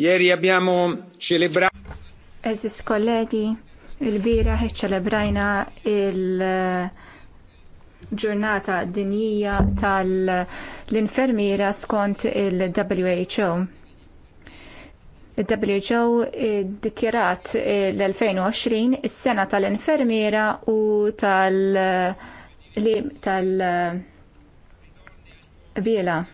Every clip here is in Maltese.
Ieri abbiamo celebrato. Eżis kollegi, il-bira ċelebrajna il-ġurnata dinjija tal-infermiera skont il-WHO. Il-WHO eh, dikjerat eh, l-2020 is-sena tal-infermiera u tal- tal-biela. Eh,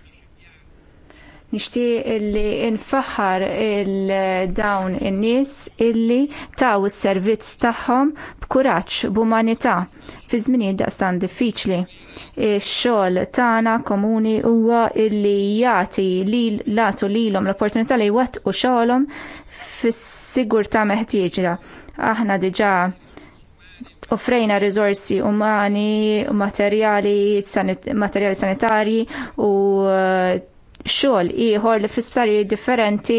Nixtieq illi nfaħħar il dawn in-nies illi taw is-servizz tagħhom b'kuraġġ b'umanità fi żminijiet daqstan diffiċli. Ix-xogħol tagħna komuni huwa illi jagħti lil latu lilhom l-opportunità li jwettqu xogħolhom fis-sigurtà meħtieġa. Aħna diġà offrejna rizorsi umani, materjali, materjali sanitarji u xogħol ieħor li fl-isptarijiet differenti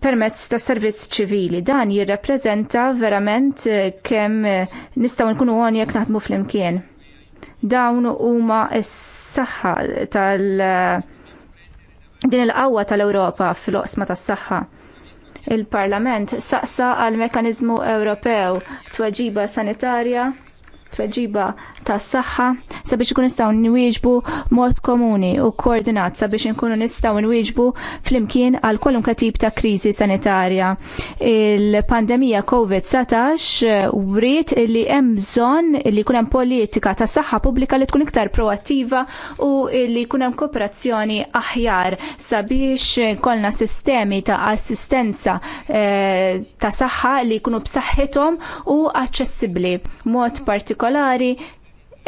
permezz ta' servizz ċivili. Dan jirrappreżenta verament eh, kemm eh, nistgħu nkunu għoni jekk naħdmu flimkien. Dawn huma s-saħħa tal- eh, din il-qawwa tal-Ewropa fil-oqsma tas-saħħa. Il-Parlament saqsa għal mekanizmu Ewropew tweġiba sanitarja tweġiba tas saħħa sabiex ikun nistgħu nwieġbu mod komuni u koordinat sabiex inkunu nistgħu nwieġbu flimkien għal kwalunkwe tip ta' kriżi sanitarja. Il-pandemija COVID-19 eh, wriet li hemm bżonn li jkun hemm politika ta' saħħa pubblika li tkun iktar proattiva u li jkun hemm kooperazzjoni aħjar sabiex kollna sistemi ta' assistenza eh, ta' saħħa li jkunu b'saħħithom u aċċessibbli mod partikolari partikolari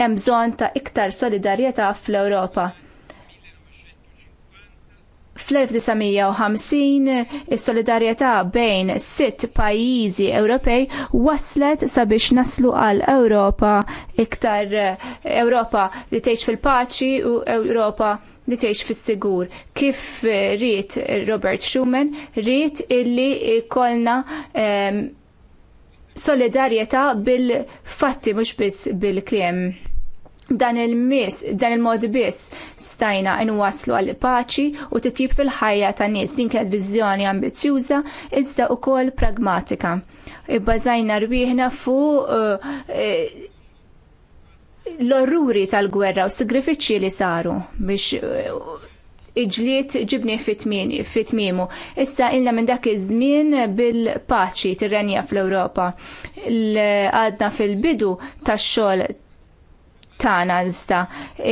hemm bżonn ta' iktar solidarjetà fl-Ewropa. Fl-1950 is-solidarjetà bejn sitt pajjiżi Ewropej waslet sabiex naslu għal Ewropa iktar Ewropa li tgħix fil-paċi u Ewropa li tgħix fis-sigur. Kif ried Robert Schumann, ried illi kolna um, ehm, solidarjetà bil-fatti mhux biss bil-kliem. Dan il-mis, dan il-mod biss stajna inwaslu għal paċi u titjib fil-ħajja ta' nies din kienet viżjoni ambizjuża iżda wkoll pragmatika. Ibbażajna rwieħna fuq eh, eh, l-orruri tal-gwerra u s li saru biex eh, iġliet ġibni fit-tmiemu. Issa illa minn dak iż-żmien bil-paċi tirrenja fl-Ewropa. Għadna fil-bidu tax-xogħol tagħna iżda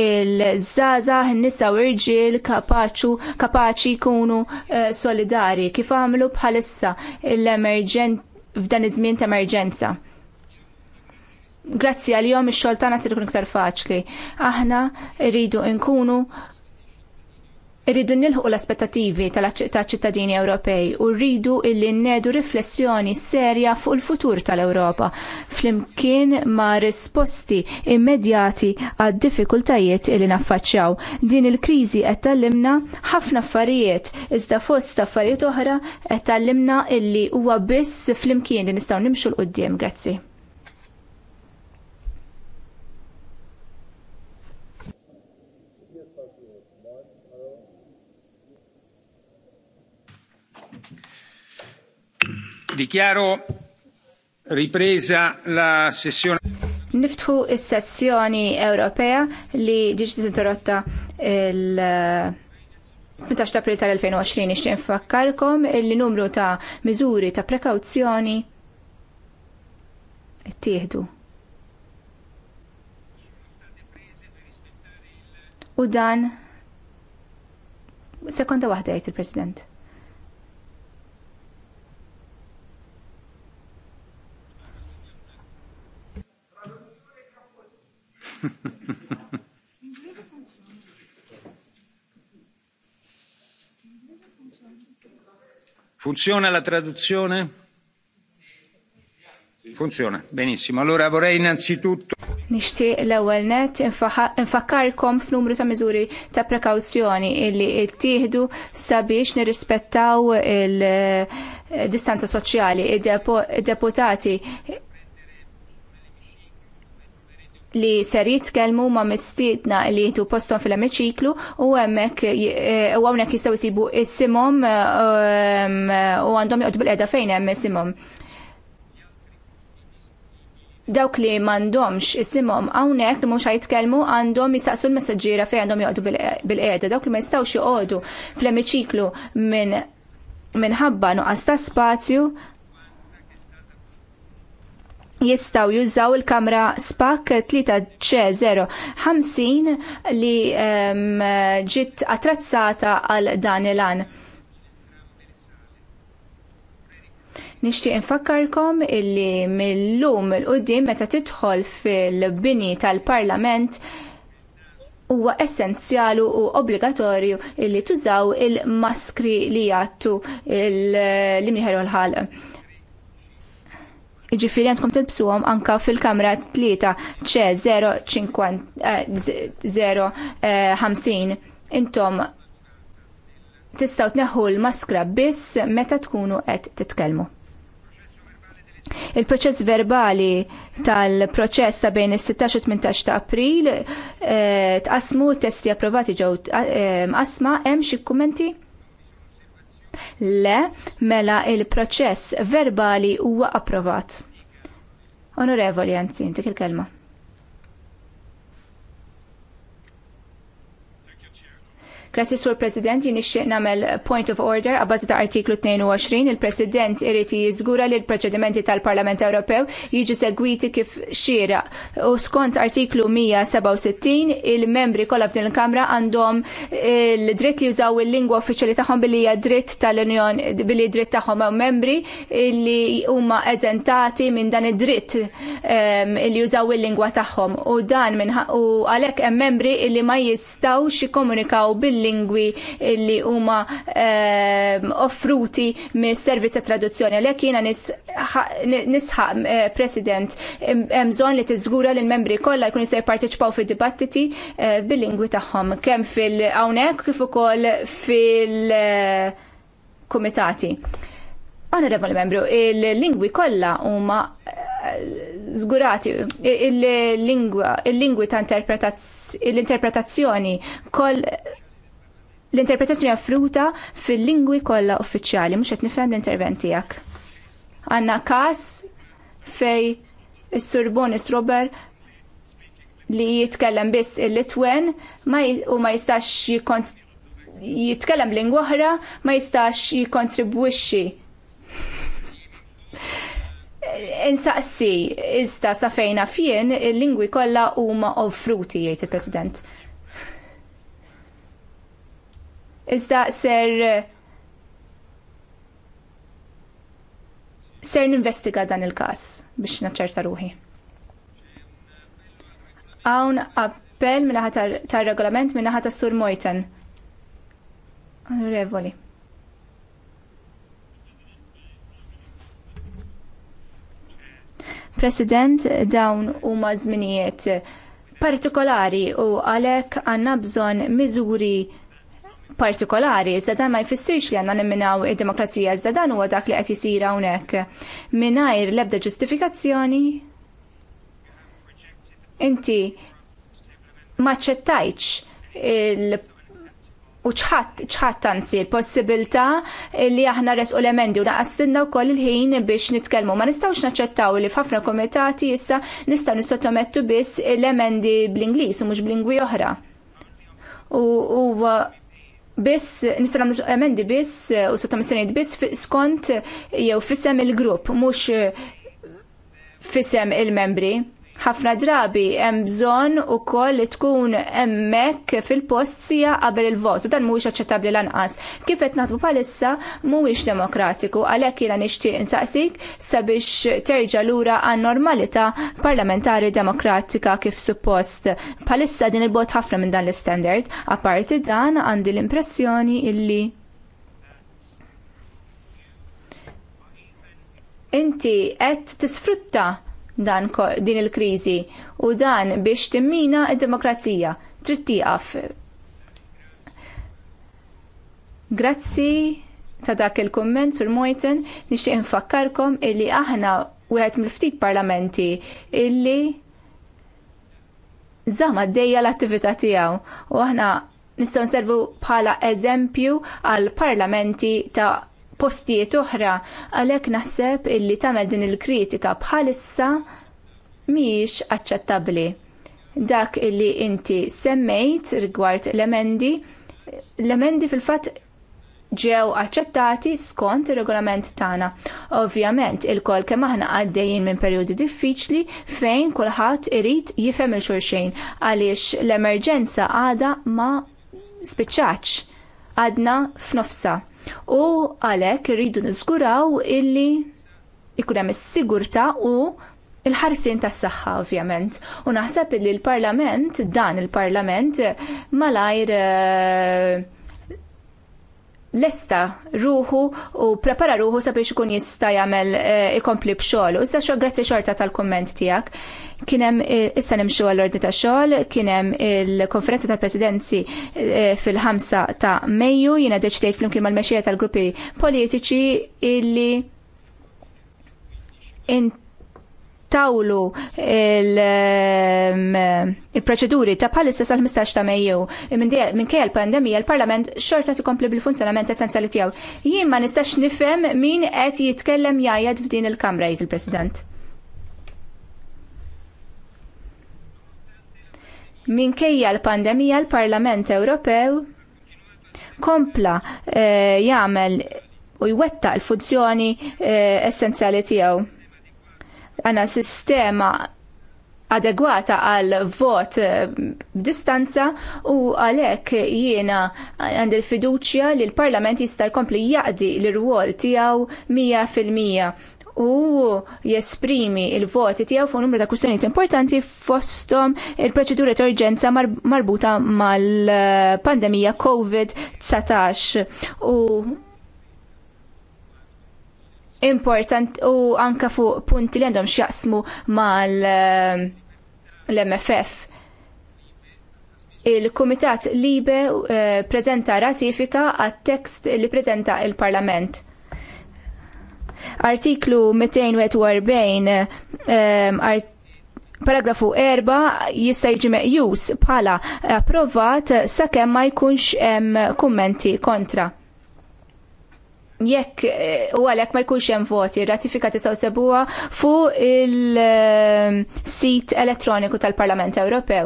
il-żgħażagħ nisa u rġiel kapaċi jkunu eh, solidari kif għamlu bħalissa l-emerġent f'dan iż-żmien ta' emerġenza grazzi għal jom ix-xogħol tagħna se jkun iktar faċli. Aħna rridu nkunu Irridu nilħu l-aspettativi tal-ċittadini Ewropej u rridu illi nnedu riflessjoni serja fuq il-futur tal-Ewropa flimkien ma' risposti immedjati għad diffikultajiet illi naffaċċjaw. Din il-kriżi qed tallimna ħafna affarijiet iżda fost affarijiet oħra qed tallimna illi huwa biss flimkien li nistgħu nimxu l-qudiem. Grazzi. Dichiaro ripresa la sessione. Niftħu is-sessjoni Ewropea li ġiġi interrotta il- 18 eh, april tal-2020 nixtieq nfakkarkom li numru ta' miżuri ta' prekawzjoni ittieħdu. U dan sekonda waħda jgħid il-President. Funziona la traduzione? Funziona, benissimo. Allora vorrei innanzitutto. Nixtieq l-ewwel net infakkarkom f'numru ta' miżuri ta' prekawzjoni illi ttieħdu sabiex nirrispettaw il-distanza soċjali. Id-deputati il eh, distanza soċjali id deputati li ser jitkellmu ma mistiedna li jitu postom fil-emiċiklu u hemmhekk eh, u hawnhekk jistgħu jsibu issimhom eh, um, eh, u għandhom joqgħod bil-qeda fejn hemm isimhom. Dawk li m'għandhomx isimhom hawnhekk li mhux ħajtkellmu għandhom jisaqsu l-messaġġiera fejn għandhom joqgħdu bil edha Dawk li ma jistgħux joqogħdu fl-emiċiklu minn minħabba nuqqas ta' spazju jistaw jużaw il-kamra SPAC 3C050 li ġiet attrazzata għal dan il-an. Nixtieq infakkarkom illi mill-lum il-qudiem meta tidħol fil-bini tal-Parlament huwa essenzjalu u obbligatorju illi tużaw il-maskri li jgħattu l-imniħer u l-ħalq Iġifiri għandkom tilbsuhom anka fil-kamra 3 c 050. Eh, eh, Intom tistaw tneħħu l-maskra biss meta tkunu qed titkellmu. Il-proċess verbali tal-proċess ta' bejn is-16 u 18 ta' April eh, tqasmu testi approvati ġew asma hemm xi kummenti? Le, mela il-proċess verbali huwa approvat. Onorevoli, Anzin, tik il-kelma. Grazzi sur President, jien ixtieq nagħmel point of order għabbażi ta' artiklu 22. Il-President irid jiżgura li l-proċedimenti tal-Parlament Ewropew jiġu segwiti kif xiera. U skont artiklu 167 il-membri kollha f'din il-Kamra għandhom il-dritt li jużaw il-lingwa uffiċjali tagħhom billi hija dritt tal-Unjon billi dritt tagħhom hawn membri li huma eżentati minn dan id-dritt ehm, li jużaw il-lingwa tagħhom. U dan minn u għalhekk hemm membri li ma jistgħux jikkomunikaw billi il-lingwi li huma ehm, offruti mis-servizz ta' traduzzjoni. Għalhekk jiena nisħaq eh, President hemm bżonn li tiżgura li membri kollha jkunu se jipparteċipaw fid-dibattiti eh, bil-lingwi tagħhom kemm fil-hawnhekk kif ukoll fil-kumitati. Onorevoli membru, il-lingwi kollha huma eh, zgurati il-lingwi ta' interpretazzjoni kol L-interpretazzjoni affruta fil-lingwi kollha uffiċjali mhux qed nifhem l-intervent tiegħek. Għandna każ fej is-Sur Bonis Robert li jitkellem biss il-Litwen u ma jistax jikont jitkellem lingwa oħra ma jistax jikontribwixxi. Insaqsi, iżda sa fejna fien il-lingwi kollha huma offruti jgħid il-President. iżda ser ser ninvestiga dan il-każ biex naċċerta ruħi. Hawn appell minnaħa tar-regolament minnaħa tas-Sur Mojten. Onorevoli. President, dawn huma żminijiet partikolari u għalhekk għandna bżonn miżuri partikolari, iżda dan ma jfissirx li għandna nimminaw id-demokrazija, iżda dan huwa dak li qed jisir hawnhekk. Mingħajr l-ebda ġustifikazzjoni inti maċċettajċ il u ċħat, ċħat tansi, possibilta li aħna resqu l-emendi u naqassinna u koll il-ħin biex nitkelmu. Ma nistawx naċċettaw li f'ħafna komitati issa nistaw nisottomettu biss l-emendi bl-Inglis u mux bl-lingwi oħra. U biss nistgħu nagħmlu emendi biss eh, u sottomissjonijiet biss skont eh, jew fissem il-grupp mhux eh, fissem il-membri ħafna drabi hemm bżonn ukoll li tkun hemmhekk fil-post sija qabel il-vot u dan mhuwiex aċċettabbli lanqas. Kif qed naħdmu bħalissa mhuwiex demokratiku għalhekk jiena nixtieq insaqsik sabiex terġa' lura għan normalità parlamentari demokratika kif suppost. Bħalissa din il-bot ħafna minn dan l-istandard, apparti dan għandi l-impressjoni illi inti qed tisfrutta dan din il-kriżi u dan biex timmina id-demokrazija trid tieqaf. Grazzi ta' dak il-komment sur Mojten nixtieq infakkarkom illi aħna wieħed mill-ftit parlamenti illi żama dejja l-attività tiegħu u aħna nistgħu nservu bħala eżempju għal parlamenti ta' postijiet oħra għalhekk naħseb illi tagħmel din il-kritika bħalissa mhijiex aċċettabbli. Dak illi inti semmejt rigward l-emendi, l-emendi fil-fatt ġew aċċettati skont ir regolament tagħna. Ovvjament, il-kol kemm aħna għaddejjin minn perjodi diffiċli fejn kulħadd irid jifhem il-xulxejn għaliex l-emerġenza għadha ma spiċċax għadna f'nofsa. U għalhekk irridu niżguraw illi ikun hemm is-sigurtà u l ħarsien tas-saħħa ovvjament. U naħseb illi l-Parlament, dan il-Parlament malajr uh, lesta ruħu u prepara ruħu sabiex ikun jista jagħmel eh, ikompli b'xogħol. Issa xogħol grazzi xorta tal-kumment tiegħek. Kien hemm eh, issa nimxu għall-ordni ta' xogħol, kien hemm il-konferenza tal-presidenzi eh, fil-5 ta' Mejju, jiena deċidejt flimkien mal-mexxija tal-gruppi politiċi illi tawlu il-proċeduri ta' istess għal 15 ta' Mejju. Minn kejl pandemija l-Parlament xorta kompli bil-funzjonament essenzjali tiegħu. Jien ma nistax nifhem min qed jitkellem jgħid f'din il-Kamra jgħid il-President. Minkejja l-pandemija l-Parlament Ewropew kompla eh, jagħmel u jwettaq l-funzjoni eh, essenzjali tiegħu għana sistema adegwata għal vot eh, distanza u għalek jiena għand il-fiduċja li l-Parlament jista' jkompli jaqdi l-rwol tiegħu 100% u jesprimi il-voti tiegħu fuq numru ta' kwistjonijiet importanti fosthom il-proċedura ta' urġenza marbuta mal-pandemija eh, COVID-19 u important u anka fuq punti li għandhom xjaqsmu mal eh, l-MFF. Il-Kumitat Libe eh, prezenta ratifika għat-tekst li prezenta il-Parlament. Artiklu 241 eh, Paragrafu 4 jista' jiġi meqjus bħala approvat sakemm ma jkunx kummenti kontra jekk eh, u għalhekk ma jkunx hemm voti, ratifika tistgħu sebuha fuq il-sit eh, elettroniku tal-Parlament Ewropew.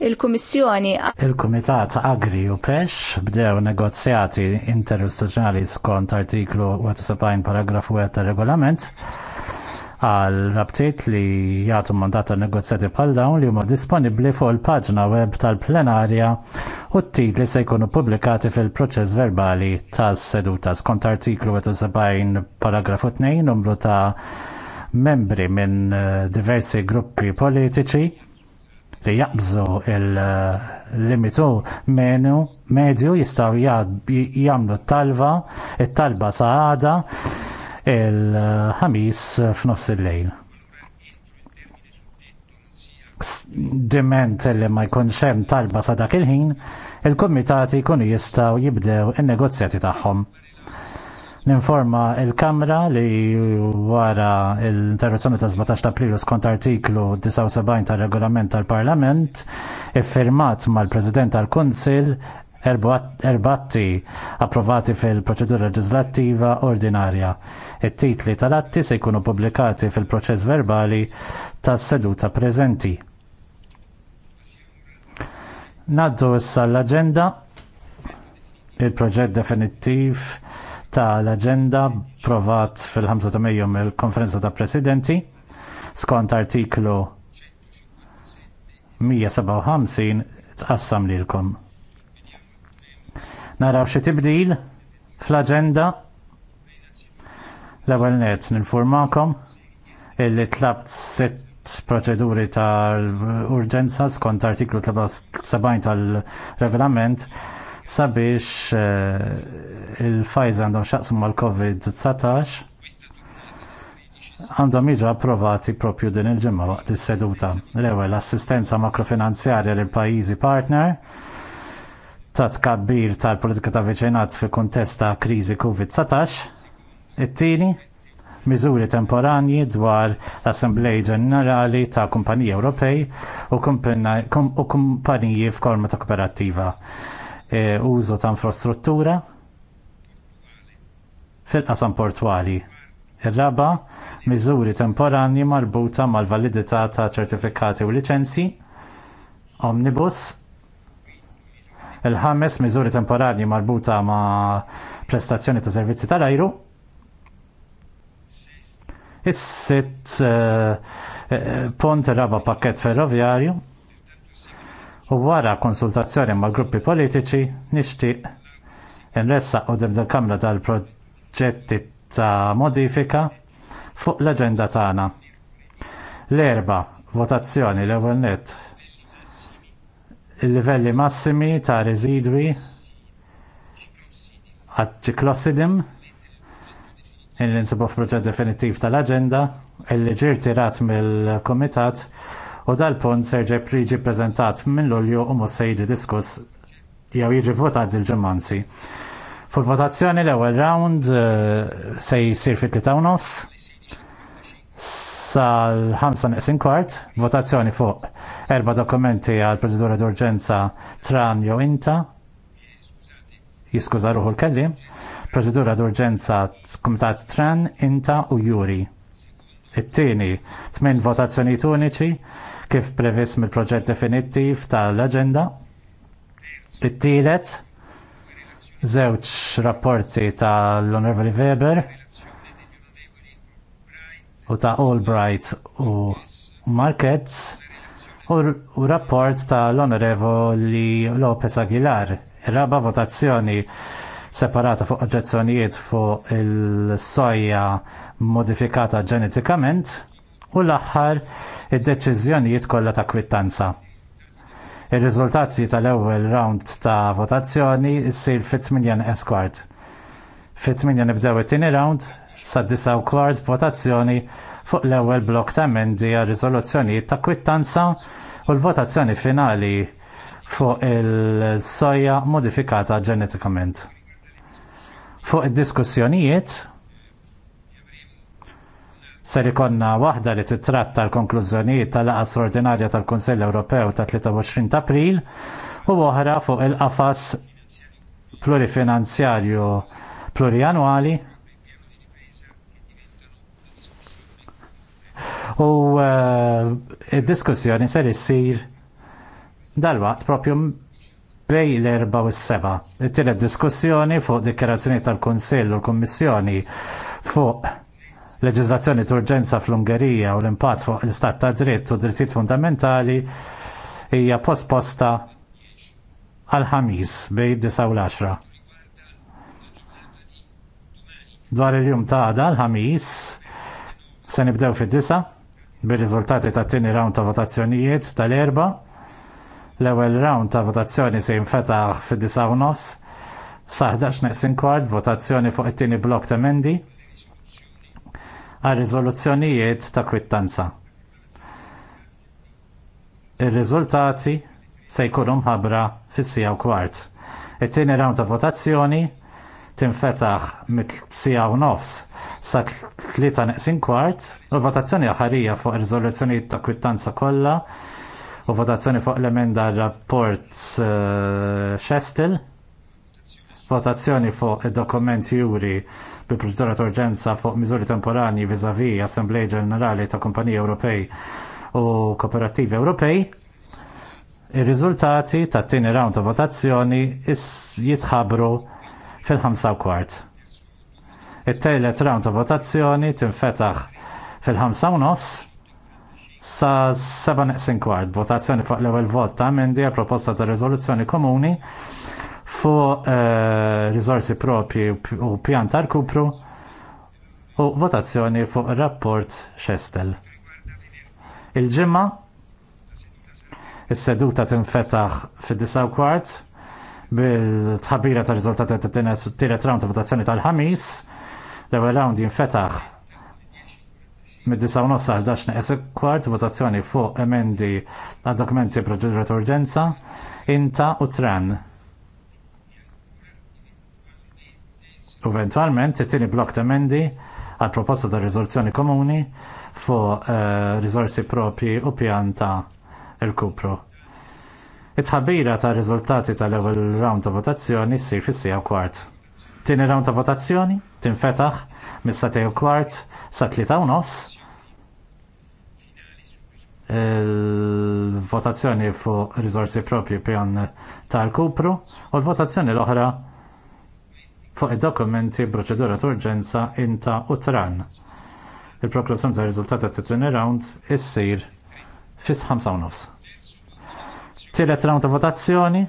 Il-Kummissjoni Il-Kumitat Agri u Pesh bdew negozjati interistituzzjonali skont artiklu 71 paragrafu 1 tar-regolament għal rabtiet li jagħtu mandat ta' negozjati bħal dawn li huma disponibbli fuq il-paġna web tal-plenarja u t-titli se jkunu publikati fil-proċess verbali tas-seduta skont artiklu 70 paragrafu 2 numru ta' membri minn eh, diversi gruppi politiċi li jaqbżu il-limitu menu medju jistaw jgħamlu t-talba, it-talba saħada il-ħamis f'nofs il-lejl. Dement li ma jkunx hemm talba sa dak il-ħin, il-kumitati jkunu jistgħu jibdew in-negozjati tagħhom. Ninforma il-Kamra li wara l-interruzzjoni ta' 17 Aprilu skont artiklu 79 tar regolament tal-Parlament, iffirmat mal-President tal-Kunsil erbatti approvati fil-proċedura leġislattiva ordinarja. It-titli tal-atti se jkunu pubblikati fil-proċess verbali tas seduta preżenti. Naddu issa l-agenda, il-proġett definittiv tal-agenda provat fil-5 ta' Mejju mill-Konferenza ta' Presidenti skont artiklu 157 tqassam lilkom naraw xi tibdil fl-aġenda l-ewwel nett ninformakom illi tlabt sitt proċeduri tal-urġenza skont artiklu 73 tal-regolament sabiex eh, il pfizer għandhom xaqsum mal-COVID-19 għandhom iġa approvati propju din il-ġimgħa waqt is-seduta. L-ewwel assistenza makrofinanzjarja lill pajjiżi partner ta' tkabbir tal-politika ta' viċinat fil kuntest ta' kriżi COVID-19. It-tieni, miżuri temporanji dwar l-Assemblej Ġenerali ta' Kumpaniji Ewropej u kumpaniji f'korma ta' kooperattiva. E, użu ta' infrastruttura fil-qasam portwali. Ir-raba, miżuri temporanji marbuta mal-validità ta' ċertifikati u liċenzji, omnibus Il-ħames miżuri temporarji marbuta ma' prestazzjoni ta' servizzi tal-ajru. Is-sitt eh, eh, pont raba pakket ferroviarju. U wara konsultazzjoni mal gruppi politiċi nixtieq inressa u dibda kamra tal-proġetti ta' modifika fuq l aġenda tagħna. L-erba votazzjoni l-ewwel nett il-livelli massimi ta' residwi għat-ċiklossidim illi nsibu proġed definitiv tal-agenda illi ġir tirat mill-komitat u dal-punt serġe priġi prezentat minn lulju u mus se jiġi diskuss jew jiġi votat dil Fu l votazzjoni l-ewwel round eh, se jsir fit-3 nofs sal-5 naqsin kwart, votazzjoni fuq erba dokumenti għal proċedura d'urġenza tran jew inta, jiskuża ruħu l-kelli, proċedura d'urġenza kumitat tran inta u juri. It-tieni, tmien votazzjoni uniċi kif previs mill-proġett definittiv tal-aġenda. It-tielet, żewġ rapporti tal-Onorevoli Weber u ta' Albright u Markets u rapport ta' l-Onorevoli Lopez Aguilar. Raba votazzjoni separata fuq oġezzjonijiet fuq il-soja modifikata ġenetikament u l-aħħar id-deċiżjonijiet kollha ta' kwittanza. Ir-riżultati tal-ewwel round ta' votazzjoni ssir fit-8 Esquart. Fit-8 nibdew it-tieni round sa' disa' votazzjoni fuq l-ewwel blok ta' emendi għal riżoluzzjonijiet ta' kwittanza u l-votazzjoni finali fuq il-soja modifikata ġenetikament. Fuq id-diskussjonijiet ser ikonna waħda li titratta l-konklużjonijiet tal-laqgħa ordinarja tal-Kunsell Ewropew ta' 23 ta' April u oħra fuq il-qafas plurifinanzjarju plurianwali u eh, id-diskussjoni ser issir dal-waqt propju bej l-erba u s-seba. It-tielet diskussjoni fuq dikjerazzjoni tal-Kunsill u l-Kummissjoni fuq leġiżlazzjoni turġenza fl-Ungerija u l-impatt fuq l-istat ta' dritt u drittijiet fundamentali hija posposta għal ħamis bej 9 u l-10. Dwar il-jum ta' għada l-ħamis se nibdew fid-disa' bir-riżultati ta' tieni round ta' votazzjonijiet tal-erba. L-ewwel round ta' votazzjoni se jinfetaħ fid-9 nofs sa' neqsin kwart votazzjoni fuq it-tieni blok ta' mendi għal riżoluzzjonijiet ta' kwittanza. Ir-riżultati se jkunu mħabbra fis-sija u kwart. It-tieni round ta' votazzjoni tinfetaħ mit-sija u nofs sa tlieta neqsin kwart u votazzjoni ħarija fuq ir-riżoluzzjoni ta' kwittanza kollha u votazzjoni fuq l-emenda rapport Shestil, eh, votazzjoni fuq id-dokument juri bi proċedura ta' urġenza fuq miżuri temporani vizavi Assemblej Ġenerali ta' Kumpaniji Ewropej u Kooperativi Ewropej. Ir-riżultati tat tieni round ta' votazzjoni jitħabru fil-5 kwart. It-tejlet round ta' votazzjoni tinfetaħ fil-5 nofs sa 7 neqsin kwart. Votazzjoni fuq l-ewwel vot ta' għal proposta ta' rezoluzzjoni komuni fuq uh, eh, risorsi propri u pjan tar kupru u votazzjoni fuq rapport Xestel. Il-ġimma, is-seduta tinfetaħ fid-9 kwart bil-tħabbira ta' riżultati ta' t-tiret round ta' votazzjoni tal-ħamis, l-ewwel round jinfetaħ mid-9 għal 11 kwart votazzjoni fuq emendi għad dokumenti proċedura ta' urġenza, inta u tran. Eventualment, t-tini blok ta' emendi għal proposta ta' riżoluzzjoni komuni fuq uh, eh, risorsi propri u pjanta il-kupru. It-ħabira ta' riżultati tal-ewwel round ta' votazzjoni ssir fis-sija kwart. Tieni round ta' votazzjoni tinfetaħ mis-satej kwart sa' tlieta u nofs. Il-votazzjoni fuq riżorsi propri pjan tal-kupru u l-votazzjoni l-oħra fuq id-dokumenti proċedura ta' urġenza inta u tran. Il-proklazzjoni ta' riżultati ta' tieni round issir fis-5 nofs. Tillet round ta' votazzjoni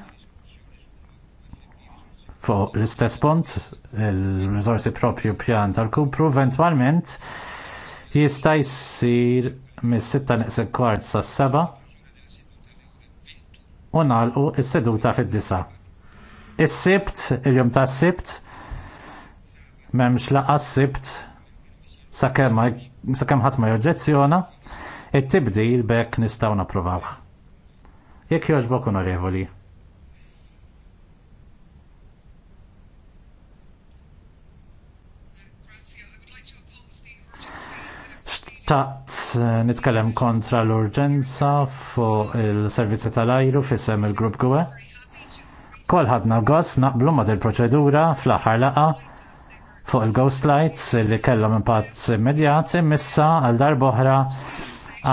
fuq l-istess punt, il-rizorsi propju pjan tal-kupru eventualment jista' jsir mis-sitta neqseg kwart sa' seba u nalqu s-seduta fid-disa. Is-sibt, il-jum tas sibt m'hemmx s sibt sakemm ħadd ma jogġezzjona, it-tibdil bekk nistgħu nappruvawh. Jekk jogħġbok onorevoli. Taqt eh, nitkellem kontra l-urġenza fuq il-servizzi tal-ajru fis-sem il-grupp gwe. Kol ħadna gos naqblu ma' il-proċedura fl-aħħar laqa fuq il-ghost lights li kellhom impatt immedjat imissa għal darboħra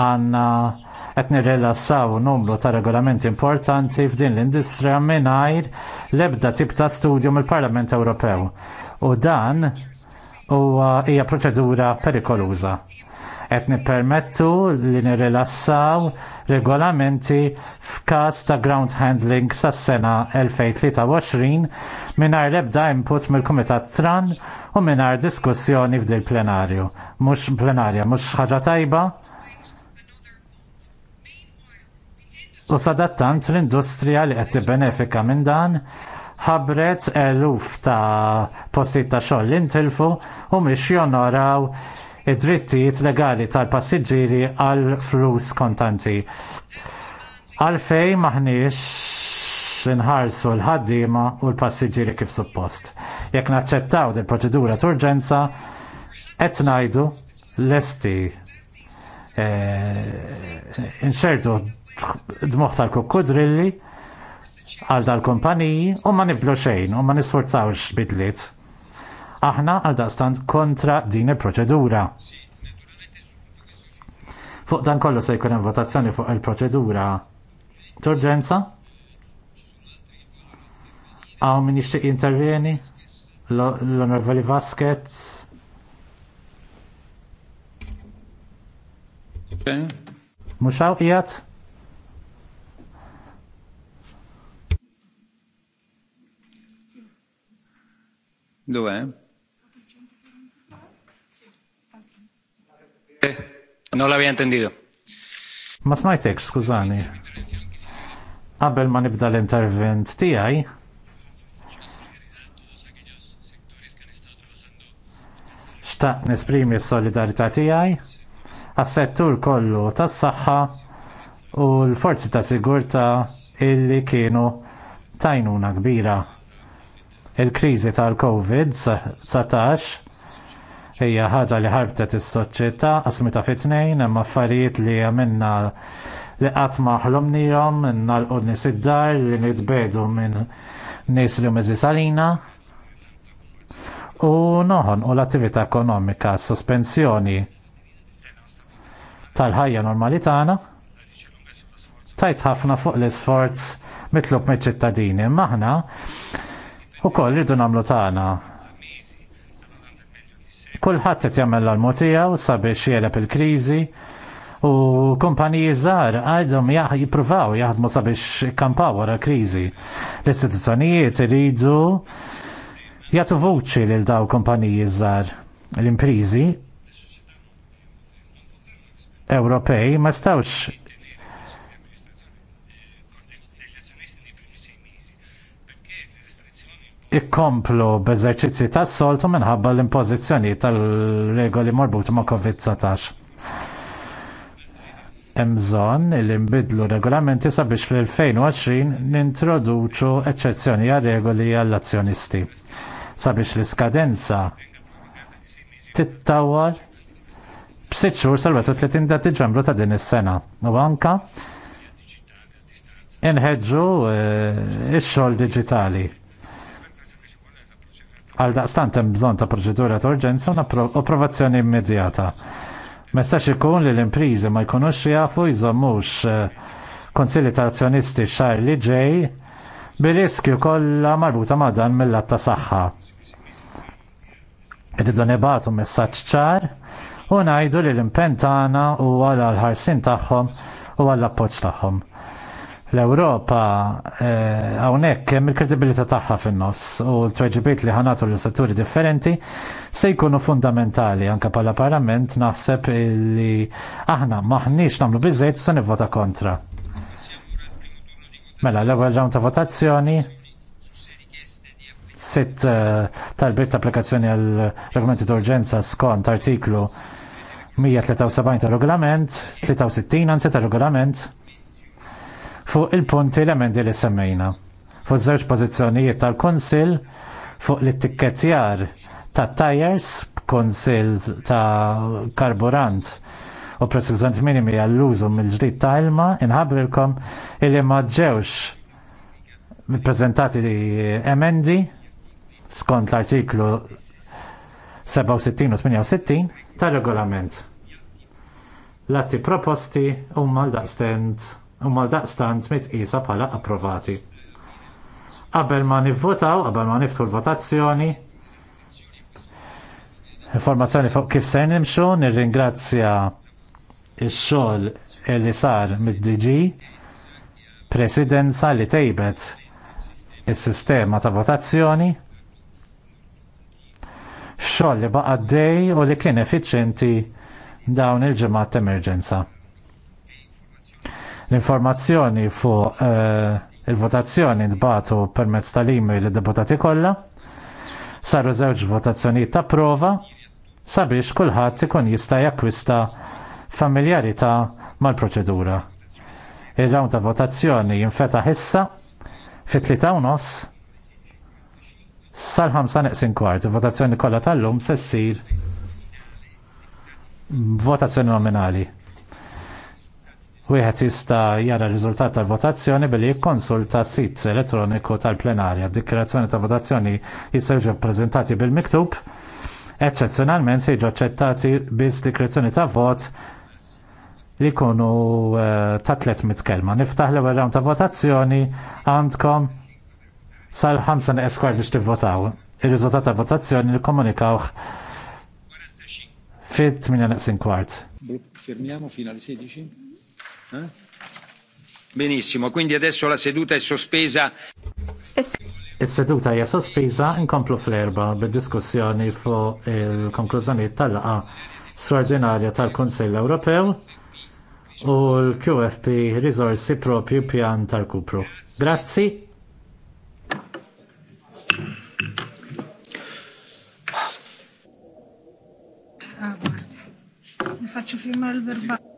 għanna qed nirrelassaw numru ta' regolamenti importanti f'din l-industrija mingħajr l-ebda tip ta' studju mill-Parlament Ewropew. U dan huwa hija proċedura perikoluża. Qed nippermettu li nirrelassaw regolamenti f'każ ta' ground handling sas-sena 2023 mingħajr l-ebda input mill-Kumitat Tran u mingħajr diskussjoni f'dil plenarju. Mhux plenarja, mhux ħaġa tajba, U sadattant l-industrija li qed tibbenefika minn dan ħabret eluf ta' postijiet ta' xogħol li ntilfu u mhix jonoraw id-drittijiet legali tal-passiġġieri għal flus kontanti. Għalfej maħniex inħarsu l-ħaddiema u l-passiġġieri kif suppost. Jekk naċċettaw din proċedura tal-urġenza qed ngħidu lesti e, d-moħ tal-kokkodrilli għal dal-kompaniji u ma niblu xejn u ma nisforzawx bidliet. Aħna għal daqstant kontra din il-proċedura. Fuq dan kollu se jkun hemm votazzjoni fuq il-proċedura d'urġenza? Għaw min ixtieq intervjeni? L-Onorvali Vasquez? Muxaw jgħat? Dove? No la había entendido. Ma smajtek, skużani. Qabel ma nibda l-intervent tiegħi, xtaqt nesprimi s-solidarità tiegħi għas-settur kollu tas-saħħa u l-forzi ta' sigurtà illi kienu tajnuna kbira. Il-kriżi tal-COVID-19 hija ħaġa li ħarbtet is-soċjetà qasmita fit-tnejn hemm affarijiet li għamilna li qatt ma ħlomnihom nalqu nies id-dar li nitbedu minn nies li mezi salina u noħon u l-attività ekonomika, sospensjoni tal-ħajja normali tagħna tajt ħafna fuq l isforz mitlub miċ ċittadini maħna U koll rridu namlu tagħna. Kulħadd qed jagħmel l-almu tiegħu sabiex jeleb il-kriżi u kumpaniji żgħar għadhom jippruvaw jaħdmu sabiex ikkampaw wara kriżi. L-istituzzjonijiet iridu jagħtu vuċi lil daw kumpaniji żgħar l-imprizi Ewropej ma stawx ikkomplu b'eżerċizzi tas soltu minħabba l-impożizzjoni tal-regoli marbuti ma' COVID-19. Hemm bżonn li nbidlu regolamenti sabiex fl-2020 nintroduċu eċċezzjoni għal regoli għall-azzjonisti. Sabiex l-iskadenza tittawal b'sitt xhur sal-31 ta' Diċembru ta' din is-sena. U anka inħeġġu eh, x-xogħol diġitali Għal daqstant hemm bżonn ta' proċedura ta' urġenza u approvazzjoni immedjata. Ma jistax ikun li l-impriżi ma jkunux jafu jżommux eh, konsilli ta' azzjonisti xahar li ġej bil-riskju kollha marbuta ma' dan mill-att ta' saħħa. Irridu nibatu messaġġ ċar u ngħidu li l impentana tagħna huwa għal ħarsin tagħhom u għall appoġġ tagħhom l-Ewropa eh, hawnhekk hemm il-kredibilità tagħha fin-nofs u l-tweġibiet li ħanatu l setturi differenti se jkunu fundamentali anke bħala parlament naħseb li aħna maħniex nagħmlu bizzejt u se nivvota kontra. Mela l-ewwel rawn ta' votazzjoni sitt eh, talbiet ta' applikazzjoni għal regolamenti d-urġenza skont artiklu 173 ta' regolament, 63 anzi ta' regolament, fuq il-punti l-emendi li semmejna. Fuq żewġ pożizzjonijiet tal-Konsil fuq l-ittikketjar ta' tires konsil ta' karburant u preskrizzjoni minimi għall-użu mill-ġdid ta' ilma inħabrilkom illi ma ġewx prezentati emendi skont l-artiklu 67 u 68 tar regolament. L-atti proposti huma l-daqstent u mal daqstant mitqisa bħala approvati. Qabel ma nivvotaw, qabel ma niftu l-votazzjoni, informazzjoni fuq kif se nimxu, nirringrazzja il-xol li sar mid-DG, presidenza li tejbet il-sistema ta' votazzjoni, xogħol li baqa' dej u li kien effiċenti dawn il-ġimgħat emerġenza. L-informazzjoni fuq eh, il-votazzjoni dbatu permezz tal-email il-deputati kollha. Saru żewġ votazzjonijiet ta' prova sabiex kulħadd ikun jista' jakkwista familjarità mal-proċedura. il rawn ta' votazzjoni jinfeta' ħissa fit-tlieta u nofs sal-5 neqsin kwart, votazzjoni kollha tal-lum se ssir votazzjoni nominali. Wieħed jista' jara r-riżultat tal-votazzjoni billi jikkonsulta sit elettroniku tal-plenarja. Dikjerazzjoni ta' votazzjoni jiġu ppreżentati bil-miktub. Eċċezzjonalment se jiġu aċċettati biss dikrezzjoni ta' vot li jkunu eh, ta' 300 kelma. Niftaħ l-ewwel rawn ta' votazzjoni għandkom sal-5 eskwar biex tivvotaw. Ir-riżultat ta' votazzjoni li komunikawh fit-8 kwart. Fermiamo fina alle 16. Eh? Benissimo, quindi adesso la seduta è sospesa. Is-seduta hija sospiża inkomplu fl-erba bid-diskussjoni fuq il-konklużjonijiet tal-laqa straordinarja tal-Kunsill Ewropew u l-QFP Risorsi Propju Pjan tal-Kupru. Grazzi. Ah, guarda, mi faccio firmare il verbale.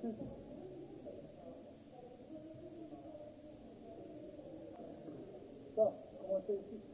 Thank I want to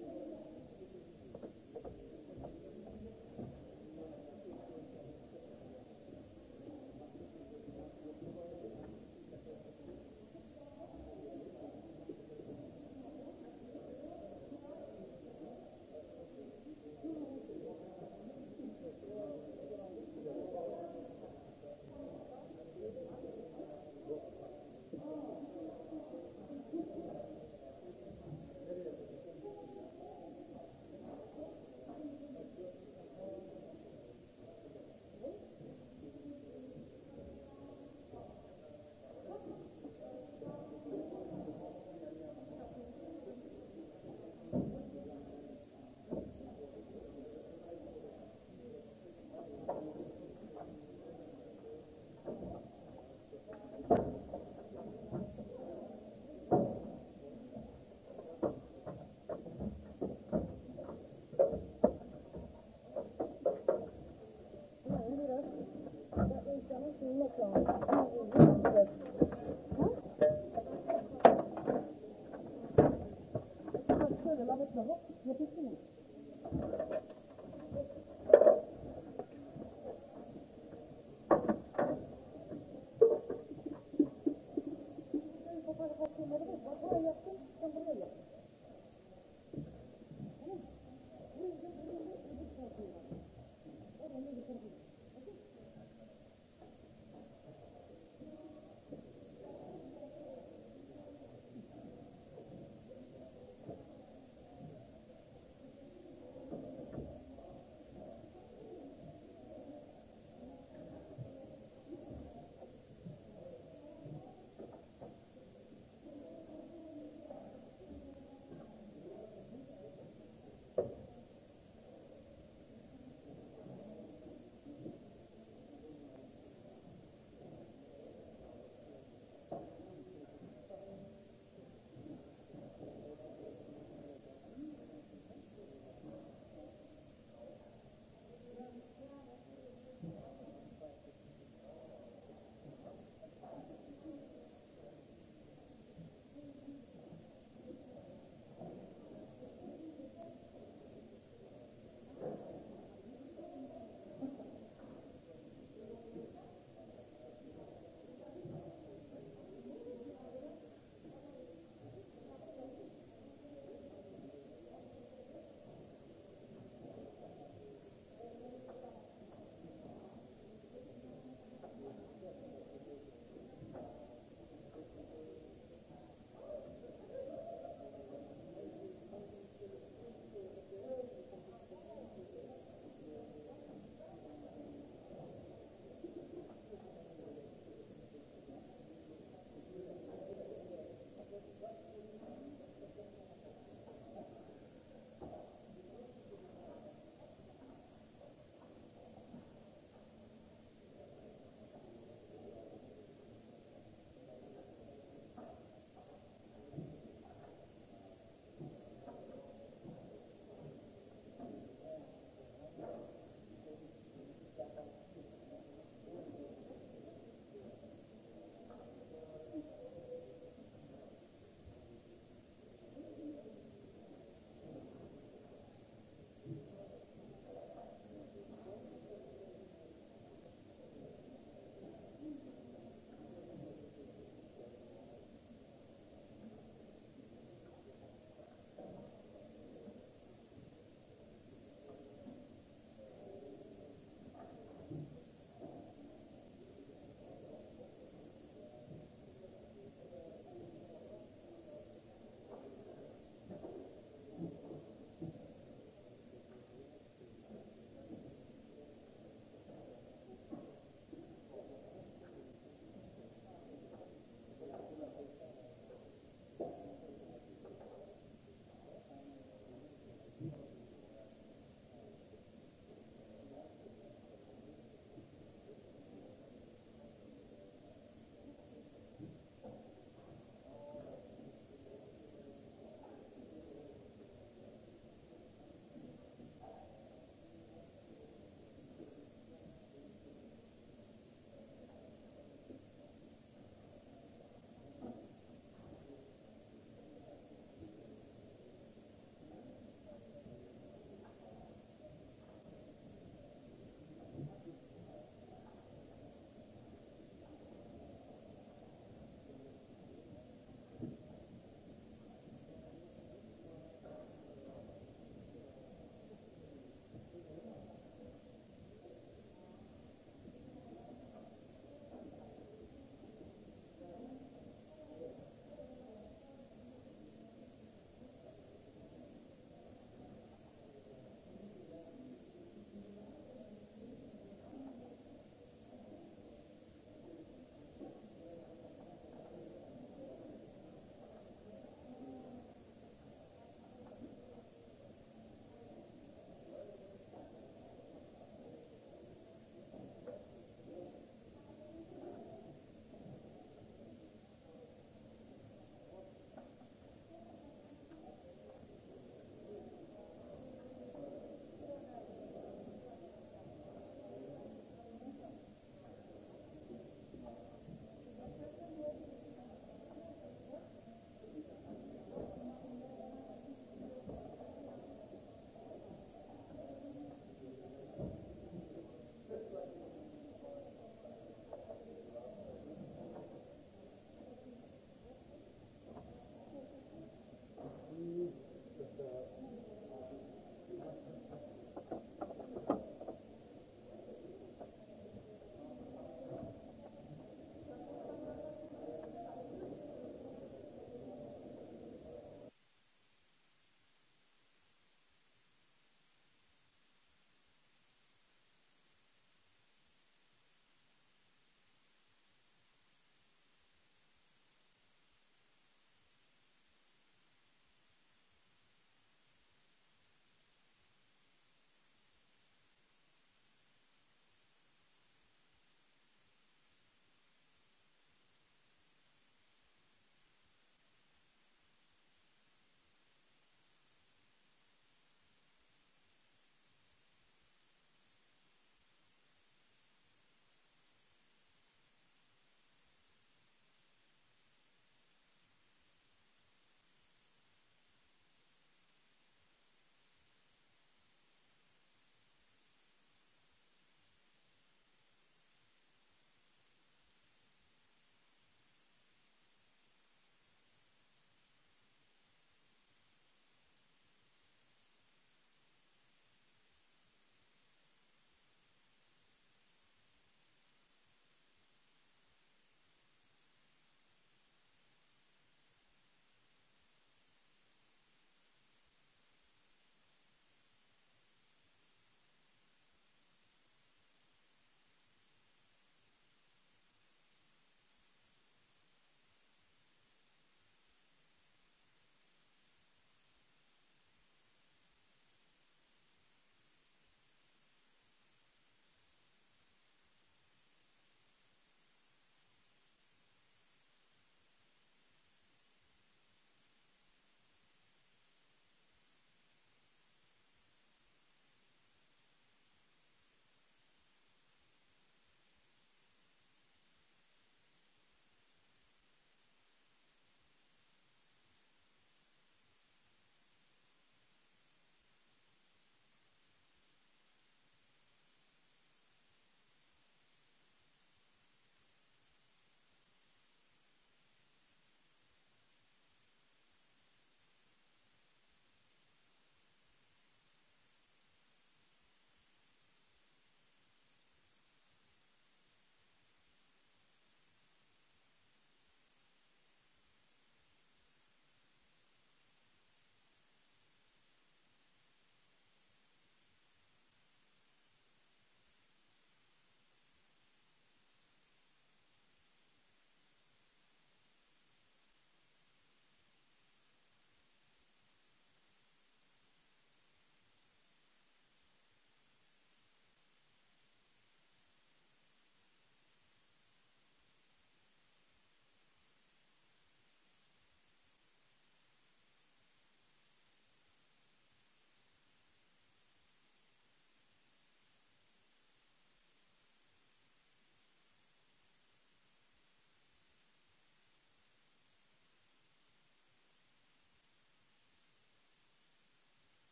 Thank you.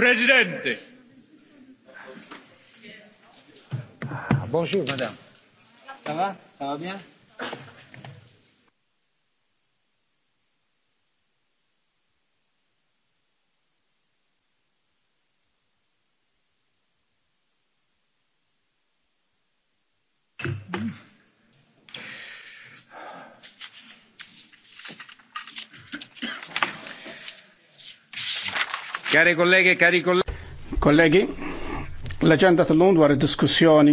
Presidente. Ah, bonjour, madame. Ça va? Ça va bien? Kari colleghe, kari colleghi. Kollegi, l-agenda tal-lum dwar id-diskussjoni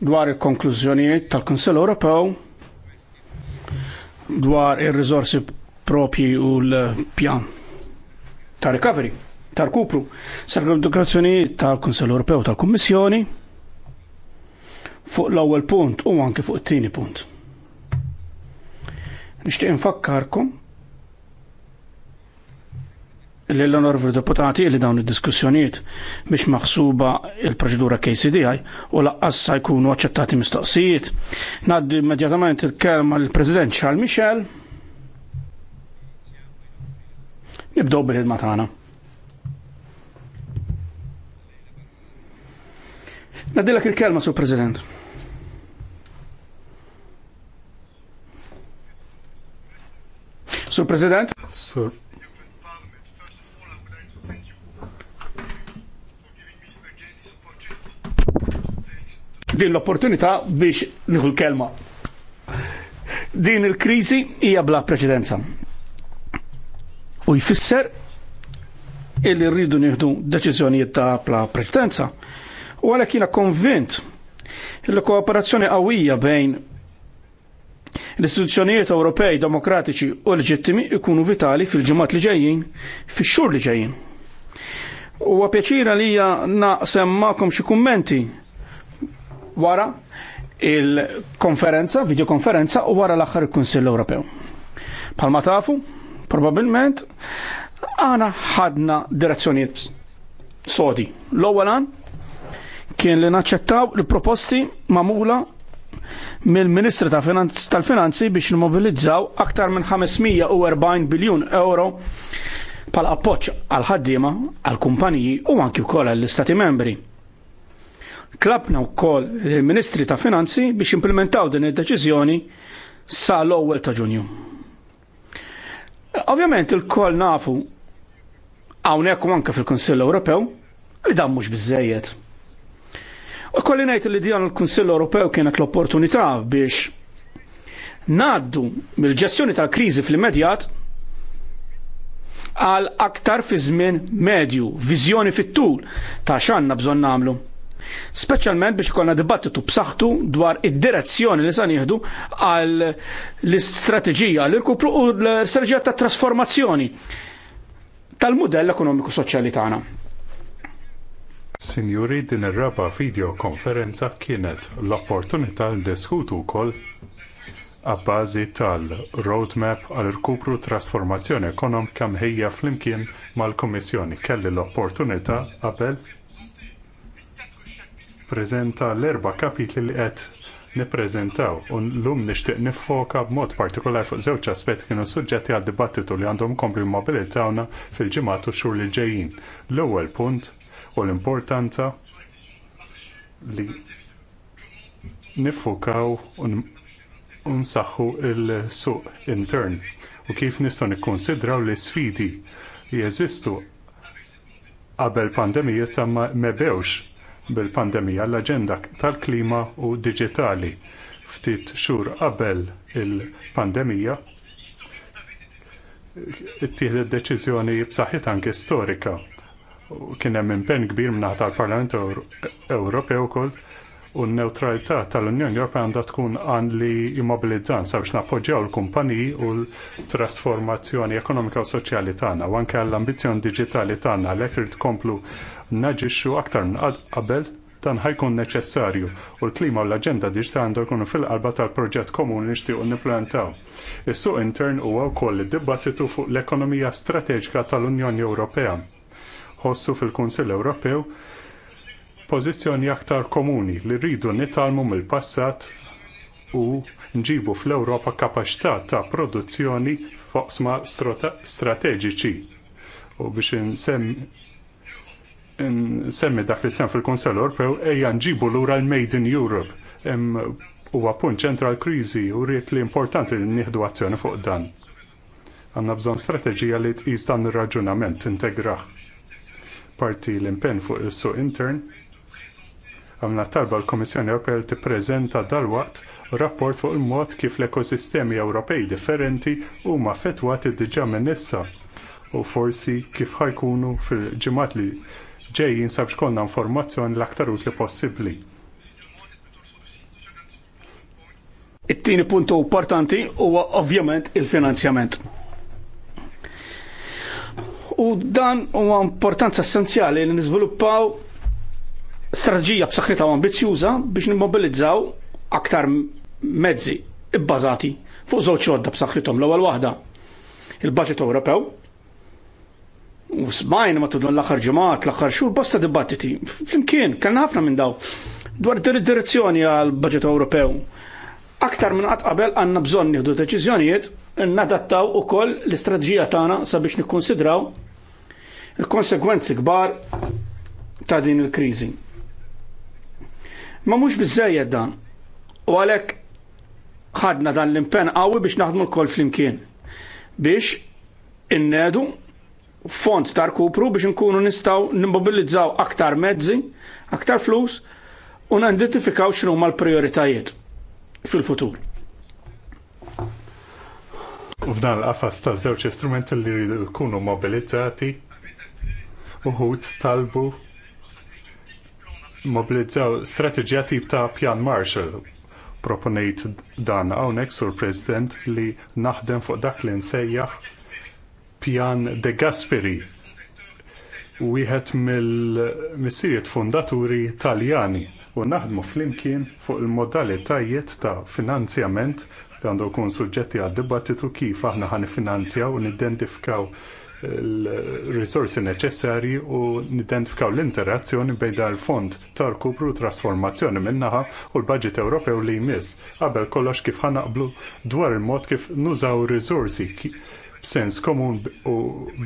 dwar il-konklużjonijiet tal konsell Ewropew dwar ir rizorsi propji u l-pjan ta' recovery, ta' kupru Sargħu deklarazzjonijiet tal konsell Ewropew tal-Kummissjoni fuq l-ewwel punt u anke fuq it-tieni punt. Nixtieq infakkarkom l-onorvru deputati li dawn id-diskussjonijiet biex maħsuba il-proċedura KCDI u laqqas sa jkunu aċċettati mistoqsijiet. ngħaddi immedjatament il-kelma l-President Charles Michel. Nibdow bil-ħidma tagħna. Nadilek il-kelma, Sur President. Sur President? Sur din l-opportunità biex nieħu l-kelma. Din il-kriżi hija bla preċedenza. U jfisser illi rridu nieħdu deċiżjonijiet ta' bla preċedenza. U għalhekk jiena konvint il-kooperazzjoni qawwija bejn L-istituzzjonijiet Ewropej demokratiċi u leġittimi ikunu vitali fil-ġemat li ġejjin, fix-xhur li ġejjin. Huwa pjaċira li hija naqsem magħkom xi kummenti wara il-konferenza, videokonferenza u wara l-aħħar il-Kunsill Ewropew. Palma tafu, probabilment, għana ħadna direzzjoniet sodi. L-ewwel kien li naċċettaw il proposti mamula mill-Ministri tal-Finanzi biex nimmobilizzaw aktar minn 540 biljun euro pal appoġġ għal ħaddiema għal kumpaniji u anki wkoll għall istati membri. Klabna wkoll il-Ministri ta' Finanzi biex implementaw din id-deċiżjoni sa l-ewwel ta' Ġunju. Ovvjament il kol nafu hawnhekk u anke fil-Kunsill Ewropew li dan mhux bizzejiet. U kolli ngħid li dijan il-Kunsill Ewropew kienet l-opportunità biex naddu mill-ġestjoni tal-kriżi fl-immedjat għal aktar fi żmien medju, viżjoni fit-tul ta' xanna bżonn nagħmlu. Speċjalment biex konna dibattitu b'saħħtu dwar id-direzzjoni li san jieħdu għal l-istrateġija li rkupru u l-istrateġija ta' trasformazzjoni tal-mudell ekonomiku soċjali tagħna. Sinjuri din ir-raba video konferenza kienet l-opportunità li diskutu wkoll għabbażi tal-roadmap għal irkupru trasformazzjoni ekonomika mħejja flimkien mal-Kummissjoni kelli l-opportunità qabel nippreżenta l-erba' kapitli li qed nippreżentaw u llum nixtieq niffoka b'mod partikolar fuq żewġ aspetti kienu suġġetti għal dibattitu li għandhom kompli mobilitawna fil-ġimgħat u xhur li ġejjin. L-ewwel punt u l-importanza li niffokaw u nsaħħu l suq intern u kif nistgħu nikkonsidraw l isfidi li jeżistu qabel pandemija samma mebewx bil-pandemija l-aġenda tal-klima u diġitali. Ftit xhur qabel il-pandemija T-tieħed deċiżjoni b'saħħit anke storika. Kien hemm impenn kbir mingħata tal-Parlament Ewropew ukoll u n-neutralità tal-Unjoni Ewropea għandha tkun għan li jimmobilizzan sabiex nappoġġjaw l-kumpaniji u l-trasformazzjoni ekonomika u soċjali tagħna u anke għall ambizzjoni diġitali tagħna għalhekk irid tkomplu naġixxu aktar qabel dan ħajkun neċessarju u l-klima u l-agenda diġta għandu jkunu fil-qalba tal-proġett komuni li xtiequ nipplantaw. Is-suq intern huwa wkoll id-dibattitu fuq l-ekonomija strateġika tal-Unjoni Ewropea. Ħossu fil-Kunsill Ewropew pożizzjoni aktar komuni li rridu nitalmu mill-passat u nġibu fl-Ewropa kapaċità ta' produzzjoni foqsma strateġiċi. U biex semmi dak li sem fil kunsell Ewropew ejja nġibu lura l-Made in Europe. Huwa punt ċentral kriżi u rrit li importanti li nieħdu azzjoni fuq dan. Għandna bżonn strateġija li tqis dan ir-raġunament integraħ. Parti l-impenn fuq is-suq intern għamna talba l-Komissjoni Ewropea li tippreżenta dalwaqt rapport fuq il-mod kif l-ekosistemi Ewropej differenti huma affettwati diġà minn issa u forsi kif ħajkunu fil-ġimgħat li ġej jinsab xkonna informazzjoni l-aktar utli possibbli. It-tieni puntu importanti huwa ovvjament il-finanzjament. U dan huwa importanza essenzjali li niżviluppaw strategija b'saħħitha ambizjuża biex nimmobilizzaw aktar mezzi bbażati fuq żewġ ġodda b'saħħithom l-ewwel waħda il-Baġit Ewropew U smajna ma tudun l-axar ġumat, l-axar xur, bosta dibattiti. Flimkien, kellna ħafna minn daw. Dwar direzzjoni għal budget Ewropew. Aktar minn qatt qabel għandna bżonn nieħdu deċiżjonijiet nadattaw ukoll l-istrateġija tagħna sabiex nikkonsidraw il-konsegwenzi kbar ta' din il-kriżi. Ma mhux biżejjed dan. U għalhekk ħadna dan l-impenn qawwi biex naħdmu l-koll flimkien biex innedu fond ta' kupru biex nkunu nistaw nimmobilizzaw aktar mezzi, aktar flus u nidentifikaw x'inhu l prioritajiet fil-futur. U f'dan l-qafas ta' żewġ istrumenti li jridu jkunu mobilizzati uħud talbu mobilizzaw strategija tip ta' pjan Marshall proponejt dan hawnhekk sur President li naħdem fuq dak li nsejjaħ Pjan de Gasperi, wieħed mill-missiriet fundaturi taljani u naħdmu flimkien fuq il-modalitajiet ta' finanzjament li għandu jkun suġġetti għad dibattitu kif aħna ħan finanzjaw u nidentifikaw il-risorsi neċessarji u nidentifikaw l-interazzjoni bejn dan il-fond tal-kupru trasformazzjoni minnaħa u l-budget Ewropew li jmiss qabel kollox kif ħanaqblu dwar il-mod kif nużaw risorsi Sens komun u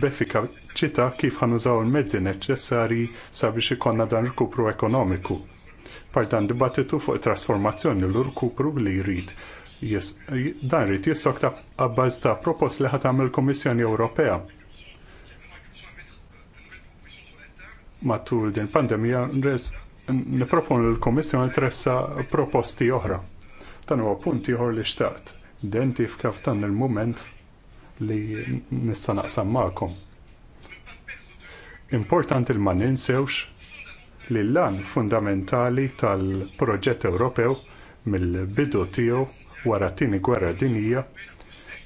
b'effikaċità kif ħanużaw il-mezzi neċessarji sabiex ikonna dan rkupru ekonomiku. Partan dibattitu fuq trasformazzjoni l rkupru li jrid. Dan jrid jissok ta' abbaż ta' propost li ħatam il-Komissjoni Ewropea. Matul din pandemija res niproponu l-Komissjoni tressa proposti oħra. Dan huwa punt ieħor li xtaqt. Identifika f'dan il-mument li nista' naqsam magħkom. Importanti li ma ninsewx li l-lan fundamentali tal-proġett Ewropew mill-bidu tiegħu wara t-tieni gwerra dinija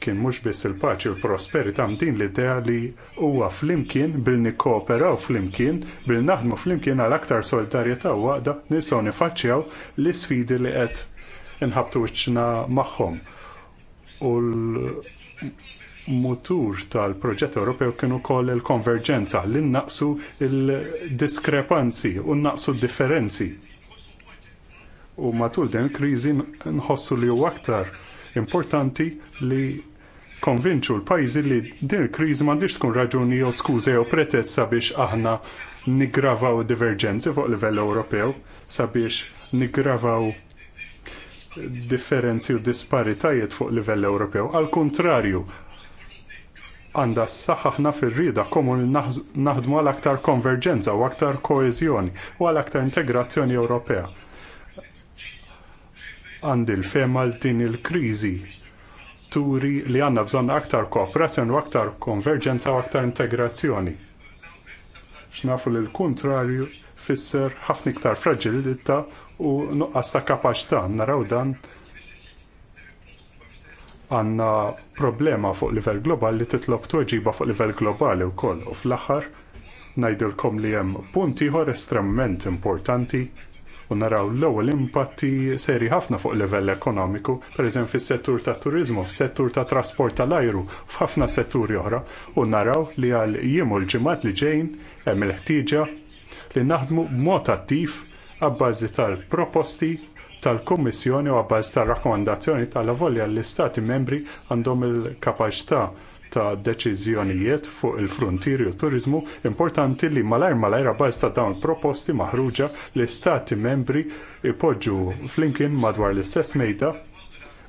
kien mhux biss il-paċi u l-prosperità din l-idea li huwa flimkien bil nikkooperaw flimkien bil naħdmu flimkien għal aktar solidarjetà u waqda nistgħu nifaċċjaw l isfidi li qed inħabtu wiċċna magħhom. U mutur tal-proġett Ewropew kien ukoll il-konverġenza li naqsu il-diskrepanzi u naqsu differenzi. U matul din kriżi nħossu li huwa aktar importanti li konvinċu l-pajzi li din il-kriżi m'għandix tkun raġuni jew skuża jew pretessa biex aħna niggravaw diverġenzi fuq livell Ewropew sabiex niggravaw differenzi u disparitajiet fuq livell Ewropew. Al kontrarju, għandha s-saħħaħna fir-rieda komuni naħdmu għal aktar konverġenza u aktar koeżjoni u għal aktar integrazzjoni Ewropea. Għandi l-fema din il-kriżi turi li għandna bżonn aktar kooperazzjoni u aktar konverġenza u aktar integrazzjoni. X'nafu li l-kuntrarju fisser ħafna iktar fraġilità u nuqqas ta' kapaċità naraw dan għandna problema fuq livell globali li titlob tweġiba fuq livell globali wkoll u fl-aħħar ngħidilkom li hemm punt ieħor estremament importanti u naraw l-ewwel impatti seri ħafna fuq livell ekonomiku, pereżempju fis-settur tat turiżmu, fis-settur tat trasport tal-ajru, f'ħafna setturi oħra, u naraw li għal jiemu l-ġimgħat li ġejn hemm il-ħtieġa li naħdmu b'mod attiv għabbażi tal-proposti tal-Kummissjoni u għabbaż tar-rakkomandazzjoni tal-avolja l-Istati membri għandhom il-kapaċità ta' deċiżjonijiet fuq il-frontieri u turiżmu importanti li malajr malajr għabbaż ta' dawn proposti maħruġa l-Istati membri ipoġġu flimkien madwar l-istess mejda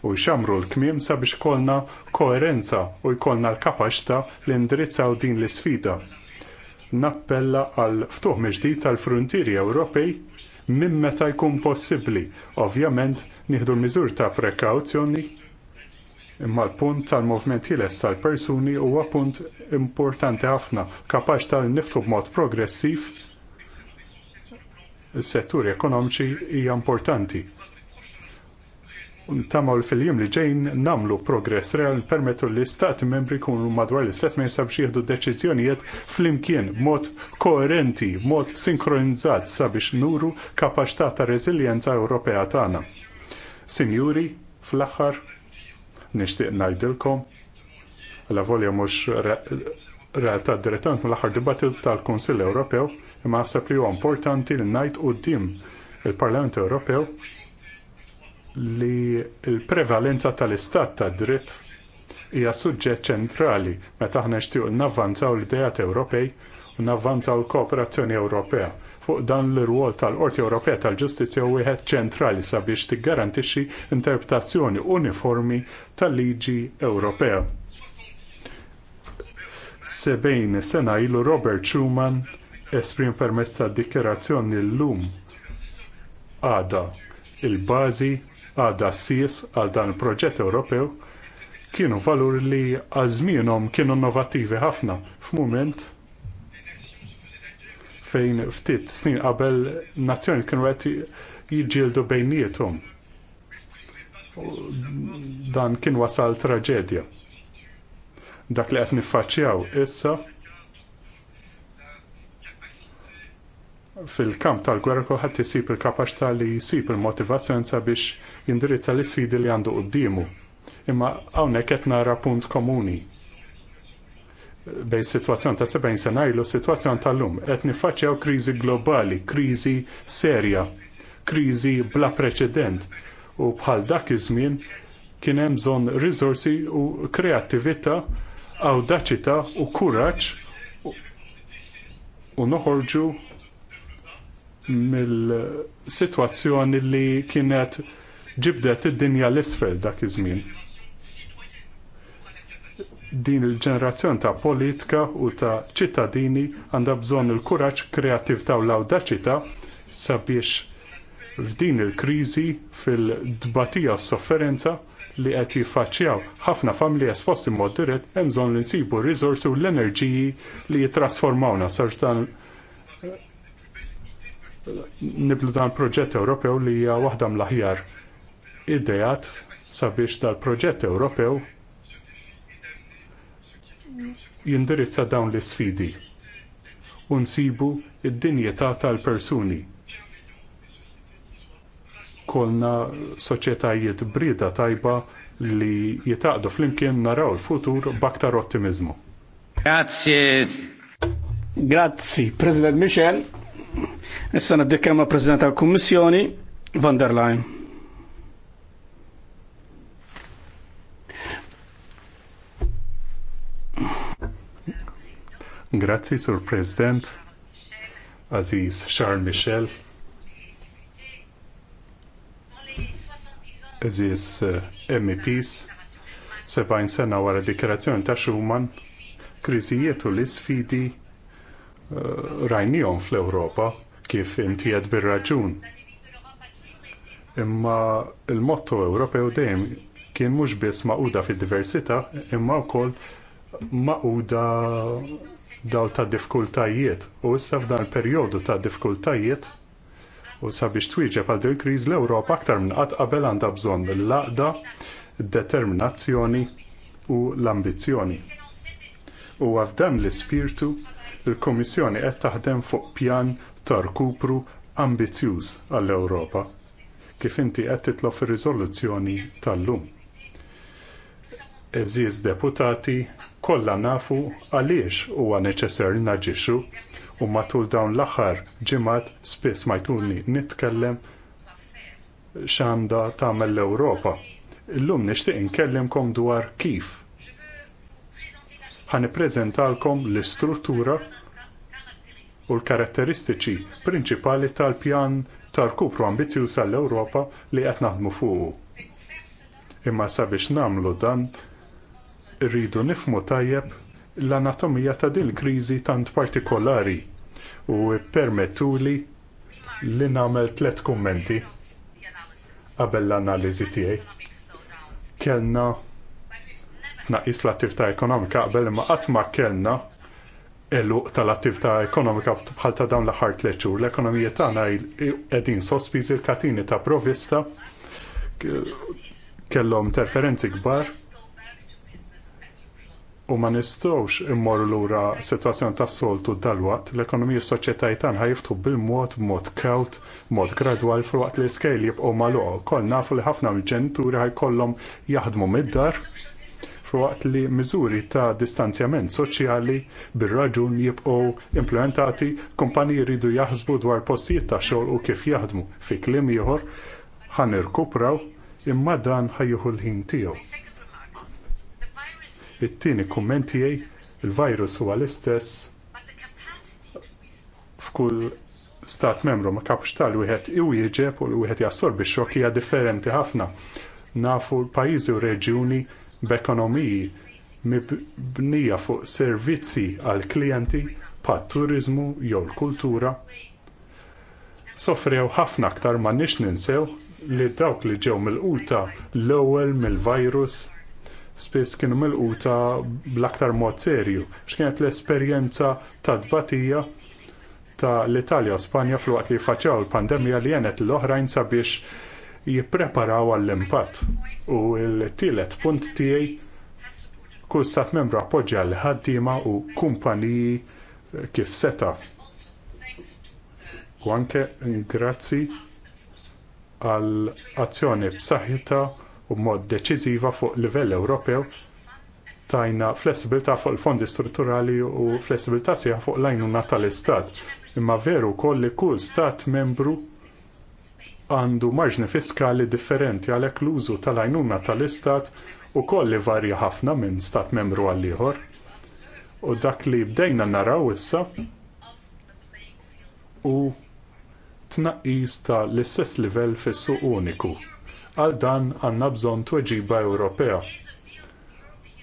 u xamru l kmiem sabiex ikollna koerenza u jkollna l-kapaċità li indirizzaw din l isfida nappella għal ftuħ meġdid tal-frontieri Ewropej minn meta jkun possibbli. Ovvjament nieħdu l-miżur ta' prekawzjoni imma l-punt tal-movement ħiles tal-persuni huwa punt importanti ħafna, kapaċ tal-niftu b'mod progressiv is setturi ekonomiċi hija importanti. Tamaw fil-jiem li ġejn namlu progress real permettu li stati membri kunu madwar l-istess ma jisabx jieħdu deċizjonijiet fl-imkien mod koerenti, mod sinkronizzat sabiex nuru kapaċità ta' reżiljenza Ewropea tagħna. Sinjuri, fl-aħħar nixtieq ngħidilkom la volja mhux realtà direttant mill-aħħar dibattit tal-Kunsill Ewropew imma naħseb li huwa importanti li ngħid quddiem il-Parlament Ewropew li l-prevalenza tal-istat tad dritt hija suġġett ċentrali meta aħna nixtiequ navvanzaw l-idejat Ewropej u navvanzaw l-kooperazzjoni Ewropea. Fuq dan l-rwol tal-Qorti Ewropea tal-Ġustizzja u wieħed ċentrali sabiex tiggarantixxi interpretazzjoni uniformi tal-liġi Ewropea. Sebejn sena ilu Robert Schuman esprim permezz tad dikjerazzjoni llum għada il-bażi għadha s-sies għal dan il-proġett Ewropew kienu valur li għazminom kienu innovattivi ħafna f'mument fejn ftit snin qabel nazzjoni kienu għet jġildu bejnietom. Dan kien wasal traġedja. Dak li qed niffaċċjaw issa fil-kamp tal-gwerra kulħadd isib il-kapaċità li jsib il-motivazzjoni sabiex jindirizza l isfidi li għandu qudiemu. Imma hawnhekk qed nara punt komuni bejn sitwazzjoni ta' 70 sena ilu sitwazzjoni tal-lum qed niffaċċjaw kriżi globali, kriżi serja, kriżi bla preċedent u bħal dak iż-żmien kien hemm bżonn riżorsi u kreattività, awdaċità u kuraġġ u noħorġu mill-sitwazzjoni li kienet ġibdet id-dinja l-isfel dak iż-żmien. Din il-ġenerazzjoni ta' politika u ta' ċittadini għandha bżonn il-kuraġġ, kreattività u l-awdaċità sabiex f'din il-kriżi fil-dbatija s-sofferenza li qed jiffaċċjaw ħafna familji esposti mod dirett hemm bżonn li nsibu r-riżorsi u l-enerġiji li jitrasformawna sartan Nibdu dan proġett Ewropew li hija waħda mill-aħjar idejat sabiex dal-proġett Ewropew jindirizza dawn l isfidi u nsibu id-dinjetà tal-persuni. Kolna soċjetajiet brida tajba li jitaqdu flimkien naraw il-futur baktar ottimizmu. Grazie. Grazzi, President Michel. Issa naddi kemm President tal-Kummissjoni van der Leyen. Grazie, Sir President, Aziz Charles Michel, Aziz eh, MEPs, 70 sena wara dikjerazzjoni ta' xuman kriżijiet u l-isfidi uh, rajnijom fl-Europa kif inti għed bir-raġun. Imma il-motto Ewropew dejjem kien mhux biss maquda fid-diversità, imma wkoll maquda dawl ta' diffikultajiet. U issa f'dan il-perjodu ta' diffikultajiet u sabiex twieġeb għal il kriż l-Ewropa aktar minn qatt qabel għandha bżonn l-laqda, determinazzjoni u l-ambizzjoni. U għafdem l-ispirtu il kummissjoni qed taħdem fuq pjan ta' rkupru ambizjuż għall-Ewropa kif inti qed titlob fir-riżoluzzjoni tal-lum. Eżiż deputati kollha nafu għaliex huwa neċessarju naġixxu u matul dawn l-aħħar ġimgħat spiss majtuni nitkellem x'għandha tagħmel l-Ewropa. Illum nixtieq inkellimkom dwar kif ħaniprezentalkom l-istruttura u l-karatteristiċi prinċipali tal-pjan tal-kupru ambizjuż għall ewropa li qed naħdmu fuqu. Imma sabiex nagħmlu dan, rridu nifmu tajjeb l-anatomija ta' din kriżi tant partikolari u permettuli li nagħmel tliet kummenti qabel l-analiżi tiegħi. Kellna naqis l-attività ekonomika qabel imma qatt ma kellna eluq tal-attività ekonomika bħal ta' dawn l-aħħar tliet xhur. L-ekonomija tagħna qegħdin sospiżi l-katini ta' provvista kellhom interferenzi kbar u ma nistgħux immorru lura sitwazzjoni tas soltu dalwaqt l-ekonomija s-soċjetajiet tagħna jiftħu bil-mod mod kawt, mod gradwal fil-waqt li skejl jibqgħu magħluq. Koll nafu li ħafna mill-ġenituri ħajkollhom jaħdmu mid-dar f'waqt li miżuri ta' distanzjament soċjali bir-raġun jibqgħu implementati, kumpani jridu jaħsbu dwar postijiet ta' xogħol u kif jaħdmu fi kliem ieħor ħan irkupraw imma dan ħajjuħu l-ħin tiegħu. It-tieni kumment il-virus huwa l-istess f'kull stat membru ma kapx tal-wieħed iwieġeb u l-wieħed jassorbi x-xokk hija differenti ħafna nafu l-pajizi u reġjuni b'ekonomiji mibnija fuq servizzi għal klijenti pat turiżmu jew l-kultura. Sofrew ħafna aktar ma nix ninsew li dawk li ġew mill-quta l-ewwel mill-virus spiss kienu mill-quta bl-aktar mod serju. X'kienet l-esperjenza ta' tbatija ta' l-Italja u Spanja fl-waqt li faċċaw il-pandemija li jenet l-oħrajn sabiex jippreparaw għall-impatt. U l-tielet punt tiegħi kull stat membru appoġġja l-ħaddiema u kumpaniji eh, kif seta. U anke grazzi għal azzjoni b'saħħitha u mod deċiżiva fuq livell Ewropew tajna flessibilità fuq il-fondi strutturali u flessibilità sieħa fuq l-għajnuna tal-istat. Imma veru wkoll li kull stat membru għandu marġni fiskali differenti għalhekk l-użu tal-għajnuna tal-istat ukoll li varja ħafna minn stat membru għal ieħor. U dak li bdejna naraw issa u tnaqqis ta' l-istess livell fis-suq uniku. Għal dan għandna bżonn tweġiba Ewropea.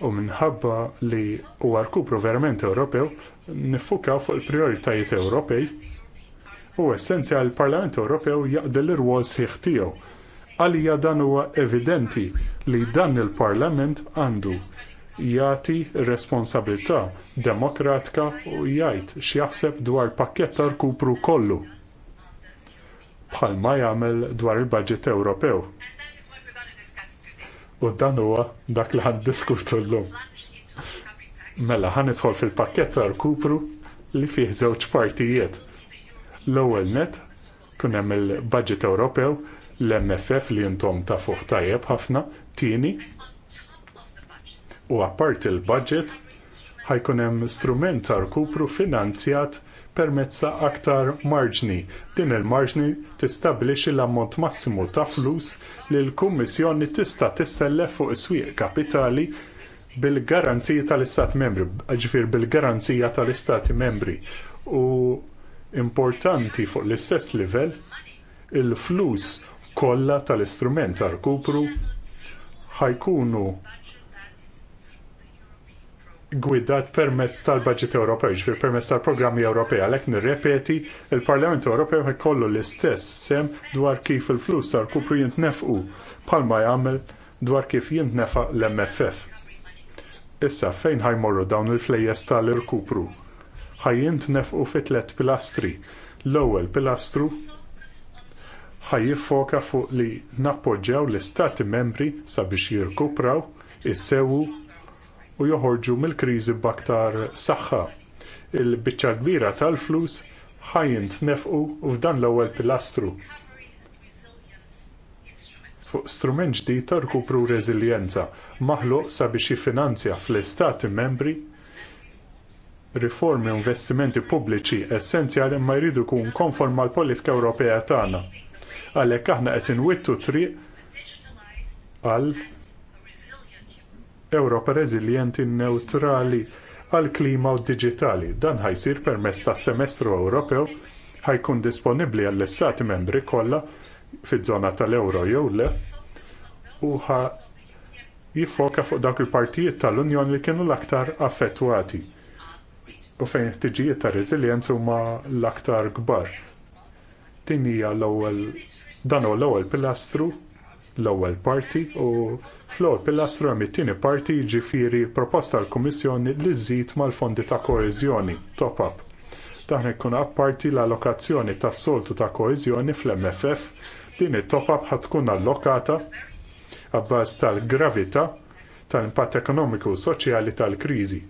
U minħabba li huwa rkupru verament Ewropew, nifukaw fuq il-prioritajiet Ewropej U essenzja l-Parlament Ewropew jaqdel ir-rwol sieħ tiegħu. Għalija dan huwa evidenti li dan il-Parlament għandu jagħti responsabilità demokratika u jgħid x'jaħseb dwar pakkett ta' rkupru kollu bħalma jagħmel dwar il-budget Ewropew. U dan huwa dak li ħan diskutu llum. Mela ħanidħol fil-pakket tal-kupru li fih żewġ partijiet. L-ewwel net kun hemm il-budget Ewropew l-MFF li intom ta' fuq tajjeb ħafna, tieni u apparti il-budget ħajkun hemm strument ta' rkupru finanzjat permezz ta' aktar marġni. Din il-marġni tistabbilixxi l-ammont massimu ta' flus li l-Kummissjoni tista' tissellef fuq is-swieq kapitali bil-garanzija tal-Istat membri, ġifir bil-garanzija tal-Istati membri. U importanti fuq l-istess livell il-flus kollha tal-istrument ta' rkupru ħajkunu gwidat permezz tal-Baġit Ewropew, ġifier permezz tal-programmi Ewropej. Għalhekk nirrepeti, il-Parlament ma jkollu l-istess sem dwar kif il-flus tal-kupru jintnefqu bħalma jagħmel dwar kif jintnefa l-MFF. Issa fejn ħajmorru dawn il-flejjes tal-irkupru? ħajjint nefqu fi tliet pilastri. L-ewwel pilastru ħajjifoka fuq li nappoġġjaw l-istati membri sabiex jirkupraw, issewu u joħorġu mill-kriżi b'aktar saħħa. Il-biċċa kbira tal-flus ħajjint nefqu f'dan l-ewwel pilastru fuq strument ġdid ta' rkupru reżiljenza maħluq sabiex jiffinanzja fl-istati membri riformi u investimenti pubbliċi essenzjali ma jridu jkun konform mal politika Ewropea tagħna. Għalhekk aħna qed inwittu triq għal Ewropa reżiljenti neutrali għal klima u digitali. Dan ħajsir permezz tas semestru Ewropew ħajkun disponibbli għall istati membri kollha fiż-żona tal-Euro jew le u ħa jiffoka fuq dawk il-partijiet tal-Unjoni li kienu l-aktar affettwati u fejn it-tiġijiet ta' reżiljenz huma l-aktar kbar. Din hija l-ewwel dan huwa l-ewwel pilastru, l-ewwel parti u fl-ewwel pilastru hemm it-tieni parti jiġifieri proposta l-Kummissjoni li żżid mal-fondi ta' koeżjoni top-up. Dan ikun apparti l-allokazzjoni tas-soltu ta' koeżjoni fl-MFF din it-top-up ħad tkun allokata għabbaż tal-gravità tal-impatt ekonomiku u soċjali tal-kriżi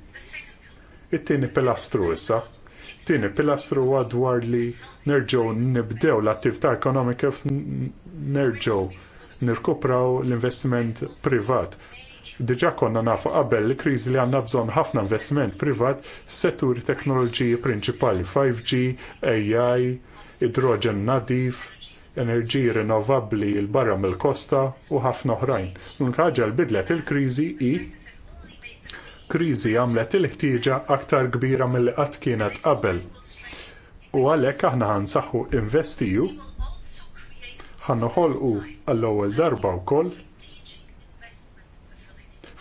It-tieni pilastru issa. Tieni pilastru huwa dwar li nerġgħu nibdew l-attività ekonomika nerġgħu nirkupraw l-investiment privat. Diġà konna nafu qabel l kriżi li għandna bżonn ħafna investiment privat f'setturi teknoloġiji prinċipali 5G, AI, idroġen nadif, enerġiji rinnovabbli l barra mill-kosta u ħafna oħrajn. L-ħaġa l-bidlet il kriżi hi il-kriżi għamlet il-ħtieġa aktar kbira mill-li qatt kienet qabel. U għalhekk aħna ħansaħħu investiju ħannoħolqu għall-ewwel darba wkoll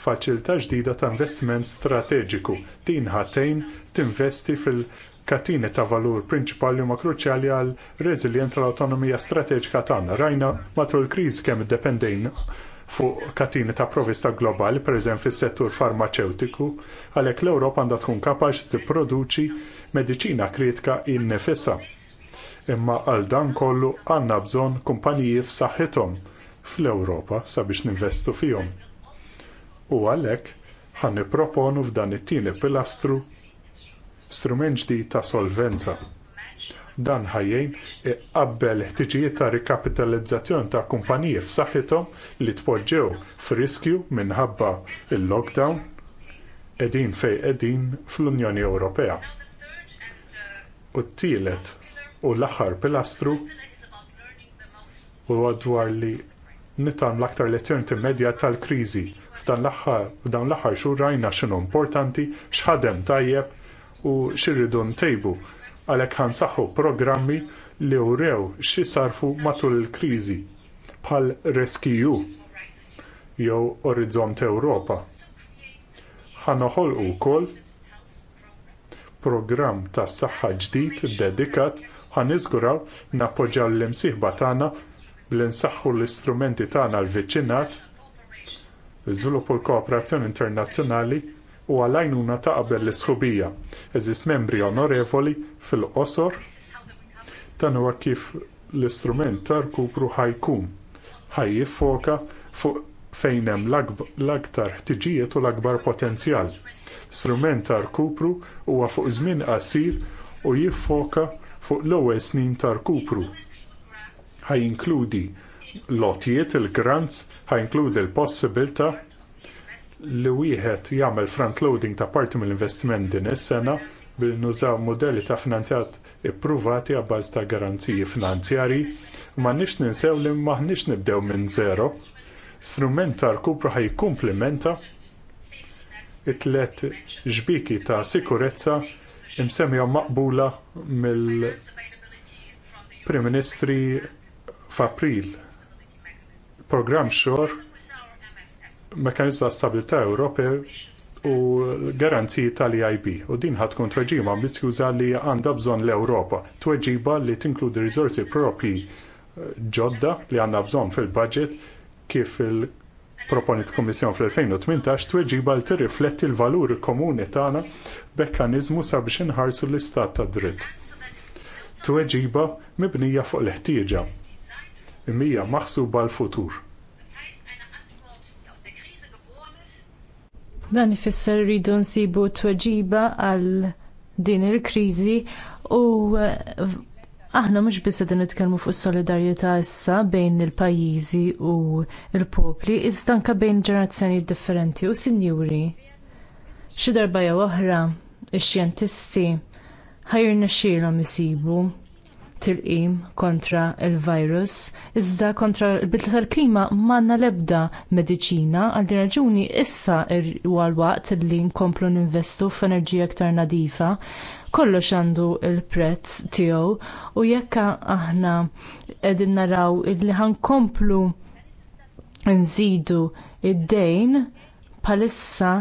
faċilità ġdida ta' investiment strateġiku din ħatejn tinvesti fil-katini ta' valur prinċipali huma kruċjali għal reżiljenza l-autonomija strateġika tagħna. Rajna matul il-kriż kemm iddependejna fuq katini ta' provista globali, pereżempju fis-settur farmaceutiku, għalhekk l-Ewropa għandha tkun kapaċi tipproduċi mediċina kritika innifisha. Imma għal dan kollu għandna bżonn kumpaniji f'saħħithom fl-Ewropa sabiex ninvestu fihom. U għalhekk ħan nipproponu f'dan it-tieni pilastru strument ġdid ta' solvenza. Dan ħajjejn qabbel ħtiġijiet ta' rikapitalizzazzjoni ta' kumpaniji f'saħħithom li tpoġġew f'riskju minħabba il-lockdown qegħdin fejn qegħdin fl-Unjoni Ewropea. U t-tielet u l-aħħar pilastru u dwar li nitam l-aktar lezzjoni timmedja tal-kriżi. F'dan l-aħħar xhur rajna x'inhu importanti, x'ħadem tajjeb u x'irridu ntejbu għalhekk ħansaħħu programmi li wrew xi sarfu matul il-kriżi bħal Rescue jew Orizzont Ewropa. noħolqu wkoll programm tas saħħa ġdid dedikat niżguraw nappoġġjaw l-imsieħba tagħna li nsaħħu l-istrumenti tagħna l-viċinat, iżviluppu l-kooperazzjoni internazzjonali u għalajnuna ta' qabel l-isħubija. Eżis membri onorevoli fil-qosor dan huwa kif l-istrument ta' rkupru ħajkun ħaj jiffoka fuq fejn hemm l-aktar ħtiġijiet u l-akbar potenzjal. Strument ta' rkupru huwa fuq żmien qasir u jiffoka fuq l-ewwel snin ta' rkupru. Ħajinkludi lotijiet il-grants, inkludi l-possibilta li wieħed jagħmel front loading ta' parti mill-investiment din is-sena billi nużaw mudelli ta' finanzjat ippruvati għabbaż ta' garanziji finanzjarji u m'għandniex ninsew li m'aħniex nibdew minn zero. Strument ta' rkupru ħaj kumplimenta it-tlet ġbiki ta' sikurezza imsemmija maqbula mill-Prim Ministri f'April. Programm xor mekanizma ta' stabilità Ewropew u garanziji tal ib u din ħad tkun tweġiba ambizjuża li għandha bżonn l-Ewropa, tweġiba li tinkludi riżorsi propji eh, ġodda li għandha bżonn fil-budget kif il-proponit komissjon fl-2018 tweġiba li tirrifletti l-valuri komuni tagħna b'mekkaniżmu sabiex inħarsu l-istat tad dritt. Tweġiba mibnija fuq l-ħtieġa imija maħsuba l-futur Dan ifisser rridu nsibu tweġiba għal din il-kriżi u eh, aħna mhux biss qegħdin nitkellmu fuq is-solidarjetà issa bejn il-pajjiżi u l-popli, iżda anke bejn ġenerazzjoni differenti u sinjuri. Xi darba jew oħra ix-xjentisti ħajrna xilhom isibu tilqim kontra il-virus, iżda kontra l-bidla tal-klima manna lebda mediċina għal din raġuni issa huwa waqt li nkomplu ninvestu f'enerġija aktar nadifa. Kollox għandu l prezz tiegħu u jekk aħna qegħdin naraw li ħankomplu nżidu id-dejn bħalissa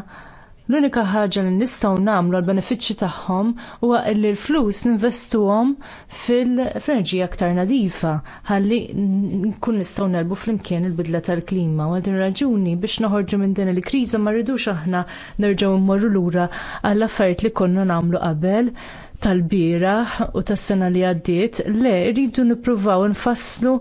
L-unika ħaġa li nistgħu nagħmlu għall benefiċċji tagħhom huwa li l-flus ninvestuhom fil-enerġija aktar nadifa ħalli nkun nistgħu nelbu flimkien il-bidla tal-klima. U din raġuni biex noħorġu minn din il-kriża ma rridux aħna nerġgħu mmorru lura għall affarijiet li konna nagħmlu qabel tal-bira u tas-sena li għaddiet, le rridu nippruvaw nfasslu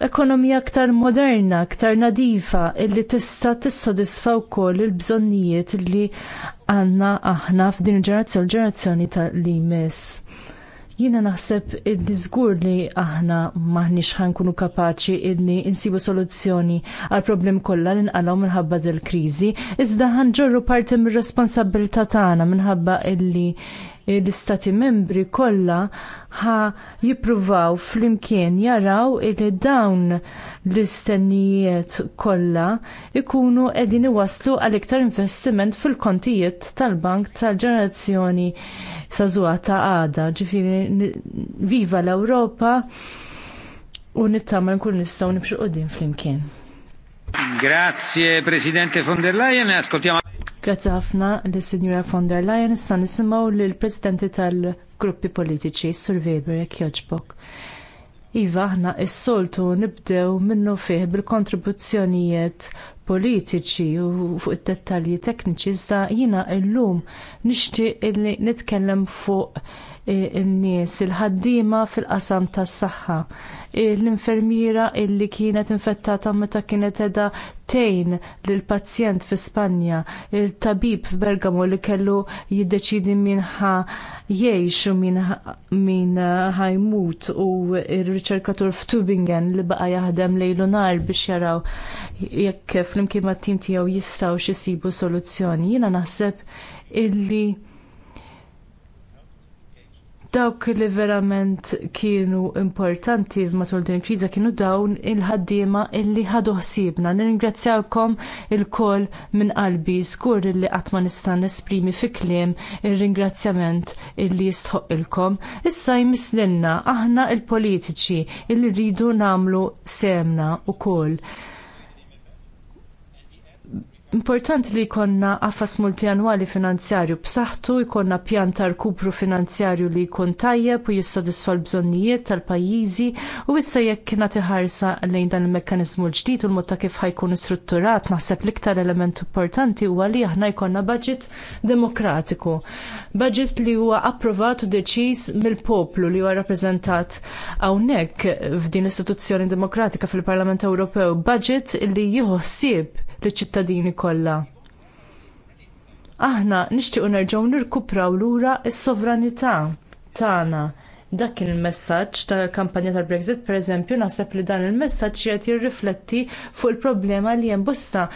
ekonomija aktar moderna, aktar nadifa, illi tista tissodisfa wkoll il-bżonnijiet li għandna aħna f'din il-ġenerazzjoni, l-ġenerazzjoni ta' li jmiss. Jiena naħseb illi żgur li aħna maħniex nkunu kapaċi illi insibu soluzzjoni għal problem kollha li nqalgħu minħabba del kriżi iżda ħanġorru parti mir-responsabilità tagħna minħabba illi l-istati membri kollha ħa jippruvaw flimkien jaraw li dawn l-istennijiet kollha ikunu qegħdin iwasslu għal iktar investiment fil-kontijiet tal-bank tal-ġenerazzjoni sażuha ta' għada, ġifieri viva l-Ewropa u nittama nkun nistgħu nibxu quddiem flimkien. Grazie Presidente von der Leyen, ascoltiamo Grazzi ħafna l-Sinjura von der Leyen, issa nisimgħu lill-Presidenti tal-Gruppi Politiċi, Sur Weber jekk jogħġbok. Iva aħna s-soltu nibdew minnu fih bil-kontribuzzjonijiet politiċi u fuq id-dettalji tekniċi iżda jiena llum nixtieq illi nitkellem fuq n-nies, il-ħaddiema fil-qasam tas-saħħa, l-infermiera illi kienet infettata meta kienet edha tejn lill pazjent fi Spanja, il-tabib f'Bergamo li kellu jiddeċidi min ħa jgħix u min ħajmut u r-riċerkatur f'Tubingen li baqa jaħdem lejlu nar biex jaraw jekk flimkien mat tim tiegħu jistgħu xisibu soluzzjoni. Jiena naħseb illi dawk li verament kienu importanti matul din il-kriża kienu dawn il-ħaddiema illi ħadu ħsiebna. Nirringrazzjawkom il-koll minn qalbi skur illi qatt ma nista' nesprimi fi kliem il ringrazzjament illi jistħoq il-kom. Issa jmislilna aħna il-politiċi illi rridu nagħmlu semna wkoll. Importanti li jkollna qafas multianwali finanzjarju b'saħħtu, jkollna pjan ta' rkupru finanzjarju li jkun tajjeb u jissodisfa l-bżonnijiet tal-pajjiżi u issa jekk kienet iħarsa lejn dan il mekkanizmu l-ġdid u l-mod ta' kif ħajkun istrutturat naħseb l-iktar element importanti huwa li aħna jkollna budget demokratiku. Budget li huwa approvat u deċiż mill-poplu li huwa rappreżentat hawnhekk f'din l-istituzzjoni demokratika fil-Parlament Ewropew, budget li jieħu ħsieb liċ-ċittadini kollha. Aħna nixtiequ nerġgħu nirkupraw lura s-sovranità tagħna. Dak il-messaġġ tal-kampanja tal-Brexit pereżempju naħseb li dan il-messaġġ qed jirrifletti fuq il-problema li hemm bosta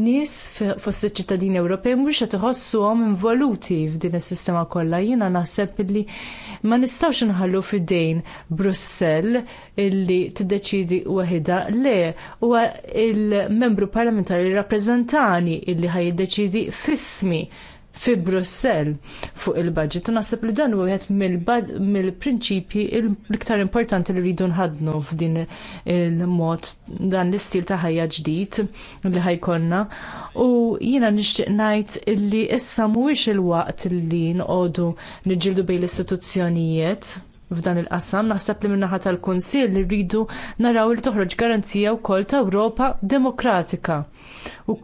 nies fost iċ-ċittadini Ewropej mhux qed iħossuhom involuti f'din is-sistema kollha. Jiena naħseb li Ma nistgħux nħallu fidejn Brussell illi t-deċidi wahida le huwa il-membru parlamentari rappreżentani illi ħaj deċidi fismi fi Brussell fuq il-budget. U naħseb li dan wieħed mill-prinċipji l-iktar importanti li rridu nħadnu f'din il-mod dan l-istil ta' ħajja ġdid li ħajkonna. U jiena nixtieq ngħid illi issa mhuwiex il-waqt li nqogħdu niġġieldu bejn l-istituzzjonijiet f'dan il-qasam naħseb li min-naħa tal-Kunsill rridu naraw li toħroġ garanzija wkoll ta' Ewropa demokratika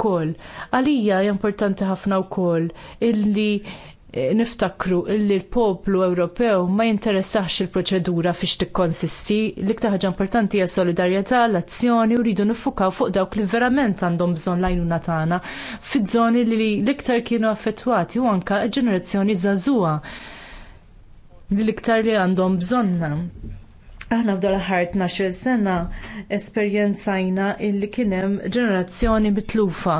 kol. Għalija importanti ħafna kol illi eh, niftakru illi l-poplu Ewropew ma jinteressax il-proċedura fiex tikkonsisti, l-iktar ħaġa importanti hija solidarjetà, l-azzjoni u rridu nifukaw fuq dawk li verament għandhom bżonn l-għajnuna tagħna fiż-żoni li l-iktar kienu affettwati u anke ġenerazzjoni żagħżugħa li l-iktar li għandhom bżonna. Aħna f'dol aħħar 12 sena esperjenzajna illi kien hemm ġenerazzjoni mitlufa,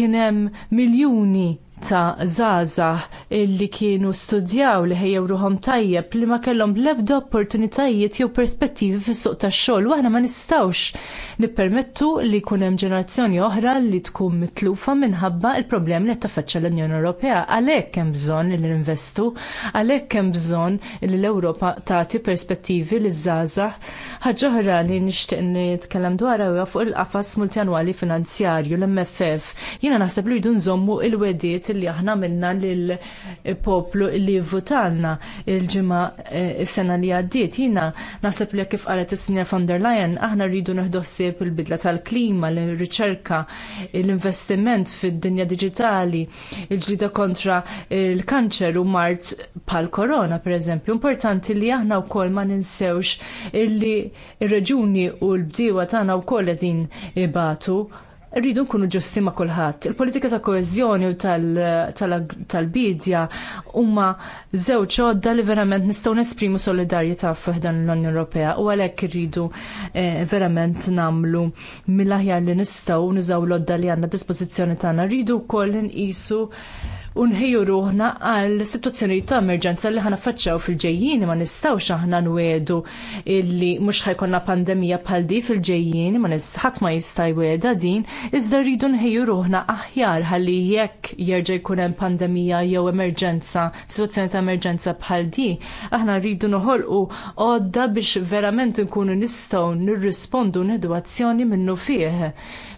kien hemm miljuni ta' zazah illi kienu studjaw li ħejjew ruhom tajjeb li ma kellhom l-ebda opportunitajiet jew perspettivi fis-suq tax-xogħol u aħna ma nistgħux nippermettu li jkun hemm ġenerazzjoni oħra li tkun mitlufa minħabba l problemi li taffaċċa l-Unjoni Ewropea. Għalhekk hemm bżonn li ninvestu, għalhekk hemm bżonn li l-Ewropa tagħti perspettivi li żgħażagħ. Ħaġa oħra li nixtieq nitkellem dwar huwa fuq il-qafas multjanwali finanzjarju l-MFF. Jiena naħseb li jdu nżommu il-wediet li aħna minna lill-poplu li votalna il-ġimgħa eh, s sena li għaddiet. Jiena naħseb li kif qalet is-Sinja von der Leyen aħna rridu nieħdu ħsieb il-bidla tal-klima, l-riċerka, l-investiment fid-dinja diġitali, il-ġlida kontra il-kanċer u mart pal korona pereżempju. Importanti li aħna wkoll ma ninsewx illi ir-reġuni u l-bdiewa tagħna wkoll qegħdin ibatu rridu nkunu ġusti ma' kulħadd. Il-politika ta' koeżjoni u tal-bidja huma żewġ għodda li verament nistgħu nesprimu solidarjetà dan l-Unjoni Ewropea u għalhekk irridu eh, verament nagħmlu mill-aħjar li nistgħu nużaw l-għodda li għandna dispożizzjoni tagħna rridu wkoll nqisu u nħejju ruħna għal situazzjoni ta' emerġenza li ħana faċċaw fil-ġejjini ma nistgħux aħna nwedu illi mhux ħajkonna pandemija bħal di fil-ġejjini ma nisħat ma jista' jweda din, iżda rridu nħejju ruħna aħjar ħalli jekk jerġa' jkun hemm pandemija jew emerġenza, situazzjoni ta' emerġenza bħal di, aħna rridu noħolqu għodda biex verament nkunu nistgħu nirrispondu nħedu azzjoni minnu fih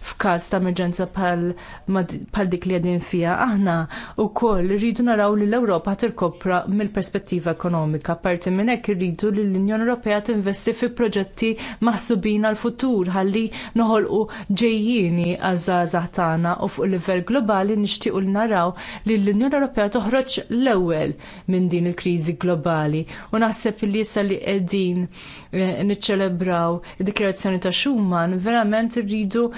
f'każ ta' emerġenza bħal dik li għedin fija. Aħna wkoll rridu naraw li l-Ewropa tirkopra mill-perspettiva ekonomika. Parti minn hekk irridu li l-Unjoni Ewropea tinvesti fi proġetti maħsubin għal futur ħalli noħolqu ġejjini għażażaħ tagħna u fuq livell globali nixtiequ li naraw li l-Unjoni Ewropea toħroġ l-ewwel minn din il-kriżi globali u naħseb li issa li qegħdin eh, niċċelebraw id-dikjerazzjoni ta' Schumann verament irridu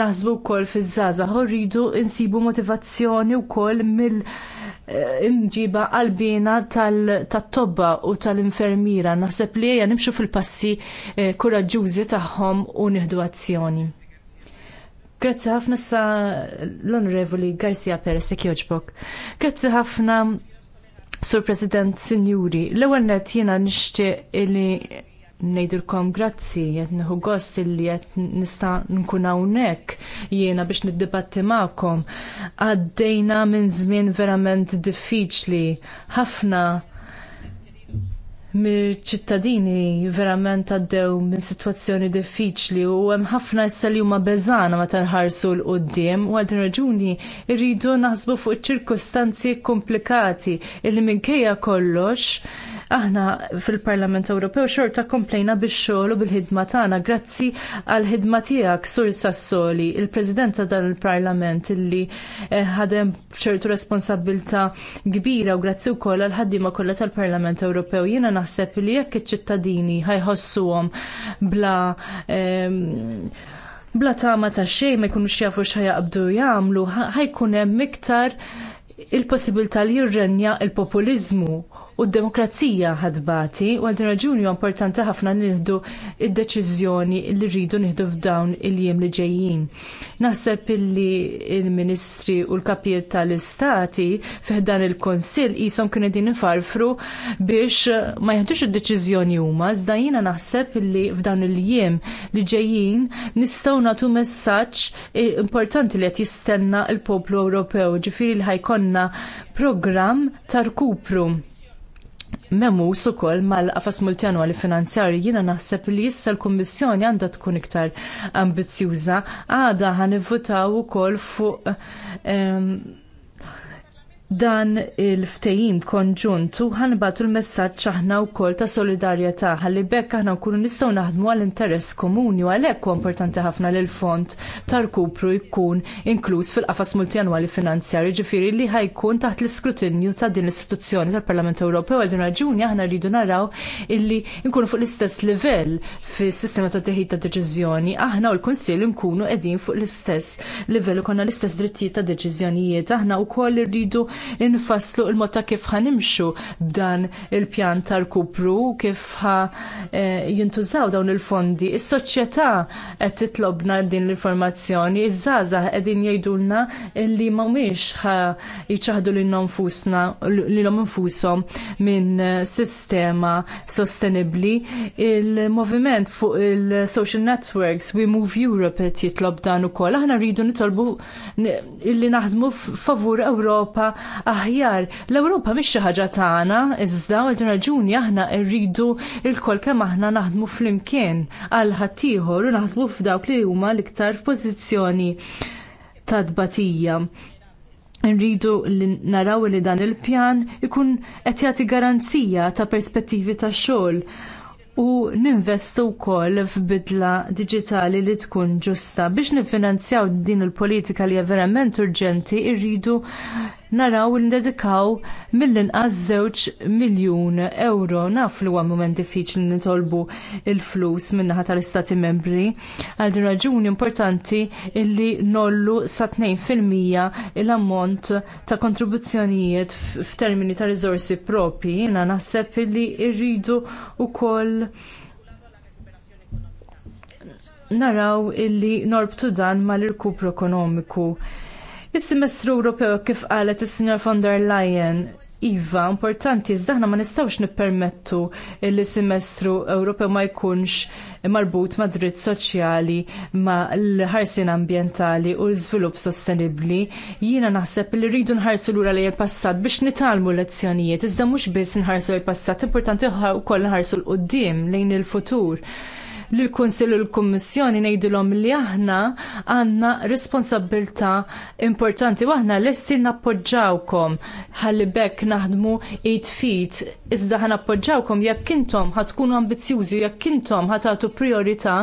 naħsbu wkoll fiż-żgħażagħ u rridu insibu motivazzjoni wkoll mill eh, imġiba qalbina tat-tobba u tal-infermiera naħseb li hija nimxu fil-passi eh, kuraġġużi tagħhom u nieħdu azzjoni. Grazzi ħafna sa l-Onorevoli Garcia Perez jogħġbok. Grazzi ħafna Sur President Sinjuri, l-ewwel net jiena nixtieq li ngħidilkom grazzi, jett nħu gost illi jett nista' nkun hawnhekk jiena biex niddibatti magħkom. Għaddejna minn żmien verament diffiċli, ħafna mir ċittadini verament għaddew minn sitwazzjoni diffiċli u hemm ħafna issa li huma beżana meta nħarsu l qudiem u għadin raġuni rridu naħsbu fuq iċ ċirkustanzi komplikati illi minkejja kollox aħna fil-Parlament Ewropew xorta komplejna bix-xogħol u bil-ħidma tagħna grazzi għall ħidma tiegħek Sur Sassoli, il-President ta' dan il-Parlament illi eh, ħadem ċertu responsabilità kbira u grazzi wkoll għal ħaddiema kollha tal-Parlament Ewropew. Jiena naħseb li jekk iċ-ċittadini ħajħossuhom bla bla tama ta' xejn ma jkunux jafu jaqbdu jagħmlu, ħajkun hemm iktar il-possibilità li jirrenja il-populizmu u d-demokrazija ħadbati u għal raġuni importanti ħafna nieħdu id-deċiżjoni li rridu nieħdu f'dawn il-jiem li ġejjin. Naħseb illi il-Ministri u l-Kapijiet tal-Istati fiħdan il-Konsil qishom kienu din infarfru biex ma jħedux id-deċiżjoni huma, iżda jiena naħseb illi f'dawn il-jiem li ġejjin nistgħu nagħtu messaġġ importanti li qed jistenna l-poplu Ewropew, ġifieri li ħajkonna programm ta' rkupru memus ukoll mal-qafas multjanwali finanzjarji jiena naħseb li issa l-Kummissjoni għandha tkun iktar ambizjuza għada u ukoll fuq ehm, dan il-ftejim konġunt u ħanbatu l-messaġġ aħna wkoll ta' solidarjetà ħalli bekk aħna nkunu nistgħu naħdmu għall-interess komuni u għalhekk importanti ħafna li l-fond ta' kupru jkun inkluż fil-qafas multjanwali Finanzjarji. ġifieri li ħajkun taħt l-iskrutinju ta' din l-istituzzjoni tal-Parlament Ewropew għal din raġuni aħna rridu naraw illi nkunu fuq l-istess livell fis-sistema ta' teħid ta' deċiżjoni aħna u l-Kunsill nkunu qegħdin fuq l-istess livell u konna l-istess drittijiet ta' deċiżjonijiet aħna wkoll irridu infasslu l mod ta' kif ħanimxu b'dan il-pjan tal-kupru kif ħa eh, jintużaw dawn il-fondi. Is-soċjetà qed titlobna din l-informazzjoni, iż-żaża qegħdin jgħidulna li mhumiex ħa jiċaħdu lil nfusna lilhom infushom minn eh, sistema sostenibbli. Il-moviment fuq il-social networks We Move Europe qed jitlob dan ukoll. Aħna rridu nitolbu illi naħdmu favur Ewropa aħjar. L-Ewropa mhix xi ħaġa tagħna, iżda għal din raġuni aħna rridu lkoll kemm aħna naħdmu flimkien għal ħaddieħor u naħsbu f'dawk li huma l-iktar f'pożizzjoni ta' tbatija nridu li naraw li dan il-pjan ikun qed jagħti garanzija ta' perspettivi ta' xogħol u ninvestu wkoll f'bidla diġitali li tkun ġusta. Biex niffinanzjaw din il-politika li hija verament urġenti, rridu naraw li ndedikaw mill-inqas żewġ miljun euro. Naf li huwa mument diffiċli nitolbu il-flus min-naħa tal-Istati membri. Għal din raġuni importanti illi nollu sa 2% l-ammont ta' kontribuzzjonijiet f'termini ta' rizorsi propi. Jiena naħseb illi rridu wkoll naraw illi norbtu dan mal-irkupru ekonomiku. Is-semestru Ewropew kif qalet is-Sinjor von der Leyen Iva, importanti, aħna ma nistawx nippermettu li semestru Ewropew ma jkunx marbut ma dritt soċjali, ma l-ħarsin ambjentali u l-żvilupp sostenibbli. Jiena naħseb li rridu nħarsu lura lejn il-passat biex nitalmu lezzjonijiet, iżda mhux biss nħarsu l-passat, importanti wkoll nħarsu l-qudiem lejn il-futur li l-Kunsill u l-Kummissjoni ngħidilhom li aħna għandna responsabilità importanti u aħna lesti nappoġġawkom ħalli bekk naħdmu eight feet iżda ħan appoġġawkom jekk intom ħatkunu ambizzjużi jekk intom ħatatu priorità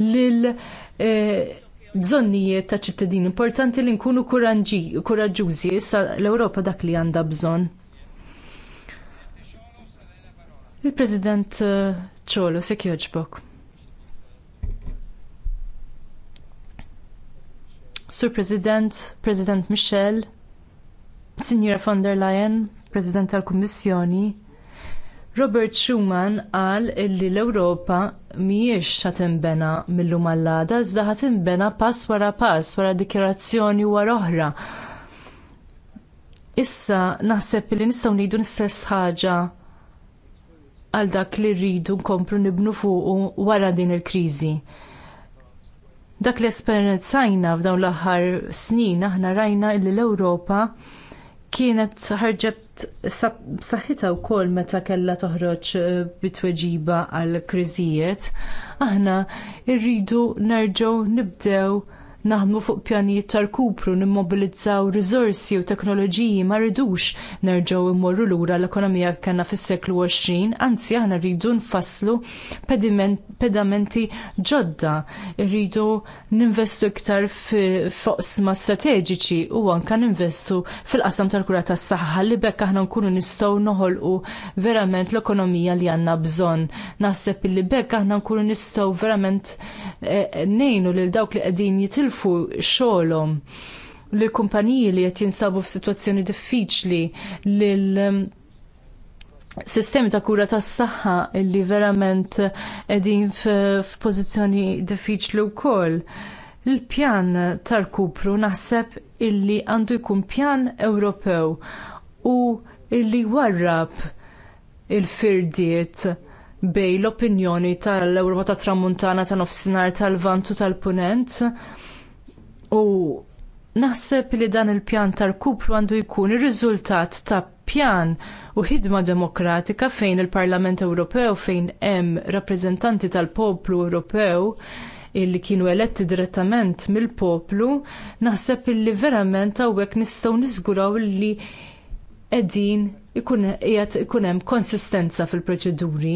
lil eh, bżonnijiet ta' ċittadini importanti li nkunu kuraġġużi issa l-Ewropa dak li għandha bżonn. Il-President Ċolo, eh, se jogħġbok. Sur President, President Michel, Signora von der Leyen, President tal-Kummissjoni, Robert Schuman qal illi l-Ewropa mhijiex ħa tinbena mill-lum għall-għada, iżda pass wara pass wara dikjerazzjoni wara oħra. Issa naħseb li nistgħu ngħidu l-istess ħaġa għal dak li rridu nkomplu nibnu fuqu wara din il-kriżi. Dak li esperienzajna f'dawn l-aħħar snin aħna rajna li l-Ewropa kienet ħarġet saħħitha wkoll meta kellha toħroġ eh, bitweġiba għal kriżijiet, aħna rridu nerġgħu nibdew naħdmu fuq pjanijiet tal-kupru nimmobilizzaw riżorsi u teknoloġiji ma rridux nerġgħu immorru lura l-ekonomija kellna fis-seklu 20, anzi aħna rridu nfasslu pedamenti ġodda, rridu ninvestu iktar f'oqsma strateġiċi u anke ninvestu fil-qasam tal-kura tas-saħħa li bekk aħna nkunu nistgħu noħolqu verament l-ekonomija li għandna bżonn. Naħseb li bekk aħna nkunu nistgħu verament eh, eh, ngħinu lil dawk li qegħdin jitilfu jitilfu xolom l kumpaniji li qed jinsabu f'sitwazzjoni diffiċli lil um, sistemi ta' kura tas saħħa li verament qegħdin f'pożizzjoni diffiċli wkoll. Il-pjan tal-kupru naħseb illi għandu jkun pjan Ewropew u illi warrab il-firdiet bej l-opinjoni tal-Ewropa tat tramuntana tan nofsinhar tal-Vantu tal-Punent U naħseb li dan il-pjan tal-kupru għandu jkun ir-riżultat ta' pjan u ħidma demokratika fejn il-Parlament Ewropew fejn hemm rappreżentanti tal-poplu Ewropew illi kienu eletti direttament mill-poplu, naħseb illi verament hawnhekk nistgħu niżguraw li qegħdin ikun qiegħed ikun hemm konsistenza fil-proċeduri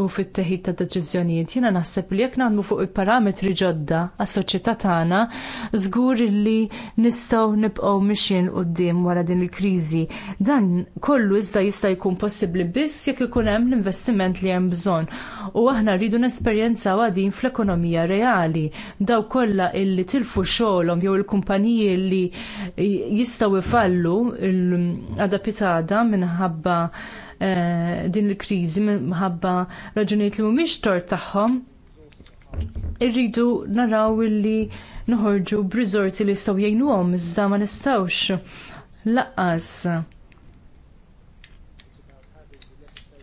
u fit-teħid ta' deċiżjonijiet. Jiena naħseb li jekk nagħmlu fuq il-parametri ġodda għas-soċjetà tagħna, żgur li nistgħu nibqgħu mixjin quddiem wara din il-kriżi. Dan kollu iżda jista' jkun possibbli biss jekk ikun hemm l-investiment li hemm bżonn. U aħna rridu nesperjenza għadin fl-ekonomija reali. Daw kollha illi tilfu xogħolhom jew il-kumpaniji li jistgħu ifallu l-adapitada minħabba minħabba eh, din il-kriżi minħabba raġunijiet li mhumiex tort tagħhom. Irridu naraw illi noħorġu b'riżorsi li jistgħu jgħinuhom iżda ma nistgħux laqqas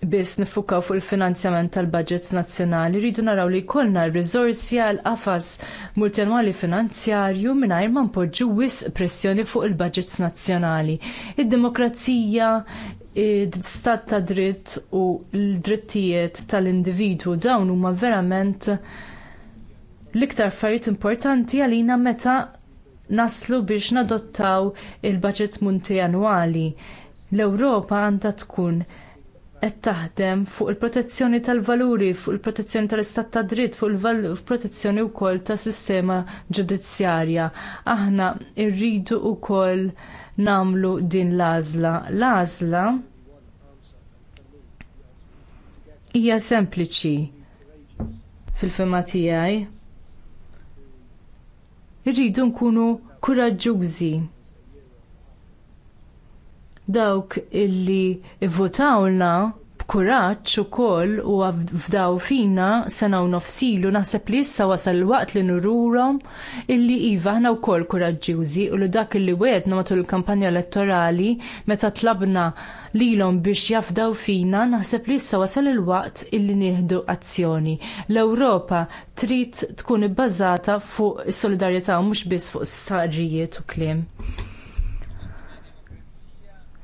biss nifukaw fuq il-finanzjament tal-budgets nazzjonali, rridu naraw li jkollna r-riżorsi għal qafas multjanwali finanzjarju mingħajr ma npoġġu wisq pressjoni fuq il-budgets nazzjonali. Id-demokrazija, stat ta' dritt u l-drittijiet tal-individwu dawn huma verament l-iktar affarijiet importanti għalina meta naslu biex nadottaw il-budget munti annwali. L-Ewropa għandha tkun qed taħdem fuq il-protezzjoni tal-valuri, fuq il-protezzjoni tal-istat ta' dritt, fuq il-protezzjoni wkoll tas sistema ġudizzjarja. Aħna rridu wkoll Namlu din l-għażla. L-għażla hija sempliċi fil-fema tiegħi. Irridu nkunu kuraġġużi dawk illi votawna b'kuraġġ ukoll u fdaw fina sena u nofsilu naħseb li issa wasal waqt li nururhom illi iva aħna wkoll kuraġġjużi u li dak illi wedna matul il-kampanja elettorali meta tlabna lilhom biex jafdaw fina naħseb li issa wasal il-waqt illi nieħdu azzjoni. L-Ewropa trid tkun ibbażata fuq is-solidarjetà u mhux biss fuq starijiet u kliem.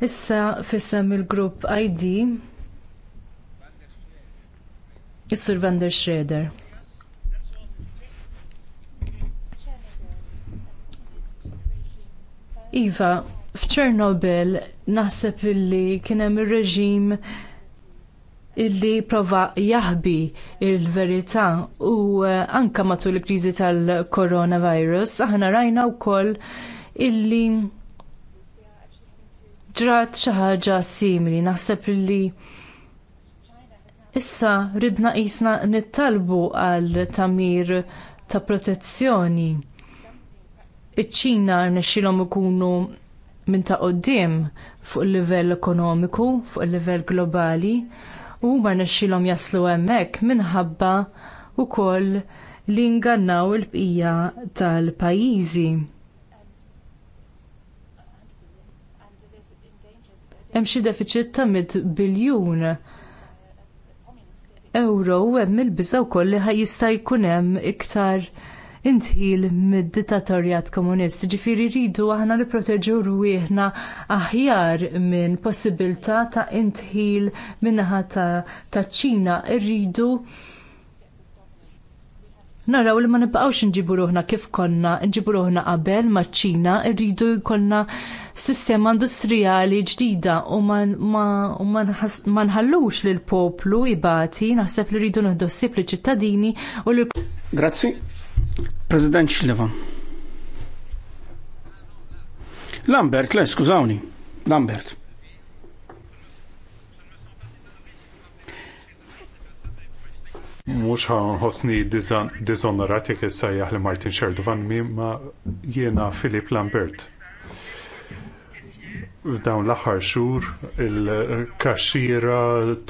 Issa fissem il-grupp ID Is-Sur Van der Schroeder. Iva, f'Chernobyl naħseb illi kien hemm ir-reġim illi prova jaħbi il-verità u eh, anke matul il-kriżi tal-coronavirus aħna rajna wkoll illi ġrat xi ħaġa simili naħseb illi Issa ridna qisna nittalbu għal tamir ta' protezzjoni. Iċ-Ċina rnexxilhom ikunu minn ta' qoddim fuq il-livell ekonomiku, fuq il-livell globali, u huma rnexxilhom jaslu hemmhekk minħabba wkoll li ngannaw il-bqija tal-pajjiżi. Hemm xi defiċit ta' mid biljun euro u hemm il-biża wkoll li jista' jkun hemm iktar intħil mid-dittatorjat komunist. Ġifiri rridu aħna li proteġu rwieħna aħjar minn possibilità ta' intħil minnaħa ta' ċina. Irridu naraw li ma nibqgħux nġibu ruħna kif konna, nġibu ruħna qabel maċ-Ċina, rridu jkollna sistema industrijali ġdida u ma nħallux lil poplu jibati, naħseb li rridu nħdossib li ċittadini u li. Grazzi. President Xleva. Lambert, le, skużawni. Lambert. Mux ħosni dizonorat jek jessajjaħ li Martin Sherdovan ma jiena Filip Lambert. F'dawn l-aħħar xhur il-kaxxira,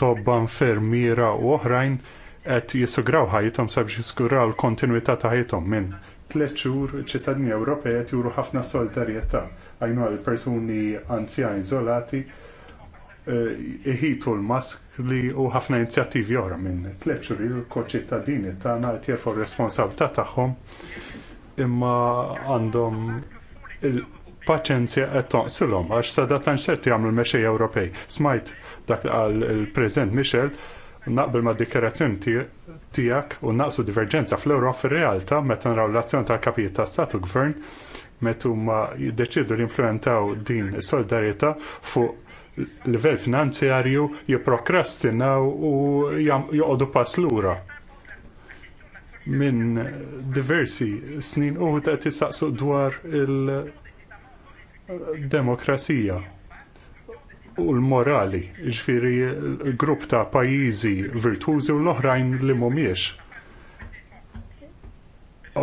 tobba, infermiera u oħrajn qed jisugraw ħajjithom sabiex jiskuraw l-kontinuità ta' ħajjithom minn tliet xhur ċittadini Ewropej qed juru ħafna solidarjetà għajnu għal persuni anzjani iżolati Eh, iħitu l-mask li u ħafna inizjattivi oħra minn t-leċuri l-koċittadini tagħna qed jerfu r-responsabilità tagħhom imma għandhom il-paċenzja qed toqsilhom għax sada xerti jagħmlu l-mexej Ewropej. Smajt dak għal qal il-President Michel naqbel ma' dikjerazzjoni tiegħek u naqsu diverġenza fl-Ewro fir-realtà meta nraw l-azzjoni tal-kapijiet ta' stat u gvern metu ma jiddeċidu li implementaw din is-solidarjetà fuq livell finanzjarju jipprokrastinaw u joqogħdu pass lura. Minn diversi snin u ta' tisaqsu dwar il-demokrasija u l-morali, ġifiri l-grupp ta' pajjiżi virtużi u l-oħrajn li mhumiex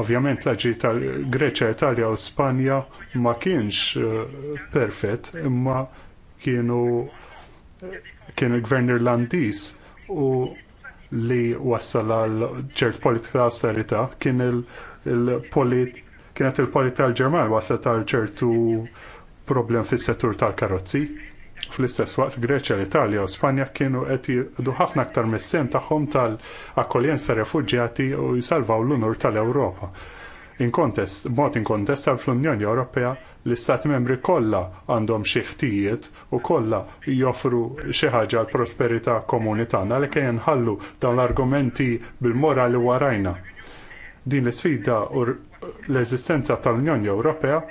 ovvjament l-ġi tal-Greċja, Italja u Spanja ma kienx eh, perfett, imma kienu kien il-gvern Irlandiż u li wassal għal ċert politika austerita kien il-polit kienet il-politika l-Ġerman waslet għal ċertu problem fis-settur tal-karozzi. Fl-istess waqt Greċja, l-Italja u Spanja kienu qed jieħdu ħafna aktar mis-sem tagħhom tal-akkoljenza refuġjati u jsalvaw l-unur tal-Ewropa. kontest, mod kontest tal-Unjoni Ewropea l-istati membri kollha għandhom xi ħtijiet u kollha joffru xi ħaġa l-prosperità komuni tagħna għalhekk ejja dawn l-argumenti bil-mora li warajna. Din l-isfida u l-eżistenza tal-Unjoni Ewropea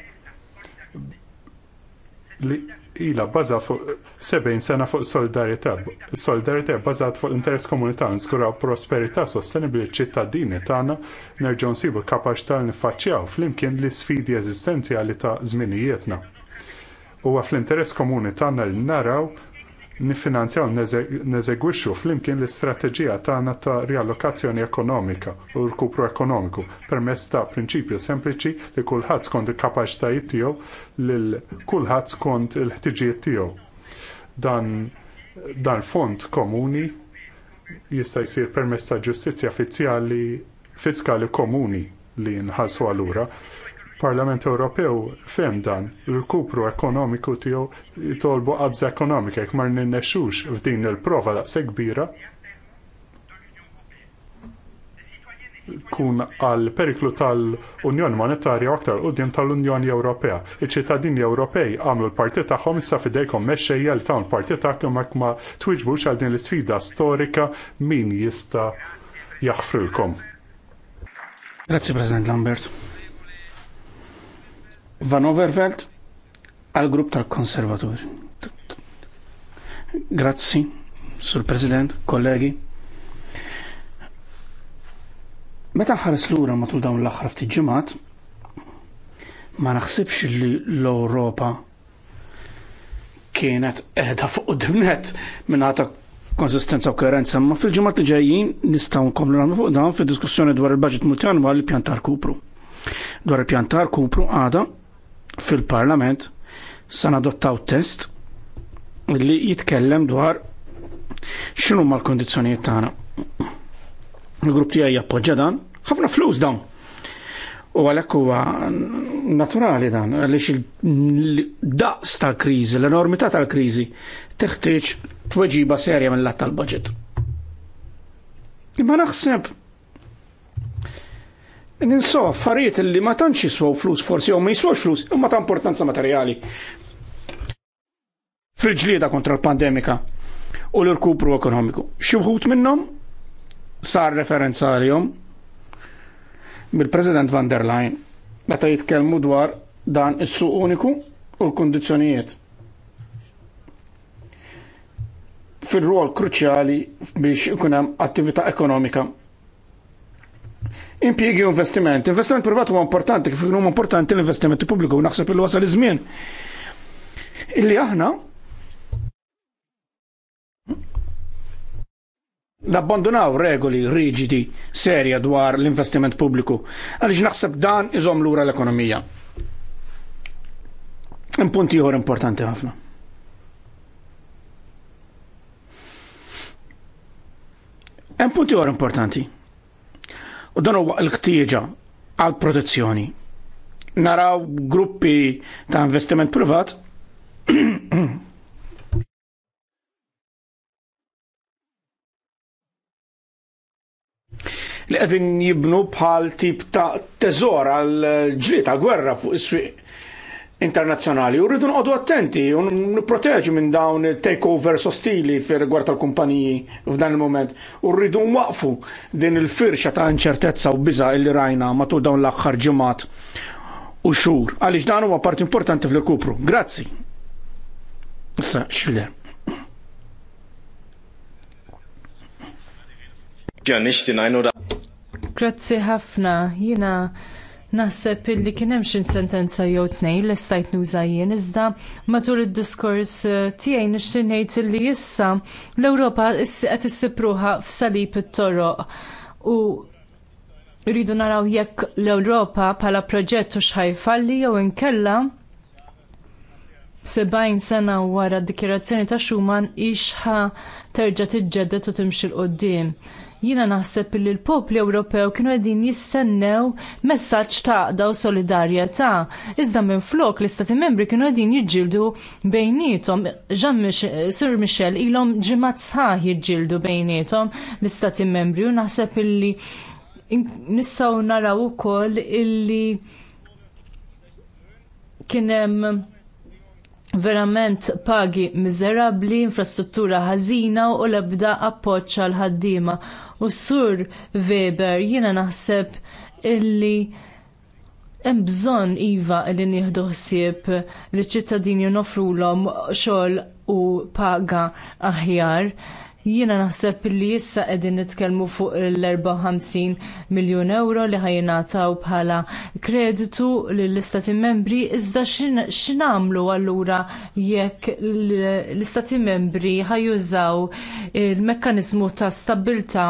li ila baza fuq 70 sena fuq solidarita. solidarità bazat fuq interess komunità nskuraw prosperità sostenibli ċittadini tagħna nerġgħu nsibu kapaċità li niffaċċjaw flimkien l sfidi eżistenzjali ta' żminijietna. Huwa fl-interess komuni tagħna li naraw nifinanzjaw neżegwixxu flimkien l-istrateġija tagħna ta' riallokazzjoni ekonomika u rkupru ekonomiku permezz ta' prinċipju sempliċi li kulħadd skont il-kapaċitajiet tiegħu lil kulħadd skont il-ħtiġijiet tiegħu. Dan dan fond komuni jista' jsir permezz ta' ġustizzja fiskali komuni li nħallsu allura Parlament Ewropew fem dan, il-kupru ekonomiku tiegħu jitolbu qabża ekonomika jekk ma ninnexxux f'din il-prova daqshekk kbira. Kun għal periklu tal-Unjoni Monetarja aktar qudiem tal-Unjoni Ewropea. Iċ-ċittadini Ewropej għamlu l-parti tagħhom issa fidejkom mexxejja li l parti tagħhom hekk ma twiġbux għal din l-isfida storika min jista' jaħfrilkom. Grazzi President Lambert. Van Overveld għal grupp tal-konservatur. Grazzi, sur President, kollegi. Meta ħares lura matul dawn l-aħħar ftit ġimgħat, ma naħsibx li l-Ewropa kienet qiegħda fuq dimnet minn għata konsistenza u koerenza, ma fil-ġimgħat li ġejjin nistgħu nkomplu nagħmlu fuq dan fid-diskussjoni dwar il-budget multjanwali pjan pjantar kupru Dwar il pjantar kupru għada fil-Parlament san adottaw test li jitkellem dwar xinu ma l-kondizzjonijiet tagħna. Il-grupp tiegħi jappoġġa dan, ħafna flus dawn. U għalhekk huwa naturali dan għaliex il-daqs tal-kriżi, l-enormità tal-kriżi teħtieġ tweġiba serja mill att tal-budget. Imma naħseb ninsaw affarijiet li ma tantx jiswaw flus forsi jew ma jiswaw flus imma ta' importanza materjali fil-ġlieda kontra l-pandemika u l-rkupru ekonomiku. Xi wħud minnhom sar referenza għalihom bil-President van der Leyen meta jitkellmu dwar dan is-suq uniku u l-kondizzjonijiet. fir rol kruċjali biex ikun hemm attività ekonomika impjiegi u investiment. Investiment privat huwa importanti, kif huma importanti l-investimenti pubbliku, u naħseb il wasal iż-żmien. Illi aħna nabbandonaw regoli riġidi serja dwar l-investiment pubbliku għaliex naħseb dan iżom lura l-ekonomija. Impunti ieħor importanti ħafna. Hemm punti ieħor importanti. U dan huwa l-ħtieġa għal protezzjoni. Naraw gruppi ta' investiment privat li qegħdin jibnu bħal tip ta' teżor għal ġliet għal gwerra fuq is-swieq internazzjonali. U rridu nqodu attenti u nipproteġu minn dawn takeovers ostili fir rigward tal-kumpaniji f'dan il-moment. U rridu nwaqfu din il-firxa ta' inċertezza u biża illi rajna matul dawn l-aħħar ġimgħat u xhur. Għaliex dan huwa part importanti fil-kupru. Grazzi. Issa xfider. Grazzi ħafna. Jina Naħseb illi kien hemm xi sentenza jew tnejn li stajt nuża jien iżda matul id-diskors eh, tiegħi nixtieq ngħid illi issa l-Ewropa qed issipruha f'salib it-toroq u rridu naraw jekk l-Ewropa bħala proġett u xħajfalli jew inkella seb'ajn sena wara d dikjarazzjoni ta' Schumann ħa terġa' tiġġedded u timxi l-qoddim. Jiena naħseb li l-popli Ewropew kienu qegħdin jistennew messaġġ ta' daw solidarjetà. Iżda minn flok l-Istati Membri kienu qegħdin jiġġieldu bejnietom. Jean Sir Michel ilhom ġimat sħaħ jġildu bejnietom l-Istati Membri u naħseb illi nistgħu naraw ukoll illi kien hemm verament pagi miżerabbli, infrastruttura ħażina u l-ebda appoġġ għal ħaddiema. U sur Weber jiena naħseb illi hemm bżonn iva li nieħdu ħsieb li ċittadini nofrulhom xogħol u paga aħjar Jiena naħseb li issa qegħdin nitkellmu fuq l-54 miljun euro li ħajnataw bħala kreditu lill-istati membri iżda x'namlu allura jekk l-istati membri ħajużaw il-mekkaniżmu ta' stabilta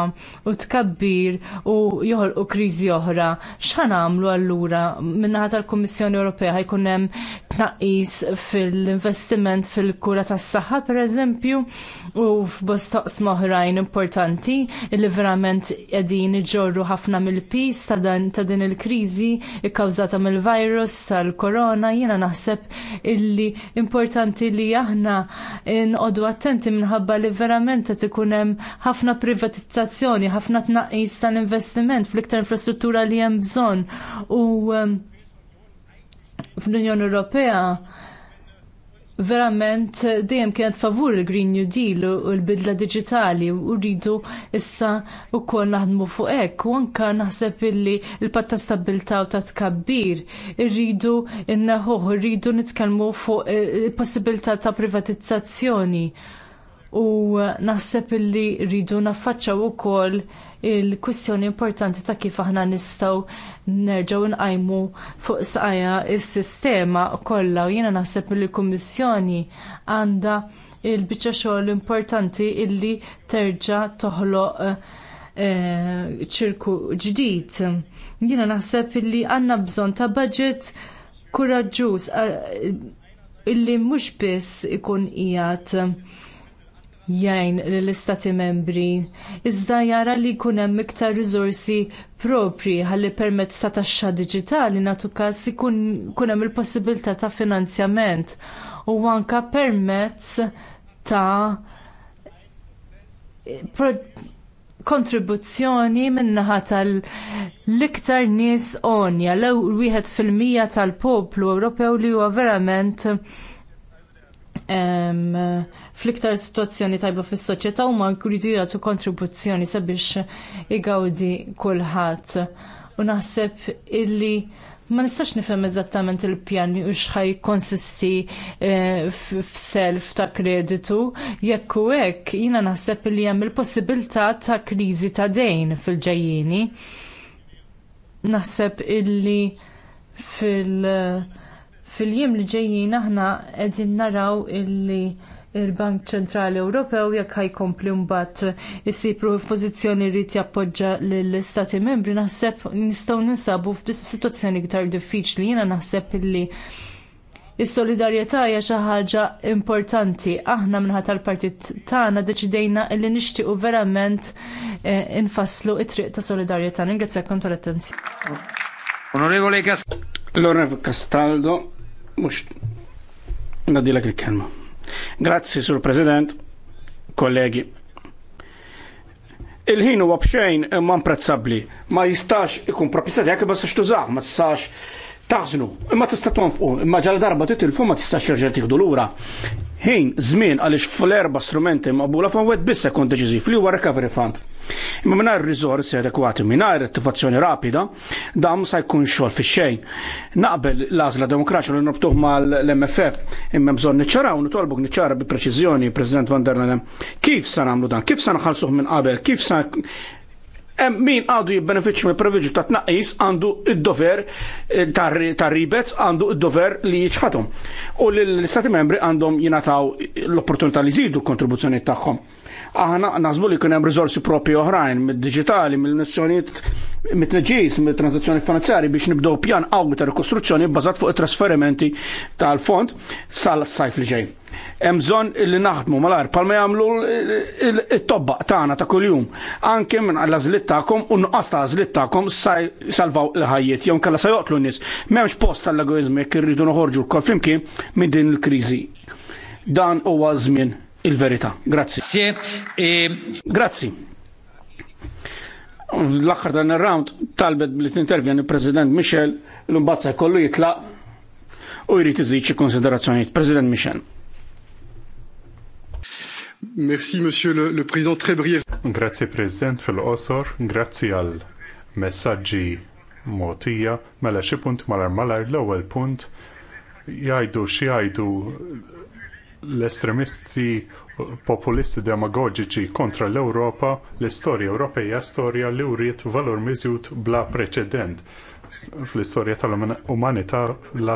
u tkabbir u joħolqu kriżi oħra. X'ħanamlu allura minnaħa tal-Kummissjoni Ewropea ħajkun hemm tnaqqis fil-investiment fil-kura tas-saħħa pereżempju u f'bosta oqsma importanti li verament qegħdin iġorru ħafna mill-pis ta' din il-kriżi kkawżata mill-virus tal-korona jiena naħseb illi importanti li aħna nqogħdu attenti minħabba li verament qed ikun hemm ħafna privatizzazzjoni, ħafna tnaqqis tal-investiment fl-iktar infrastruttura li hemm bżonn u ehm, fl-Unjoni Ewropea verament dejjem kienet favur il-Green New Deal u l-bidla digitali u rridu issa wkoll naħdmu fuq hekk u anke naħseb illi l ta' stabilta u ta' tkabbir irridu innaħuh, rridu nitkellmu fuq eh, il-possibilità ta' privatizzazzjoni u naħseb illi rridu naffaċċaw ukoll il-kwistjoni importanti ta' kif aħna nistgħu nerġgħu nqajmu fuq saqajja s-sistema kollha u jiena naħseb li l-Kummissjoni għandha il-biċċa xogħol importanti illi terġa' toħloq eh, eh, ċirku ġdid. Jiena naħseb illi għandna bżonn ta' budget kuraġġuż eh, illi mhux biss ikun qiegħed jgħin lill-istati membri, iżda jara li jkun hemm iktar riżorsi propri ħalli permezz ta' taxxa diġitali nagħtu każ ikun hemm il-possibilità ta' finanzjament u anke permezz ta' kontribuzzjoni min-naħa tal-iktar nies onja, l wieħed fil-mija tal-poplu Ewropew li huwa verament fl-iktar situazzjoni tajba fis soċjetà u ma jridu jagħtu kontribuzzjoni sabiex igawdi kulħadd. U naħseb illi ma nistax nifhem eżattament il-pjan u xħaj konsisti eh, f'self ta' kreditu, jekk u hekk jiena naħseb illi hemm il-possibilità ta' kriżi ta' dejn fil ġejjini Naħseb illi fil- fil-jiem li ġejjin aħna qegħdin naraw illi il-Bank Ċentrali Ewropew jekk ħajkompli mbagħad isibru f'pożizzjoni jrid jappoġġa lill-Istati Membri naħseb nistgħu ninsabu f'sitwazzjoni iktar diffiċli jiena naħseb illi Is-solidarjetà hija xi ħaġa importanti. Aħna minħat tal-partit tagħna deċidejna li nixtiequ verament eh, infasslu t triq ta' solidarjetà. Ningrazzjakom tal-attenzjoni. Onorevole Castaldo, mhux nadilek il-kelma. Grazzi, Sur President, kollegi. Il-ħin huwa bxejn imma imprezzabbli. Ma jistax ikun proprjetà tiegħek ma tistax tużah, ma tistax taħżnu, imma tista' tonfqu, imma ġal darba titilfu ma tistax jerġa' tieħdu lura. Ħin żmien għaliex fl-erba' strumenti maqbula fawwed biss se kont deċiżiv li huwa recovery fund. Imma r rizorsi adekwati, r attivazzjoni rapida, dam sa jkun xogħol fi xejn. Naqbel l demokraċa demokratiċa li nobtuħ mal-MFF, imma bżonn niċċaraw, nitolbok niċċara bi preċiżjoni, President Van der Leyen, kif sa nagħmlu dan, kif sa nħallsuh minn qabel, kif sa min għadu jibbeneficju mill priviġu ta' tnaqis għandu id-dover eh, ta' ribets għandu id-dover li jċħatum. U l istati membri għandhom jinataw l-opportunità li zidu kontribuzzjoni tagħhom aħna nażbu li kien hemm riżorsi propri oħrajn mid-diġitali, mill nazzjoniet mit neġis mit-transazzjoni finanzjari biex nibdow pjan qawwi ta' rekostruzzjoni bbażat fuq it-trasferimenti tal-fond sal-sajf li ġej. Hemm bżonn li naħdmu malajr palma jagħmlu it-tobba tagħna ta' kuljum. Anke minn l-għażliet un għasta nuqqas ta' salvaw il ħajiet jom kalla se joqtlu nies. M'hemmx post tal-egoizmi kirridu irridu noħorġu kol flimkien minn din il-kriżi. Dan huwa żmien il-verità. Grazie. Grazie. E... Grazzi. L-axħar dan il round talbet li t-intervjen il-President Michel l umbazza kollu jitlaq u jrit iżiċi konsiderazzjoni. President Michel. Merci, Monsieur le, le Président, très brief. Grazie, President, fil-qosor, grazzi għal messaggi motija, mela xi punt malar malar l-ewwel punt jajdu xie jajdu l-estremisti populisti demagogiċi kontra l ewropa l-istorja Ewropeja storja li uriet valur miżjud bla preċedent fl-istorja tal-umanità l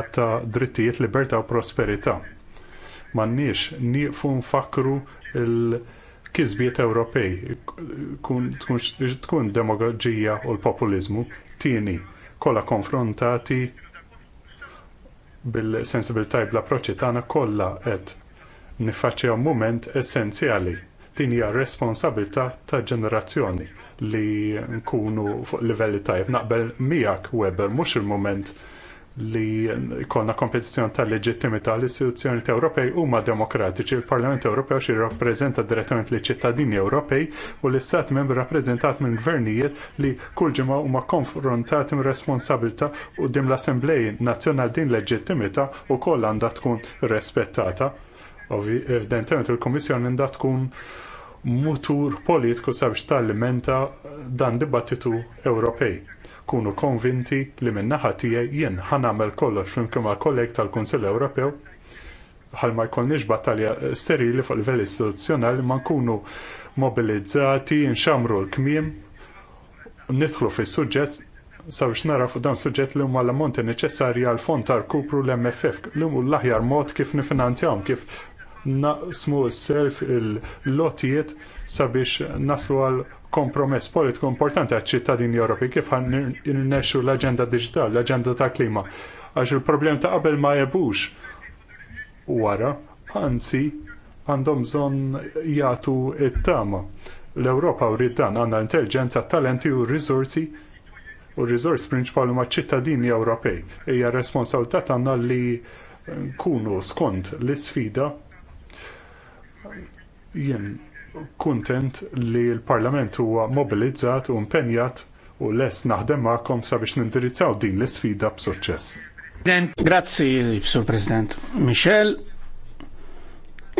drittijiet, libertà u prosperità. M'għandniex nieqfu nfakru l kisbiet Ewropej tkun demagogija u l-populiżmu tieni kollha konfrontati bil-sensibilità bl approċċi tagħna kollha qed nifaċċja mument essenzjali. Din hija responsabilità ta' ġenerazzjoni li nkunu fuq livelli tajb naqbel miegħek Weber mhux il-mument li jkollna kompetizzjoni tal leġittimità l istituzzjoni ta' Ewropej huma demokratiċi. Il-Parlament Ewropew xi rappreżenta direttament li ċittadini Ewropej u l-Istat membri rappreżentat minn gvernijiet li kull ġimgħa huma konfrontati minn responsabilità u dim l-Assembleji Nazzjonal din leġittimità wkoll għandha tkun rispettata. Evidentement il-Kummissjoni nda tkun mutur politiku sabiex tal-limenta dan dibattitu Ewropej. Kunu konvinti li min-naħa tiegħi jien ħanamel kollox flimkien mal kolleg tal-Kunsill Ewropew ma jkollniex battalja sterili fuq livell istituzzjonali ma nkunu mobilizzati, nxamru l-kmiem, nidħlu fis suġġett sabiex nara fuq dan suġġett li huma l-ammonti neċessarji għal fond tal-kupru l-MFF li huma l-aħjar mod kif nifinanzjawhom kif naqsmu s-self il-lotijiet sabiex naslu għal kompromess politiku importanti għal ċittadini Ewropi kif għan l-agenda digital, l-agenda ta' klima. Għax il-problem ta' qabel ma jebux wara, anzi għandhom bżonn jagħtu it-tama. L-Ewropa u dan għandha intelligenza, talenti u risorsi u r principali prinċipali ma' ċittadini Ewropej. Ija responsabilità tagħna li nkunu skont l isfida Jien kuntent li l-Parlament huwa mobilizzat u impenjat u lest naħdem magħkom sabiex nindirizzaw din l-isfida b'suċċess. Grazzi, Sur President. Michel,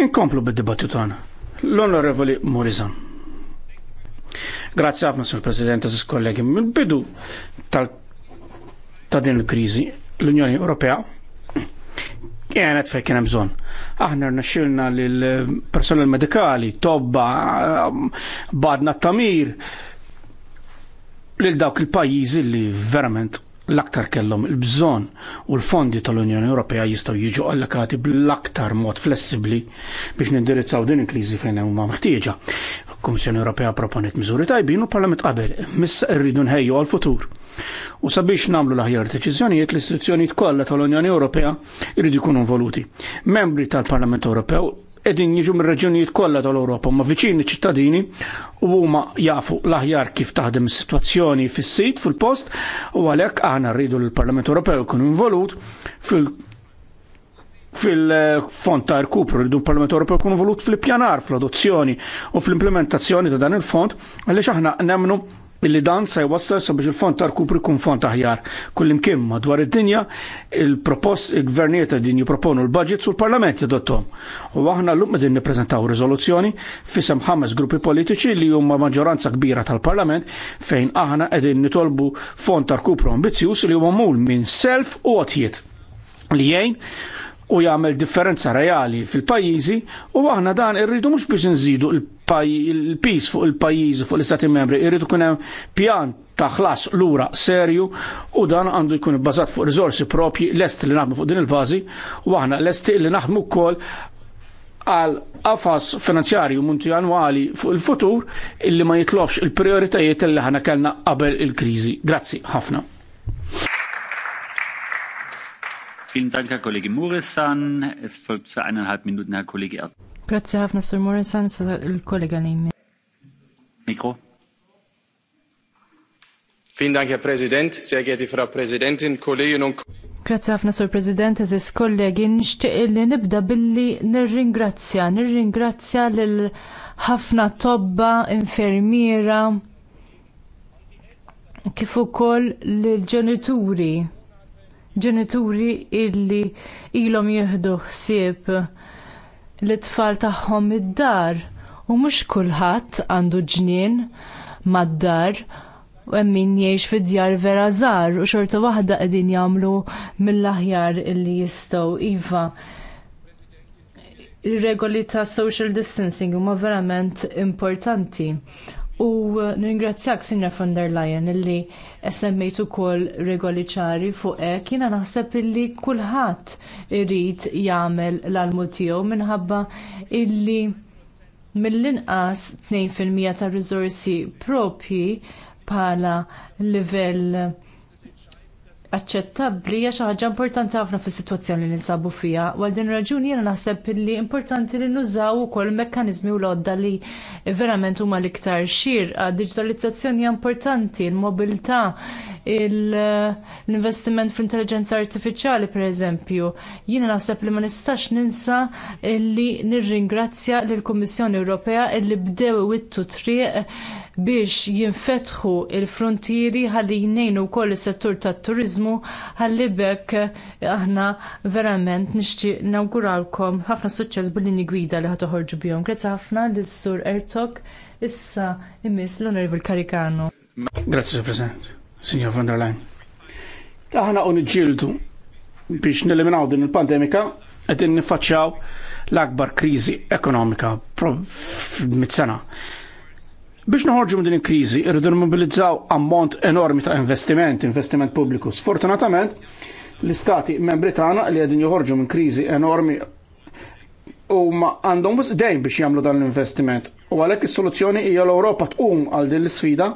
inkomplu bid-dibattitu tagħna. L-Onorevoli Morizan. Grazzi għafna, Sur President, għaziz kollegi. Mil-bidu ta' din il-krizi, l-Unjoni Ewropea kienet fej kienem bżon. Aħna xilna l-personal medikali, tobba, um, badna tamir, lil dawk il-pajjiżi li verament l-aktar kellhom il-bżonn u l-fondi tal-Unjoni Ewropea jistgħu jiġu allokati bl-aktar mod flessibbli biex nindirizzaw din il-kriżi fejn huma meħtieġa. Kummissjoni Ewropea proponet miżuri tajbin u Parlament qabel, miss rridu nħejju għal-futur. U sabiex namlu l-aħjar deċiżjonijiet l-istituzzjonijiet kollha tal-Unjoni Ewropea jridu jkunu involuti. Membri tal-Parlament Ewropew edin jiġu mir reġjonijiet kollha tal-Ewropa ma viċin ċittadini u huma jafu l-aħjar kif taħdem is-sitwazzjoni fis-sit fil-post u għalhekk aħna rridu l-Parlament Ewropew jkun involut fil fil-fond ta' rkupru li dun Parlament Ewropew kunu volut fil-pjanar, fl-adozzjoni u fl-implementazzjoni ta' dan il-fond, għaliex aħna nemnu illi dan se jwassal sabiex il-fond ta' rkupru kun fond aħjar. Kullimkien madwar id-dinja, il-propost il-gvernijiet din jipproponu l-budget sul parlament dottom. U aħna l-lum din nippreżentaw riżoluzzjoni fisem ħames gruppi politiċi li huma maġġoranza kbira tal-parlament fejn aħna qegħdin nitolbu fond ta' rkupru ambizjus li huma mul minn self u għotjiet li jgħin u jagħmel differenza reali fil-pajjiżi u aħna dan irridu mhux biex nżidu l pis fuq il-pajjiżi fuq l-istati membri, irridu kun hemm pjan ta' ħlas lura serju u dan għandu jkun bbażat fuq riżorsi propji lest li naħdmu fuq din il-bażi u aħna lesti li naħdmu wkoll għal qafas finanzjarju munti annwali fuq il-futur illi ma jitlofx il-prioritajiet li ħana kellna qabel il-kriżi. Grazzi ħafna. Vielen Dank, Herr Kollege Es folgt für eineinhalb Minuten Herr Kollege Erd. Grazie ħafna Sur Muresan, il Mikro. Vielen Dank, Herr Präsident, sehr geehrte Frau Präsidentin, Kolleginnen und Kollegen. Grazie ħafna Sur President, eżis kollegi, nixtieq li nibda billi nirringrazzja, nirringrazzja lil ħafna tobba, infermiera, kif ukoll lill ġenituri ġenituri illi ilhom jieħdu ħsieb l-tfal tagħhom id-dar u mhux kulħadd għandu ġnien mad-dar u hemm min jgħix fid-djar vera żgħar u xorta waħda qegħdin jagħmlu mill-aħjar illi jistgħu iva. Ir-regoli ta' social distancing huma verament importanti U uh, ningrazzjak Sinja von der Leyen illi semmejt ukoll regoli ċari fuq e. jiena naħseb illi kulħadd irid jagħmel l-almu tiegħu minħabba illi mill-inqas 2% tar riżorsi propji bħala livell aċċettabbli hija xi ħaġa importanti ħafna fis-sitwazzjoni li nsabu fiha. Għal din raġuni jiena naħseb li importanti li nużaw ukoll mekkaniżmi u lodda li verament huma l-iktar xir. digitalizzazzjoni importanti, il-mobilità, l-investiment fl-intelligenza artifiċjali pereżempju. Jiena naħseb li ma nistax ninsa li nirringrazzja lill-Kummissjoni Ewropea li bdew wittu triq biex jinfetħu l frontieri ħalli jnejnu wkoll is-settur tat-turiżmu ħalli bekk eh, aħna verament nixtieq nawguralkom ħafna suċċess bil-linji gwida li ħatoħorġu bihom. Grazzi ħafna lis sur Ertok issa imiss l-Onorevol Karikano. Grazzi, Sur President. Signor von der Leyen. Taħna un ġildu biex neliminaw din il-pandemika qed niffaċċjaw l-akbar kriżi ekonomika mit-sena. Biex nħorġu minn din il-kriżi, irridu mobilizzaw ammont enormi ta' investiment, investiment pubbliku. Sfortunatament, l-istati membri tagħna li qegħdin joħorġu minn kriżi enormi u ma għandhom bus dejn biex jagħmlu dan l-investiment. U għalhekk is-soluzzjoni hija l-Ewropa tqum għal din l-isfida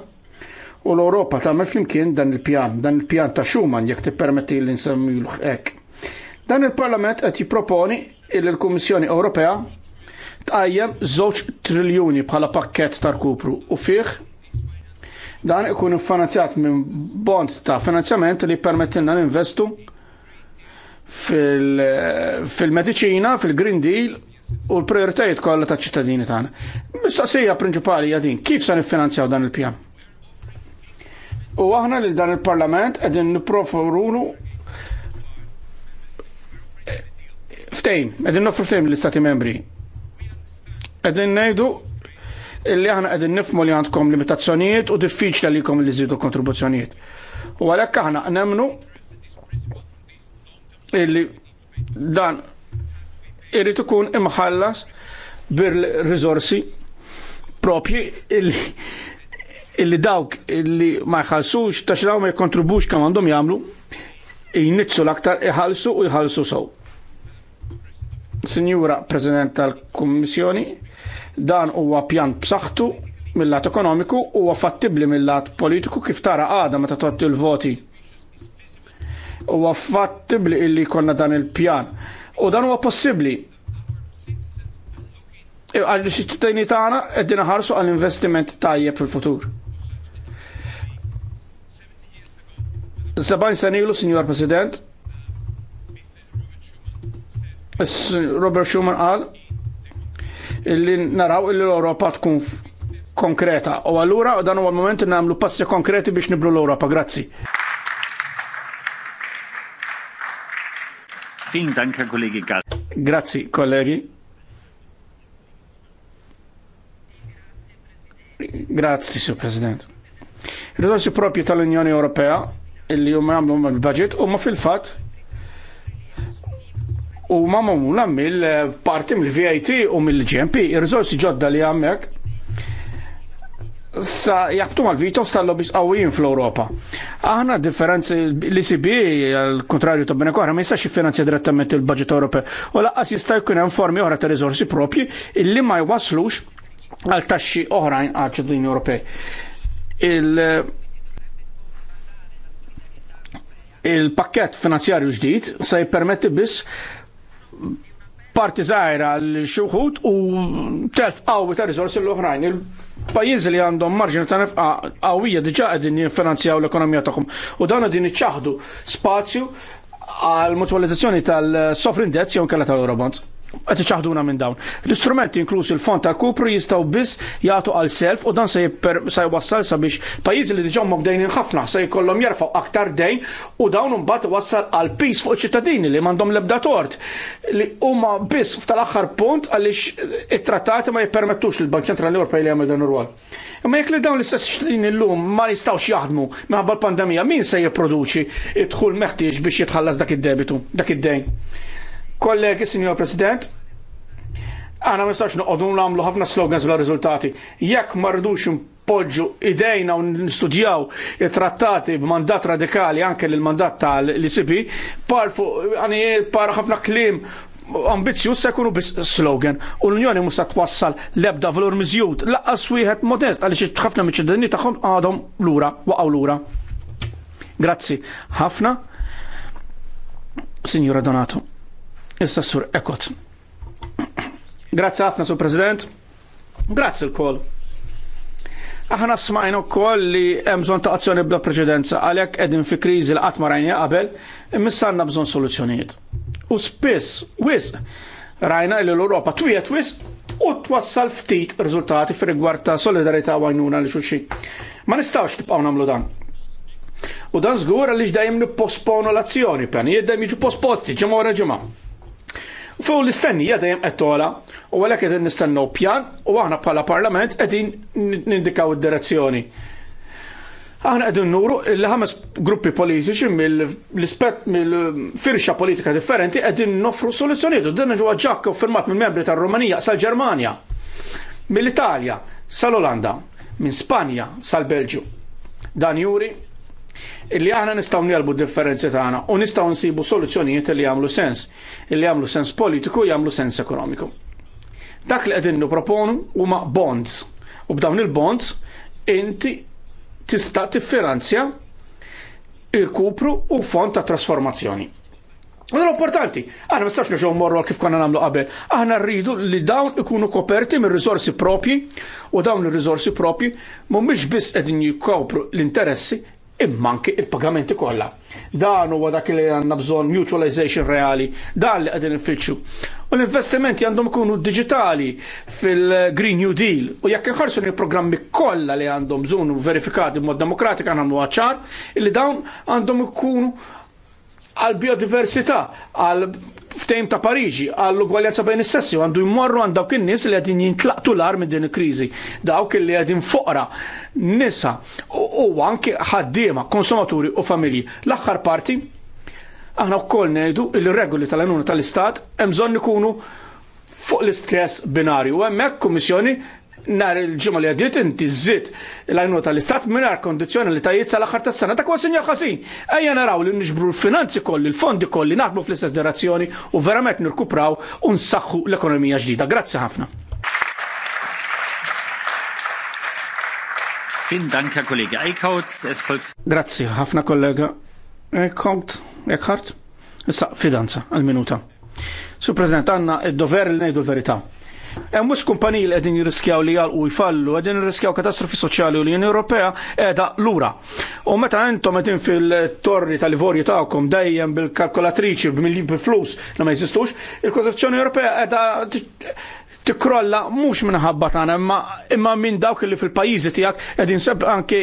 u l-Ewropa tagħmel flimkien dan il-pjan, dan il-pjan ta' Schumann jekk tippermetti li nsemmilu hekk. Dan il-Parlament qed jipproponi il-Kummissjoni Ewropea tqajjem żewġ triljuni bħala pakkett tar kupru u fih dan ikun finanzjat minn bond ta' finanzjament li permettilna ninvestu fil-medicina, fil fil-Green Deal u l-prioritajiet kollha ta' ċittadini tagħna. Mistoqsija prinċipali hija kif se niffinanzjaw dan il-pjan. U aħna li dan il-Parlament qegħdin nipprofurulu ftejn, qegħdin nofru ftejn l-Istati Membri Qegħdin ngħidu illi aħna qegħdin nifmu li għandkom limitazzjonijiet u diffiċli għalikom li żidu kontribuzzjonijiet. U għalhekk aħna nemnu illi dan irritu ikun imħallas bir-riżorsi propji illi illi dawk illi ma jħalsux ta' xraw ma jkontribux kam għandhom jagħmlu jnitsu l-aktar jħalsu u jħalsu saw. Sinjura President tal-Kummissjoni, Dan huwa pjan b'saħħtu mill-lat ekonomiku huwa fattibbli mill-lat politiku kif tara għada meta totti l-voti. Huwa fattibbli illi jkollna dan il-pjan. U dan huwa possibbli għalli li t tagħna qegħdin ħarsu għall investiment tajjeb fil-futur. 70 sanilu, Signor President, Robert Schumann għal, illi naraw illi l-Europa tkun konkreta. U u dan u għal moment namlu passi konkreti biex nibru l-Europa. Grazzi. Fin danka kollegi Gall. Grazzi kollegi. Grazzi, Sir President. Rizorsi propju tal-Unjoni Ewropea illi huma għamlu mal-budget huma fil-fatt u ma mamula mill-parti eh, mill-VIT u mill-GMP, ir-rizorsi ġodda li għammek sa jaqtu mal vito sta lobis qawwijin fl europa Aħna differenzi l-ICB għal kontrarju ta' bene ma jistax jiffinanzja direttament il-budget Europe. u laqqas jista' jkun hemm formi oħra ta' rizorsi propji illi ma jwaslux għal taxxi oħrajn għal ċittadini Ewropej. Il eh, il-pakket finanzjarju ġdid se jippermetti biss parti zaħira l-xuħut u telf qawwi ta' risorsi l-oħrajn. Il-pajjiżi li għandhom marġin ta' nefqa qawwija diġà qegħdin jiffinanzjaw l-ekonomija tagħhom u dawn għedin iċaħdu spazju għal mutualizzazzjoni tal sofrindezzjon kalla jew tal-eurobonds għati ċaħduna minn dawn. L-istrumenti inkluż il-fond ta' kupru jistaw biss jgħatu għal self u dan sa' jwassal sabiex pajizi li diġaw mabdejnin ħafna se jkollhom jarfaw aktar dejn u dawn mbagħad wassal għal pis fuq ċittadini li m'għandhom lebda tort li huma biss f'tal-aħħar punt għaliex it-trattati ma jippermettux l bank Ċentrali Ewropej li jagħmel dan ir-rwol. Imma jekk li dawn l-istess l-lum ma jistgħux jaħdmu minħabba l-pandemija min se jipproduċi id-dħul meħtieġ biex jitħallas dak id-debitu, dak id-dejn. Kollegi, Signor President, għana mistax nistax noqogħdu nagħmlu ħafna slogans bla riżultati. Jekk ma rridux poġġu idejna u nistudjaw trattati b'mandat radikali anke l-mandat tal-ICP, par par ħafna klim ambizju se jkunu bis slogan u l-Unjoni musta twassal lebda valur mizjut laqqas wieħed modest għaliex ħafna miċ-ċittadini tagħhom għadhom lura waqgħu lura. Grazzi ħafna. Signora Donato. Issa sur Ekot. Grazzi ħafna, sur President. Grazzi l-kol. Aħna smajna wkoll li hemm bżonn ta' azzjoni bla preċedenza għalhekk qegħdin fi kriżi li qatt ma rajna qabel, imissa għandna bżonn soluzzjonijiet. U spiss, wisq, rajna li l-Europa twiet wisq u twassal ftit riżultati fi rigward ta' solidarita' għajnuna li xulxin. Ma nistawx tibqaw nagħmlu dan. U dan żgur għaliex dejjem nipposponu l-azzjoni, pen jiddem jiġu posposti ġemora wara ġimgħa. Fuq l-istennija dejjem qed tola u għalhekk qegħdin nistennew pjan u aħna bħala Parlament qegħdin nindikaw id-direzzjoni. Aħna qegħdin nuru l ħames gruppi politiċi mill-ispett mill-firxa politika differenti qegħdin nofru soluzzjonijiet u dan ġewwa ġakk firmat mill-membri tar-Rumanija sal-Ġermanja, mill-Italja sal-Olanda, minn Spanja sal belġju Dan juri illi aħna nistgħu njelbu differenzi tagħna u nistgħu nsibu soluzzjonijiet li jagħmlu sens, illi jagħmlu sens politiku jagħmlu sens ekonomiku. Dak li qegħdin nipproponu huma bonds. U b'dawn il-bonds inti tista' tiffinanzja il-kupru u fond ta' trasformazzjoni. U l-importanti, aħna ma nistax nġu morru kif konna nagħmlu qabel, aħna rridu li dawn ikunu koperti minn risorsi propji u dawn il-risorsi propji mhumiex biss qegħdin jikopru l-interessi imma anke il-pagamenti kollha. Dan huwa dak li għandna bżonn mutualization reali, dan li qegħdin fitxu U l-investimenti għandhom ikunu digitali fil-Green New Deal u jekk inħarsu il-programmi kollha li għandhom bżonu verifikati mod demokratika għandhom ċar illi dawn għandhom ikunu għal biodiversità, għal ftejm ta' Pariġi, għall ugwaljanza bejn is-sessi għandu jmorru għand kien nis nies li għedin jintlaqtu l-ar minn din il-kriżi, dawk li għedin foqra, nisa u anke ħaddiema, konsumaturi u familji. L-aħħar parti aħna wkoll ngħidu il-regoli tal enuna tal-Istat hemm bżonn ikunu fuq l-istess binarju. U hemmhekk kummissjoni nar il-ġimma li għadiet inti żid l-għajnu tal-istat minar kondizjoni li tajiet sal-axar tas sena ta' kwa sinja ħasin. Ejja naraw li nġbru l-finanzi kolli, l-fondi kolli, naħdmu fl-istess direzzjoni u verament nirkupraw u nsaħħu l-ekonomija ġdida. Grazzi ħafna. Fin danka kollega Eichhout, es Grazzi ħafna kollega Eichhout, Eichhout. Issa, fidanza, għal-minuta. Su President, għanna id-dover li nejdu l-verità Hemm mhux kumpaniji li qegħdin jirriskjaw li jalqu jfallu, qegħdin jirriskjaw katastrofi soċjali u l-Unjoni Ewropea qiegħda lura. U meta intom qegħdin fil-torri tal-livorju tagħkom dejjem bil-kalkolatriċi b'miljin flus li ma jeżistux, il-Kostituzzjoni Ewropea qiegħda tikrolla mhux minħabba tagħna imma imma minn dawk li fil-pajjiżi tiegħek qegħdin seb anke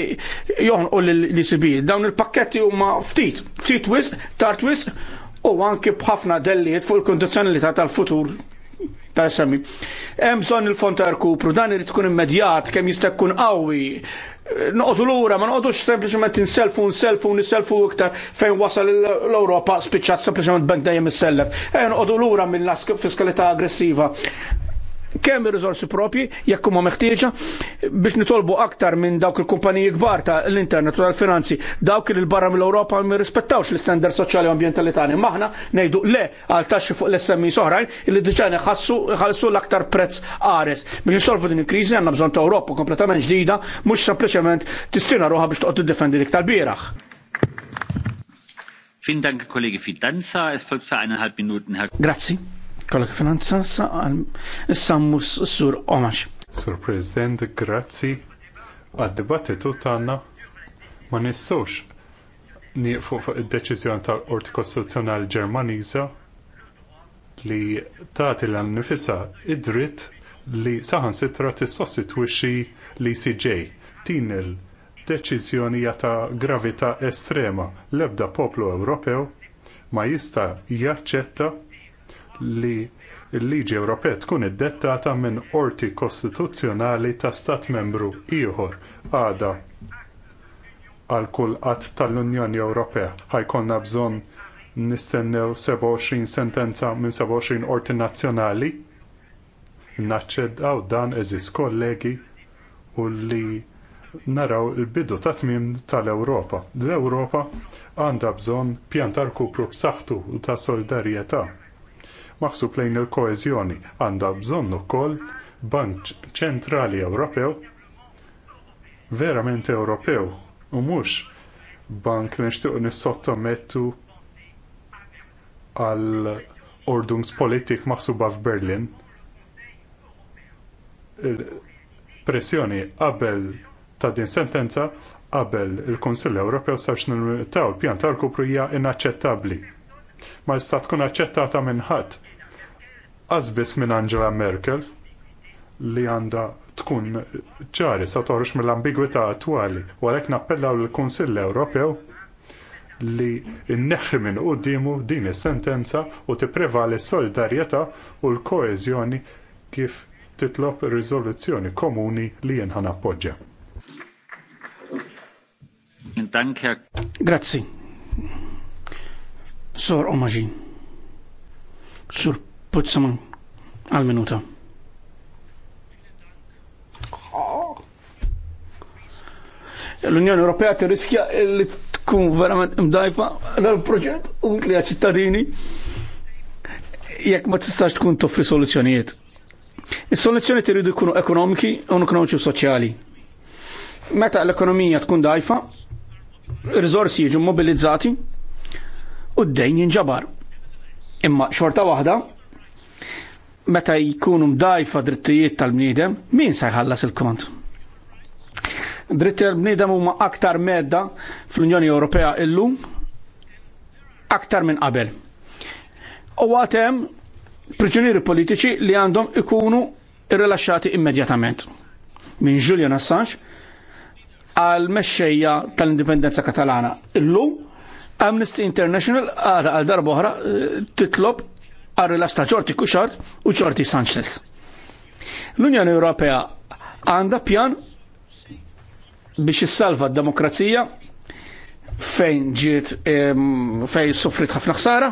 joħnqu li sibi. Dawn il-pakketti huma ftit, ftit wisq, tard wisq u anke bħafna delliet fuq il-kondizzjonalità tal-futur ta' semmi. Hemm bżonn il-fond ta' rkupru, dan irid tkun immedjat, kemm jista' jkun qawwi. Noqogħdu lura, ma noqogħdux sempliċement inselfu, nselfu, niselfu iktar fejn wasal l-Ewropa spiċċat sempliċement bank dejjem issellef. Ej noqogħdu lura minn fiskalità aggressiva kemm ir-riżorsi propji jekk huma meħtieġa biex nitolbu aktar minn dawk il-kumpaniji kbar ta' l-internet u tal-finanzi dawk li barra mill-Ewropa ma jirrispettawx l-istandard soċjali u ambjentali tagħna. Maħna ngħidu le għal taxxi fuq l-SMI soħrajn illi diġà ħassu l-aktar prezz qares. Biex insolvu din il-kriżi għandna bżonn ta' Ewropa kompletament ġdida mhux sempliċement tistina ruha biex toqgħod tiddefendi dik tal-bieraħ. Vielen Dank, Kollege Fidanza. Es folgt für eineinhalb Minuten, Herr. Grazie kollok finanza sammu s-sur omax. Sur President, grazzi għad-dibattitu tagħna ma nistux nieqfu fuq id-deċiżjoni tal-Qorti Kostituzzjonali Ġermaniża li tagħti l nifisa id-dritt li saħansitra tissostitwixxi l-ECJ. Din il-deċiżjoni hija ta' gravità estrema l-ebda poplu Ewropew ma jista' jaċċetta li l-liġi Ewropea tkun iddettata minn qorti kostituzzjonali ta' stat membru ieħor għada għal kull qatt tal-Unjoni Ewropea. Ħajkonna bżonn nistennew 27 sentenza minn 27 qorti nazzjonali. naċċeddaw dan eżis kollegi u li naraw il-bidu ta' tmiem tal-Ewropa. L-Ewropa għandha bżonn pjantar kupru b'saħħtu ta' solidarjetà maħsub lejn il-koeżjoni għandha bżonn ukoll Bank Ċentrali Ewropew verament Ewropew u mhux bank li nixtiequ nissottomettu għal politik maħsuba f'Berlin. Pressjoni qabel ta' din sentenza qabel il-Kunsill Ewropew sarx nil-taw l-pjan tal-kupru hija inaċċettabbli. Ma jista' tkun aċċettata minn ħadd għazbis minn Angela Merkel li għanda tkun ċari sa torx mill-ambigwità attwali u għalhekk nappellaw lill-Kunsill Ewropew li nneħħi minn dimu din is-sentenza u ti s-solidarjetà u l koezjoni kif titlob riżoluzzjoni komuni li jenħan ħan Grazzi. Sor Omaġin. Sur Putzaman, għal-minuta. L-Unjoni Ewropea tirriskja li tkun verament imdajfa l-proġett u li ċittadini jekk ma tistax tkun toffri soluzzjonijiet. il soluzzjoni tiridu jkunu ekonomiki u ekonomiċi u soċjali. Meta l-ekonomija tkun dajfa, rizorsi jġu jiġu mobilizzati u d-dejn jinġabar. Imma xorta waħda, meta jkunu mdajfa drittijiet tal-bniedem, min se jħallas il-kont? Dritti tal-bniedem huma aktar medda fl-Unjoni Ewropea illum aktar minn qabel. U għatem priġunieri politiċi li għandhom ikunu irrilaxxati immedjatament. Minn Julian Assange għal mexxejja tal-indipendenza katalana. Illum Amnesty International għada għal darba oħra eh, titlob għarrilax ta' ċorti Kuxart u ċorti Sanchez. L-Unjoni Ewropea għanda pjan biex issalva d-demokrazija fejn ġiet fejn soffrit ħafna ħsara.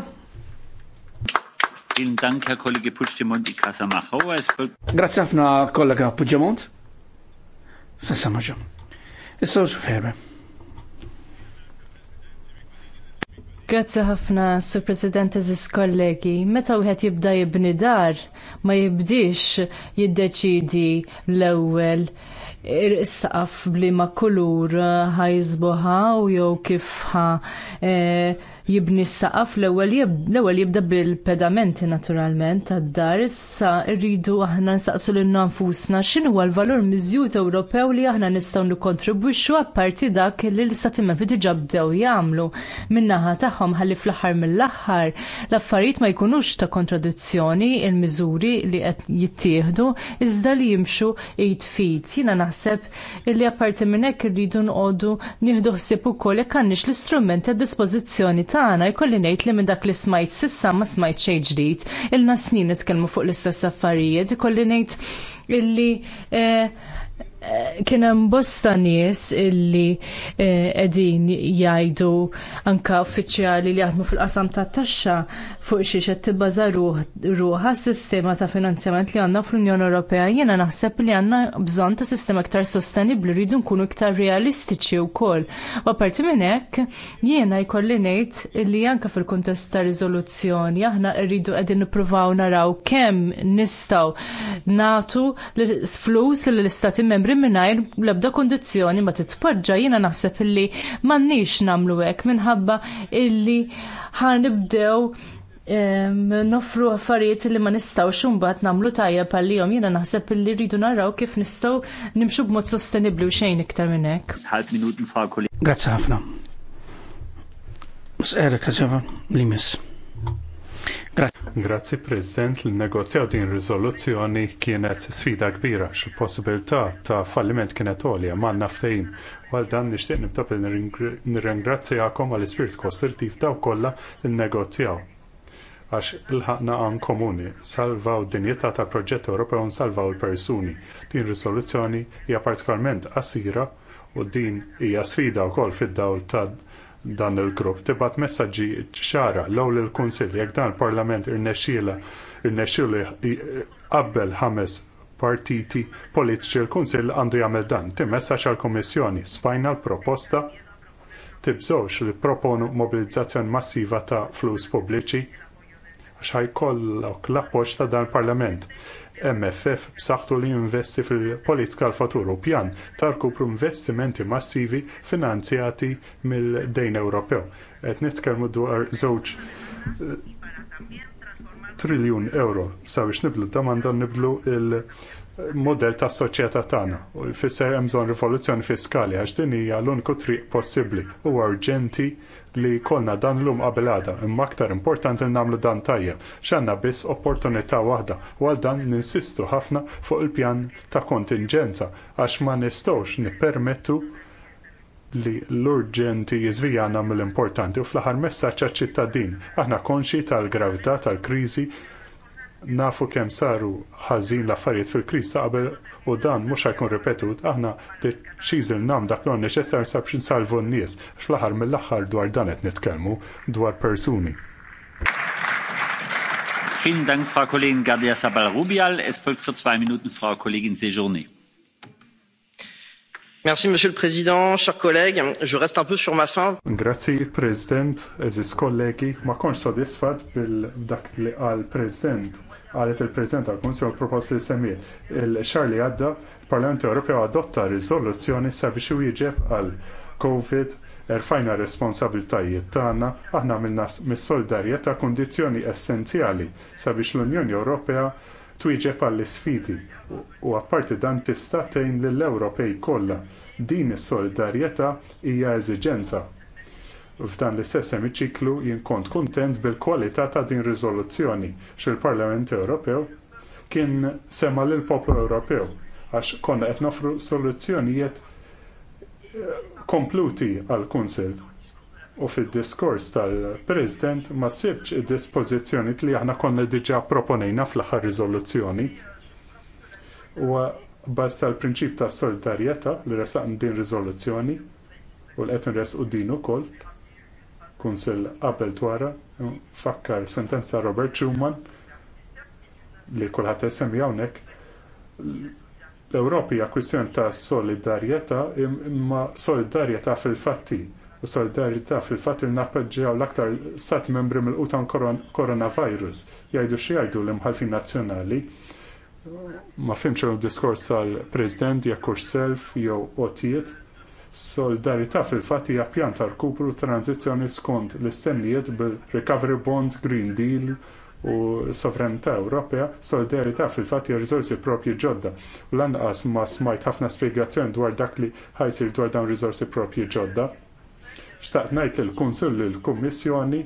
Grazie ħafna kollega Puigdemont. Sessa maġa. Issa u ferbe. Grazzi ħafna, Sur President, Aziz kollegi. Meta wieħed jibda jibni dar, ma jibdix jiddeċidi l-ewwel ir-saqaf bli ma kulur ħajżbuħa u jew kif ħa eh, jibni s-saqaf l-ewwel jibda bil-pedamenti naturalment tad-dar issa rridu aħna nsaqsu lil nfusna x'inhu huwa l-valur miżjud Ewropew li aħna nistgħu nikkontribwixxu apparti dak li l-istati membri diġà bdew jagħmlu min-naħa tagħhom ħalli fl-aħħar mill-aħħar l-affarijiet ma jkunux ta' kontradizzjoni il-miżuri li qed jittieħdu iżda li jimxu id feet. Jiena naħseb li apparti minn hekk irridu nqogħdu nieħdu ħsieb ukoll jekk għandniex l-istrumenti għad dispożizzjoni tagħna jkolli ngħid li minn dak li smajt sissa ma smajt xejn ġdid. Ilna snin nitkellmu fuq l-istess affarijiet, ikolli ngħid illi eh, kien hemm bosta nies illi eh, qegħdin jgħidu anke uffiċjali li jaħdmu fil-qasam tat taxxa fuq xi qed tibbaża ruħha s-sistema ta' finanzjament li għandna fl-Unjoni Ewropea. Jiena naħseb li għandna bżonn ta' sistema iktar sostenibbli rridu nkunu iktar realistiċi wkoll. U apparti minn hekk jiena jkolli ngħid li anke fil-kuntest ta' riżoluzzjoni aħna rridu qegħdin nippruvaw naraw kemm nistgħu nagħtu flus lill istati membri li mingħajr l-ebda kundizzjoni ma titpoġġa jiena naħseb illi m'għandniex nagħmlu hekk minħabba illi ħanibdew Nofru affarijiet li ma nistawx namlu nagħmlu tajjeb għalihom jiena naħseb illi rridu naraw kif nistgħu nimxu b'mod sostenibbli u xejn iktar minn hekk. minut nfakuli. Grazzi ħafna. Mus Erika ġeva li miss. Grazzi President, l-negozjaw din rizoluzzjoni kienet sfida kbira xil-possibilità ta' falliment kienet għolja ma' naftajn. Għal dan nishtiq nibtab nirringrazzjakom għal ispirit kostruttiv daw kollha l-negozjaw għax il-ħakna għan komuni, salvaw dinjeta ta' proġett Ewropew salvaw il-persuni. Din rizoluzzjoni hija partikolarment qasira u din hija sfida wkoll fid-dawl ta' dan il-grupp tibgħat messaġġi ċara l-ewwel il-Kunsill jekk dan il-Parlament irnexxiela irnexxielu qabbel ħames partiti politiċi l-Kunsill għandu jagħmel dan. Timmessaġġ għall-Kummissjoni spajna l-proposta tibżgħux li proponu mobilizzazzjoni massiva ta' flus pubbliċi għax ħajkollok l-appoġġ ta' dan il-Parlament. MFF b'saħħtu li jinvesti fil-politika l-fatur u pjan tal-kupru investimenti massivi finanzjati mill-dejn Ewropew. Qed nitkellmu dwar żewġ eh, triljun euro sabiex niblu domanda niblu il- model ta' soċjetà tagħna u jfisser hemm bżonn rivoluzzjoni fiskali għax din hija l-uniku triq possibbli u urġenti li jkollna dan l-lum qabel għada, imma aktar importanti li nagħmlu dan tajjeb, x'għandna biss opportunità waħda, u għal dan ninsistu ħafna fuq il-pjan ta' kontingenza, għax ma nistgħux nippermettu li l-urġenti jizvijana mill-importanti u fl-aħħar messaġġ ċittadin. Aħna konxi tal-gravità tal-kriżi nafu kemm saru ħażin l-affarijiet fil-kriż ta' qabel u dan mhux ħajkun ripetut aħna deċiżil nam dak l-għon neċessar sabx nsalvu n-nies fl-aħħar mill-aħħar dwar dan qed nitkellmu dwar persuni. Vielen Dank, Frau Kollegin Gabriela Sabal-Rubial. Es folgt für zwei Minuten Frau Kollegin Sejourné. Merci, Monsieur le Président, chers collègues. Je reste un peu sur ma fin. Grazzi, President, eżis kollegi, ma konx sodisfat bil-dak li għal President, għalet il-President għal Konsil proposti semmi. il charlie Adda, għadda, Europeo parlament Ewropew adotta rizoluzzjoni sabiex u jieġeb għal COVID erfajna responsabiltajiet tagħna aħna minna mis-solidarjetà kundizzjoni essenzjali sabiex l-Unjoni Ewropea twieġeb għall isfidi u apparti dan tista' tgħin lill-Ewropej kollha. Din is-solidarjetà hija eżiġenza. F'dan l-istess emiċiklu jien kont kuntent bil-kwalità ta' din riżoluzzjoni xil-Parlament Ewropew kien sema lill poplu Ewropew għax konna qed nofru soluzzjonijiet eh, kompluti għall kunsill u fil-diskors tal-President ma sibx id-dispożizzjoni li aħna konna diġa proponejna fl-aħħar riżoluzzjoni. U baż tal-prinċip ta' solidarjetà li resaq din riżoluzzjoni u l-qed nresqu din ukoll kunsil qabel twara fakkar sentenza Robert Schumann li kulħadd issemmi hawnhekk l ewropa hija kwistjoni ta' solidarjetà imma solidarjetà fil-fatti u solidarità fil-fatt il nappoġġjaw l-aktar stat membri mill utan koronavirus. jajdu xi jgħidu l-imħalfin nazzjonali. Ma fimx diskors tal-President jekk self jew otiet Solidarità fil-fatt hija pjan ta' rkupru tranzizzjoni skont l-istennijiet bil-Recovery Bonds, Green Deal, u sovranità Ewropea, solidarità fil-fatt hija riżorsi propri ġodda. U lanqas ma smajt ħafna spjegazzjoni dwar dak li ħajsir dwar dawn riżorsi propri ġodda. Xtaqt ngħid lill kunsill l kummissjoni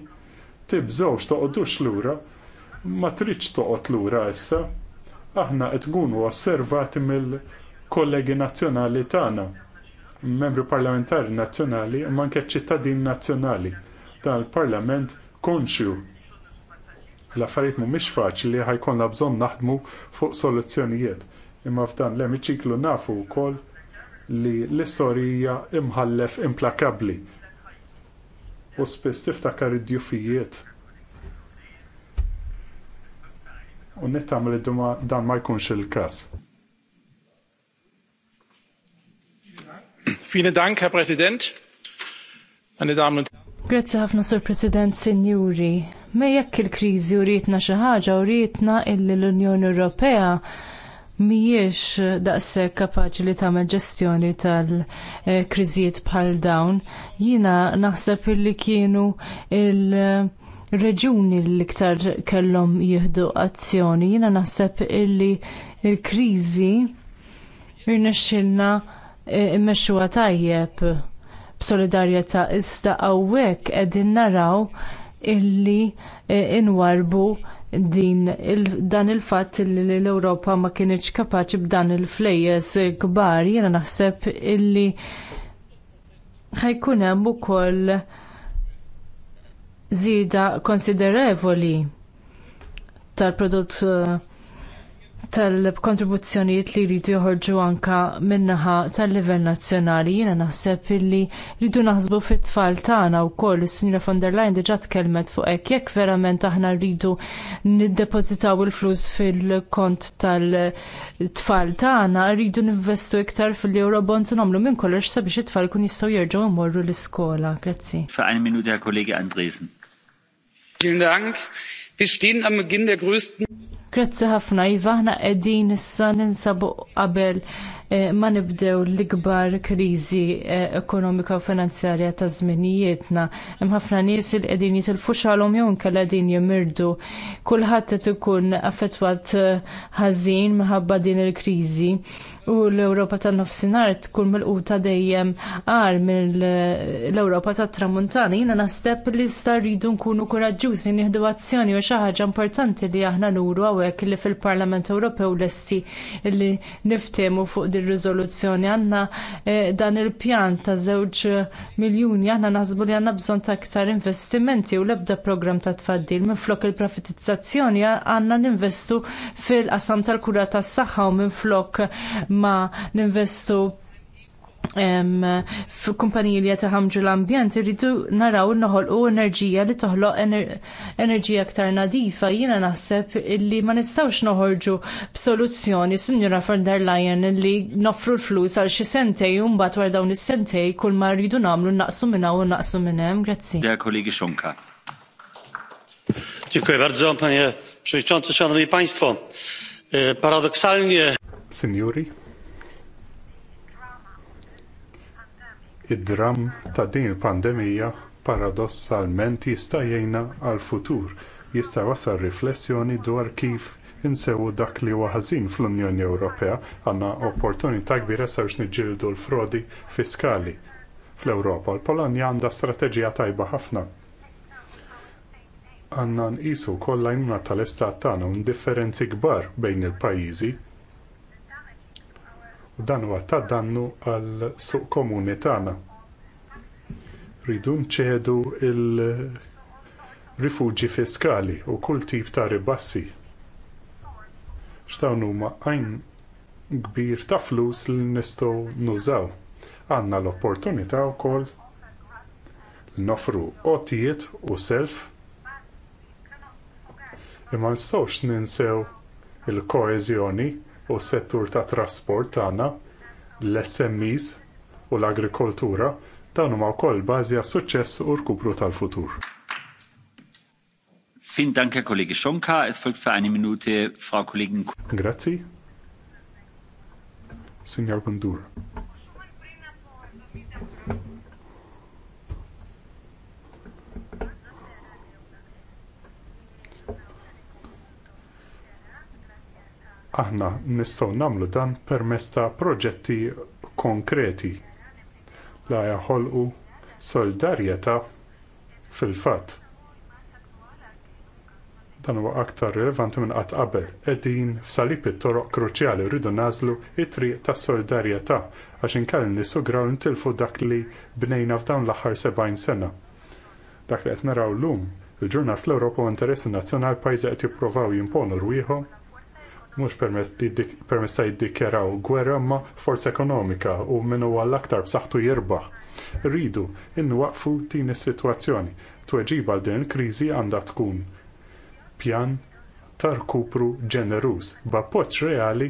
tibżgħux toqgħodux lura, ma tridx toqgħod lura issa. Aħna qed nkunu osservati mill-kollegi nazzjonali tagħna, membri parlamentari nazzjonali, imma anke ċittadin nazzjonali dan parlament konxju l-affarijiet mhumiex faċli ħajkollna bżonn naħdmu fuq soluzzjonijiet. Imma f'dan l-emiċiklu nafu wkoll li l-istorija imħallef implakabbli u spess tiftakar id-djufijiet. U nittam li dan ma jkunx il-kas. Fine Dank, Herr President. Meine Damen und Grazie ħafna Sur President Sinjuri. jekk il-kriżi u rritna xi ħaġa u rritna illi l-Unjoni Ewropea mhijiex daqshekk kapaċi li tagħmel ġestjoni tal-kriżijiet bħal dawn. Jiena naħseb li kienu il- reġuni l-iktar kellhom jieħdu azzjoni. Jiena naħseb illi l-kriżi irnexxilna e, immexxuha tajjeb b'solidarjetà iżda hawnhekk qegħdin naraw illi e, inwarbu din il, dan il-fatt li l-Ewropa ma kienx kapaċi b'dan il-flejjes kbar jiena naħseb illi ħajkun hemm ukoll żieda konsiderevoli tal-prodott tal-kontribuzzjonijiet li jridu joħorġu anka min-naħa tal-livell nazzjonali jiena naħseb illi rridu naħsbu fit-tfal tagħna wkoll is-Sinjora von der Leyen diġà tkellmet fuq hekk jekk verament aħna rridu niddepożitaw il-flus fil-kont tal-tfal tagħna rridu ninvestu iktar fil-Eurobond nagħmlu minn kollox sabiex it-tfal kun jistgħu jerġgħu jmorru l-iskola. Grazzi. Fa' minuti minuta Andresen. Vielen Dank. Wir stehen am Beginn der größten Grazzi ħafna, Iva, ħna qegħdin issa ninsabu qabel eh, ma nibdew l-ikbar kriżi eh, ekonomika u finanzjarja ta' żminijietna. Hemm ħafna nies li qegħdin jitilfu xalhom jew inkella qegħdin jimirdu. Kulħadd qed ikun affettwat eh, ħażin minħabba din il-kriżi u l-Ewropa tan nofsinhar tkun mill-quta dejjem għar mill-Ewropa tat tramuntana. Jiena naħseb li sta rridu nkunu kuraġġużi nieħdu azzjoni u xi ħaġa importanti li aħna nuru hawnhekk li fil-Parlament Ewropew lesti li niftehmu fuq din riżoluzzjoni għandna eh, dan il-pjan ta' żewġ miljuni aħna naħsbu li għandna bżonn ta' aktar investimenti u l-ebda programm ta' tfaddil minflok il-profitizzazzjoni għandna ninvestu fil-qasam tal-kura tas-saħħa u minflok ma ninvestu kumpaniji li jataħamġu l-ambjent irridu naraw u enerġija li toħloq enerġija aktar nadifa. Jiena naħseb li ma nistawx noħorġu b'soluzzjoni Sinjura von der Leyen li noffru l-flus għal xi sentej u mbagħad wara dawn is-sentej kull ma rridu nagħmlu naqsu minn hawn u naqsu minn hemm. Grazzi. Ja kollegi Xonka. Dziękuję bardzo, panie przewodniczący, szanowni państwo. E, paradoksalnie. Seniori Id-dram ta' din il-pandemija paradossalment jista' jgħinna għall futur jista' wasal riflessjoni dwar kif insewu dak li huwa ħażin fl-Unjoni Ewropea għandna opportunità kbira sabiex niġġieldu l-frodi fiskali fl-Ewropa. L-Polonja għandha strateġija tajba ħafna. Għandna nqisu kollha jmuna tal-istat tagħna u differenzi kbar bejn il-pajjiżi U dan huwa ta' dannu għal suq komuni tagħna. Ridu nċedu il-rifuġi fiskali u kull tip ta' ribassi. X'dawn huma għajn kbir ta' flus li nistgħu nużaw. Għandna l-opportunità wkoll nofru qotijiet u self imma nistgħux ninsew il-koeżjoni u s-settur tat trasport tagħna, l-SMEs u l-agrikoltura dawn huma wkoll bażi għas-suċċess u rkupru tal-futur. Fin danke kollegi Xonka, Kollegin. Signor Gundur. aħna nistgħu nagħmlu dan permezz ta' proġetti konkreti la jaħolqu solidarjetà fil-fatt. Dan huwa aktar rilevanti minn qatt qabel. Qegħdin f'salib it-toroq kruċjali rridu nażlu it-triq tas solidarjetà għax inkallin nisugraw nitilfu dak li bnejna f'dawn l-aħħar 70 sena. Dak li qed naraw l-lum, il-ġurnat fl ewropa u interessi nazzjonali pajza qed jippruvaw jimponu rwieħhom mhux permessa jiddikjaraw gwerra ma' forza ekonomika u min huwa l-aktar b'saħħtu jirbaħ. Rridu inwaqfu din is-sitwazzjoni. Tweġiba din il-kriżi għandha tkun pjan ta' rkupru ġeneruż b'appoġġ reali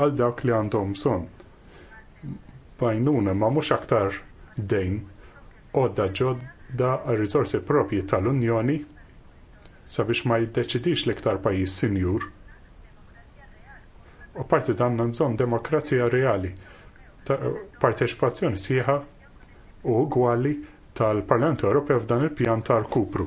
għal dawk li għandhom bżonn. Bajnuna ma' mhux aktar dejn għodda ġodda r-riżorsi propji tal-Unjoni sabiex ma jiddeċidix l-iktar pajjiż sinjur U parti dan bżonn demokrazija reali, parteċipazzjoni sieħa u gwali tal-Parlament Ewropew f'dan il-pjan tal-Kupru.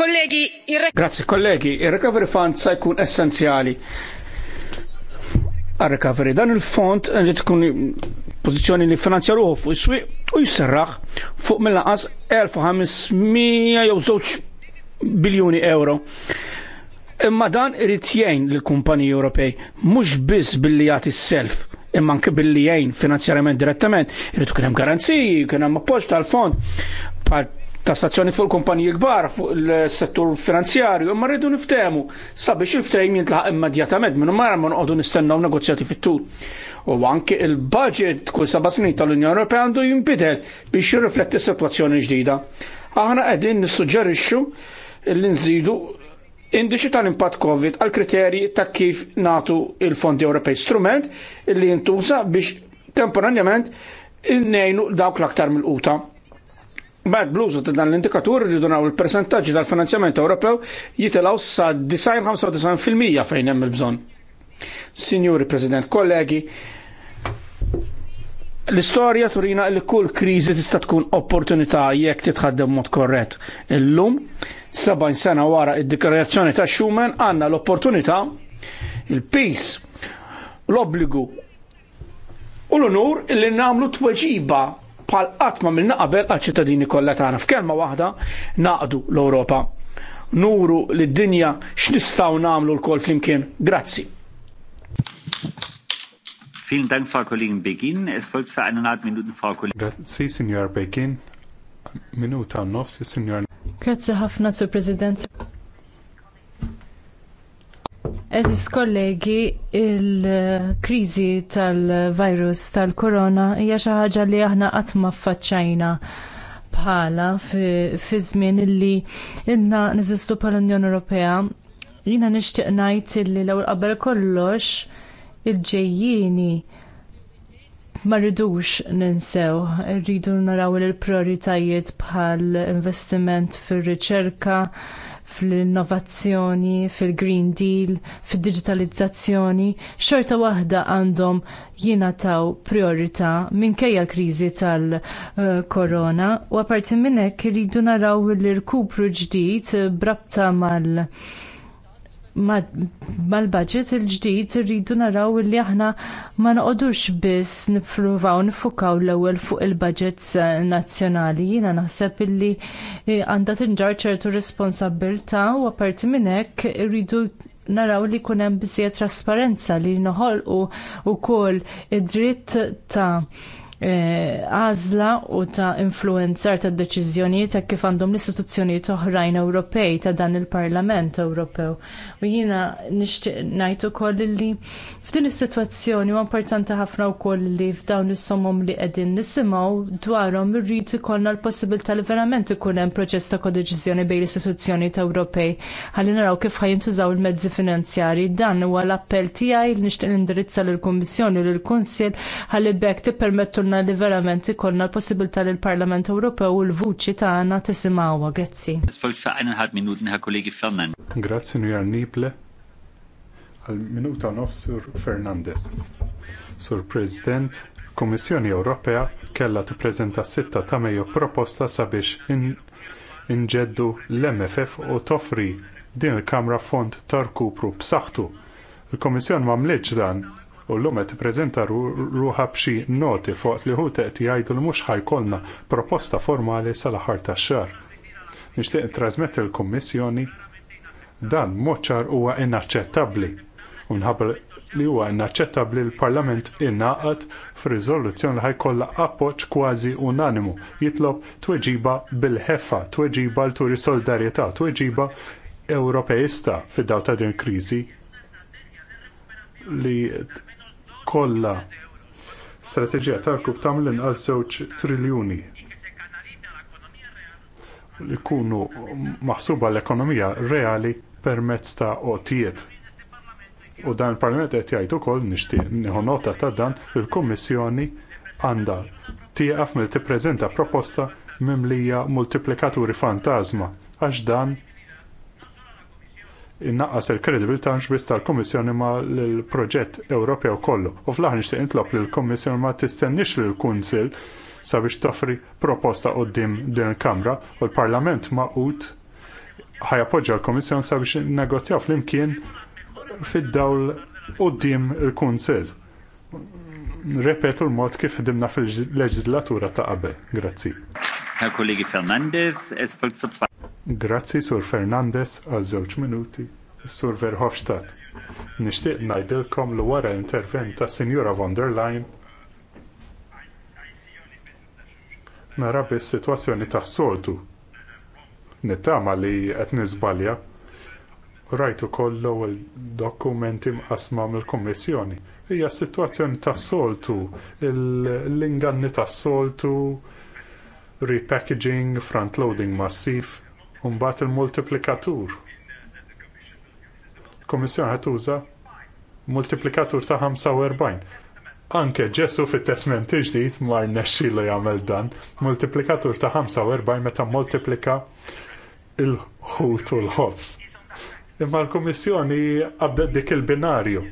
Kollegi, il Grazie kollegi, il-recovery fund sa jkun essenzjali għal-recovery. Dan il-fond li tkun pozizjoni li finanzjaru fuq is-swieq u jisserraħ fuq mill-laqas 1500 jew 2 biljuni euro. Imma dan irid jgħin lill-kumpaniji Ewropej mhux biss billi jagħti s-self imma anke billi jgħin finanzjarament direttament, irid kien hemm garanziji, kien hemm appoġġ tal-fond tassazzjoni fuq il-kumpaniji kbar fuq il-settur finanzjarju, imma rridu niftehmu sabiex il-ftehim jintlaq immedjatament minn ma ma nqogħdu nistennew negozjati fit-tul. U anke il-budget kull seba' snin tal-Unjoni Ewropea għandu jinbidel biex jirrifletti s-sitwazzjoni ġdida. Aħna qegħdin nissuġġerixxu li nżidu Indiċi tal-impatt COVID għal kriterji ta' kif natu il-fondi Ewropej strument li jintuża biex temporanjament innejnu dawk l-aktar mill-quta Bad bluzu ta' dan l-indikatur rridu il-percentaġġi tal-finanzjament Ewropew jitilaw sa 95% fejn hemm il-bżonn. Signori President, kollegi, l-istorja turina li kull kriżi tista' tkun opportunità jekk titħaddem mod korrett. Illum, 70 sena wara id-dikarazzjoni ta' Schumann għandna l-opportunità, il-peace, l-obbligu u l-onur li nagħmlu tweġiba bħal qatt ma milna qabel għal ċittadini kollha tagħna f'kelma waħda naqdu l-Ewropa. Nuru lid dinja x'nistgħu nagħmlu lkoll flimkien. Grazzi. Vielen Dank, Frau Kollegin Begin. Es folgt für eineinhalb Minuten Frau Kollegin. Grazie, Signor Begin. Minuta nofsi, Signor. Grazie ħafna, Sir President. Eżis kollegi, il-kriżi tal-virus tal-korona hija xi ħaġa li aħna qatt ma ffaċċajna bħala fi żmien illi ilna neżistu bħall-Unjoni Ewropea. Jiena nixtieq ngħid illi l-ewwel qabel kollox il-ġejjieni ma rridux ninsew, rridu naraw il-prioritajiet bħal investiment fir-riċerka, fl-innovazzjoni, fil-Green Deal, fil-digitalizzazzjoni, xorta waħda għandhom jingħataw priorità minkejja l-kriżi tal-korona u apparti minn hekk iridu naraw l-irkupru ġdid brabta mal- mal-budget il-ġdid irridu naraw li aħna ma noqogħdux biss nippruvaw nifukaw l-ewwel fuq il-budget nazzjonali. Jiena naħseb illi eh, għandha tinġar ċertu responsabilità u apparti minn hekk irridu naraw li jkun hemm biżejjed trasparenza li noħolqu wkoll id-dritt ta' Eh, għażla u ta' influenzar tad deċiżjonijiet ta' kif għandhom l-istituzzjonijiet oħrajn Ewropej ta' dan il-Parlament Ewropew. U jiena nixtieq ngħid ukoll li f'din is-sitwazzjoni huwa importanti ħafna wkoll li f'dawn is-somom li qegħdin nisimgħu dwarhom irrid ikollna l-possibilità li verament ikun hemm proċess ta' kodeċiżjoni bejn l-istituzzjonijiet Ewropej ħalli naraw kif ħajintużaw il-mezzi finanzjarji. Dan huwa l-appell tiegħi li nixtieq indirizza lill-Kummissjoni u lill-Kunsill ħalli bekk tippermettu tagħna li verament ikollna l-possibilità li l-Parlament Ewropew u l-vuċi tagħna tisimgħuha. Grazzi. Grazzi Nujar Niple. Għal-minuta nofs Sur Fernandez. Sur President, Kummissjoni Ewropea kellha tippreżenta sitta ta' Mejju proposta sabiex inġeddu l-MFF u toffri din il-Kamra fond ta' rkupru b'saħħtu. il kummissjoni m'għamlitx dan u l-lum qed prezenta ruħa b'xi noti fuq li hu qed jgħidu l mhux ħajkolna proposta formali sal-aħħar tax-xahar. Nixtieq trasmett il-Kummissjoni dan moċar huwa inaċċettabbli. U nħabel li huwa inaċċettabbli l-Parlament innaqat f'riżoluzzjoni li ħajkolla appoġġ kważi unanimu jitlob tweġiba bil-ħeffa, tweġiba l-turi solidarjetà, tweġiba Ewropeista fid-daw ta' din kriżi li kollha. Strateġija tal-kub tagħmel inqas żewġ triljuni li jkunu maħsuba l-ekonomija reali permezz ta' otijiet. U dan il-Parlament qed jgħid ukoll nixtieq nieħu nota ta' dan il-Kummissjoni għandha tieqaf mill tippreżenta proposta mimlija multiplikaturi fantażma għax dan innaqqas il-kredibilità nxbiss tal-Kummissjoni ma l-proġett Ewropew kollu. U fl-aħħar nixtieq li lill kummissjoni ma tistennix lill kunsill sabiex toffri proposta qoddim din il-Kamra u l-Parlament maqut ħajappoġġja l-Kummissjoni sabiex negozjaw flimkien fid-dawl qoddim il-Kunsill. Repetu l-mod kif ħedimna fil-leġislatura ta' qabel. Grazzi. Herr Kollege Fernandez, es folgt für Grazzi Sur Fernandez għal żewġ minuti, Sur Verhofstadt. Nixtieq ngħidilkom li wara intervent ta' Sinjura von der Leyen nara biss sitwazzjoni tas soltu. Nittama li qed niżbalja rajtu kollu l-ewwel dokumenti mqasma mill-Kummissjoni. Hija s-sitwazzjoni tas soltu, l-inganni tas soltu, repackaging, front-loading massiv Umbat il-multiplikatur. Komissjoni ħat tuża multiplikatur ta' 45. Anke ġesu fit testment ġdid ma rnexxi li jagħmel dan, multiplikatur ta' 45 meta multiplika il-ħut u l-ħobs. Imma l-Kummissjoni qabdet dik il-binarju.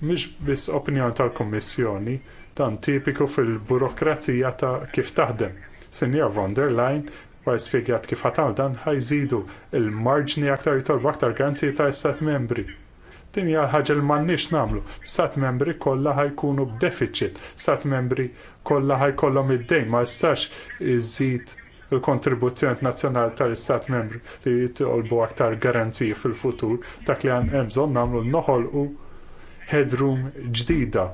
Mhix biss opinjoni tal-Kummissjoni, dan tipiku fil-burokrazija ta' kif taħdem. Sinja von der Leyen wara spjegat kif ħatam dan ħajżidu il-marġni aktar jitolbu aktar garanziji ta' istat membri. Din hija ħaġa li m'għandniex nagħmlu. Stat membri kollha ħajkunu b'deficit, stat membri kollha ħajkollhom id-dejn ma jistax iżid il-kontribuzzjoni nazzjonali tal-Istat membri li jitolbu aktar garanziji fil-futur dak li għan bżonn nagħmlu noħolqu headroom ġdida,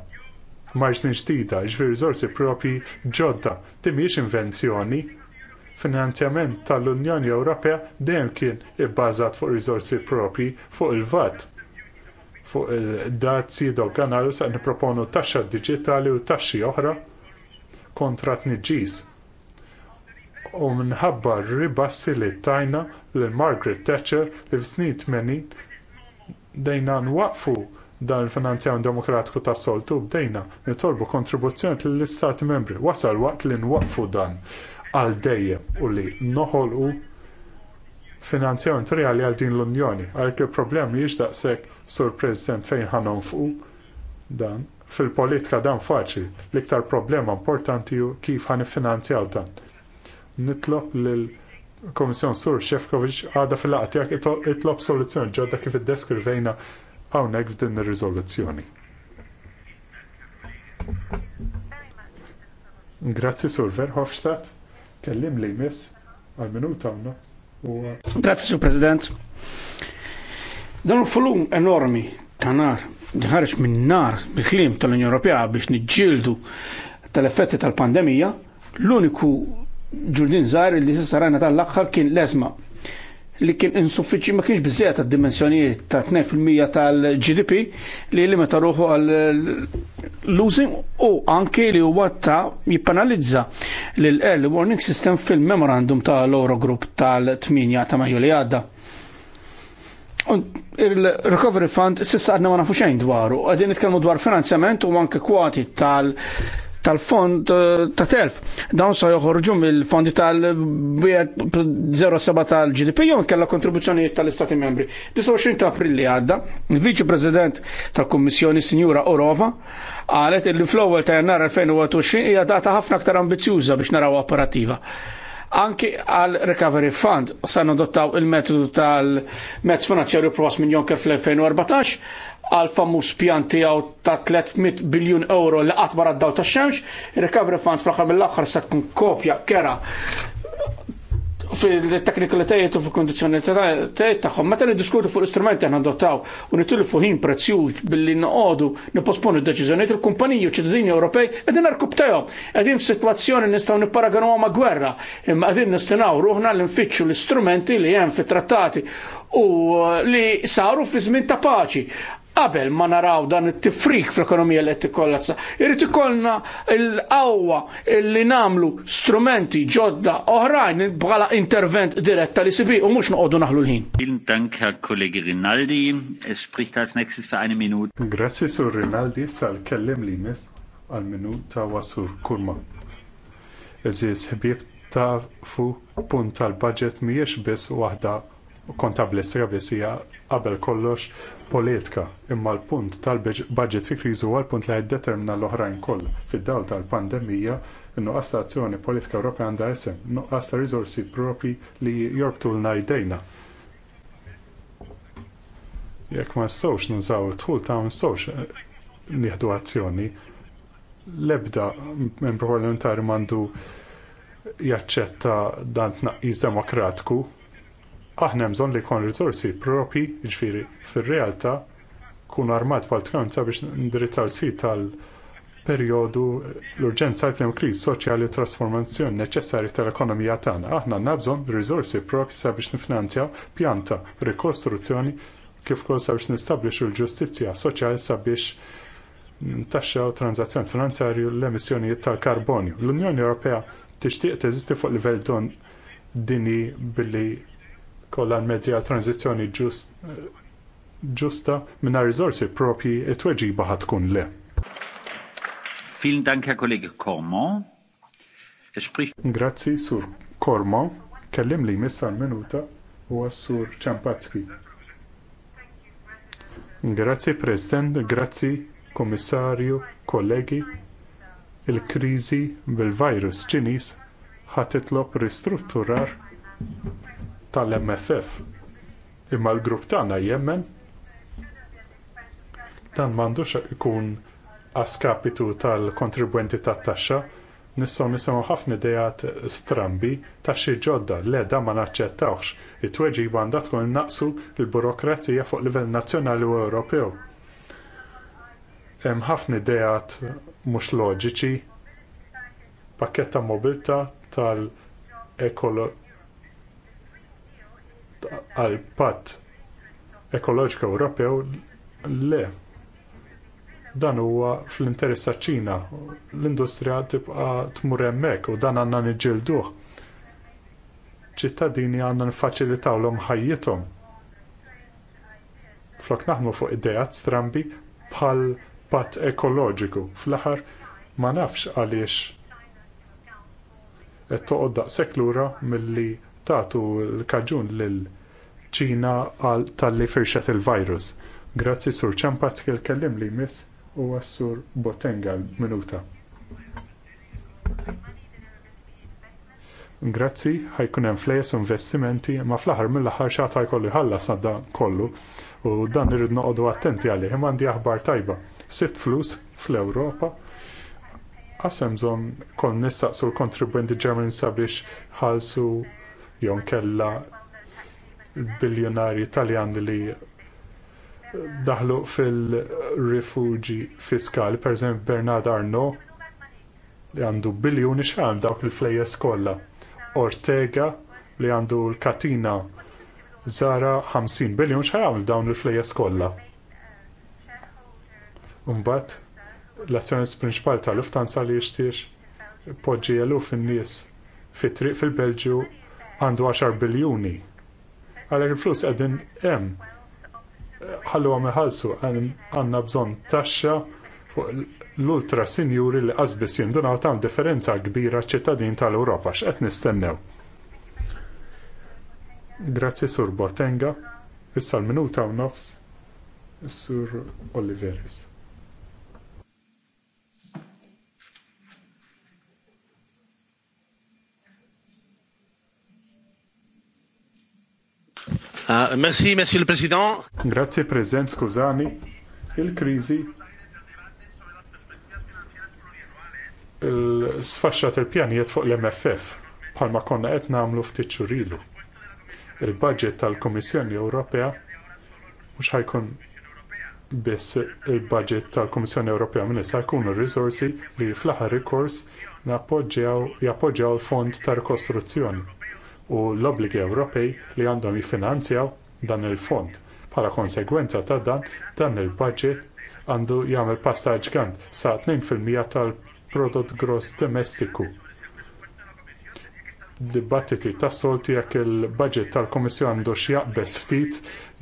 marġni ġdida, ġviri rizorsi proprji ġodda. Timiex invenzjoni, finanzjament tal-Unjoni Ewropea dejjem kien ibbażat fuq riżorsi propri fuq il-VAT fuq il-dazzi dawkanalu sa' niproponu taxxa diġitali u taxxi oħra kontra tniġġis. U minħabba ribassi li tajna lil Margaret Thatcher li f'snin 80 dejna nwaqfu dan il-finanzjament demokratiku tas soltu bdejna nitolbu kontribuzzjoni lill istati membri. Wasal waqt li nwaqfu dan għal dejjem u li noħolqu finanzjament reali għal din l-Unjoni. Għalhekk il-problemi mhijiex daqshekk sur President fejn ħanon fuq dan. Fil-politika dan faċli, l-iktar problema importanti hu kif ħan finanzjaw dan. Nitlob lill Komissjon Sur Shefkovic għada fil-laqtijak itlob soluzzjoni ġodda kif id-deskrivejna hawnhekk f'din ir-riżoluzzjoni. Grazzi Sur Verhofstadt kellim li jmiss għal-minuta għanna. Grazie, Sur President. Dan il-fulum enormi ta' nar, ħarġ minn nar bil-klim tal-Unjoni Ewropea biex niġġieldu tal-effetti tal-pandemija, l-uniku ġurdin zaħir li s-sarajna tal-axħar kien l-ezma li kien insuffiċi ma kienx bizzejja ta' dimensjonijiet ta' 2% tal-GDP li li meta ruħu għal losing u anke li huwa ta' jippanalizza l early warning system fil-memorandum tal-Eurogroup tal-8 ta' Mejju li għadda. Il-Recovery Fund sissa għadna ma nafu xejn dwaru, għadin itkellmu dwar finanzjament u anke kwati tal- tal-fond eh, ta' telf. Dawn sa' joħorġu mill-fondi tal-07 tal-GDP jom kella kontribuzzjoni tal-Istati membri. 29 ta' april li għadda, il-Viċi President tal-Kommissjoni Sinjura Orova għalet li fl-ewwel ta' jannar 2020 hija data ħafna aktar ambizjuża biex naraw operativa. Anki għal Recovery Fund sa nodottaw il-metodu tal-mezz finanzjarju pros minn Jonker fl-2014 għal famuż pjan tiegħu ta' 300 biljun euro li qatt mara d-daw tax-xemx, recovery fund fl mill-aħħar se tkun kopja kera fil-teknikalitajiet u fil-kondizjonalitajiet tagħhom. Meta niddiskutu fuq l-istrumenti aħna dotaw u fuq ħin prezzjuġ billi n nipposponu d-deċiżjonijiet il-kumpaniji u ċittadini Ewropej qegħdin arkub tajhom. Qegħdin f'sitwazzjoni nistgħu nipparagonawha ma' gwerra, imma qegħdin nistinaw ruħna l nfittxu l-istrumenti li hemm fit-trattati u li saru fi żmien ta' paċi qabel ma naraw dan it-tifrik fl-ekonomija li qed tikkollazza. Irid ikollna l-qawwa li nagħmlu strumenti ġodda oħrajn bħala intervent dirett tal sibi u mhux noqogħdu naħlu l-ħin. Vielen Dank, Herr Kollege Rinaldi. Es spricht als nächstes für eine Minute. Grazzi Sur Rinaldi sal-kellim li mis għal-minuta wasur kurma. Eżis ħbib ta' fu punt tal-budget miex biss waħda kontablistika biss hija qabel kollox politika, imma l-punt tal-budget fi kriżi huwa l-punt li jiddetermina l-oħrajn kollha. Fid-dawl tal-pandemija, in-nuqqas ta' azzjoni politika Ewropea għandha isem, nuqqas ta' riżorsi propri li jorbtu l Jekk ma nistgħux nużaw it-tħul ta' nistgħux eh, nieħdu azzjoni, l-ebda membru parlamentari m'għandu jaċċetta dan tnaqqis demokratiku aħna bżonn li jkun risorsi propi, ġifiri, fir-realtà kun armat pal tkanza biex ndirizzaw sfid tal-perjodu l-urġenza jplem kriż soċjali u trasformazzjoni neċessarji tal-ekonomija tagħna. Aħna għandna bżonn risorsi sabiex niffinanzja pjanta rikostruzzjoni kif ukoll sabiex nistabbilixu l-ġustizzja soċjali sabiex ntaxxaw transazzjoni finanzjarju l-emissjonijiet tal-karbonju. L-Unjoni Ewropea tixtieq teżisti fuq livell don dini billi kollha l-mezzi għal tranzizzjoni ġusta minna rizorsi propi e tweġiba ħatkun le. Fil Dank, Herr Kormo. Grazzi, Sur Kormo. Kellim li missa minuta u Sur Ċampatski. Grazzi, President, grazzi, Komissarju, kollegi. Il-krizi bil-virus ċinis ħatitlop ristrutturar tal-MFF. Imma l-grupp tagħna jemmen dan m'għandux ikun askapitu tal-kontribwenti tat-taxxa nistgħu nisimgħu ħafna idejat strambi ta' xi ġodda le da ma naċċettawx. It-tweġiba għandha tkun naqsu l-burokrazija fuq livell nazzjonali u Ewropew. Hemm ħafna idejat mhux loġiċi pakketta mobilta tal-ekoloġija għal patt ekoloġiku Ewropew le. Dan huwa fl-interess ċina. L-industrija tibqa tmur hemmhekk u dan għandna niġġielduh. ċittadini għandna nfaċilitawlhom ħajjithom. Flok naħmu fuq idejat strambi bħal patt ekoloġiku. Fl-aħħar ma nafx għaliex qed toqgħod daqshekk lura milli tagħtu l-kaġun lil ċina għal tal-li firxet il-virus. Grazzi sur ċampazz il kellim li miss u għassur Botenga minuta. Grazzi, ħajkun hemm flejes investimenti, ma fl-aħħar mill-aħħar xata jkollu ħallas għadda kollu u dan irrid noqogħdu attenti għalih hemm għandi aħbar tajba. Sitt flus fl-Ewropa għasem zon kon nistaqsu l-kontribwenti ġermani sabiex ħalsu jew kella biljonari Taljan li daħlu fil rifuġi fiskali, pereżempju Bernard Arnault li għandu biljuni xħal dawk il-flejjes kollha. Ortega li għandu l-katina zara 50 biljun xħal dawn il-flejjes kollha. Umbat, l azzjoni prinċipali tal luftanza li jixtiex poġġi eluf in-nies fit-triq fil-Belġju għandu 10 biljuni. Għalhekk il-flus qegħdin hemm. Għallu għam iħalsu għanna bżonn taxxa fuq l-ultra senjuri li qasbis jindunaw tam differenza kbira ċittadin tal-Ewropa x'qed nistennew. Grazzi Sur Botenga, issa l-minuta u nofs, Sur Oliveris. Uh, merci, Monsieur le President. Grazie, President, Scusani. il crisi. il-sfaxxat il-pjanijiet fuq l-MFF bħalma konna qed nagħmlu ftit xurilu. Il-budget tal-Kummissjoni Ewropea mhux ħajkun biss il-budget tal-Kummissjoni Ewropea minn issa jkunu r-risorsi li fl-aħħar rikors jappoġġjaw il-Fond tar-kostruzzjoni u l obbligi Ewropej li għandhom jiffinanzjaw dan il-fond. Bħala konsegwenza ta' dan, dan il-budget għandu jagħmel passaġġ ġgant sa' 2% tal-prodott gross domestiku dibattiti tas solti jekk il-budget tal kummissjoni għandu x'jaqbes ftit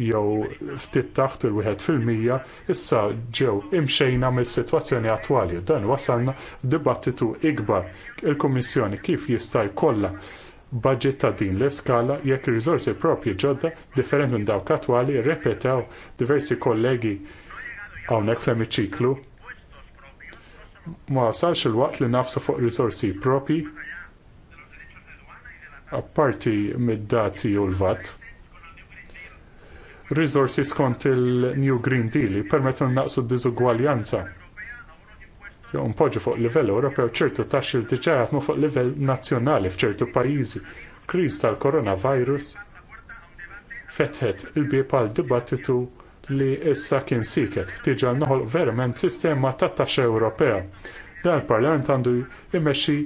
jew ftit taħt il-1 fil-mija issa ġew imxejna mis-sitwazzjoni attwali. Dan wasalna dibattitu ikbar il-Kummissjoni kif jista' jkollha budget ta' din l-eskala jekk ir-riżorsi propri ġodda differenti minn dawk attwali rrepetaw diversi kollegi hawnhekk fl-emiċiklu ma wasalx il-waqt li nafsu fuq riżorsi propri apparti mid-dati u l-vat risorsi skont il-New Green Deal permettu naqsu d-diżugwaljanza jew npoġġu fuq livell Ewropew ċertu taxxi li diġà jaħdmu fuq livell nazzjonali f'ċertu pajjiżi. Kriż tal-coronavirus fetħet il-bieb għal dibattitu li issa kien siket diġà noħol verament sistema ta' taxxa Ewropea. Dan il-Parlament għandu jmexxi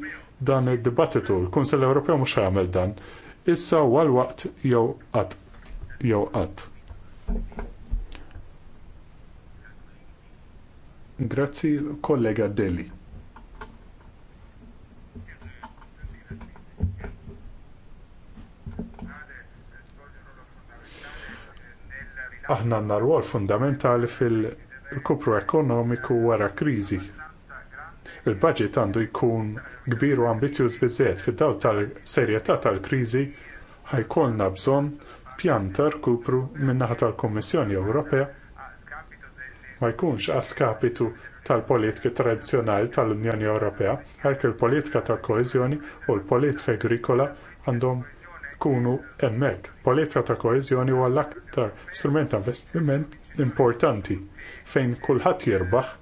dan id-dibattitu, l-Kunsell Ewropew mhux jagħmel dan. Issa huwa waqt jew qatt jew qatt. Grazzi kollega Deli. Aħna għandna rwol fundamentali fil-kupru ekonomiku wara kriżi. Il-budget għandu jkun kbir u ambizjuż biżżejjed fid-dawl tal-serjetà tal-kriżi ħajkollna bżonn pjan ta' rkupru min-naħa tal-Kummissjoni Ewropea ma jkunx għaskapitu tal-politika tradizzjonali tal-Unjoni Ewropea, għalk il-politika ta' koeżjoni u l-politika agrikola għandhom kunu hemmhekk. Politika ta' koeżjoni huwa l-aktar strument ta' investiment importanti fejn kulħadd jirbaħ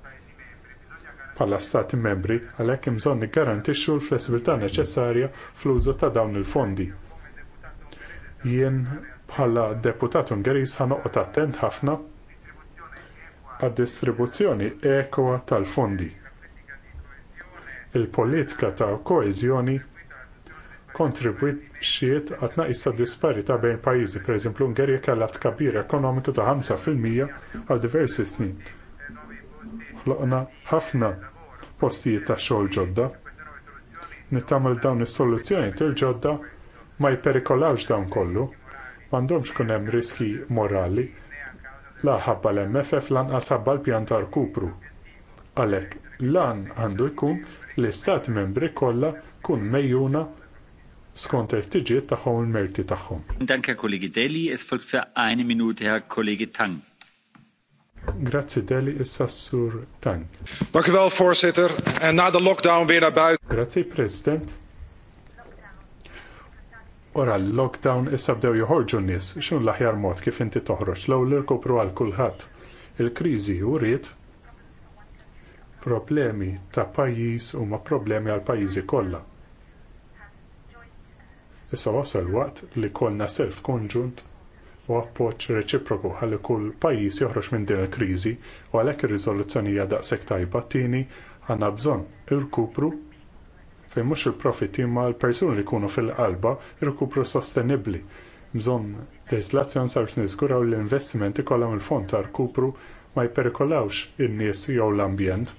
bħala stati membri għalhekk hemm bżonn niggarantixxu l-flessibilità neċessarja fl-użu ta' dawn il-fondi. Jien bħala deputat Ungeris ħanoqgħod attent ħafna għad-distribuzzjoni ekwa tal-fondi. Il-politika ta' koeżjoni kontribwixiet għat naqis ta' disparita bejn pajjiżi, pereżempju Ungerija kellha tkabbir ekonomiku ta' 5% għal diversi snin. Loqna ħafna postijiet ta' xogħol ġodda. Nittamel dawn is-soluzzjoni til-ġodda ma jperikolawx dawn kollu, m'għandhomx kun hemm riski morali la l-MFF lanqas ħabba l-pjan ta' rkupru. Għalhekk lan għandu jkun li istati membri kollha kun mejjuna skont il-tiġiet tagħhom il-merti tagħhom. Danke kollegi Deli, es folgt Tang. Grazzi Deli issa sur Tang. voorzitter. En na de lockdown weer naar buiten. Grazzi president. Ora l-lockdown issa bdew joħorġu n-nies, x'inhu l-aħjar mod kif inti toħroġ l ewwel irkopru għal kulħadd. Il-kriżi u problemi ta' pajjiż huma problemi għal pajjiżi kollha. Issa wasal waqt li kollna self konġunt u appoġġ reċiproku ħalli kull pajjiż joħroġ minn din il-kriżi u għalhekk ir-riżoluzzjoni hija daqshekk tajba tieni għandna bżonn irkupru fejn mhux il-profit imma l-persuni li jkunu fil-qalba irkupru sostenibbli. Bżonn leġislazzjon sarx niżguraw li l-investimenti kollha mill-fond ta' rkupru ma jperikolawx in-nies jew l-ambjent.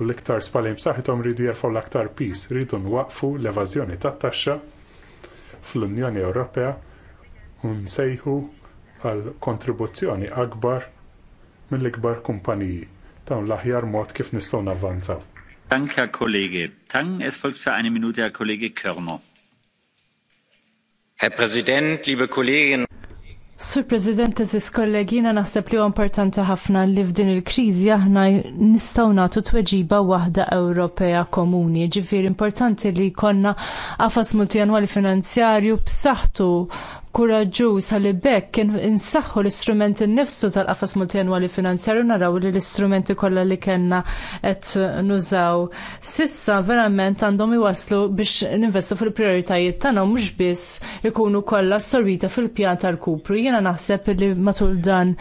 U l-iktar spalim saħitom rridu jerfgħu l-aktar pis, rridu nwaqfu l-evażjoni tat-taxxa fl-Unjoni Ewropea u nsejħu għal kontribuzzjoni akbar mill-ikbar kumpaniji dawn l-aħjar mod kif nistgħu navvanzaw. Danke, Herr Kollege Tang. Es folgt für eine Minute Herr Kollege Körner. Herr Präsident, liebe Kolleginnen Sur President, eżis kollegina naħseb li huwa importanti ħafna li f'din il-kriżi aħna nistgħu nagħtu tweġiba waħda Ewropea komuni. Ġifieri importanti li jkollna qafas multijanwali finanzjarju b'saħħtu kuraġġuż li bekk kien insaħħu l-istrument innifsu tal-qafas li finanzjarju naraw li l-istrumenti kollha li kellna qed nużaw. Sissa verament għandhom iwaslu biex ninvestu fil-prioritajiet tagħna u mhux biss ikunu kollha assorbita fil-pjan tal-kupru. Jiena naħseb li matul dan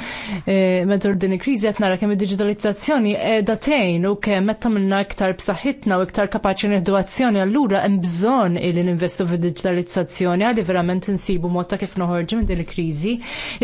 eh, matul din il-kriżi qed nara kemm id-diġitalizzazzjoni qiegħda tgħin u kemm qed tagħmilna iktar b'saħħitna u iktar kapaċi neħdu azzjoni allura hemm bżonn li ninvestu fid-diġitalizzazzjoni għalli verament insibu mod ta' kif noħorġu minn din il-kriżi,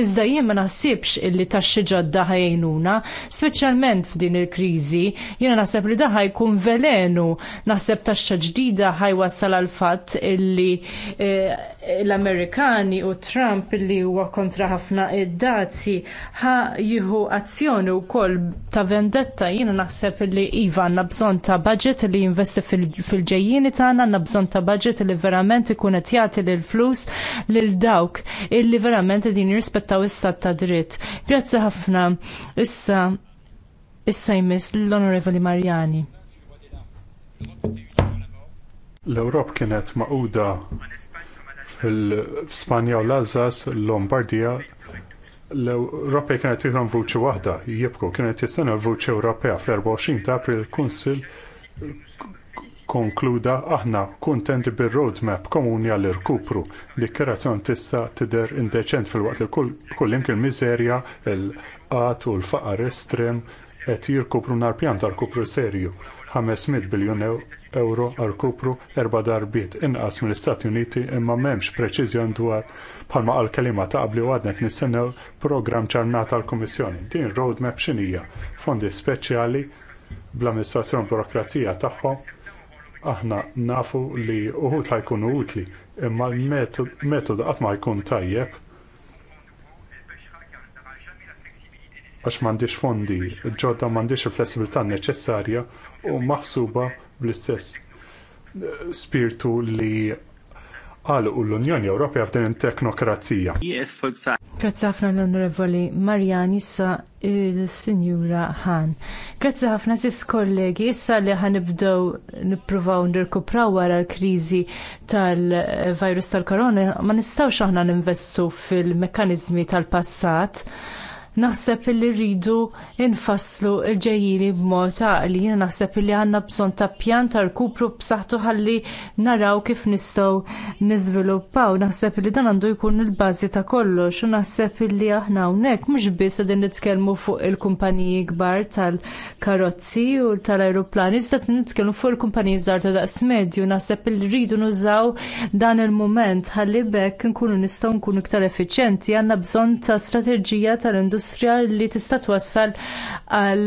iżda jien ma naħsibx illi taxxi ġodda ħajnuna, speċjalment f'din il-kriżi, jiena naħseb li daħħa jkun velenu, naħseb taxxa ġdida ħajwassal għal fatt illi eh, l-Amerikani u Trump li huwa kontra ħafna id-dazzi ħa jieħu azzjoni wkoll ta' vendetta jiena naħseb li iva għandna bżonn ta' budget li jinvesti fil-ġejjini tagħna għandna bżonn ta' budget li verament ikun qed jagħti lil flus lil dawk dawk illi verament qegħdin jirrispettaw istat ta' dritt. Grazzi ħafna. Issa issa jmiss l-Onorevoli Marjani. L-Ewrop kienet maquda fil-Spanja u l-Alzas, l-Lombardija, l-Ewropa kienet jithom vuċi waħda, jibku, kienet jistenna vuċi Ewropea fl-24 ta' april il-Kunsil konkluda aħna kuntenti bir-roadmap komuni għall irkupru li kerazzjon tista tidher indeċent filwaqt li kull imkien miżerja, il-qat u l-faqar estrem qed jirkupru nhar pjan ta' rkupru serju. 500 biljun euro għal erba' darbiet inqas mill-Istati Uniti imma m'hemmx preċiżjon dwar bħalma għal kelima ta' qabli u għadnet nistennew programm ċarnata għall kummissjoni Din roadmap x'inija. fondi speċjali bl-amministrazzjoni burokrazija tagħhom Aħna nafu li uħut jkunu utli, imma l-metod qatt ma jkun tajjeb għax m'għandix fondi, ġodda m'għandix il-flessibilità neċessarja u maħsuba bl-istess spiritu li għal u l-Unjoni Ewropea f'din teknokrazija. Grazzi ħafna l-Onorevoli Marjani sa il-Sinjura Han. Grazzi ħafna sis kollegi, issa li ħanibdew nippruvaw nirkupraw wara l-kriżi tal-virus tal-korona, ma nistgħux aħna ninvestu fil mekkaniżmi tal-passat naħseb illi rridu infasslu l-ġejjini b'mod għaqli. Jiena naħseb illi għandna bżonn ta' pjan ta' rkupru b'saħħtu ħalli naraw kif nistgħu niżviluppaw. Naħseb illi dan għandu jkun il-bażi ta' kollox u naħseb illi aħna hawnhekk mhux biss qegħdin nitkellmu fuq il-kumpaniji kbar tal-karozzi u tal-ajruplani, iżda nitkellmu fuq il-kumpaniji żgħar ta' daqs medju. Naħseb illi rridu nużaw dan il-mument ħalli bekk nkunu nistgħu nkunu iktar effiċjenti. Għandna bżonn ta' strateġija tal-industrija industrija li tista' twassal għal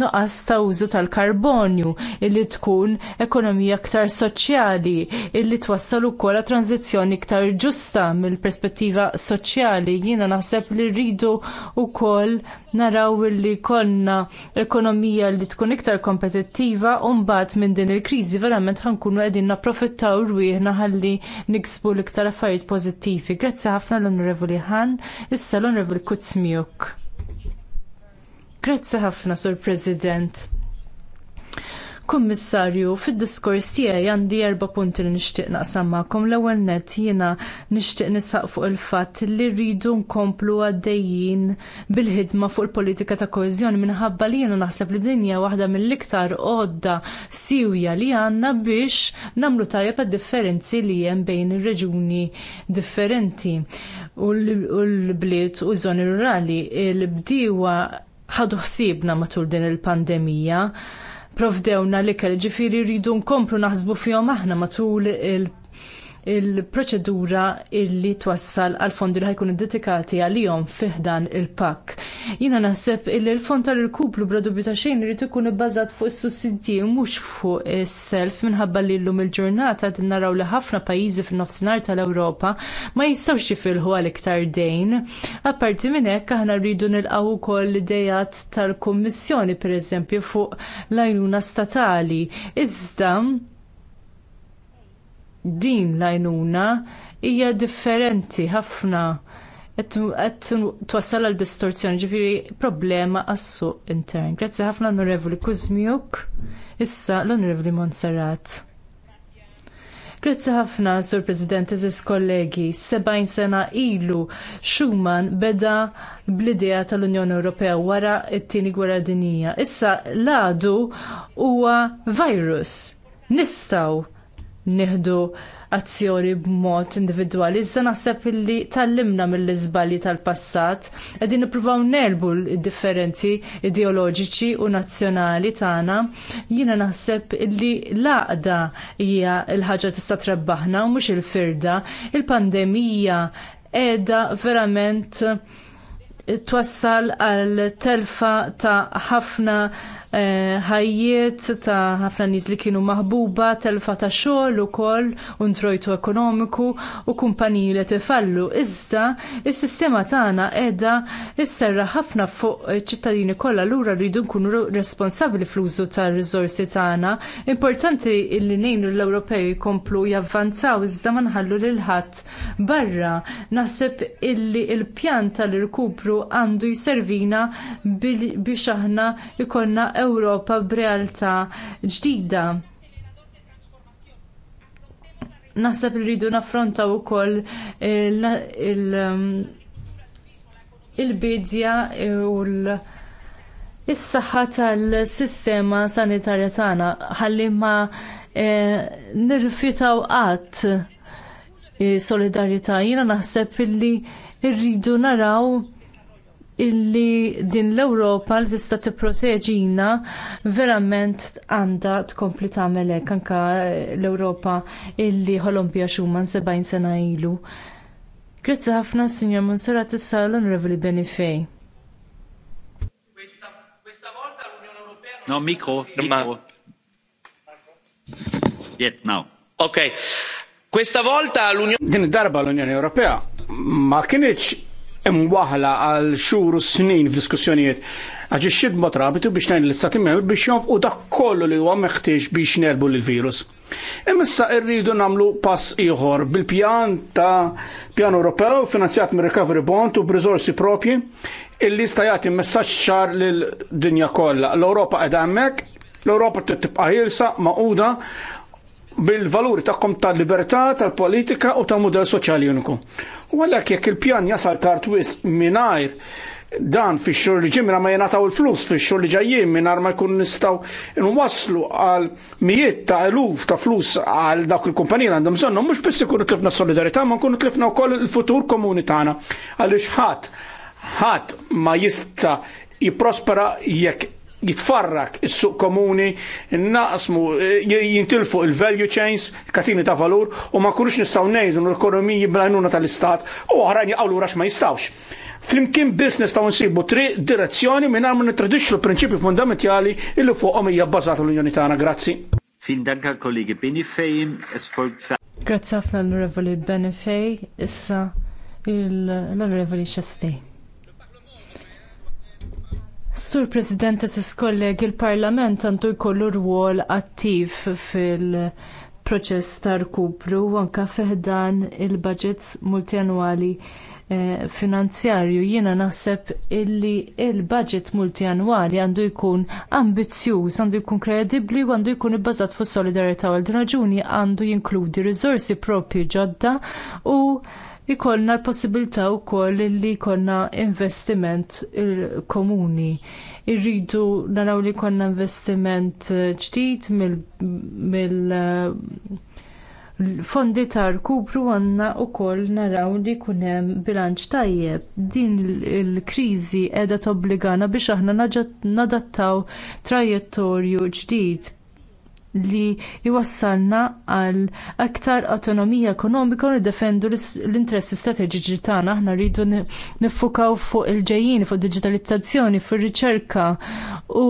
nuqqas ta' użu tal-karbonju, illi tkun ekonomija aktar soċjali, illi twassal ukoll għal tranzizzjoni iktar ġusta mill-perspettiva soċjali. Jiena naħseb li rridu wkoll naraw li konna ekonomija li tkun iktar kompetittiva u mbagħad minn din il-kriżi verament ħankunu qegħdin napprofittaw rwieħna ħalli niksbu l-iktar affarijiet pożittivi. Grazzi ħafna l-Onorevoli Han, issa l-Onorevoli Kutzmiuk. Grazzi ħafna, Sur President. Kummissarju, fid-diskors tiegħi għandi erba' punti li nixtieq naqsam magħkom. L-ewwel nett jiena nixtieq nisaq fuq il-fatt li rridu nkomplu għaddejjin bil-ħidma fuq il-politika ta' koeżjoni minħabba li jiena naħseb li dinja waħda mill-iktar għodda siwja li għandna biex nagħmlu tajjeb differenzi li hemm bejn ir-reġuni differenti u l-bliet u żoni rurali. Il-bdiewa ħadu ħsiebna matul din il-pandemija provdewna li kelli ġifiri rridu nkomplu naħsbu fjom aħna matul il-pandemija il-proċedura illi twassal għal fondi li ħajkunu dedikati għalihom fiħdan il-pakk. Jiena naħseb illi l-fond tal-irkuplu bla dubju ta' xejn irid ikun ibbażat fuq is-sussidji mhux fuq is-self minħabba li llum il-ġurnata qed naraw li ħafna pajjiżi fin-nofsinhar tal-Ewropa ma jistgħux jifilħu għal iktar dejn. Apparti minn hekk aħna rridu nilqgħu wkoll l-idejat tal-Kummissjoni pereżempju fuq l-għajnuna statali. Iżda din l hija differenti ħafna qed twassal għal distorzjoni ġifiri problema għassu intern. Grazzi ħafna l-Onorevoli Kuzmiuk, issa l-Onorevoli Monserrat. Grazzi ħafna, Sur President, eżis kollegi, seba'jn sena ilu Schumann beda bl-idea tal-Unjoni Ewropea wara t-tieni gwerra dinija. Issa l-għadu huwa virus. Nistgħu nieħdu azzjoni b'mod individwali. Iżda naħseb illi tallimna mill-iżbalji tal-passat, qegħdin nippruvaw nelbu l-differenzi ideoloġiċi u nazzjonali tagħna. Jiena naħseb illi l-għaqda hija l-ħaġa tista' trebbaħna u mhux il-firda. Il-pandemija qiegħda verament twassal għal telfa ta' ħafna Eh, ħajjiet ta' ħafna nies li kienu maħbuba telfa ta' xogħol ukoll u ntrojtu ekonomiku u kumpaniji li tifallu. Iżda is-sistema tagħna qiegħda isserra ħafna fuq ċittadini kollha lura rridu nkunu responsabbli fl-użu tar-riżorsi tagħna. Importanti li ngħinu l-Ewropej jkomplu javvanzaw iżda ma nħallu lil ħadd barra. Naħseb illi l pjan tal-irkupru għandu jservina biex aħna ikonna Ewropa b'realtà ġdida naħseb li rridu naffrontaw ukoll um, il-bidja u l- Is-saħħa tal-sistema sanitarja tagħna ħalli ma eh, nirrifjutaw qatt eh, solidarjetà jiena naħseb illi rridu naraw illi din l-Ewropa li tista' tipproteġina verament għandha tkompli tagħmel hekk anke l-Ewropa illi Ħolombja Schumann sebgħin sena ilu. Grazzi ħafna Sinjor Monserrat issa l-Onorevoli Benifej. No, Miko. mikro. Yet now. Ok, questa volta l'Unione... Din darba l-Unjoni Europea. ma kienieċ imwahla għal xhur u snin f'diskussjonijiet għaġi xidma trabitu biex najn l-istati membri biex jonfqu dak kollu li huwa meħtieġ biex nerbu l-virus. Imissa irridu namlu pass ieħor bil-pjan ta' pjan Ewropew finanzjat minn recovery bond u b'rizorsi propji illi jista' jagħti messaġġ ċar lil dinja kollha. L-Ewropa qiegħda hemmhekk, l-Ewropa tibqa' ħielsa maquda bil-valuri tagħhom tal-libertà, tal-politika u ta' mudell soċjali uniku. U għalhekk jekk il-pjan jasal tard wisq mingħajr dan fi xhur li ġimra ma jenataw il-flus fi xhur li ġajjin mingħajr ma jkun nistgħu nwasslu għal mijiet ta' eluf ta' flus għal dawk il-kumpanija għandhom bżonnu, mhux biss ikunu tlifna solidarità ma nkunu tlifna wkoll il-futur komuni tagħna għaliex ħadd ħadd ma jista' jipprospera jekk jitfarrak is-suq komuni, naqsmu e, e, jintilfu il-value chains, katini ta' valur u ma kurux nistgħu nejdu l-ekonomiji bl tal-istat u għarani għawlu rax ma jistawx. Flimkien business ta' unsibu tri direzzjoni minn it nitradixxu l prinċipi fundamentali illi fuqhom hija bbażata l-Unjoni tagħna. Grazzi. Fin danka kollegi Benifej, Grazzi għafna l-Revoli Benifej, issa l-Revoli Xestej. Sur President, esis kolleg, il-Parlament għandu jkollu rwol attiv fil-proċess ta' rkupru anke feħdan il-budget multianwali eh, finanzjarju. Jiena naħseb illi il-budget multianwali għandu jkun ambizzjuż, għandu jkun kredibbli u għandu jkun ibbażat fuq solidarità għal din raġuni għandu jinkludi rizorsi propri ġodda u ikollna l-possibilità wkoll li jkollna investiment komuni. Irridu naraw li jkollna investiment ġdid mill fondi ta' rkupru għandna wkoll naraw li jkun hemm bilanċ tajjeb. Din il kriżi qiegħda tobbligana biex aħna nadattaw trajettorju ġdid li jwassalna għal aktar autonomija ekonomika u nidefendu l-interessi strateġiċi tagħna. Aħna rridu niffukaw fuq il-ġejjin, fuq digitalizzazzjoni, fuq riċerka u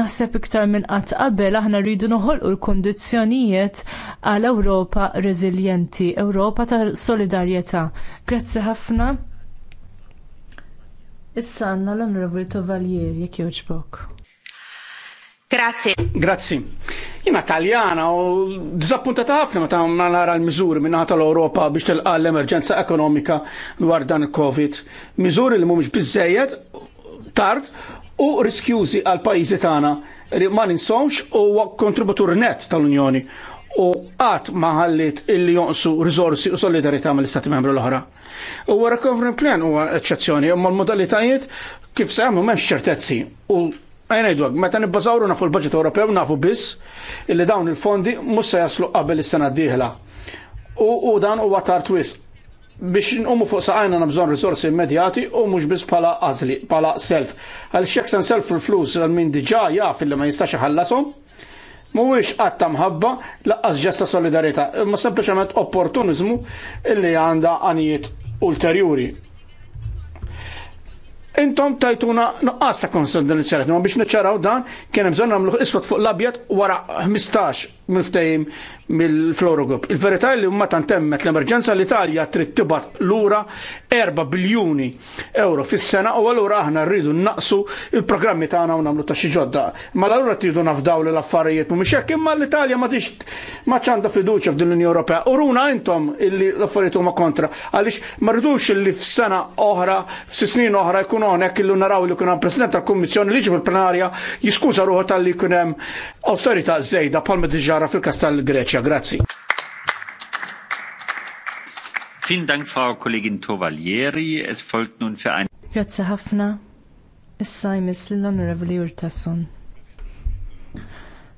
naħseb iktar minn qatt qabel aħna rridu noħolqu l-kundizzjonijiet għal Ewropa reżiljenti, Ewropa ta' solidarjetà. Grazzi ħafna. Issa għandna l-Onorevoli Tovalier, jekk jogħġbok. Grazie. Grazie. Jina taljana u dizappuntata ħafna meta ta' nara l-miżuri ta' tal-Ewropa biex tilqa l-emerġenza ekonomika dwar dan il-Covid. Miżuri li mhumiex biżejjed tard u riskjużi għal pajjiżi tagħna li ma ninsonx u kontributur net tal-Unjoni u għat maħallit illi jonqsu rizorsi u solidarita mill istati membru l-oħra. U recovery plan huwa eċċezzjoni, imma mal modalitajiet kif semmu memx ċertezzi u Għajna id meta nibbażawru nafu l-budget Ewropew nafu biss illi dawn il-fondi mhux se jaslu qabel is-sena d-dieħla. U, dan huwa tar twist biex nqumu fuq saqajna nabżon risorsi immedjati u mhux biss bħala għazli, pala self. Għal xek san self il-flus għal min diġà jaf illi ma jistax iħallasom, mhuwiex qatta mħabba laqqas ġesta solidarjetà, imma sempliċement opportunizmu illi għandha għanijiet ulterjuri intom tajtuna nuqqas ta' il konsidenzjalet, ma biex neċċaraw dan kienem hemm mluħ nagħmlu isfot fuq l-abjad wara 15 mill ftajim mill-Florogop. Il-verità li huma tantemmet l-emerġenza l-Italja trid tibat lura 4 biljuni euro fis-sena u allura aħna rridu naqsu il-programmi tagħna u nagħmlu ta' xi ġodda. Ma mela allura tridu nafdaw l affarijiet mhumiex hekk imma l-Italja ma tix ma ċanda fiduċja f'din l-Unjoni Ewropea. U runa intom illi l-affarijiet huma kontra għaliex ma rridux illi f'sena oħra, f'snin oħra jkun hawnhekk illi naraw li jkun hemm President tal-Kummissjoni liġi fil-plenarja jiskuża ruħu tal-li jkun hemm awtorità żejda bħalma diġara fil-Kastell Greċja taxxa. Grazzi. Vielen Dank, Frau Kollegin Tovalieri. Es folgt nun für ein... Grazie ħafna. Issa jmiss l-Onorevoli Urtason.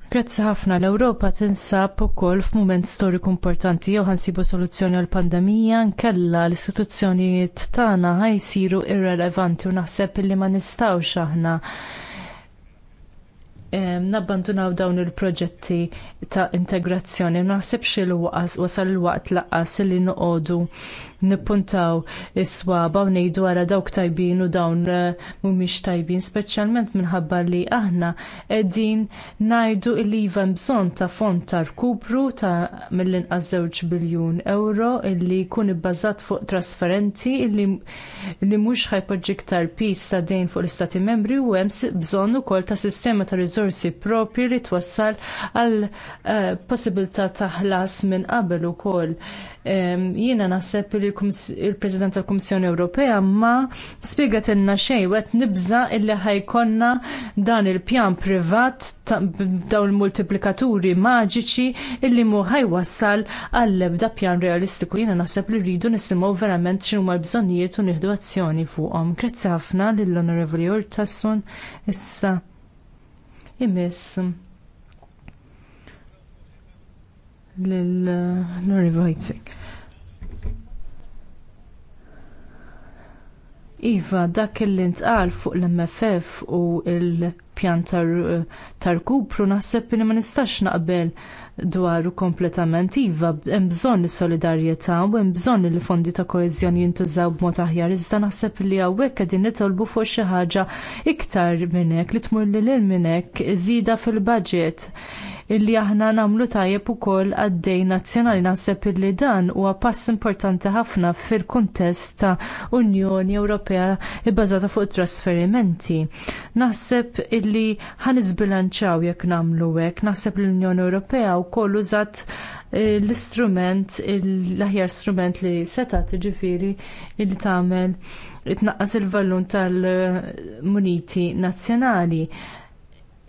Grazzi ħafna l-Ewropa tinsab ukoll f'mument storiku importanti jew ħansibu soluzzjoni għall pandemija nkella l-istituzzjonijiet tagħna ħajsiru irrelevanti u naħseb illi ma nistgħux aħna nabbandunaw dawn il-proġetti ta' integrazzjoni. Naħsebx il-waqas wasal il-waqt laqqas li noqogħdu nippuntaw is-swaba u ngħidu wara dawk tajbin u dawn eh, mhumiex tajbin, speċjalment minħabba li aħna qegħdin ngħidu li iva bżonn ta' fond ta' rkupru ta' mill-inqas 2 biljun euro illi jkun ibbażat fuq trasferenti illi li mhux ħajpoġġi iktar pis ta' dejn fuq l-Istati Membri u hemm bżonn ukoll ta' sistema ta' riżorsi propri li twassal għal eh, possibilità ta' ħlas minn qabel ukoll jiena naħseb li il-President tal-Kummissjoni Ewropea ma spiegat inna xej u nibza illi ħajkonna dan il-pjan privat daw il-multiplikaturi maġiċi illi mu ħajwassal għall-ebda pjan realistiku. Jiena naħseb li rridu nisimgħu verament x'huma l-bżonnijiet u nihdu azzjoni fuqhom. Grazzi ħafna lill-Onorevoli Urtasun issa. Imiss. l lori Wojcik. Iva, dak li ntqal fuq l-MFF u l pjan tar-kupru naħseb li ma nistax naqbel dwaru kompletament. Iva, hemm bżonn solidarjetà u hemm bżonn li fondi ta' koeżjoni jintużaw b'mod aħjar. Iżda naħseb li hawnhekk qegħdin nitolbu fuq xi ħaġa iktar minn hekk li tmur lil minn hekk iżida fil-budget illi aħna nagħmlu tajjeb ukoll għaddej nazzjonali naħseb illi dan huwa pass importanti ħafna fil-kuntest ta' Unjoni Ewropea bbażata fuq trasferimenti. Naħseb illi ħanizbilanċaw jekk nagħmlu hekk, naħseb l-Unjoni Ewropea wkoll użat eh, l-istrument, l-aħjar strument li seta tiġifieri li tagħmel it-tnaqqas il-vallun tal-muniti nazzjonali.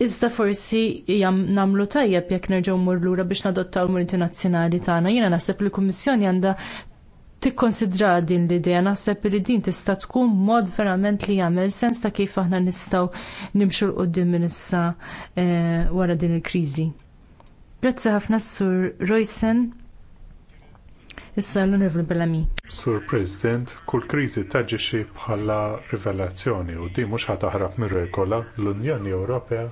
Iżda forsi jam namlu tajjeb jekk nerġgħu mmur lura biex nadottaw l-multinazzjonali tagħna. Jiena naħseb li l-Kummissjoni għandha tikkonsidra din l-idea naħseb li din tista' tkun mod verament li jagħmel sens ta' kif aħna nistgħu nimxu l quddiem minn issa eh, wara din il-kriżi. Grazzi ħafna Sur Roysen. Issa l-Onorevoli Bellamy. Sur President, kull kriżi taġi bħala rivelazzjoni u din mhux ħataħrab mir-regola l-Unjoni Ewropea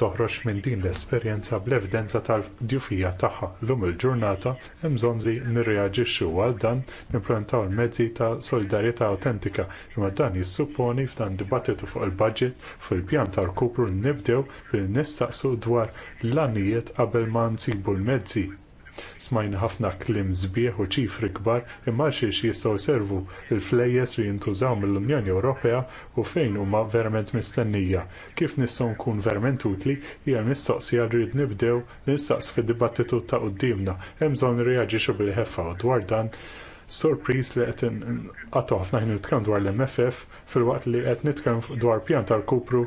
toħroġ minn din l-esperjenza bl-evidenza tal-djufija tagħha. Lum il-ġurnata hemm bżonn li nirreaġixxu għal dan nimplementaw mezzi ta' solidarjetà autentika imma dan jissupponi f'dan dibattitu fuq il-budget fil-pjan tar rkupru nibdew bil nistaqsu dwar l-għanijiet qabel ma nsibu l-mezzi Smajna ħafna klim zbieħ u ċifri kbar imma xiex jistgħu servu il-flejjes li jintużaw mill-Unjoni Ewropea u fejn huma verament mistennija. Kif nistgħu nkun verament utli hija mistoqsija rrid nibdew nistaqs fid-dibattitu ta' quddiemna, Hemm bżonn reaġixu bil ħefa u dwar dan sorpriż li qed inqatgħu ħafna ħin nitkellem dwar l-MFF fil-waqt li qed nitkellem dwar pjan tal-kupru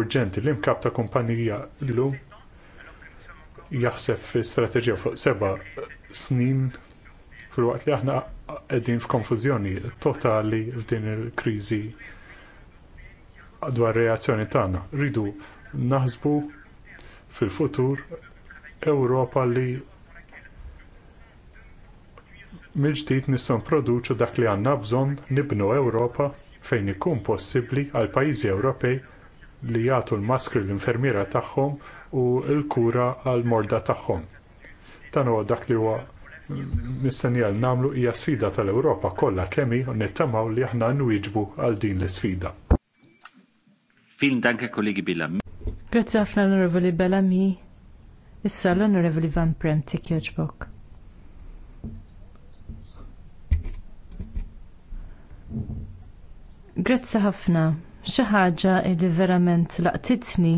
urġenti li imkap ta' kumpanija llum jaħseb fi strateġija fuq seba snin fil-waqt li aħna qegħdin f'konfużjoni totali f'din il-kriżi dwar reazzjoni tagħna. Ridu naħsbu fil-futur Ewropa li mill-ġdid nistgħu nproduċu dak li għandna bżonn nibnu Ewropa fejn ikun possibbli għal pajjiżi Ewropej li jagħtu l-maskri l-infermiera tagħhom u l-kura għall morda tagħhom. Dan huwa dak li huwa mistenni għal namlu hija sfida tal-Ewropa kollha kemmi u nittamaw li aħna nwieġbu għal din l-isfida. Fin danke kollegi Bellamy. Grazzi ħafna l-Onorevoli Bellamy. Issa l-Onorevoli Van Premtik joġbok. Grazzi ħafna. Xi ħaġa li verament laqtitni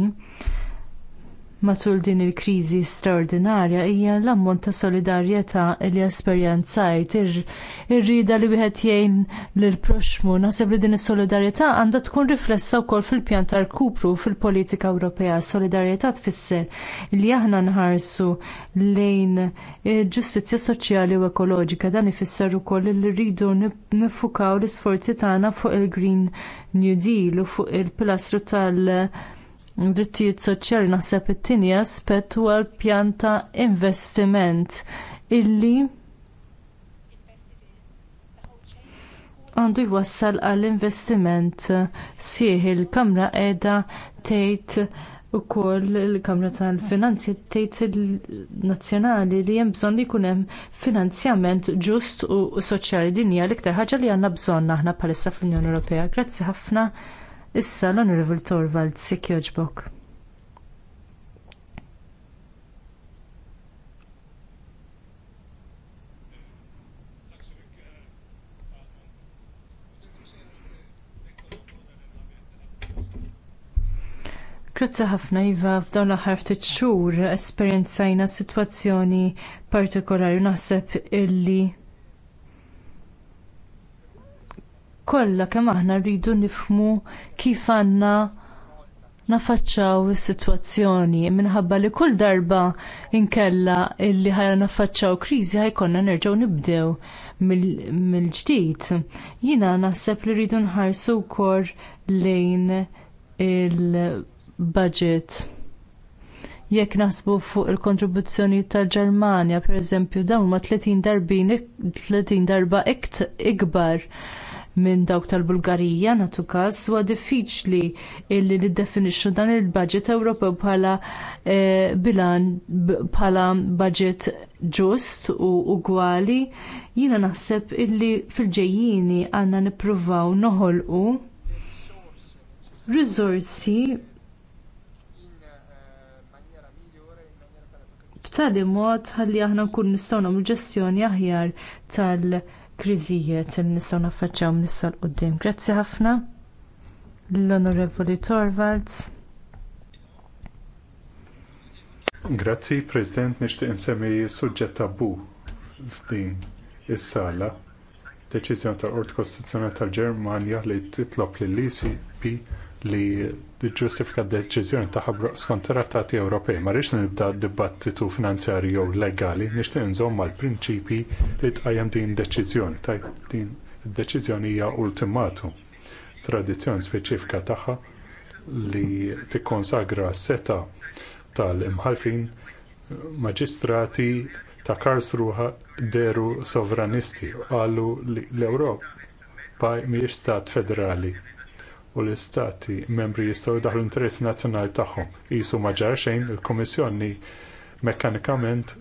matul din il-kriżi straordinarja hija l-ammont ta' solidarjetà li esperjenzajt ir-rida li wieħed jgħin lil proxmu naħseb li din is-solidarjetà għandha tkun riflessa wkoll fil-pjan tal-kupru fil-politika Ewropea. Solidarjetà tfisser li aħna nħarsu lejn ġustizzja soċjali u ekoloġika dan ifisser ukoll li rridu nifukaw l-isforzi tagħna fuq il-Green New Deal u fuq il-pilastru tal- drittijiet soċjali naħseb it-tieni aspett huwa l-pjan ta' investiment illi għandu jwassal għall investiment sieħ il-Kamra qiegħda tgħid ukoll il-Kamra tal-Finanzi tgħid il-Nazzjonali li hemm bżonn li jkun hemm finanzjament ġust u soċjali din hija l-iktar ħaġa li għandna bżonn aħna bħalissa fl-Unjoni Ewropea. Grazzi ħafna. Issa l-Onorevol Torvald Sikjoġbok. Grazzi ħafna Iva, f'dawn l-aħħar ftit xhur esperjenzajna sitwazzjoni partikolari naħseb illi kollha kemm aħna rridu nifhmu kif għandna naffaċċjaw is-sitwazzjoni minħabba li kull darba inkella illi ħajna nafaċċaw kriżi ħajkonna nerġgħu nibdew mill-ġdid. Jiena naħseb li rridu nħarsu wkoll lejn il-budget jekk naħsbu fuq il-kontribuzzjoni tal-Ġermanja, pereżempju, dawn ma 30 darbin 30 darba ikt ikbar minn dawk tal-Bulgarija natu każ huwa diffiċli illi niddefinixxu dan il-budget Ewropew bħala eh, bilan bħala budget ġust u ugwali. Jiena naħseb illi fil-ġejjini għandna nippruvaw noħolqu riżorsi b'tali mod ħalli aħna nkunu nistgħu nagħmlu ġestjoni aħjar tal- kriżijiet li nistgħu naffaċċjaw nissa l-qudiem. Grazzi ħafna l-Onorevoli Torvalds. Grazzi, President, nixtieq insemmi suġġett tabu f'din is-sala. Deċiżjoni tal-Qort Kostituzzjonali tal-Ġermanja li titlob lill-ICP li Diġustifika d-deċiżjoni taħħa skont trattati Ewropej, ma rridx nibda dibattitu finanzjarju jew legali, nixtieq nżomm mal-prinċipi li tqajjem din deċiżjoni. Tajt din id-deċiżjoni hija ultimatum. Tradizzjoni speċifika tagħha li tikkonsagra seta tal-imħalfin maġistrati ta' Karlsruha deru sovranisti qalu li l-Ewropa mhijiex stat federali u l-istati membri jistgħu daħlu interess nazzjonali tagħhom. Isu ma ġar xejn il-Kummissjoni mekkanikament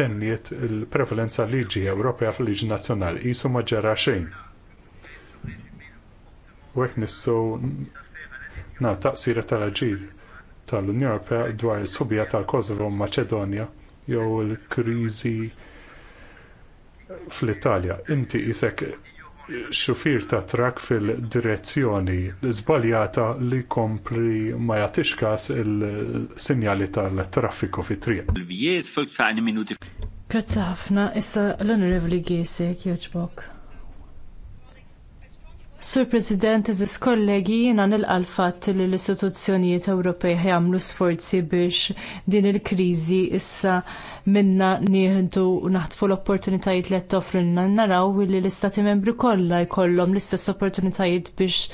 tenniet il-prevalenza liġi Ewropea fil-liġi nazzjonali. Isu ma ġara xejn. U hekk nistgħu na taqsira tal aġir tal-Unjoni Ewropea dwar is subja tal-Kosovo u Maċedonja jew il-kriżi fl-Italja. Inti isek xufir ta' trak fil-direzzjoni żbaljata li jkompli ma jagħtix każ il-sinjali tal-traffiku fit triq Grazzi ħafna, issa l-onorevoli Gesek, joġbok. Sur President, eżis kollegi, jina nil-qalfat li l-istituzzjonijiet Ewropej jagħmlu sforzi biex din il-kriżi issa minna nieħdu naħtfu l-opportunitajiet li qed naraw li l-istati membri kollha jkollhom l-istess opportunitajiet biex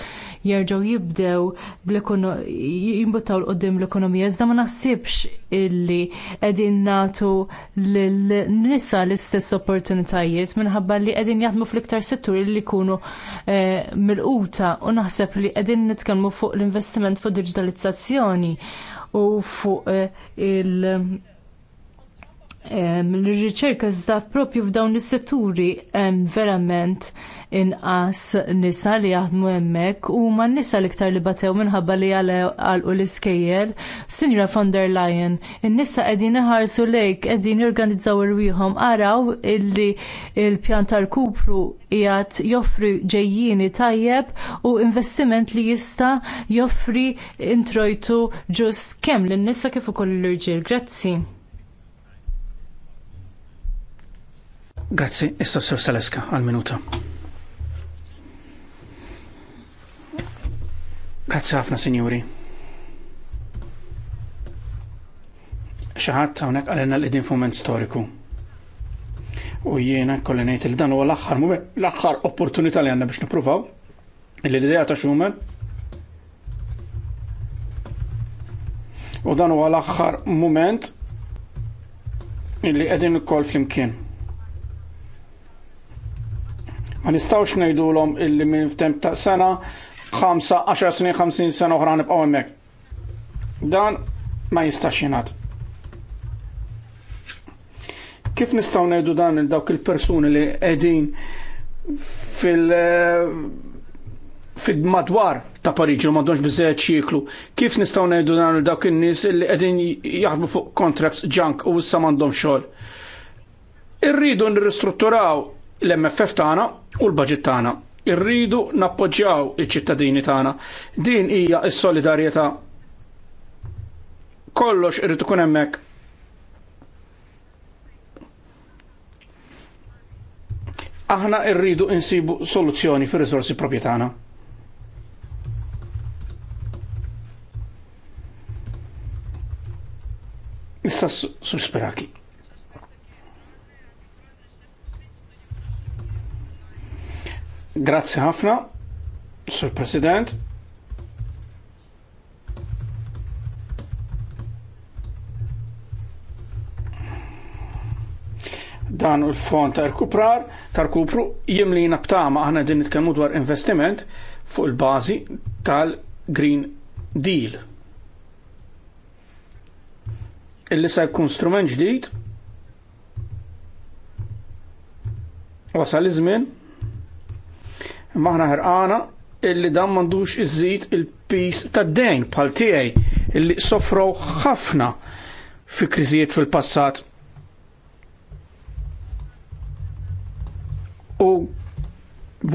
jerġgħu jibdew jimbuttaw l-qoddim l-ekonomija. Iżda ma naħsibx illi qegħdin nagħtu lil-nisa l-istess opportunitajiet minħabba li qegħdin jaħdmu fl-iktar setturi li jkunu eh, milquta u naħseb li qegħdin nitkellmu fuq l-investiment fuq digitalizzazzjoni u fuq eh, il- l-riċerka iżda propju f'dawn is-setturi hemm verament inqas nisa li jaħdmu hemmhekk u ma nisa l-iktar li batew minħabba li għalqu l-iskejjel. Sinjora von der Leyen, in-nisa qegħdin iħarsu lejk qegħdin jorganizzaw irwieħhom araw illi l-pjan tal-kupru qiegħed joffri ġejjini tajjeb u investiment li jista' joffri introjtu ġust kemm lin-nisa kif ukoll l-irġiel. Grazzi. Grazzi, issa Sir Saleska, għal-minuta. Grazzi ħafna, Sinjuri. Xaħat hawnhekk għalena l-qegħdin fument storiku. U jiena kolli ngħid li dan huwa l-aħħar l-aħħar opportunità li għandna biex nippruvaw li l-idea ta' Schumann U dan huwa l-aħħar mument illi qegħdin ukoll flimkien. Ma nistawx ngħidulhom illi minn f'temp ta' sena 5-10 snin 50 sena oħra nibqgħu hemmhekk. Dan ma jistax jingħad. Kif nistgħu ngħidu dan il dawk il-persuni li qegħdin fil- fil-madwar ta' Pariġi u m'għandhomx biżejjed ċiklu. Kif nistgħu ngħidu dan il dawk in-nies li qegħdin jaħdmu fuq contracts junk u issa m'għandhom xogħol. Irridu nirristrutturaw l-MFF tagħna u l-budget tagħna. Irridu nappoġġjaw iċ-ċittadini tagħna. Din hija s-solidarjetà. Kollox irrid ikun hemmhekk. Aħna rridu insibu soluzzjoni fir risorsi proprji tagħna. Issa susperaki. Grazzi ħafna, Sur President. dan u l-fond ta' rkuprar, ta' rkupru li jnabtama aħna din nitkellmu dwar investiment fuq il-bażi tal-Green Deal. Illi se jkun strument ġdid wasal iż-żmien maħna ħerqana illi dan mandux iżid il-pis tad dejn bħal tiegħi illi sofrow ħafna fi kriżijiet fil-passat. U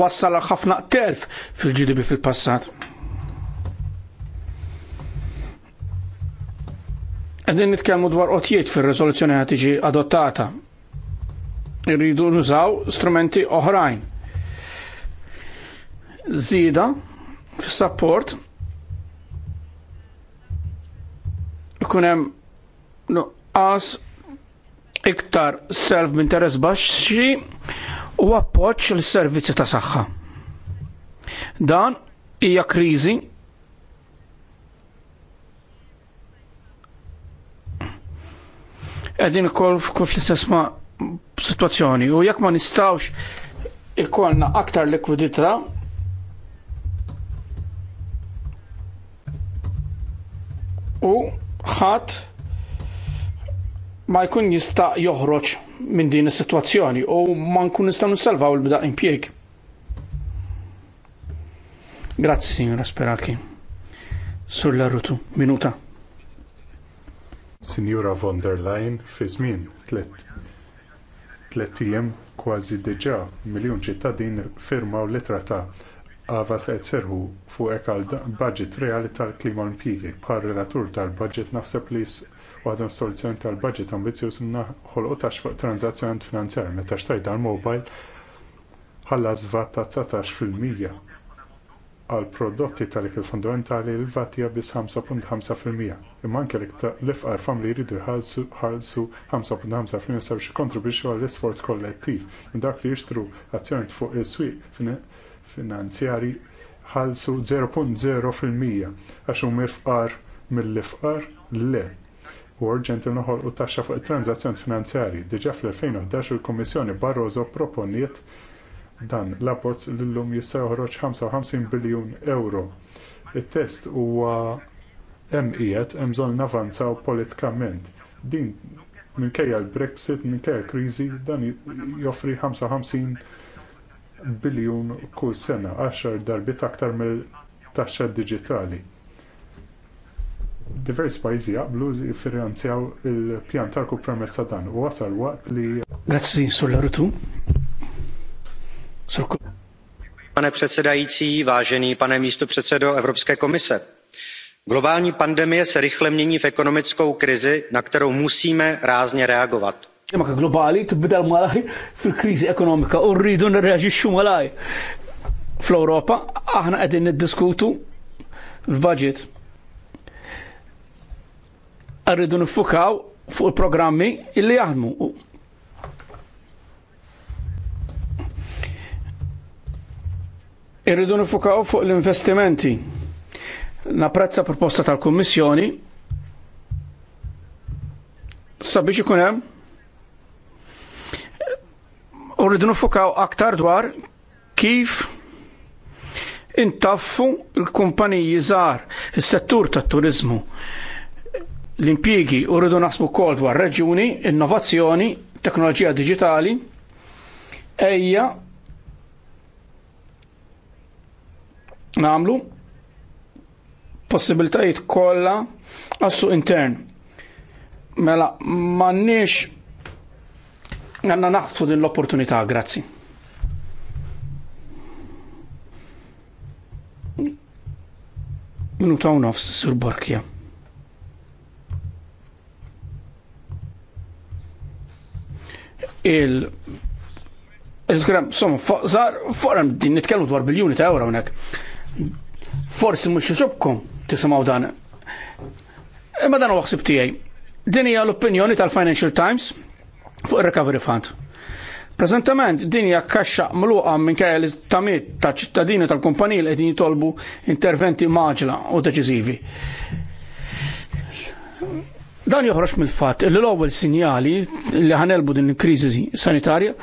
wassala ħafna terf fil ġidib fil-passat. Għedin nitkellmu dwar qotjiet fil-rezoluzzjoni ħatiġi adottata. Irridu nużaw strumenti oħrajn zida fis-support ikun hemm nuqqas iktar self interess baxxi u appoġġ l servizzi ta' saħħa. Dan hija kriżi qegħdin ukoll fl-istess ma' situazzjoni u jekk ma nistawx ikollna aktar likwidità u ħadd ma jkun jista' joħroġ minn din is-sitwazzjoni u ma nkun nistgħu nissalvaw il-bda impjieg. Grazzi, signora Speraki. Sur la rutu, minuta. Signora von der Leyen, fi żmien tlet ijiem kważi diġà miljun ċittadin firmaw litra ta' għava se serħu fuq hekk għal budget reali tal-klima olimpijki. Bħal relatur tal-budget naħseb li għadhom soluzzjoni tal-budget ambizjuż ħolqu tax fuq tranzazzjoni finanzjarja meta xtajt għal-mobile ħalla zvat ta' 19% għal prodotti tal-ikel fundamentali l-vat hija biss 5.5%. Imma anke l-ifqar familji jridu jħallsu 5.5% sabiex kontribwixxu għall-isforz kollettiv minn dak li jixtru azzjoni fuq is-swieq finanzjari ħalsu 0.0% għax hum ifqar mill-ifqar le. U urġenti noħolqu taxxa fuq it-transazzjoni finanzjari. Diġà fl-2011 il-Kummissjoni Barroso proponiet dan l-abbozz li llum jista' joħroġ 55 biljun euro. It-test huwa hemm qiegħed hemm bżonn navanzaw politikament. Din minkejja l-Brexit, minkejja l-kriżi, dan joffri 55 biljun kull sena, 10 darbit aktar mill-taxxa diġitali. Diversi pajjiżi jaqblu jiffinanzjaw il-pjan tarku permess ta' dan u għasal waqt li. Grazzi, sur Larutu. Pane předsedající, vážený pane místopředsedo Evropské komise, globální pandemie se rychle mění v ekonomickou krizi, na kterou musíme rázně reagovat Imma globali l malaj fil-kriżi ekonomika u rridu nirreaġixxu malaj. Fl-Ewropa aħna qegħdin niddiskutu l-budget. Rridu nifukaw fuq il-programmi illi jaħdmu. Irridu nifukaw fuq l-investimenti. Napprezza proposta tal-Kummissjoni sabiex ikun hemm u rridu nifukaw aktar dwar kif intaffu l-kumpaniji żgħar is-settur tat-turiżmu. L-impjiegi u rridu naħsbu wkoll dwar reġuni, innovazzjoni, teknoloġija diġitali, ejja nagħmlu possibilitajiet kollha għassu intern. Mela m'għandniex għanna naħsu din l-opportunità, grazzi. Minuta u nofs, Sur Borkja. Il il somma, zar, forum din nitkellmu dwar biljuni ta' euro unek. Forsi mux xoċobkom tisimaw dan. Imma dan u għaxib tijaj. Dini l-opinjoni tal-Financial Times fuq il-recovery fund. Prezentament, din hija kaxxa mluqa minkejja l tamiet ta' ċittadini tal-kumpaniji li qegħdin jitolbu interventi maġla u deċiżivi. Dan joħroġ mill-fatt li l-ewwel sinjali li ħanelbu din il-kriżi sanitarja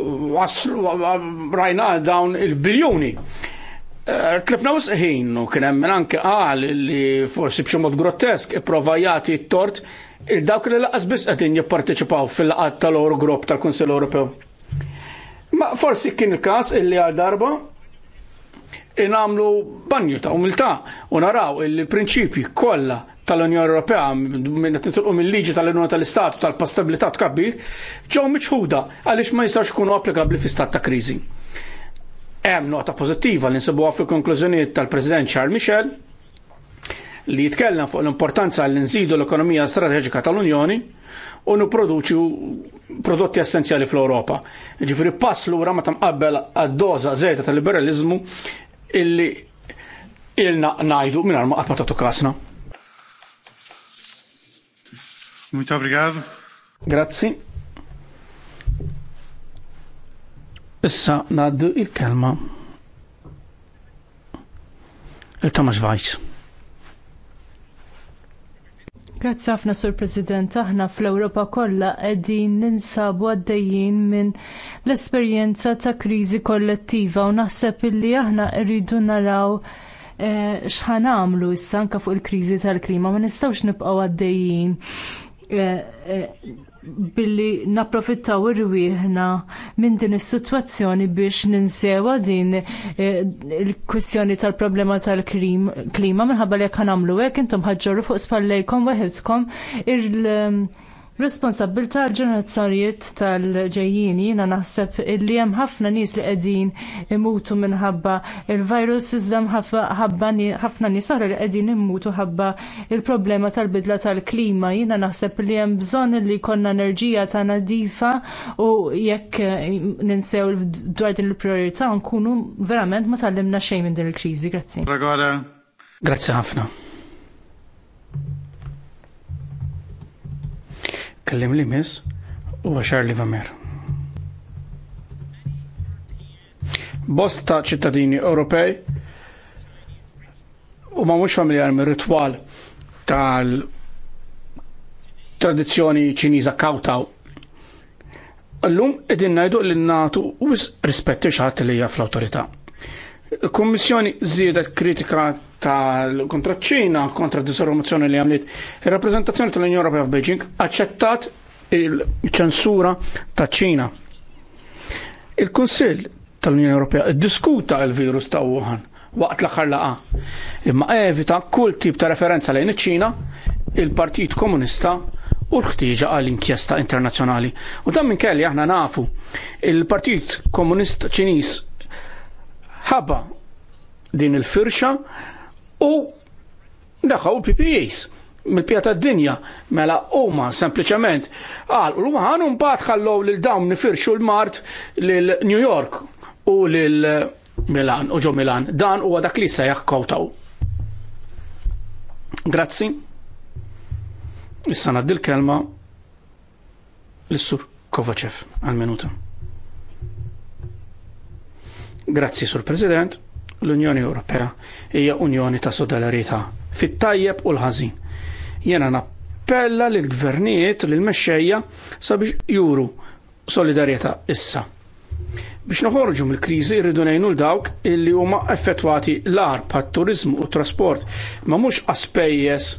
waslu rajna dawn il-biljuni. Eh, tlifna ħin u kien hemm anke qal li forsi b'xi mod grotesk ipprova jagħti t-tort Eh, dawk li laqas biss qegħdin jipparteċipaw fil-laqat tal oru Grupp tal-Kunsill Ewropew. Ma forsi kien il-każ illi għal darba inamlu banju ta' umiltà u naraw il-prinċipji kollha tal-Unjoni Ewropea minn qed titilqu mill-liġi tal-Unjoni tal-Istatu tal-pastabilità tkabbir ġew miċħuda għaliex ma jistax ikunu applikabbli fi stat ta' kriżi. Hemm nota pożittiva li nsibuha fil-konklużjonijiet tal-President Charles Michel li jitkellem fuq l-importanza li nżidu l-ekonomija strateġika tal-Unjoni u nipproduċu prodotti essenzjali fl-Europa. Ġifri pass lura ma tamqabbel għad-doza zejta tal-liberalizmu illi ilna najdu minn ma għatma ta' kasna. Muito obrigado. Grazzi. Issa naddu il-kelma il tomas Weiss. Grazzi ħafna Sur President, aħna fl-Ewropa kollha qegħdin ninsabu għaddejjin minn l-esperjenza ta' kriżi kollettiva u naħseb illi aħna rridu naraw eh, x'ħan għamlu issa anke fuq il-kriżi tal-klima ma nistgħux nibqgħu għaddejjin eh, eh, billi napprofittaw irwieħna minn din is-sitwazzjoni biex ninsewa din eh, il kwissjoni tal-problema tal-klima minħabba li jekk nagħmlu hekk intom ħaġġorru fuq spallejkom weħedkom il- responsabilità ġenerazzjonijiet tal ġejjini jiena naħseb illi hemm ħafna nies li qegħdin imutu minħabba il-virus iżda ħafna nies oħra li qegħdin imutu ħabba il-problema tal-bidla tal-klima. Jiena naħseb li hemm bżonn li jkollna enerġija ta' nadifa u jekk ninsew dwar din il-priorità nkunu verament ma tallimna xejn minn din il-kriżi. Grazzi. Grazzi ħafna. Kellim li miss u li Vamer. Bosta ċittadini Ewropej u ma mux familjar mir-ritwal tal tradizzjoni ċiniża kawtaw. Allum qegħdin ngħidu li natu u rispetti xaħat li hija fl-awtorità. Il-Kummissjoni żiedet kritika tal-kontra ċina, kontra disinformazzjoni li għamlit. Il-rappresentazzjoni tal-Unjoni Ewropea f'Beijing aċċettat il-ċensura ta' ċina. Il-Kunsill tal-Unjoni Ewropea diskuta il-virus ta' Wuhan waqt l-aħħar laqa. Imma evita kull tip ta' referenza lejn iċ-Ċina, il-Partit Komunista u l-ħtieġa għall inkjesta internazzjonali. U dan minkelli aħna nafu il-Partit Komunist Ċiniż ħaba din il-firxa u daħħaw PPAs mill-pija d dinja mela huma sempliċement qal u l-maħan mbagħad ħallow lil dawn nifirxu l-Mart lil New York u lil Milan u ġo Milan dan huwa dak li se jaħkowtaw. Grazzi. Issa naddi l-kelma l-Sur Kovacev għal-minuta. Grazzi, Sur President l-Unjoni Ewropea hija Unjoni ta' Sodalarità fit-tajjeb u l-ħażin. Jena nappella lill gvernijiet lill mexxejja sabiex juru solidarjetà issa. Biex noħorġu mill-kriżi rridu ngħinu l dawk illi huma effettwati l għar pat-turizmu u t trasport ma mhux għaspejjeż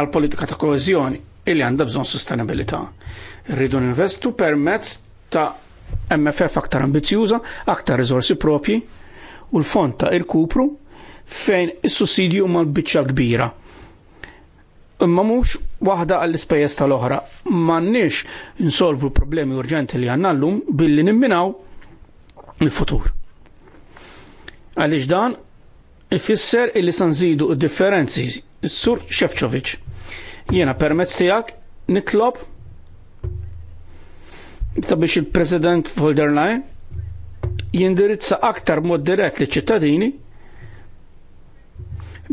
tal-politika ta' koeżjoni illi għandha bżonn sostenibilità. Rridu ninvestu permezz ta' MFF aktar ambizjuża, aktar riżorsi propji, u l-fond ta' il-kupru fejn is-sussidju il kupru fejn is sussidju mal biċċa kbira. Imma mhux waħda għall-ispejjeż tal-oħra. M'għandniex insolvu problemi urġenti li l-lum billi nimminaw il-futur. Għaliex dan ifisser illi sanżidu il differenzi Sur Shevchovic. Jiena permezz tiegħek nitlob sabiex il-President Volderline jindirizza aktar mod dirett li ċittadini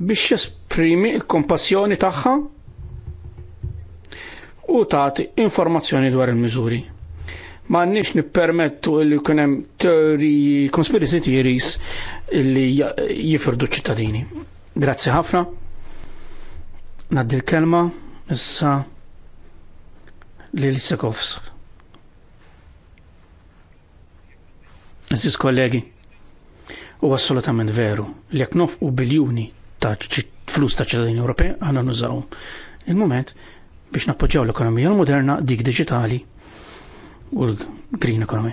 biex jesprimi il-kompassjoni tagħha u tagħti informazzjoni dwar il-miżuri. Ma nix nippermettu li jkun hemm teoriji conspiracy theories li jifirdu ċittadini. Grazzi ħafna. Naddi l-kelma issa lil Sekofsk. Aziz kollegi, u assolutament veru li jekk nofqu biljuni ta' flus ta' ċittadini Ewropej għandna nużaw. Il-moment biex nappoġġaw l-ekonomija moderna dik diġitali u l-green economy.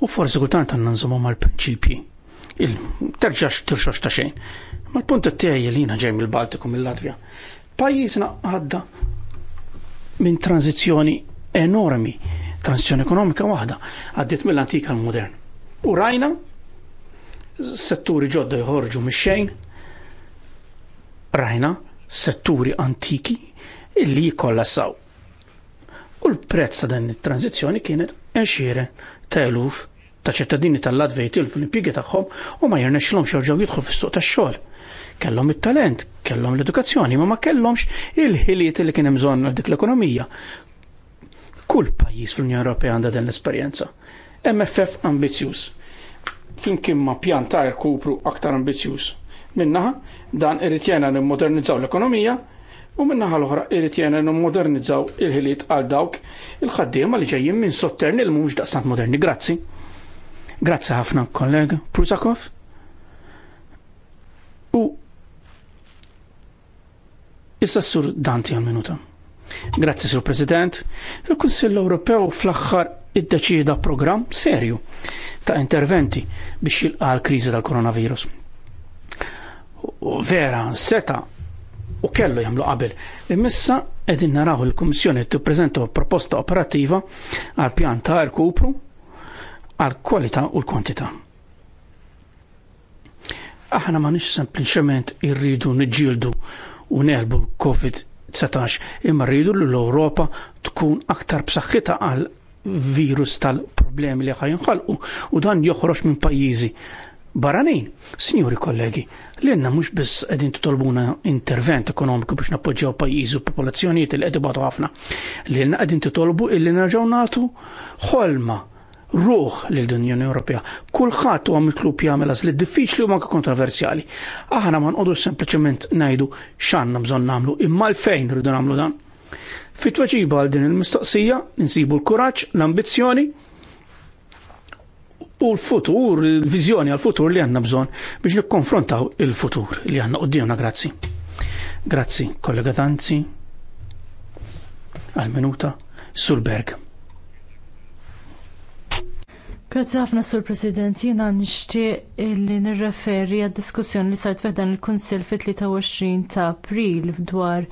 U forsi kultant għandna nżommu mal-prinċipji. Il-terġax tirxax ta' xejn. Mal-punt t li jiena ġej mill-Baltiku mill-Latvja. Pajjiżna għadda minn tranzizjoni enormi transizjoni ekonomika waħda għaddiet mill-antika l-modern. U rajna setturi ġodda jħorġu mix-xejn, rajna setturi antiki illi jikollassaw. U l-prezz ta' dan it-tranzizzjoni kienet enxire ta' eluf ta' ċittadini tal-Latvej il l-impjiegi tagħhom u ma jirnexxilhom xorġaw jidħlu fis-suq tax-xogħol. Kellhom it-talent, kellhom l-edukazzjoni, ma ma kellhomx il-ħiliet li kien hemm bżonn dik l-ekonomija. Kull pajjiż fl-Unjoni Ewropea għandha dan l-esperjenza. MFF ambizjuż. Flimkien ma' pjan ta' kupru aktar ambizjuż. Minnaħa dan irid jena nimmodernizzaw l-ekonomija u minnaħa l-oħra irid jena nimmodernizzaw il-ħiliet għal dawk il-ħaddiema li ġejjin minn sotterni il mhux daqsant moderni. Grazzi. Grazzi ħafna kollega Prusakov. U issa sur Danti għal minuta. Grazzi, Sur President. Il-Kunsill Ewropew fl-aħħar deċida programm serju ta' interventi biex jilqa' l-kriżi tal-koronavirus. Vera, seta' u kellu jagħmlu qabel. Imissa qegħdin naraw il-Kummissjoni tippreżenta proposta operattiva għal pjan ta' kupru għal kwalità u l-kwantità. Aħna ma nix sempliċement irridu niġġieldu u nelbu l-COVID setax imma rridu l-Ewropa tkun aktar b'saħħitha għal virus tal-problemi li ħajinħalqu u dan joħroġ minn pajjiżi Baranin, signori kollegi, l-enna mux biss edin titolbuna intervent ekonomiku biex nappoġġaw pajizu popolazzjoniet il-edibatu ħafna. L-enna edin titolbu il-li naġaw natu ħolma ruħ lill-Unjoni Ewropea. Kulħadd huwa mitlub jagħmel għażliet diffiċli u manka kontroversjali. Aħna ma nqogħdux sempliċement ngħidu x'għandna bżonn nagħmlu, imma fejn rridu nagħmlu dan. Fit-tweġiba għal din il-mistoqsija insibu l-kuraġġ, l-ambizzjoni u l-futur, l-viżjoni għal-futur li għandna bżonn biex nikkonfrontaw il-futur li għandna qudiemna grazzi. Grazzi, kollega Tanzi, għal-minuta, Sulberg. Grazzi ħafna sur President, jiena nixtieq li nirreferi għad diskussjoni li sart fehdan il-Kunsill fit-23 ta' April dwar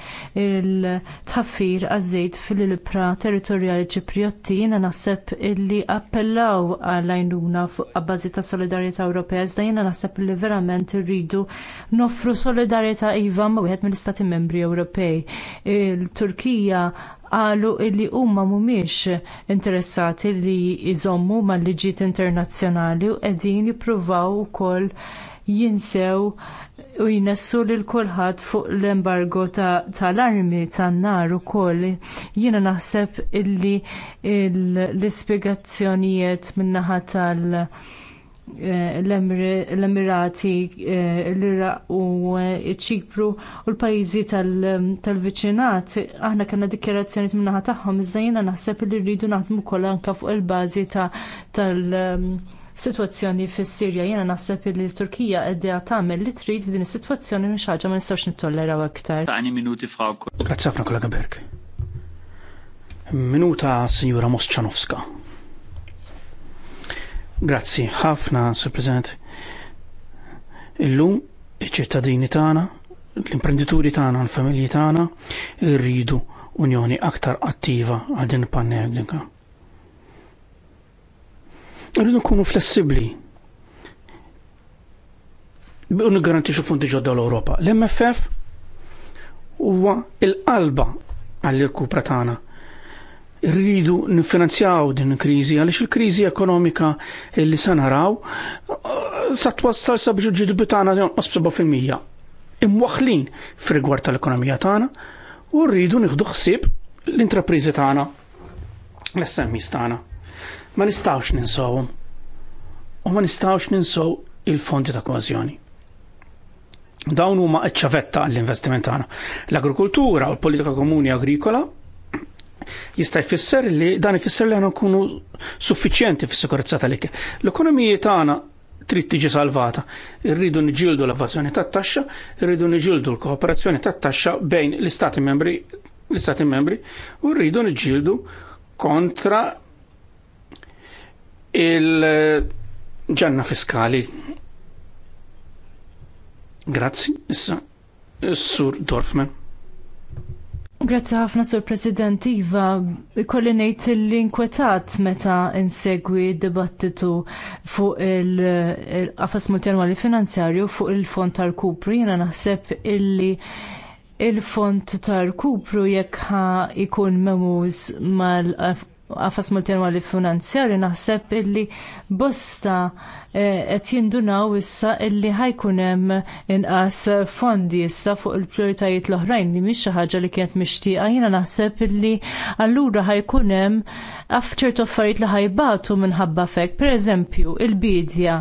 il-tħaffir għażejt fil-ilpra territorjali Ċipriotti jena naħseb li appellaw għal għajnuna għabbażi ta' Solidarjetà Ewropea iżda jiena naħseb li verament irridu noffru solidarjetà iva ma' wieħed mill-Istati Membri Ewropej. Il-Turkija qalu illi huma mhumiex interessati li jżommu mal-liġijiet internazzjonali u qegħdin jippruvaw ukoll jinsew u jnessu lil kulħadd fuq l-embargo tal-armi ta tan-nar ukoll. Jiena naħseb illi l-ispjegazzjonijiet min-naħa tal- l-Emirati, eh, l-Iraq u eh, ċipru u l pajjiżi tal-viċinat, aħna kellna dikjerazzjoni minnaħa tagħhom, iżda jiena naħseb li rridu naħdmu wkoll anke fuq il-bażi tal-sitwazzjoni ehm, fis-Sirja. Jiena naħseb li l-Turkija qegħda tagħmel li trid f'din is-sitwazzjoni minn ħaġa ma nistgħux nittolleraw aktar. Għani minuti Grazzi ħafna kollega Berk. Minuta Sinjura Mosċanowska. Grazzi, ħafna, Sir President. Illum, iċ-ċittadini tagħna, l-imprenditori tagħna, l-familji tagħna rridu unjoni aktar attiva għal din il-pandemika. Rridu nkunu flessibbli u niggarantixu fondi ġodda l-Ewropa. L-MFF huwa il-qalba għall-irkupra tagħna rridu nifinanzjaw din il-krizi, għalix il-krizi ekonomika li sanaraw, eh, sa twassal sa biex il-GDP tagħna jonqos 7%. Imwaħlin fir-rigward tal-ekonomija tagħna u rridu nieħdu ħsieb l-intrapriżi tagħna, l-SMEs tagħna. Ma nistgħux ninsawhom u ma nistgħux ninsaw il-fondi ta' kważjoni. Dawn huma ċ-ċavetta għall-investiment tagħna. L-agrikoltura u l-politika komuni agrikola jistaj fisser li dan ifisser li nkunu suffiċjenti fis-sikurezza tal-ikel. L-ekonomiji tagħna trid tiġi salvata. Irridu niġildu l-evvażjoni tat-taxxa, irridu niġildu l-kooperazzjoni tat-taxxa bejn l-istati membri l-istati membri u rridu niġġieldu kontra il-ġanna fiskali. Grazzi, issa, s-sur Dorfman. Grazzi ħafna sur President Iva, ikolli ngħid l-inkwetat meta insegwi dibattitu fuq il-qafas multjanwali finanzjarju fuq il-fond tal-kupru jiena naħseb illi il-fond tal-kupru jekk ħa ikun memuż mal qafas multjanwali finanzjarju naħseb illi bosta eh, qed jindunaw issa illi ħajkun hemm inqas fondi issa fuq il-prijoritajiet l-oħrajn li mhix xi ħaġa li kienet mixtieqa jiena naħseb illi allura ħajkun hemm ċertu affarijiet li ħajbatu minħabba fek, pereżempju il-bidja.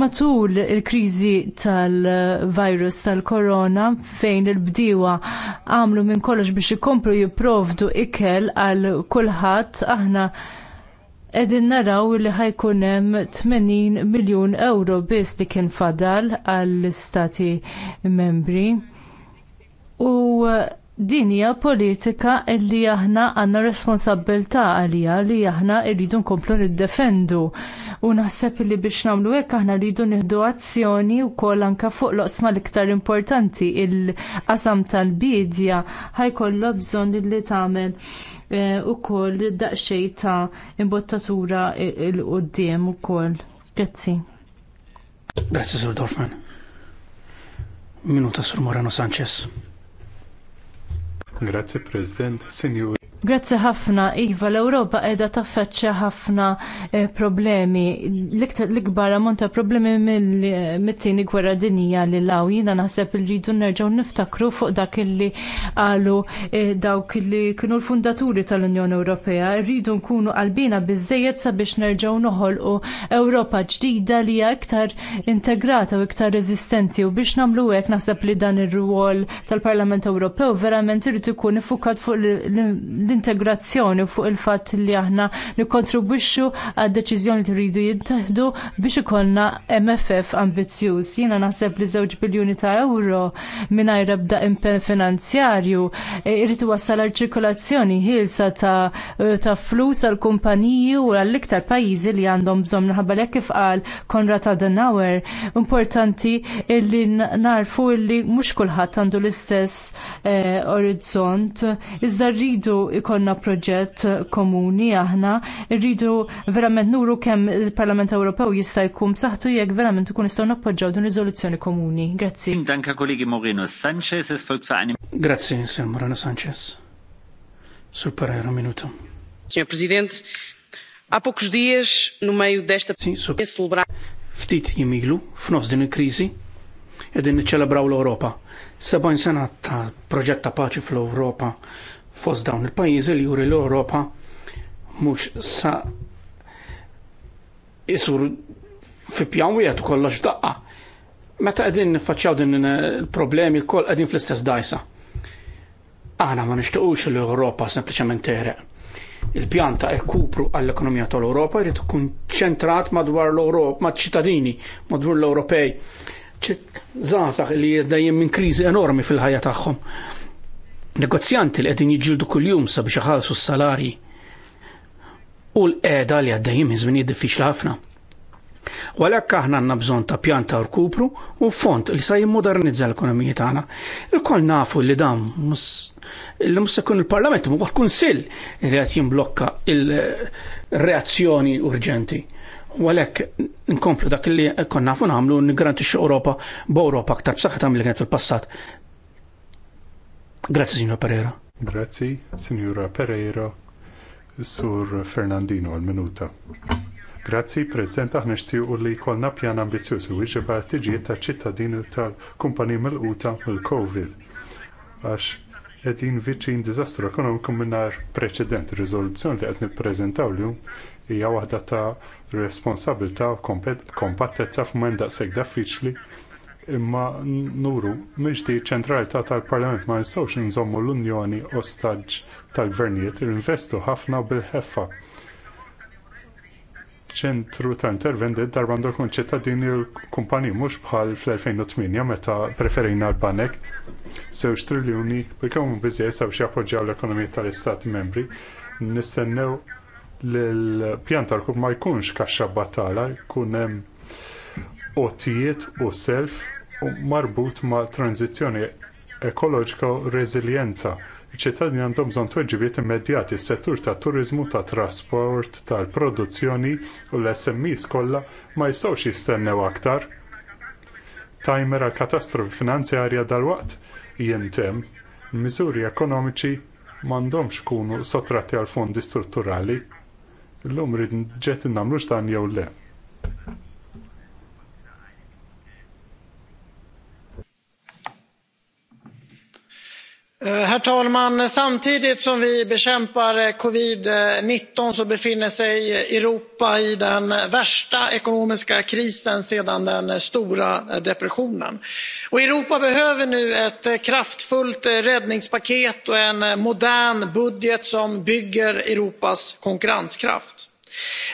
Matul il kriżi tal-virus tal-korona fejn il-bdiewa għamlu minn kollox biex ikomplu jipprovdu ikel għal kulħadd aħna Edin naraw li ħajkun hemm 80 miljun euro biss li kien fadal għall-istati membri. U uh, din hija politika li aħna għandna responsabilità għalija li aħna rridu nkomplu niddefendu. U naħseb li biex nagħmlu hekk aħna rridu nieħdu azzjoni wkoll anke fuq loqsma l-iktar importanti il-qasam tal-bidja ħajkollha bżonn li tagħmel Eh, koll daqxej ta' imbottatura il-qoddim ukoll. Grazzi. Grazzi, Sur Dorfman. Minuta Sur Morano Sanchez. Grazzi, President, Senjur. Grazzi ħafna, Iva, l-Ewropa qiegħda taffaċċja ħafna eh, problemi. L-ikbar ammont ta' problemi mit-tieni gwerra dinija li law jiena naħseb rridu nerġgħu niftakru fuq dak illi qalu eh, dawk li kienu l-fundaturi tal-Unjoni Ewropea. Rridu nkunu qalbina biżejjed sabiex nerġgħu noħolqu Ewropa ġdida li hija iktar integrata u iktar reżistenti u biex nagħmlu hekk naħseb li dan ir-rwol tal-Parlament Ewropew verament irid ikun ifukat fuq l l-integrazzjoni fuq il-fatt li aħna nikkontribwixxu għad deċiżjoni li rridu jittieħdu biex ikollna MFF ambizzjuż. Jiena naħseb li żewġ biljuni ta' euro mingħajr ebda impen finanzjarju e, irid wassal għal ċirkolazzjoni ħielsa ta' flus għal kumpaniji u għall-iktar pajjiżi li għandhom bżonn minħabba li kif qal Konrad Adenauer importanti illi narfu illi mhux kulħadd għandu l-istess e, orizzont iżda rridu konna proġett komuni aħna rridu verament nuru kemm il-Parlament Ewropew jista' jkun b'saħħtu jekk verament ikun nistgħu nappoġġaw din riżoluzzjoni komuni. Grazzi. Danka kollegi Morino Sanchez, is folk fani. Grazzi, Sir Moreno Sanchez. Sur Pereira minuto. Signor Presidente, há poucos dias, no meio desta celebrar. Ftit jimilu, f'nofs din il-kriżi, edin niċċelebraw l-Europa. Seba sena ta' proġett ta' paċi fl-Europa fost dawn il-pajjiżi li juri l-Ewropa mhux sa isur fi pjan wieħed kollox f'daqqa. Meta qegħdin niffaċċjaw din il-problemi l-koll qegħdin fl-istess dajsa. Aħna ma nixtiequx l-Ewropa sempliċement tereq. Il-pjan ta' ekkupru għall-ekonomija tal-Ewropa jrid ikun ċentrat madwar l-Ewropa, mad-ċittadini, madwar l-Ewropej. Zazax li dejjem minn kriżi enormi fil-ħajja tagħhom negozjanti li qegħdin kull kuljum sabiex ħalsu s-salari u l-qeda li għaddejjim iż-żmien diffiċli ħafna. għalek aħna għandna bżonn ta' pjanta u rkupru u font li sa jimmodernizza l-ekonomija tagħna. Il-kol nafu li dam li mhux se jkun il-Parlament imma l-Kunsill li qed jimblokka il-reazzjoni urġenti. U Walhekk nkomplu dak li konnafu nagħmlu nagħmlu nigarantixxu europa b'Ewropa aktar b'saħħitha li kienet fil-passat. Grazzi, signor Pereira. Grazzi, signora Pereira, sur Fernandino al minuta Grazzi, President, aħna u li jkollna pjan ambizjuż u iġiba tiġiet ta' ċittadini tal-kumpani mill uta mill-Covid. Għax qegħdin viċin diżastru ekonomiku minnar preċedent. Riżoluzzjoni li qed nippreżentaw llum hija waħda ta' responsabilta' u f'mendaq segda fiċli imma nuru mġdi ċentralità tal-Parlament ma nistgħux nżommu l-Unjoni ostaġġ tal-gvernijiet investu ħafna bil-ħeffa. ċentru ta' intervendit darba kun ċittadini l-kumpani mhux bħal fl-2008 meta preferina l-banek. Sewx triljuni bil-kemm biżjed sewx jappoġġjaw l-ekonomija tal-Istati membri. Nistennew l-pjan tal ma jkunx kaxxa battala, jkun hemm otijiet u self u marbut ma' tranzizjoni ekoloġika u reżiljenza. Iċ-ċittadini għandhom bżonn tweġibiet immedjati s-settur tat turiżmu, tat trasport, tal-produzzjoni u l smis kollha ma jistgħux jistennew aktar. Timer għal katastrofi finanzjarja dalwaqt jintem miżuri ekonomiċi m'għandhomx ikunu sottratti għal fondi strutturali. Illum rid ġed innamlux dan jew le. Eh, herr talman! Samtidigt som vi bekämpar eh, covid-19 så befinner sig eh, Europa i den värsta ekonomiska krisen sedan den stora depressionen. Europa behöver nu ett kraftfullt räddningspaket och en modern budget som bygger Europas konkurrenskraft.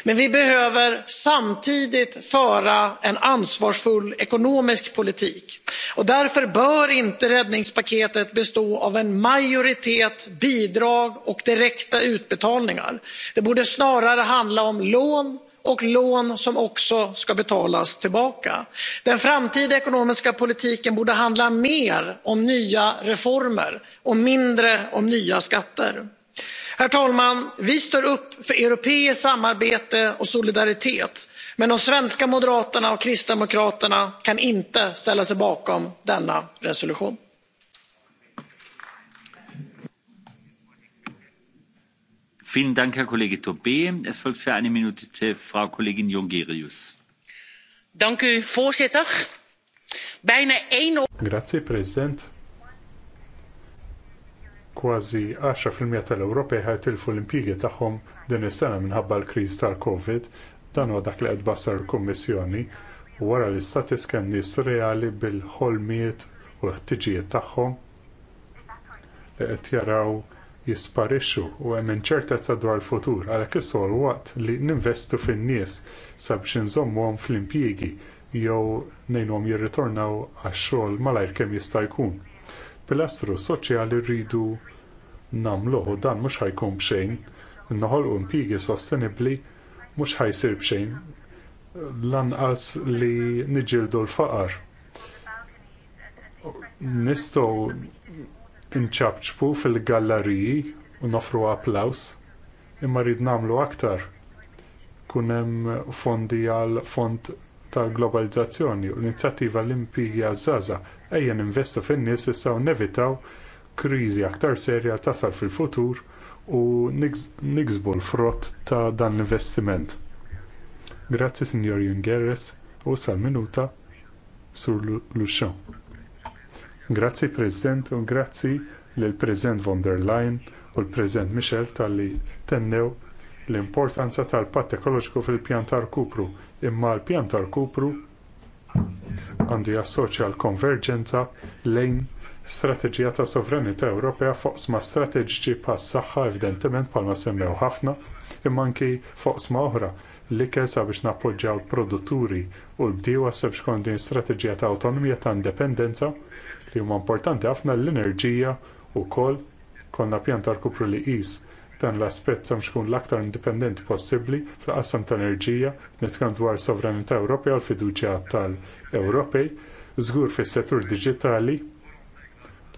Men vi behöver samtidigt föra en ansvarsfull ekonomisk politik. Och därför bör inte räddningspaketet bestå av en majoritet bidrag och direkta utbetalningar. Det borde snarare handla om lån och lån som också ska betalas tillbaka. Den framtida ekonomiska politiken borde handla mer om nya reformer och mindre om nya skatter. Herr talman! Vi står upp för europeiskt samarbete och solidaritet. Men de svenska moderaterna och kristdemokraterna kan inte ställa sig bakom denna resolution. Vielen Dank, Herr Kollege Tobé. Es folgt für eine Minute Frau Kollegin Jongerius. Dank u, voorzitter. Bijna één... Grazie, president. Kważi 10% tal-Ewropej ħajtilfu l-impjiegi tagħhom din is-sena minħabba l-kriż tal-COVID dan huwa dak li qed bassar il-Kummissjoni u wara l-istatis kemm nies reali bil-ħolmiet u l-ħtiġijiet tagħhom li qed jaraw jisparixxu u hemm inċertezza dwar il-futur għalhekk isol waqt li ninvestu fin-nies sabiex inżommuhom fl-impjiegi jew ngħinhom jirritornaw għax-xogħol malajr kemm jista' jkun pilastru soċjali rridu nagħmluh u dan mhux ħajkun bxejn, noħolqu impjiegi sostenibbli mhux ħajsir bxejn lanqas li niġildu l-faqar. Nistgħu inċabċbu fil-galleriji u nofru applaus imma rrid nagħmlu aktar. Kun hemm fondi għal fond tal-globalizzazzjoni u l-inizjattiva l-impija zaza ejja ninvestu fin-nies issa u nevitaw kriżi aktar serja tasal fil-futur u niksbu l-frott ta' dan l-investiment. Grazzi Signor Jungeres u sal-minuta sur Luxon. Grazzi President u grazzi lill president von der Leyen u l-President Michel talli tennew l-importanza tal-patt ekoloġiku fil-pjan tal-kupru imma l-pjan tal-kupru għandu jassoċja l-konverġenza lejn strateġija ta' sovranità Ewropea foqsma strateġiċi pas saħħa evidentement palma semmew ħafna imma anki foqsma oħra li kesa biex nappoġġjaw l-produtturi u l-bdiewa sebx kont din strateġija ta' awtonomija ta' indipendenza li huma importanti ħafna l-enerġija wkoll konna pjan tal-kupru li qis dan l-aspett sa x'kun l-aktar indipendenti possibbli fl-qasam tal-enerġija nitkam dwar sovranità Ewropea u l-fiduċja tal-Ewropej, żgur fis-settur diġitali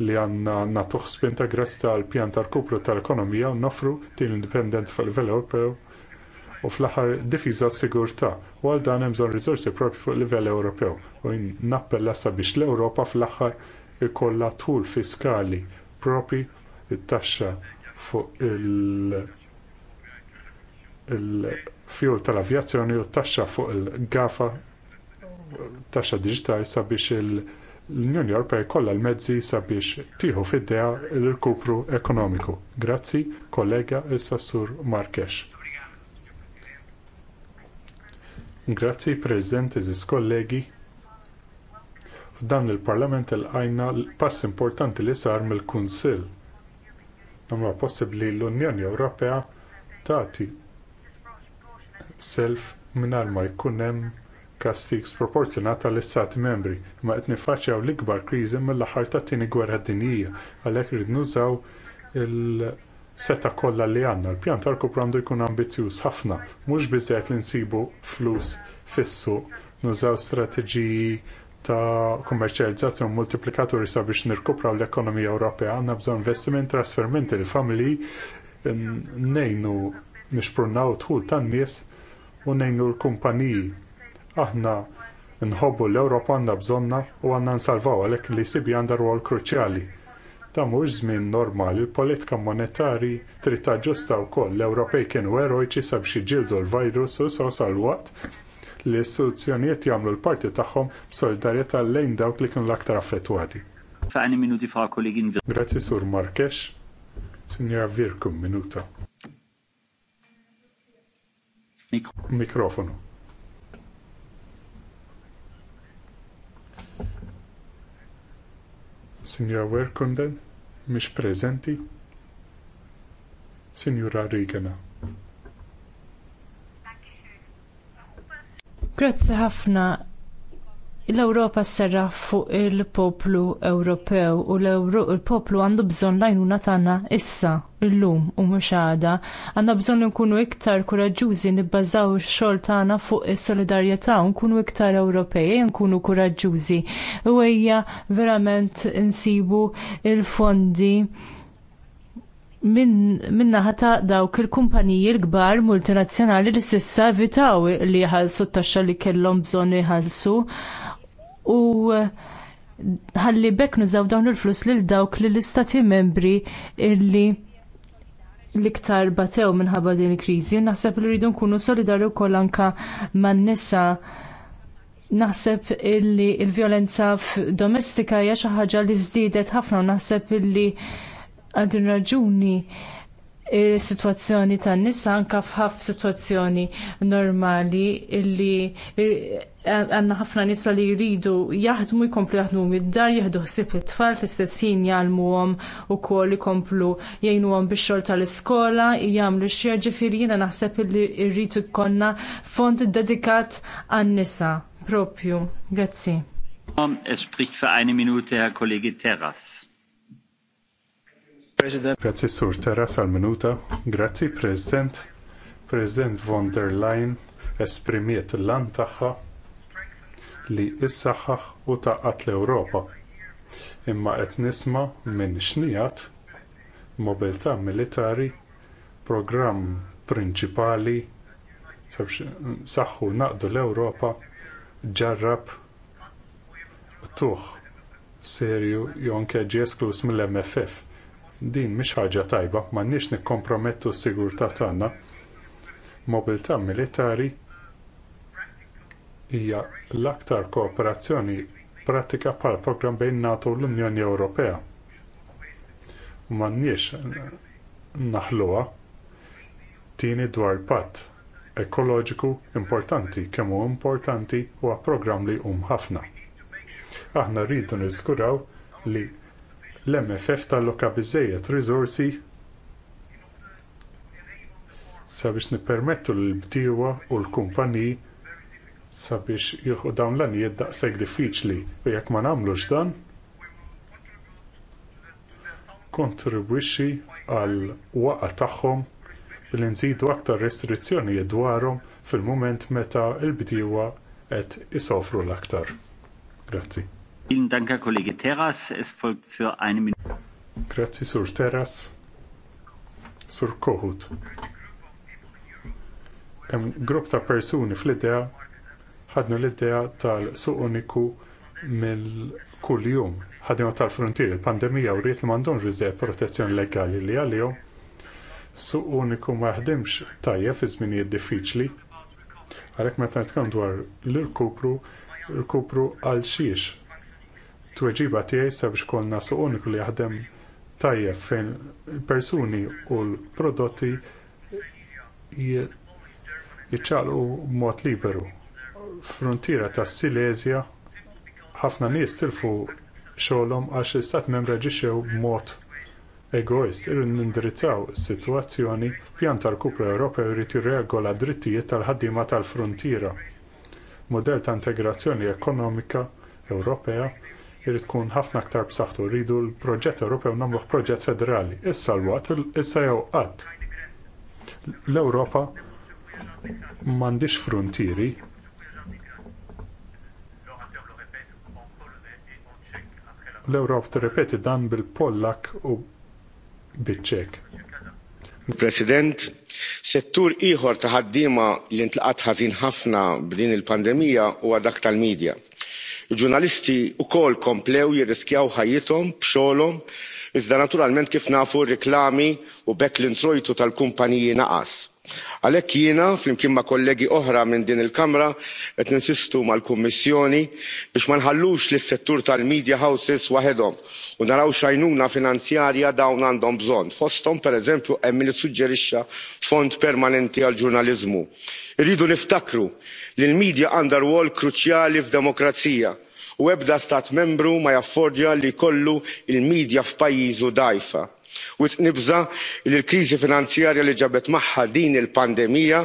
li għandna natuħ spinta grazzi tal-pjan tal-kupru tal-ekonomija u nofru din l-indipendenza fuq livell Ewropew u fl-aħħar difiża s-sigurtà u għal dan hemm bżonn riżorsi propri fuq livell Ewropew u nappella sabiex l-Ewropa fl-aħħar ikollha tul fiskali propri it-taxxa fuq il- il tal-avjazzjoni u taxxa fuq il-gafa taxxa diġitali sabiex l-Unjoni Ewropea jkollha l-mezzi sabiex tieħu fid-dea l-irkupru ekonomiku. Grazzi, kollega il-Sassur Grazzi, President, eżis kollegi. F'dan il-Parlament il l-pass importanti li sar mill-Kunsill Namlu possibbli l-Unjoni Ewropea tagħti self mingħajr ma jkun hemm kastik sproporzjonat għall istati membri imma qed nifaċċjaw l-ikbar kriżi mill-aħħar tat-tieni gwerra dinjija għalhekk irid nużaw il-seta kollha li għandna. Il-pjan tal prandu għandu jkun ambizzjuż ħafna, mhux biżżejjed li nsibu flus fissu, nużaw strateġiji ta' kummerċjalizzazzjoni multiplikaturi sabiex nirkupraw l-ekonomija Ewropea għandna bżonn investiment trasferimenti il familji nejnu nixprunnaw tħul tan-nies u nejnu l-kumpaniji. Aħna nħobbu l-Ewropa għandha bżonna u għandna nsalvaw għalhekk li sibi għandha rwol kruċjali. Ta' mhux żmien normali, il-politika monetari trid taġġusta wkoll l-Ewropej kienu eroiċi sabiex jiġildu l-virus u sal-waqt li s-soluzzjonijiet jagħmlu l-parti tagħhom b'solidarjetà lejn dawk li kienu l-aktar affettwati. Fani minuti fa' kollegin. Grazzi sur Marques. Signora Virkum, minuta. Mikrofonu. Signora Werkunden, mish presenti. Signora Rigena. Grazzi ħafna l-Ewropa serra fuq il-poplu Ewropew u l-poplu għandu bżonn l-għajnuna tagħna issa illum u mhux għada. Għandna bżonn nkunu iktar kuraġġużi nibbażaw ix-xogħol tagħna fuq is-solidarjetà u nkunu iktar Ewropej, e nkunu kuraġġużi. U hija verament insibu il-fondi minna ħata dawk il-kumpaniji l-kbar multinazzjonali li sissa vitaw li jħallsu t-taxxa li kellhom bżonn jħallsu u eh, ħalli bekk nużaw dawn il-flus lil dawk li l-istati membri illi l-iktar batew minħabba din il-kriżi. Naħseb li rridu nkunu solidarju wkoll anke man-nisa naħseb illi l-vjolenza domestika hija xi ħaġa li żdiedet ħafna u naħseb illi għandin raġuni il-situazzjoni tan nisa anka f'ħaf situazzjoni normali illi għanna ħafna nisa li jridu jaħdmu jkomplu jaħdmu mid-dar, jaħdu ħsib it-tfal, l-istess jien jgħalmuhom ukoll ikomplu jgħinuhom bix-xogħol tal-iskola, jagħmlu xi ġifieri jiena naħseb illi rrid ikollna fond dedikat għan-nisa propju. Grazzi. Um, es spricht für eine Minute Herr Kollege Terras. President. Grazie Sur Terras għal minuta. Grazzi President. President von der Leyen esprimiet l-lan li issaħħaħ u taqat l europa Imma qed nisma minn xnijat mobilità militari programm prinċipali saħħu naqdu l europa ġarrab tuħ serju jonke ġi mill-MFF. Din mhix ħaġa tajba, m'għandniex nikkompromettu s-sigurtà tagħna. Mobilità militari hija l-aktar kooperazzjoni pratika bħal programm bejn NATO u l-Unjoni Ewropea. U m'għandniex naħluha tieni dwar patt ekoloġiku importanti kemm hu importanti huwa programm li hum ħafna. Aħna rridu niżguraw li l-MFF talloka biżżejjed riżorsi sabiex nippermettu l-bdiewa u l-kumpaniji sabiex jieħdu dawn l-għanijiet daqshekk diffiċli u jekk ma nagħmlux dan kontribwixxi għal waqa tagħhom billi nżidu aktar restrizzjonijiet dwarhom fil mument meta l-bdiewa qed isofru l-aktar. Grazzi. Vielen Dank, Herr Kollege Terras. Es folgt für eine Minute. Grazie, Sur Terras. Sur Kohut. Hemm grupp ta' persuni fl-idea ħadnu l-idea tal-suq uniku mill-kull jum. Ħadnu tal-frontier il-pandemija u rrit li mandom biżżejjed protezzjoni legali li għalihom. Suq uniku ma jaħdimx tajjeb fi żminijiet diffiċli. Għalhekk meta nitkellem dwar l-irkupru, irkupru għal xiex tweġiba tiegħi sabiex konna suq uniku li jaħdem tajjeb fejn persuni u l-prodotti jiċċaqlqu b'mod liberu. Frontiera tas Silesia ħafna nies tilfu xogħolhom għax l-istat membri ġixew b'mod egoist irrid nindirizzaw is-sitwazzjoni pjan tal-Kupra Ewropew irid jirregola drittijiet tal-ħaddiema tal-frontiera. Mudell ta' integrazzjoni ekonomika Ewropea jrid tkun ħafna aktar b'saħħtu rridu l-proġett Ewropew nagħmluh proġett federali. Issa l-waqt issa jew qatt. L-Ewropa m'għandix frontieri l-Ewrop tirrepeti dan bil-Pollak u bil-Ċek. President, settur ieħor ta' ħaddiema li ntlaqat ħażin ħafna b'din il-pandemija huwa dak tal-medja Il-ġurnalisti wkoll komplew jirriskjaw ħajjithom b'xogħolhom iżda naturalment kif nafu r-riklami u b'hekk l-introjtu tal-kumpaniji naqas. Għalhekk jiena flimkien ma' kollegi oħra minn din il-Kamra qed ninsistu mal-Kummissjoni biex ma nħallux lis-settur tal-media houses waħedhom u naraw x'għajnuna finanzjarja dawn għandhom bżonn. Fosthom pereżempju hemm min issuġġerixxa fond permanenti għall-ġurnaliżmu. Irridu niftakru li l-medja għandha rwol kruċjali f'demokrazija u ebda stat membru ma jaffordja li jkollu l-midja f'pajjiżu dgħajfa. wisq nibża li l-kriżi finanzjarja li ġabet magħha din il-pandemija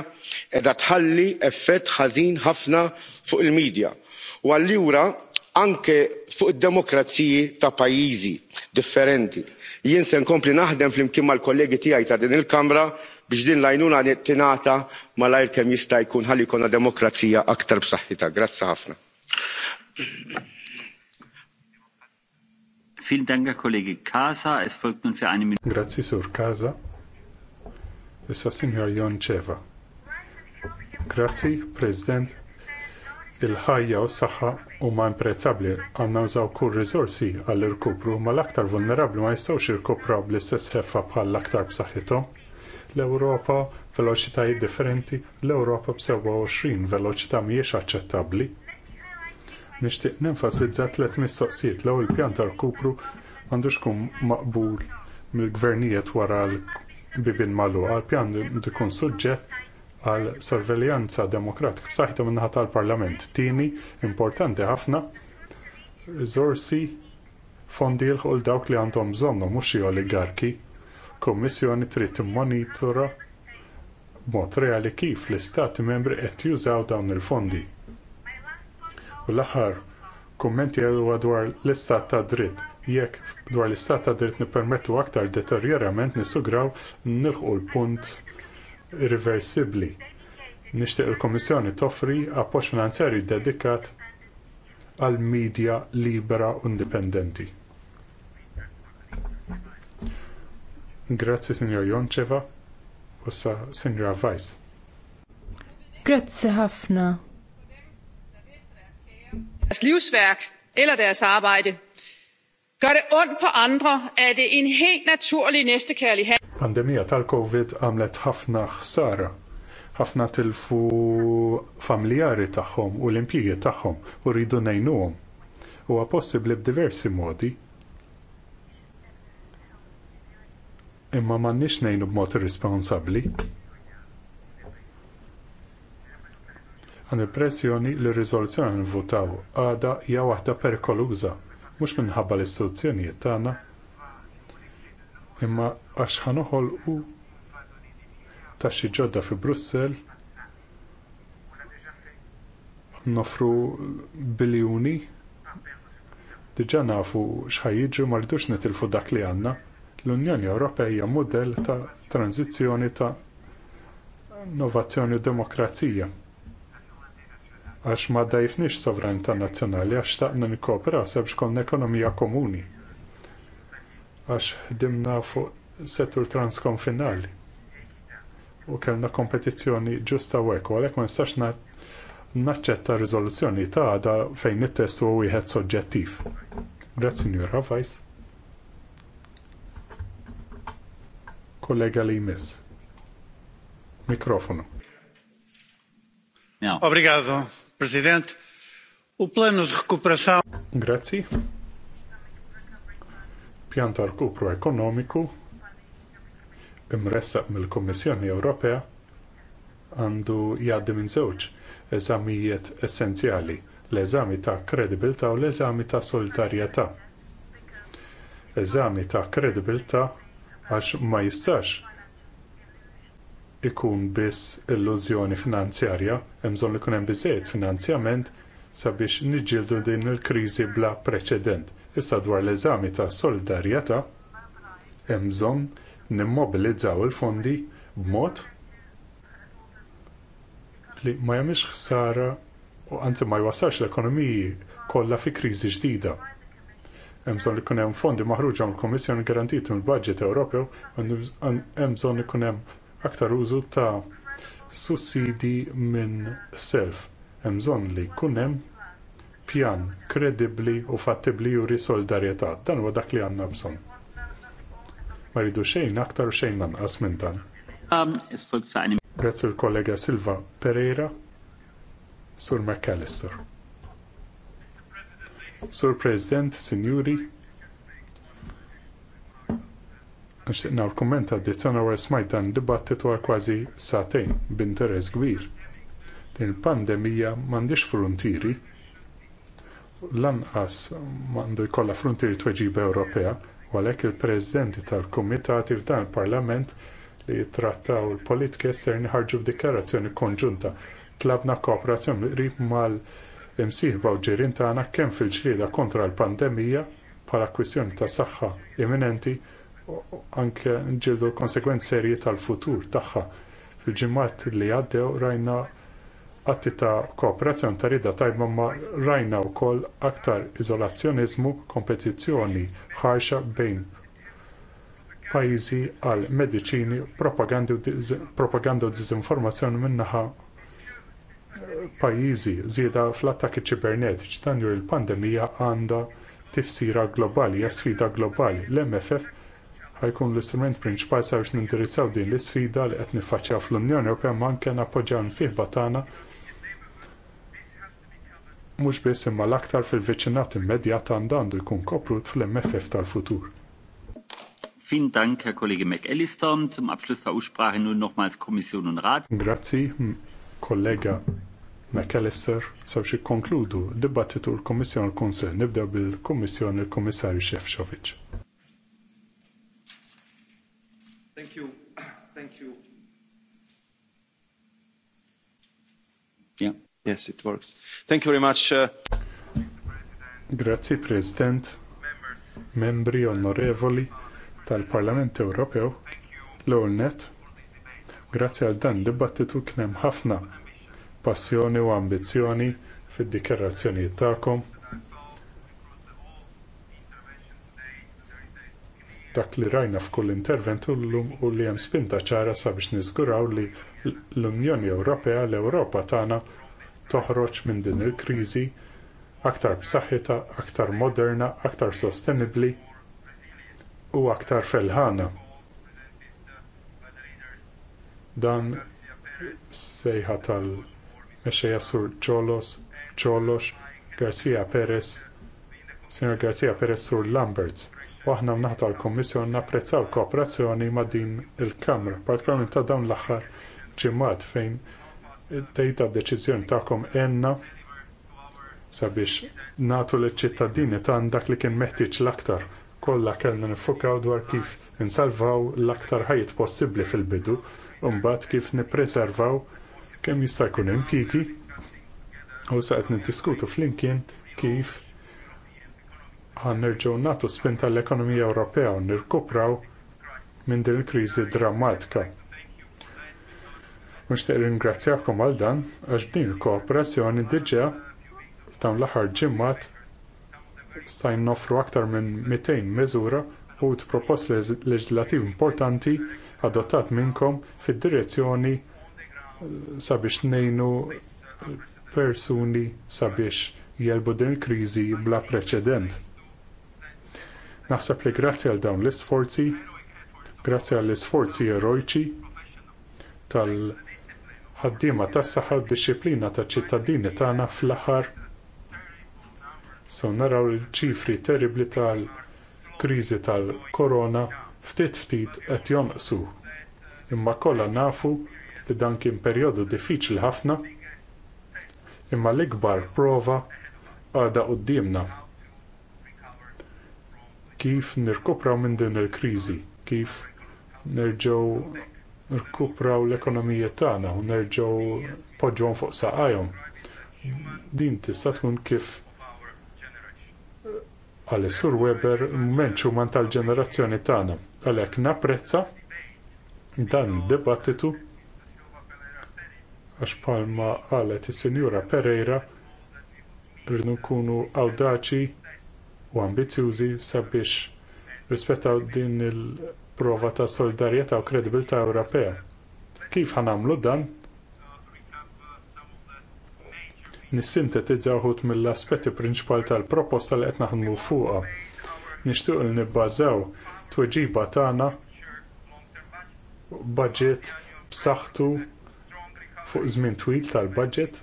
qiegħda tħalli effett ħażin ħafna fuq il-midja u allura anke fuq id-demokraziji ta' pajjiżi differenti. Jien se nkompli naħdem flimkien mal-kollegi tiegħi ta' din il-Kamra biex din l-għajnuna tingħata malajr kemm jista' jkun ħalli jkollna demokrazija aktar b'saħħitha. Grazzi ħafna. Vielen Dank, Herr Kollege Kasa. Es folgt nun für eine Minute. Grazie, Sur Casa. Issa Signor Jonceva. Grazzi, President. Il-ħajja u s-saħħa huma imprezzabbli għandna użaw kull riżorsi għall irkupru ma l-aktar vulnerabbli ma jistgħux jirkupraw bl-istess ħeffa bħal l-aktar b'saħħithom. L-Ewropa veloċitajiet differenti, l-Ewropa b'27 veloċità mhijiex aċċettabbli Nixtieq nenfasizza tliet mistoqsijiet l-ewwel pjan tal-kupru għandux kun maqbul mill-gvernijiet wara l-bibin malu għal-pjan ikun suġġett għal sorveljanza demokratika b'saħħitu min-naħa tal-Parlament. Tieni importanti ħafna riżorsi fondi l dawk li għandhom bżonnhom mhux xi oligarki. Kommissjoni trid timmonitora b'mod reali kif l-istati membri qed jużaw dawn il-fondi U l-aħħar kummenti għalwa dwar l-istat ta' dritt. Jekk dwar l-istat ta' dritt nippermettu aktar deterjorament nisugraw nilħu l-punt irreversibbli. Nixtieq il kummissjoni toffri appoġġ finanzjarju dedikat għal midja libera u indipendenti. Grazzi Signor Jonċeva u sa Signora Vice. Grazzi ħafna. Deres livsværk eller deres arbejde. Gør det ondt på andre, er det en helt naturlig næstekærlig Pandemia tal-Covid għamlet ħafna ħsara. ħafna tilfu familjari tagħhom u l-impjigi tagħhom u rridu ngħinuhom. Huwa possibbli b'diversi modi. Imma m'għandniex ngħinu b'mod irresponsabbli. għan il-pressjoni li r-riżoluzzjoni nvotaw għada hija waħda perikoluża mhux minħabba l-istituzzjonijiet tagħna imma għax ta' taxxi ġodda fi Brussell nofru biljuni diġà nafu xħajġu ma rridux nitilfu dak li għandna l-Unjoni Ewropea hija mudell ta' tranzizzjoni ta' innovazzjoni u demokrazija għax ma dajfniex sovranità nazzjonali għax taqna nikkooperaw sabx konna ekonomija komuni. Għax dimna fuq settur transkonfinali u kellna kompetizzjoni ġusta u eku, għalhekk ma nistax naċċetta riżoluzzjoni ta' għada fejn it testu huwa wieħed soġġettiv. Grazzi, Signor Kollega li jmiss. Mikrofonu. Obrigado. President. U planu Grazzi. Pjan ta' rkupru ekonomiku imressaq mill-Kummissjoni Ewropea għandu jgħaddi minn żewġ eżamijiet essenzjali, l-eżami ta' kredibilta u l-eżami ta' solidarjetà. Eżami ta' kredibilta għax ma jistax ikun biss illużjoni finanzjarja, hemm bżonn li jkun hemm biżżejjed finanzjament sabiex niġġieldu din il-kriżi bla preċedent. Issa dwar l-eżami ta' solidarjetà hemm bżonn nimmobilizzaw il-fondi b'mod li ma jagħmilx ħsara u anzi ma jwassalx l-ekonomiji kollha fi kriżi ġdida. Hemm bżonn li jkun hemm fondi maħruġa mill-Kummissjoni garantit mill budget Ewropew, hemm bżonn li hemm aktar użu ta' sussidi minn self. Hemm bżonn li jkun hemm pjan kredibbli u fattibbli juri solidarjetà. Dan huwa dak li għandna bżonn. Ma rridu xejn aktar u xejn lanqas minn dan. Um, Grazzi l-kollega Silva Pereira, Sur McAllister. Sur President, Signori, Nixtieq l kummenta di tana wara smajt dan dibattitu għal kważi satejn b'interess kbir. Din il-pandemija m'għandix u lanqas m'għandu jkollha frontieri tweġiba Ewropea, u għalhekk il-presidenti tal-kumitati f'dan il-Parlament li jittrattaw il-politika esterni ħarġu b'dikjarazzjoni konġunta tlabna kooperazzjoni qrib mal-imsieħba u ġirien tagħna kemm fil-ġlieda kontra l-pandemija bħala kwistjoni ta' saħħa imminenti anke ġildu konsekwenz serji tal-futur tagħha. Fil-ġimmat li għaddew rajna għatti ta' kooperazzjoni ta' rida tajba ma rajna wkoll aktar iżolazzjoniżmu, kompetizzjoni ħarxa bejn pajjiżi għal mediċini, propaganda u dizinformazzjoni min-naħa eh, pajjiżi żieda fl-attakki ċibernetiċi. Dan jur il-pandemija għandha tifsira globali, hija sfida globali. L-MFF ħajkun l-istrument prinċipal sabiex nindirizzaw din l isfida li qed niffaċċjaw fl-Unjoni Ewropea ma anke nappoġġjaw msieħba tagħna mhux biss imma l-aktar fil-viċinat immedjat għandu jkun koprut fl-MFF tal-futur. Vielen Dank, Herr Kollege McAllister. Zum Abschluss der Aussprache nun nochmals Kommission und Rat. Grazie, kollega McAllister. Sabxi konkludu dibattitu l-Kommissjon l-Konsel. Nibda bil-Kommissjon l kommissarju Šefčovic. Thank you. Thank you. Yeah. Yes, it works. Thank you very much. Uh... Grazie President, membri onorevoli tal-Parlament Ewropew, l-Ornet. Grazzi għal dan dibattitu kien hemm ħafna passjoni u ambizzjoni fid-dikjarazzjonijiet tagħkom dak li rajna f'kull intervent u li hemm spinta ċara sabiex niżguraw li l-Unjoni Ewropea l-Ewropa tagħna toħroġ minn din il-kriżi aktar b'saħħitha, aktar moderna, aktar sostenibbli u aktar felħana. Dan sejħa tal-mexxejja sur Ġolos, Garcia Perez, Sr. Garcia Perez sur Lamberts aħna mnaħta l kummissjoni napprezzaw kooperazzjoni ma' din il-Kamra, partikolarment ta' dawn l-aħħar ġimgħat fejn tgħid deċiżjoni tagħkom għenna sabiex nagħtu liċ ċittadini ta' dak li kien meħtieġ l-aktar kollha kellna nifukaw dwar kif insalvaw l-aktar ħajt possibbli fil-bidu u mbagħad kif nippreservaw kemm jista' jkun impjiegi u saqet niddiskutu flimkien kif nerġgħu nagħtu spinta l-ekonomija Ewropea u nirkupraw minn din il-kriżi drammatika. Nixtieq ringrazzjakom għal dan għax din il-kooperazzjoni diġà dawn l-aħħar ġimgħat stajn nofru aktar minn 200 miżura u propost leġislattiv importanti adottat minnkom fid-direzzjoni sabiex ngħinu persuni sabiex jelbu din il kriżi bla preċedent. Naħseb li grazzi għal dawn l-isforzi, grazzi għall isforzi eroiċi tal-ħaddiema tas-saħħa d-disciplina taċ ċittadini tagħna fl-aħħar so naraw l ċifri terribli tal-kriżi tal-korona ftit ftit qed jonqsu. Imma kollha nafu li dan kien perjodu diffiċli ħafna imma l-ikbar prova għadha quddiemna kif nirkupraw minn din il-kriżi, kif nerġgħu nirkupraw l-ekonomija tagħna u nerġgħu poġġhom fuq saqajhom. Din tista' tkun kif għal Sur Weber menx man tal-ġenerazzjoni tagħna. Għalhekk napprezza dan id-dibattitu għax bħalma qalet is-Sinjura Pereira rridu nkunu awdaċi u ambizjużi sabiex rispettaw din il-prova ta' solidarjetà u kredibilità Ewropea. Kif ħanamlu dan? nissintetizza uħut mill-aspetti prinċipali tal-proposta li qed naħdmu fuqha. Nixtiequ li nibbażaw tweġiba tagħna budget b'saħħtu fuq żmien twil tal-budget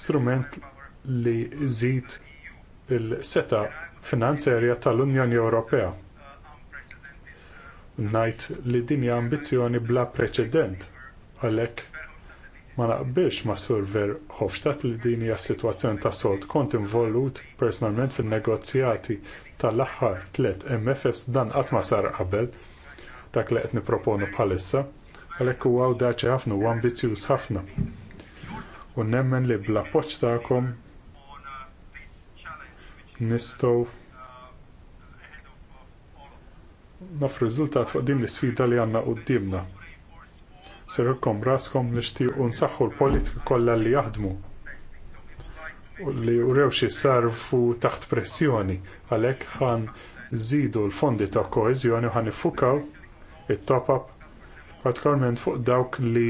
strument li żid il-seta finanzjarja tal-Unjoni Ewropea. Ngħid li din hija ambizzjoni bla preċedent għalhekk ma naqbilx ma' Sur Verhofstadt li din hija sitwazzjoni ta' sod kont involut personalment fin-negozjati tal-aħħar tliet MFFs dan qatt ma sar qabel dak li qed nipproponu bħalissa għalhekk huwa awdaċi ħafna u ambizzjuż ħafna. U nemmen li bl-appoġġ tagħkom nistgħu nofru riżultat fuq din l-isfida li għandna qudiemna. Serkom raskom li xtiequ nsaħħu l-politika kollha li jaħdmu u li urew xi sarfu taħt pressjoni għalhekk ħan żidu l-fondi ta' koeżjoni u ħan iffukaw it-top-up partikolarment fuq dawk li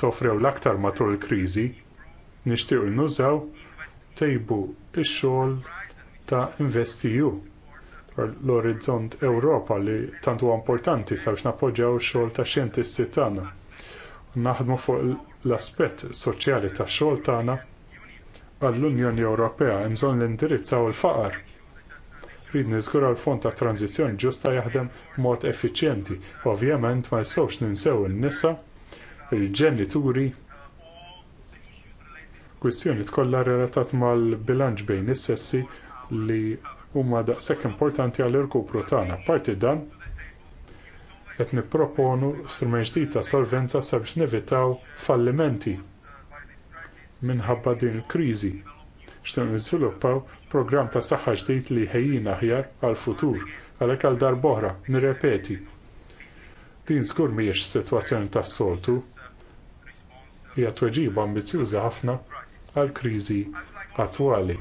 sofrew l-aktar matul il-kriżi nixtiequ nużaw tejbu ix-xogħol ta' investiju. l-orizzont Ewropa li tant huwa importanti sabiex nappoġġjaw ix-xogħol tax xjentisti tagħna. Naħdmu fuq l-aspett soċjali tax-xogħol tagħna għall-Unjoni Ewropea hemm bżonn l-indirizzaw il-faqar. Rid niżgura l-fond ta' tranzizzjoni ġusta jaħdem b'mod effiċjenti. Ovvjament ma jistgħux ninsew in-nisa, il-ġenituri, kwistjoni tkollha relatat mal-bilanċ bejn is-sessi li huma daqshekk importanti għall irkupru tagħna. Parti dan qed nipproponu strument ġdid ta' solvenza sabiex nevitaw fallimenti minħabba din il-kriżi. Xtieq niżviluppaw programm ta' saħħa ġdid li ħejjin aħjar għall-futur għalhekk għal darb'oħra nirrepeti. Din żgur mhijiex sitwazzjoni tas-soltu hija tweġiba ambizjuża ħafna għal kriżi attwali.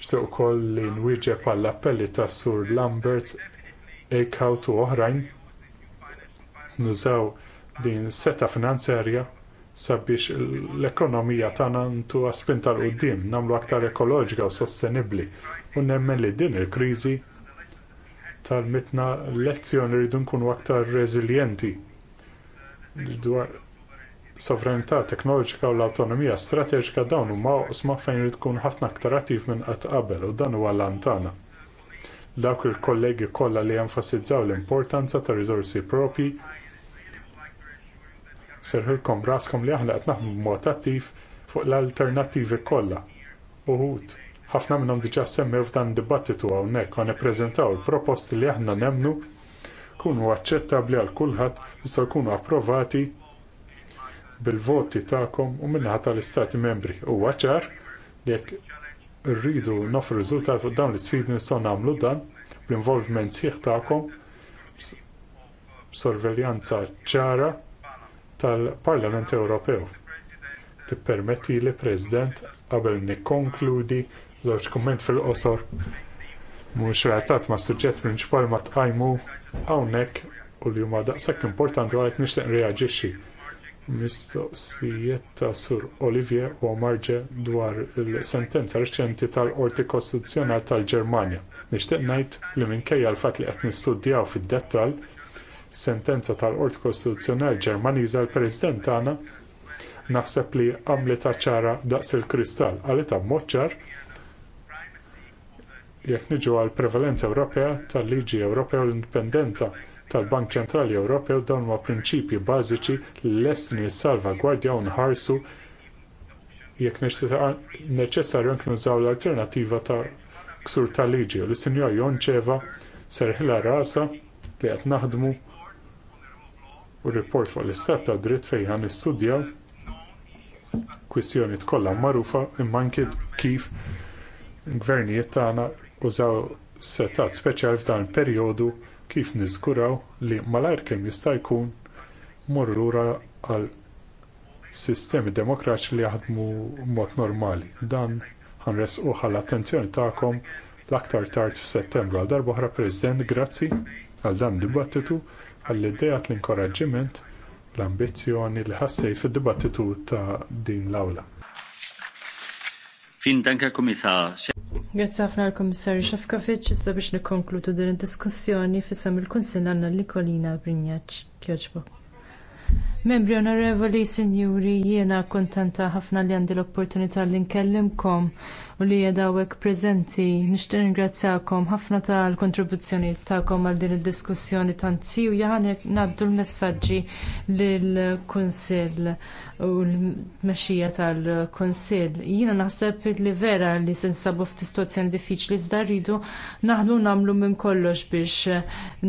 Xtieq ukoll li nwieġeb għall appelli ta' Sur Lamberts Eichhout u oħrajn nużaw din seta finanzjarja sabiex l-ekonomija tagħna ntu spinta tal-qudiem nagħmlu aktar ekoloġika u sostenibbli u nemmen li din il-kriżi tal-mitna lezzjoni rridu nkunu aktar reżiljenti dwar sovranità teknoloġika u l-autonomija strateġika dawn huma oqsma fejn irid tkun ħafna aktar attiv minn qatt qabel u dan huwa lantana. Dawk il-kollegi kollha li enfasizzaw l-importanza ta' riżorsi propji serħilkom braskom li aħna qed naħdmu b'mod attiv fuq l-alternattivi kollha. Uħud ħafna minnhom diġà semmew f'dan dibattitu hawnhekk u nippreżentaw il-proposti li aħna nemnu kunu aċċettabbli għal kulħadd jistgħu jkunu approvati bil-voti tagħkom u minnaħa tal-Istati membri. Huwa ċar li jekk rridu nofru riżultat fuq dawn l-isfidi nistgħu nagħmlu dan bl-involviment sħiħ tagħkom sorveljanza ċara tal-Parlament Ewropew. Tippermetti li President qabel nikkonkludi żewġ kumment fil-qosor mhux relatat ma' suġġett prinċipali ma tqajmu hawnhekk u li huma daqshekk importanti għalhekk nixtieq reaġixxi mistoqsijiet ta' Sur Olivier u marġe dwar il-sentenza reċenti tal-Qorti Kostituzzjonali tal-Ġermanja. Nixtieq ngħid li minkejja l-fatt li qed nistudjaw fid-dettall sentenza tal-Qorti Kostituzzjonali Ġermaniża l-President tagħna naħseb li għamlet ċara daqs il-kristall għalita b'mod ċar jekk niġu għall prevalenza Ewropea tal-liġi Ewropea u l-indipendenza tal-Bank Ċentrali Ewropew dawn ma' prinċipji bażiċi li lesni salvagwardja u nħarsu jekk neċessarju anke nużaw l-alternattiva ta' ksur tal-liġi u l-Sinjor Jonċeva serħila rasa li qed naħdmu u report fuq l-istat ta' dritt fejn għan istudjaw kwistjoni kollha magħrufa imma anke kif gvernijiet tagħna użaw setat speċjali f'dan il-perjodu kif niżguraw li malajr kemm jista' jkun morru lura għal sistemi demokratiċi li jaħdmu mod normali. Dan ħanres uħal attenzjoni tagħkom l-aktar tard f'Settembru għal darbohra President, grazzi għal dan dibattitu għall idea l-inkoraġġiment l-ambizzjoni li ħassej fid-dibattitu ta' din l-awla. Fin danka komissar. Grazie ħafna l-Komissarju Xafkafiċ, issa biex nikkonkludu din id-diskussjoni fisam il għanna għandna kolina Brinjaċ. Kjoġbu. Membri onorevoli, sinjuri, jiena kontenta ħafna li għandi l-opportunità li nkellimkom u li jedawek preżenti. Nixtieq ringrazzjakom ħafna tal-kontribuzzjoni tagħkom għal din id-diskussjoni u siju ngħaddu l-messaġġi lill-Kunsill u l-mexxija tal-Kunsill. Jiena naħseb li vera li se nsabu f'sitwazzjoni diffiċli iżda rridu naħdu nagħmlu minn kollox biex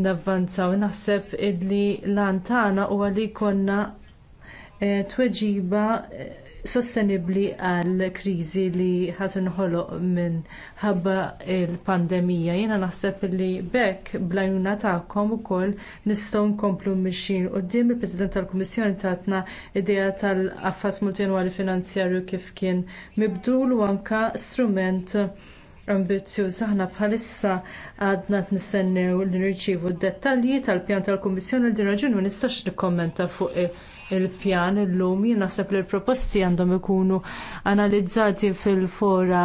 navvanzaw. Naħseb li lan tagħna huwa li jkollna eh, tweġiba eh, sostenibbli għal kriżi li ħat inħoloq ħabba l pandemija Jiena naħseb li bekk bl-għajnuna tagħkom ukoll nistgħu nkomplu mixin quddiem il-President tal-Kummissjoni tatna idea tal-affas multinwali finanzjarju kif kien mibdul u anke strument ambizzjuż aħna bħalissa għadna t-nistennew li nirċievu d-dettalji tal-pjan tal-Kummissjoni l-din raġuni ma nistax nikkommenta fuq il-pjan illum jien naħseb li l-proposti għandhom ikunu analizzati fil-fora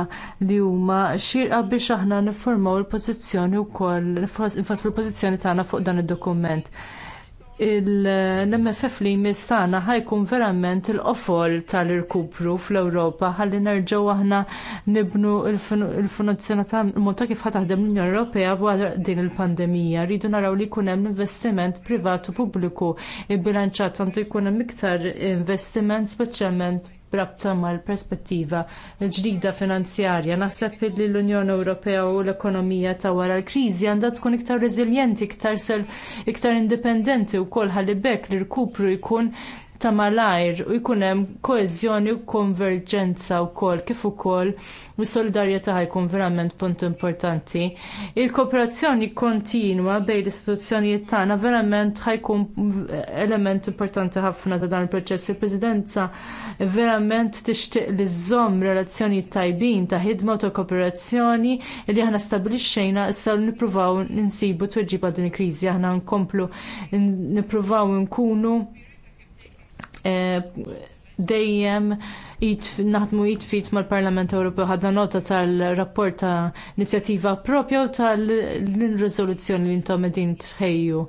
li huma xirqa biex aħna niffurmaw il-pożizzjoni wkoll nfasslu l-pożizzjoni tagħna fuq dan id-dokument il mff li jmissana ħajkun verament il-qofol tal-irkupru fl-Ewropa ħalli nerġgħu aħna nibnu il ta' monta kif ħataħdem l-Unjoni Ewropea wara din il-pandemija. Rridu naraw li jkun hemm investiment privat u pubbliku il-bilanċat għandu jkun hemm iktar investiment speċjalment brabta mal-perspettiva l-ġdida finanzjarja. Naħseb li l-Unjoni Ewropea u l-ekonomija ta' wara l-kriżi għandha tkun iktar reżiljenti, iktar sel, iktar indipendenti u kolħa li bekk li rkupru jkun ta' malajr u jkun hemm koeżjoni u konverġenza wkoll kif ukoll is-solidarjetà jkun verament punt importanti. Il-kooperazzjoni kontinwa bejn l-istituzzjonijiet tagħna verament ħajkun element importanti ħafna ta' dan il-proċess. Il-Presidenza verament tixtieq li żomm relazzjonijiet tajbin ta' ħidma u ta' kooperazzjoni li aħna stabilixxejna issa nippruvaw ninsibu tweġiba din il-kriżi aħna nkomplu nippruvaw nkunu Eh, dejjem naħdmu jitfit mal-Parlament Ewropew ħadna nota tal-rapport ta' inizjattiva propju u tal-rizoluzzjoni li intom din tħejju.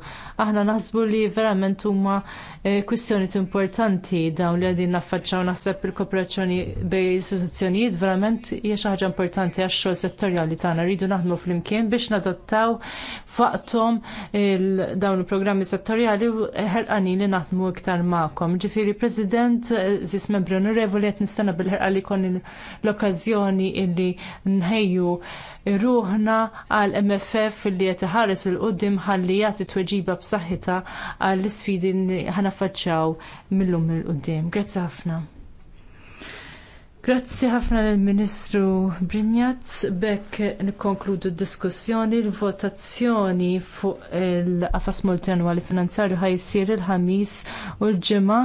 Aħna naħsbu li verament huma eh, kwistjoni importanti dawn li qegħdin naffaċċaw naħseb il-kooperazzjoni bejn istituzzjonijiet verament hija xi ħaġa importanti għax-xogħol settorjali tagħna rridu naħdmu flimkien biex nadottaw Faqtom dawn il-programmi settorjali u ħerqani li naħdmu iktar magħkom. Ġifieri President, eh, zis membri onorevoli qed nistenna bil-ħerqa li kon l-okkażjoni illi nħejju ruħna għal MFF li qed iħares il qudiem ħalli jagħti tweġiba b'saħħitha għall isfidi li mill-lum il-qudiem. Grazzi ħafna. Grazzi ħafna lill-Ministru Brignaz. Bekk nikkonkludu d-diskussjoni l-votazzjoni fuq il-qafas multinwali finanzjarju ħajsir il-ħamis u l-ġimgħa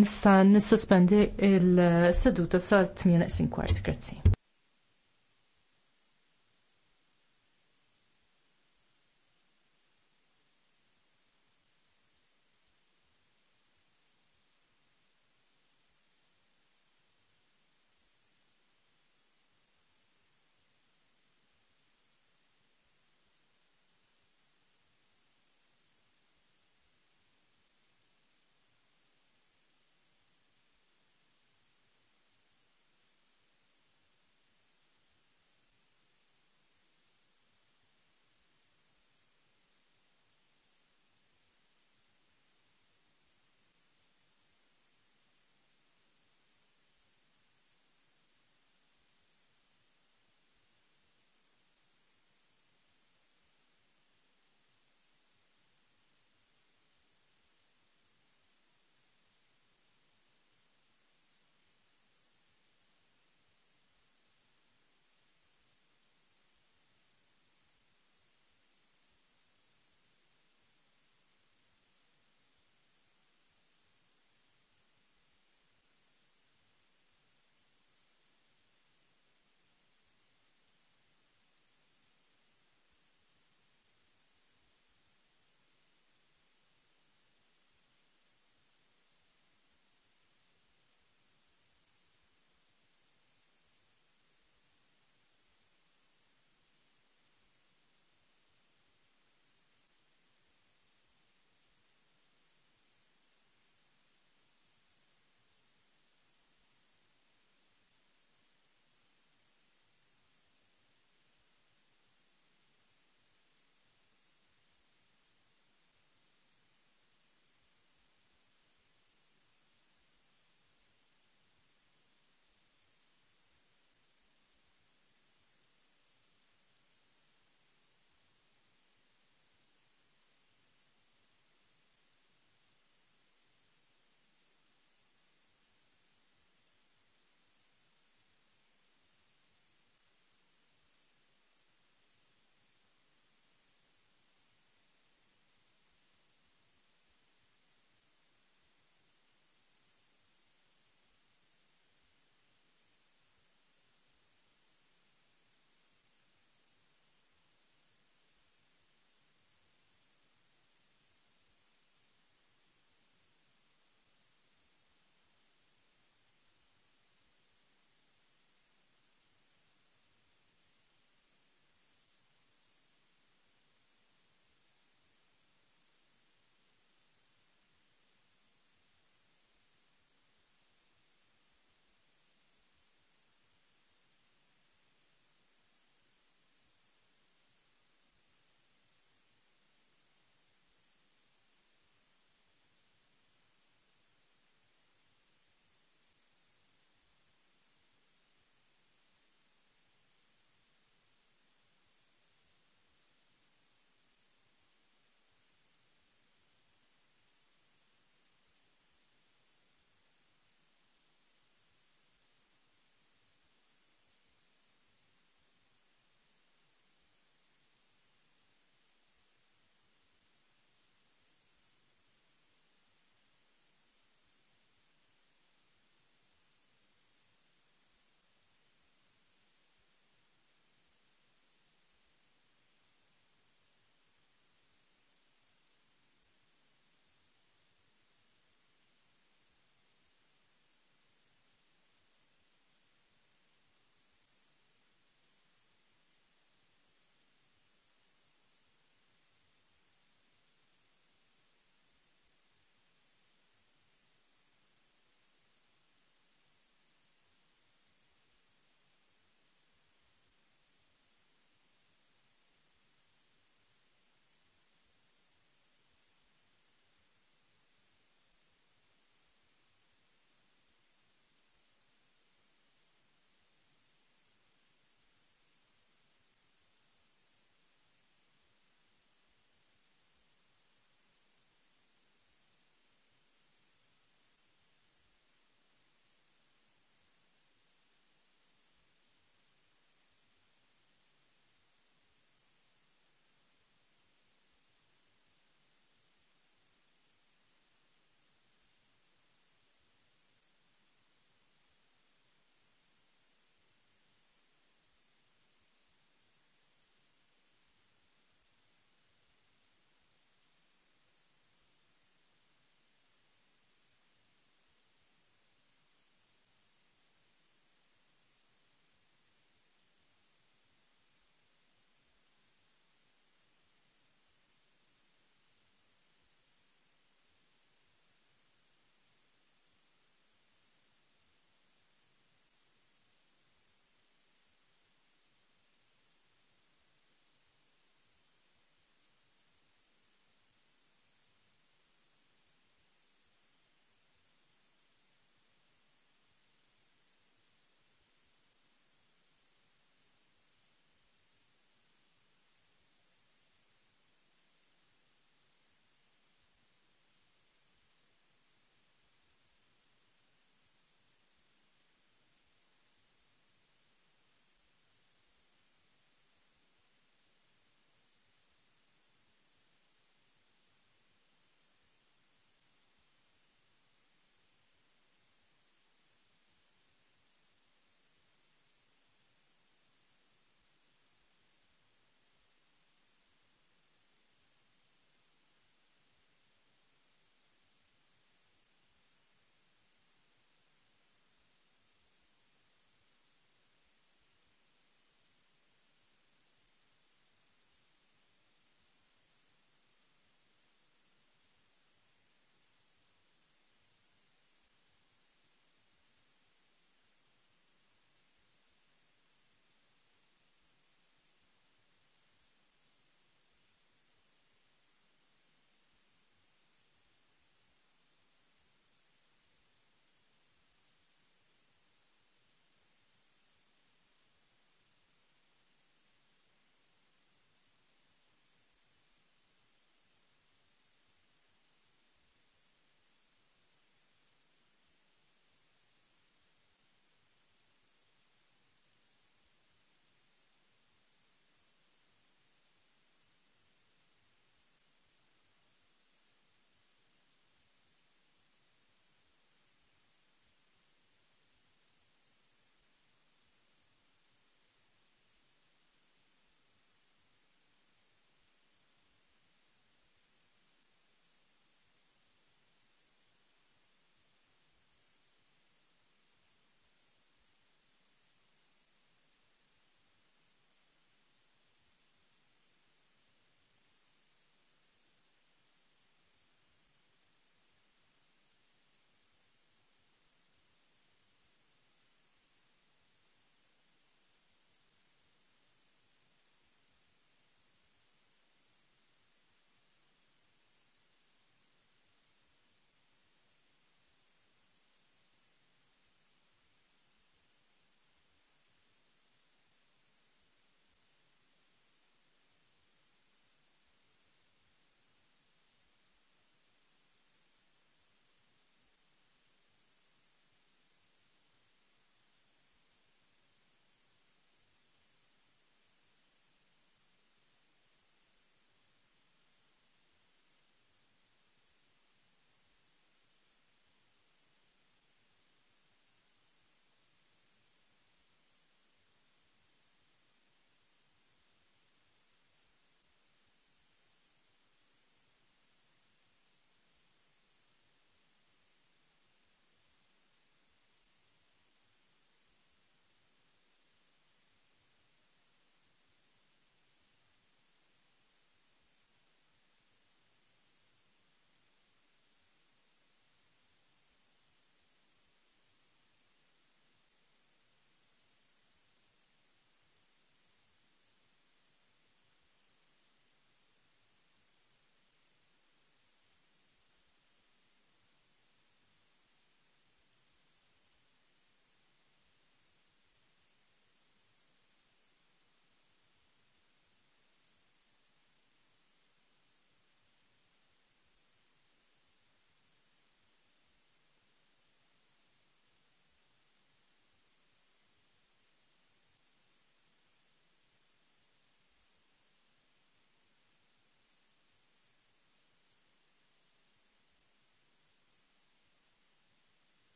nista' nissospendi il-seduta sa 8 kwart. Grazzi.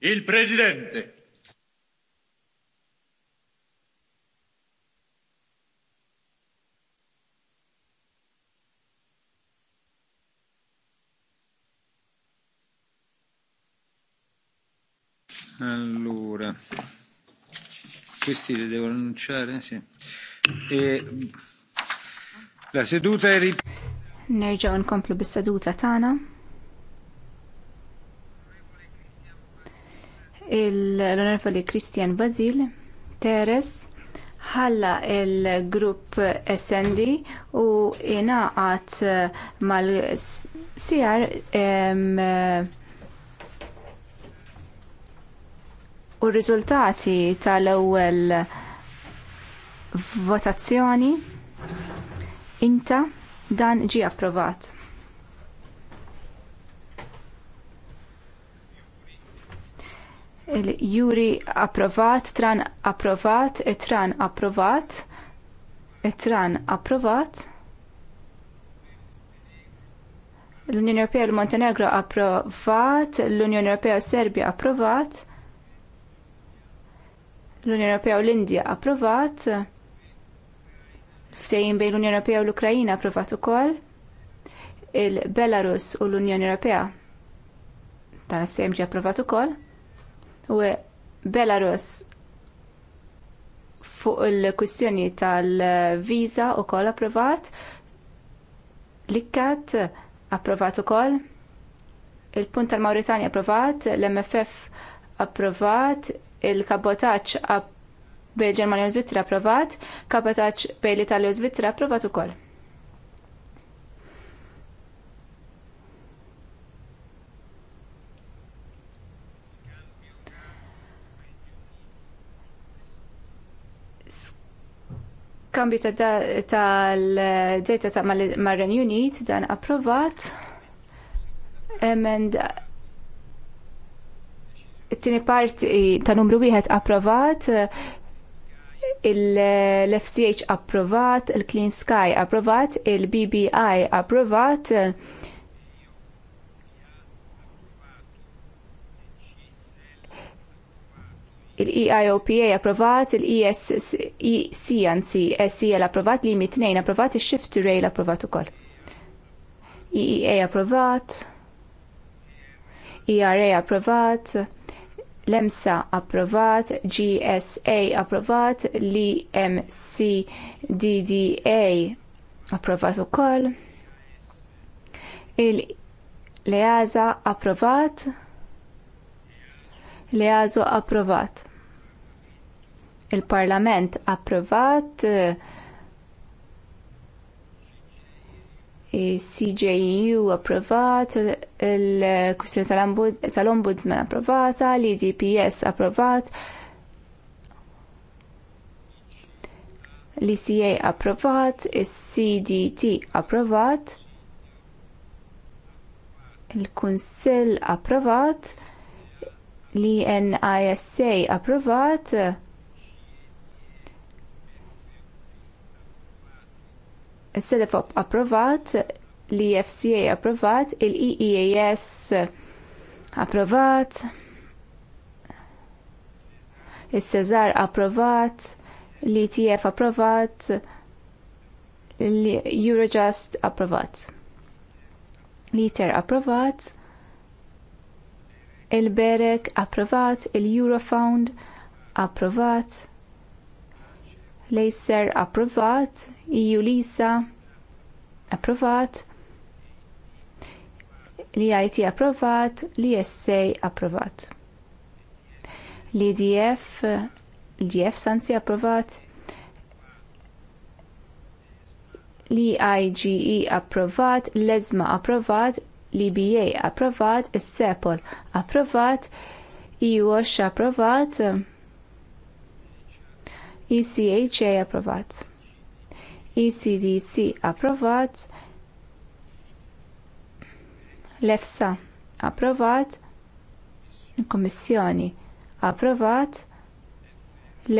Il-Presidente. Allora, questi li devo annunciare, sì. E, la seduta è ripresa. Nerġaw nkomplu bis-seduta tagħna. l-onorevoli Christian Bazil, Teres, ħalla il-grupp SND u ingħaqad mal-CR u r-riżultati tal-ewwel votazzjoni inta dan ġie approvat. il-juri approvat, tran approvat, it-tran approvat, it-tran approvat. L-Unjoni Ewropea l montenegro approvat, l-Unjoni Ewropea Serbia approvat, l-Unjoni Ewropea u l-Indja approvat, ftejjin bejn l-Unjoni Ewropea u l-Ukrajina approvat ukoll, il-Belarus u l-Unjoni Ewropea tal-ftejjim ġie approvat ukoll u Belarus fuq il-kwistjoni tal-viza u kol approvat, l-ikkat approvat u kol, il-punt tal-Mauritania approvat, l-MFF approvat, il-kabotaċ bej u Zvizzera approvat, kabotaċ bej italja u Zvizzera approvat u kol. skambju tal-data ta' mar Unit dan approvat. Emenda it-tieni parti ta' numru wieħed approvat, il-FCH approvat, il-Clean Sky approvat, il-BBI approvat, il clean sky approvat il bbi approvat il-EIOPA approvat, il-ESC anzi approvat, li mitnejn approvat, il-Shift to Rail approvat ukoll. EEA approvat, ERA approvat, l-EMSA approvat, GSA approvat, l-EMC DDA approvat ukoll, il-EASA approvat, l e approvat il-Parlament approvat eh, e CJU e approvat, il-Kwistjoni tal-Ombudsman approvata, l-IDPS approvat, l-ICA approvat, il-CDT approvat, il-Kunsill approvat, l-NISA approvat, il approvat, l-EFCA approvat, il-EEAS approvat, il cesar approvat, l-ETF approvat, l-Eurojust approvat. Liter approvat, il-Berek approvat, il-Eurofound approvat, Laser approvat, EU Lisa approvat, l-IT approvat, l-ISA approvat. L-IDF, li DF sanzi approvat, li ige approvat, lezma approvat, l-IBA e approvat, is sepol approvat, EU approvat, ECHA approvat. ECDC approvat. L-EFSA approvat. il approvat. l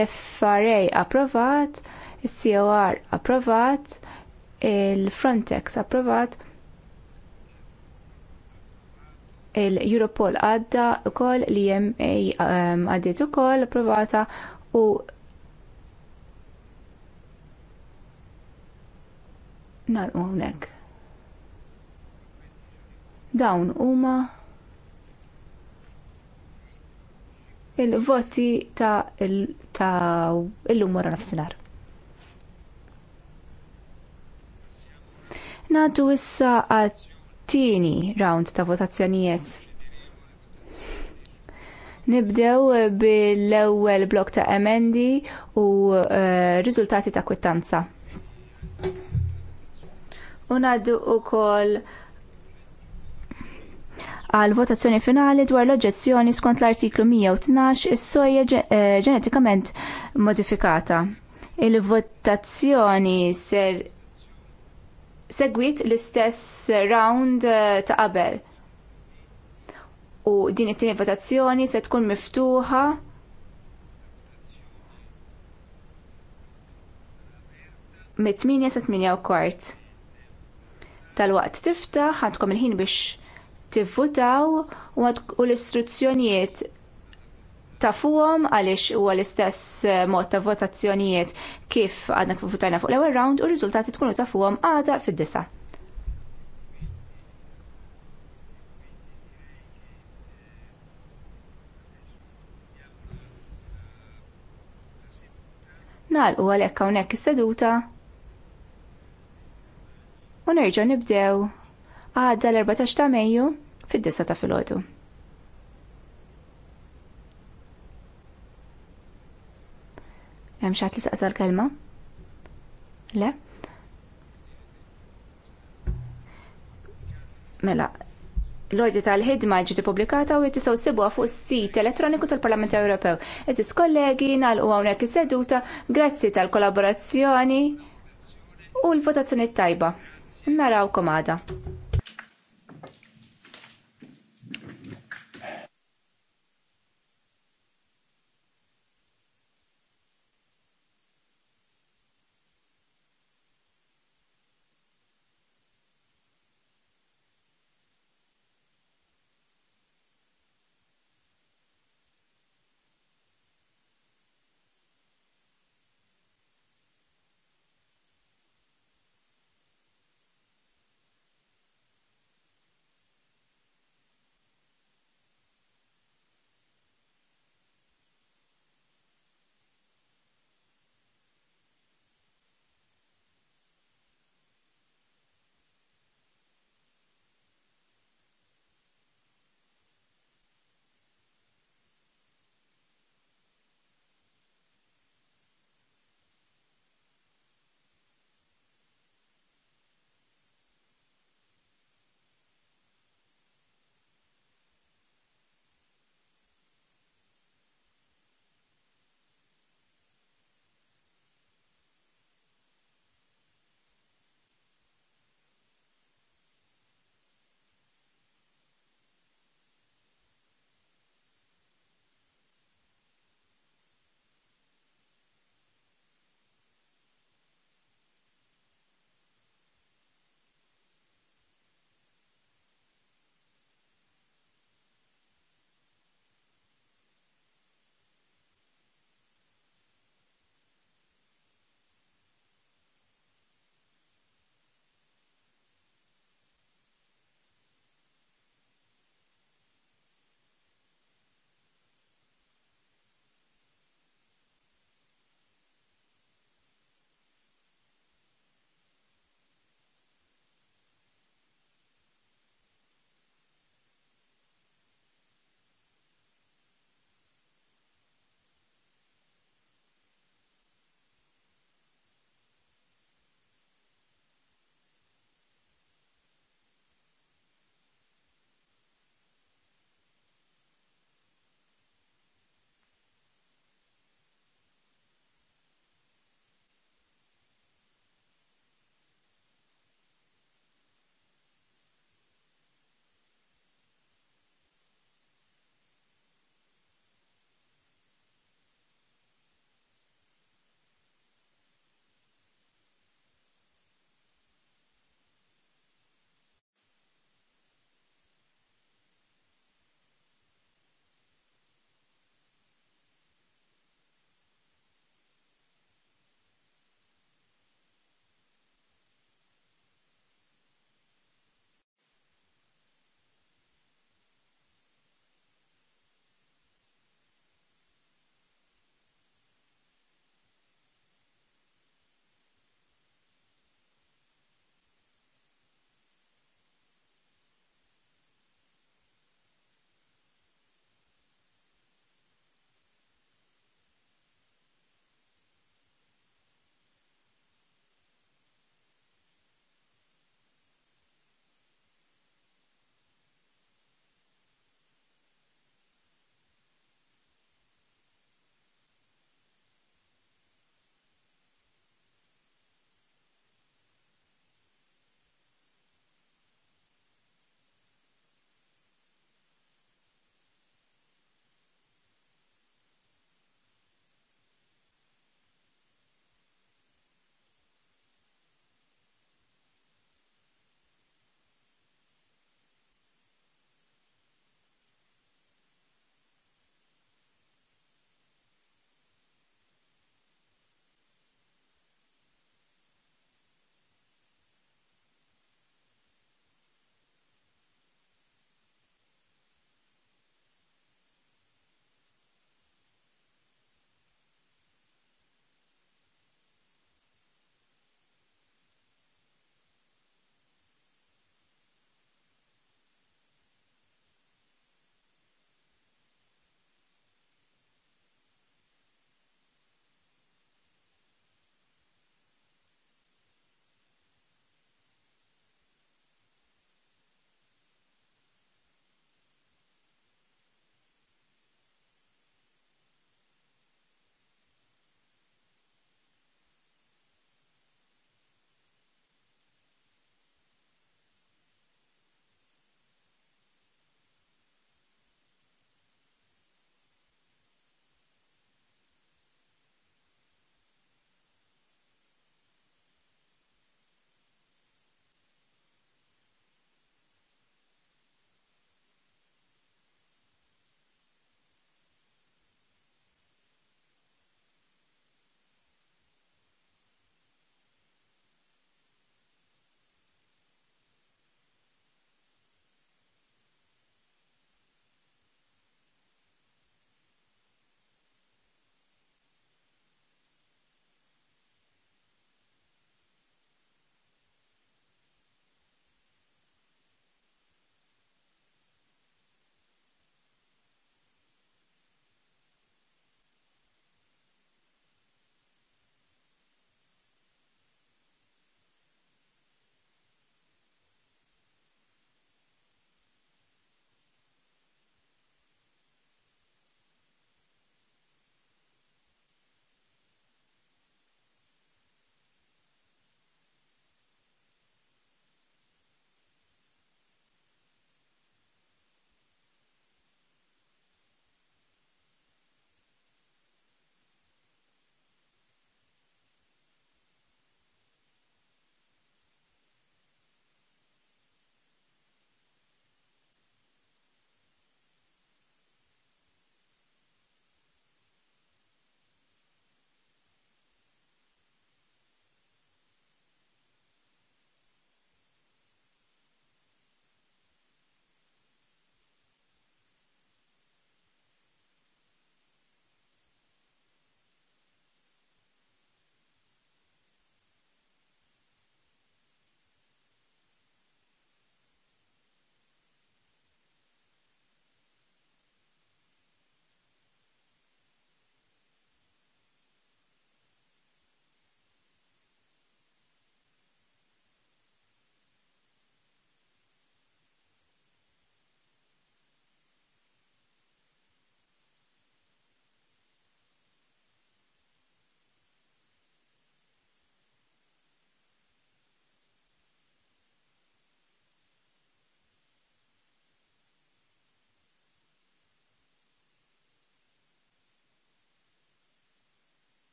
approvat. cor approvat. Il-Frontex approvat. Il-Europol għadda u koll li jem um, għaddit u koll approvata u narqu hawnhekk. Dawn huma il-voti ta' il lumura wara nafsinhar. issa għat-tieni round ta' votazzjonijiet. Nibdew bil-ewwel blok ta' emendi u uh, riżultati ta' kwittanza u ngħaddu wkoll għal votazzjoni finali dwar l-oġġezzjoni skont l-artiklu 112 is-soja eh, ġenetikament modifikata. Il-votazzjoni ser segwit l-istess round eh, ta' qabel. U din it-tieni votazzjoni se tkun miftuħa mit-8 sa 8 u kwart tal-waqt tiftaħ, għandkom il-ħin biex tivvutaw u l-istruzzjonijiet tafuhom għaliex huwa l-istess eh, mod ta' votazzjonijiet kif għadna kif votajna fuq l-ewwel round u r-riżultati tkunu tafuhom għada fid-disa. Nalqu għalhekk hawnhekk is-seduta u nerġgħu nibdew għadda l-14 ta' Mejju fid-disa ta' filgħodu. Hemm xi ħadd li saqsa l-kelma? Le? Mela, l-ordi tal-ħidma ġiet ippubblikata u jtisaw sibuha fuq is-sit elettroniku tal-Parlament Ewropew. Eżis kollegi nagħlqu hawnhekk is-seduta grazzi tal-kollaborazzjoni u l-votazzjoni tajba. Narawkom għada.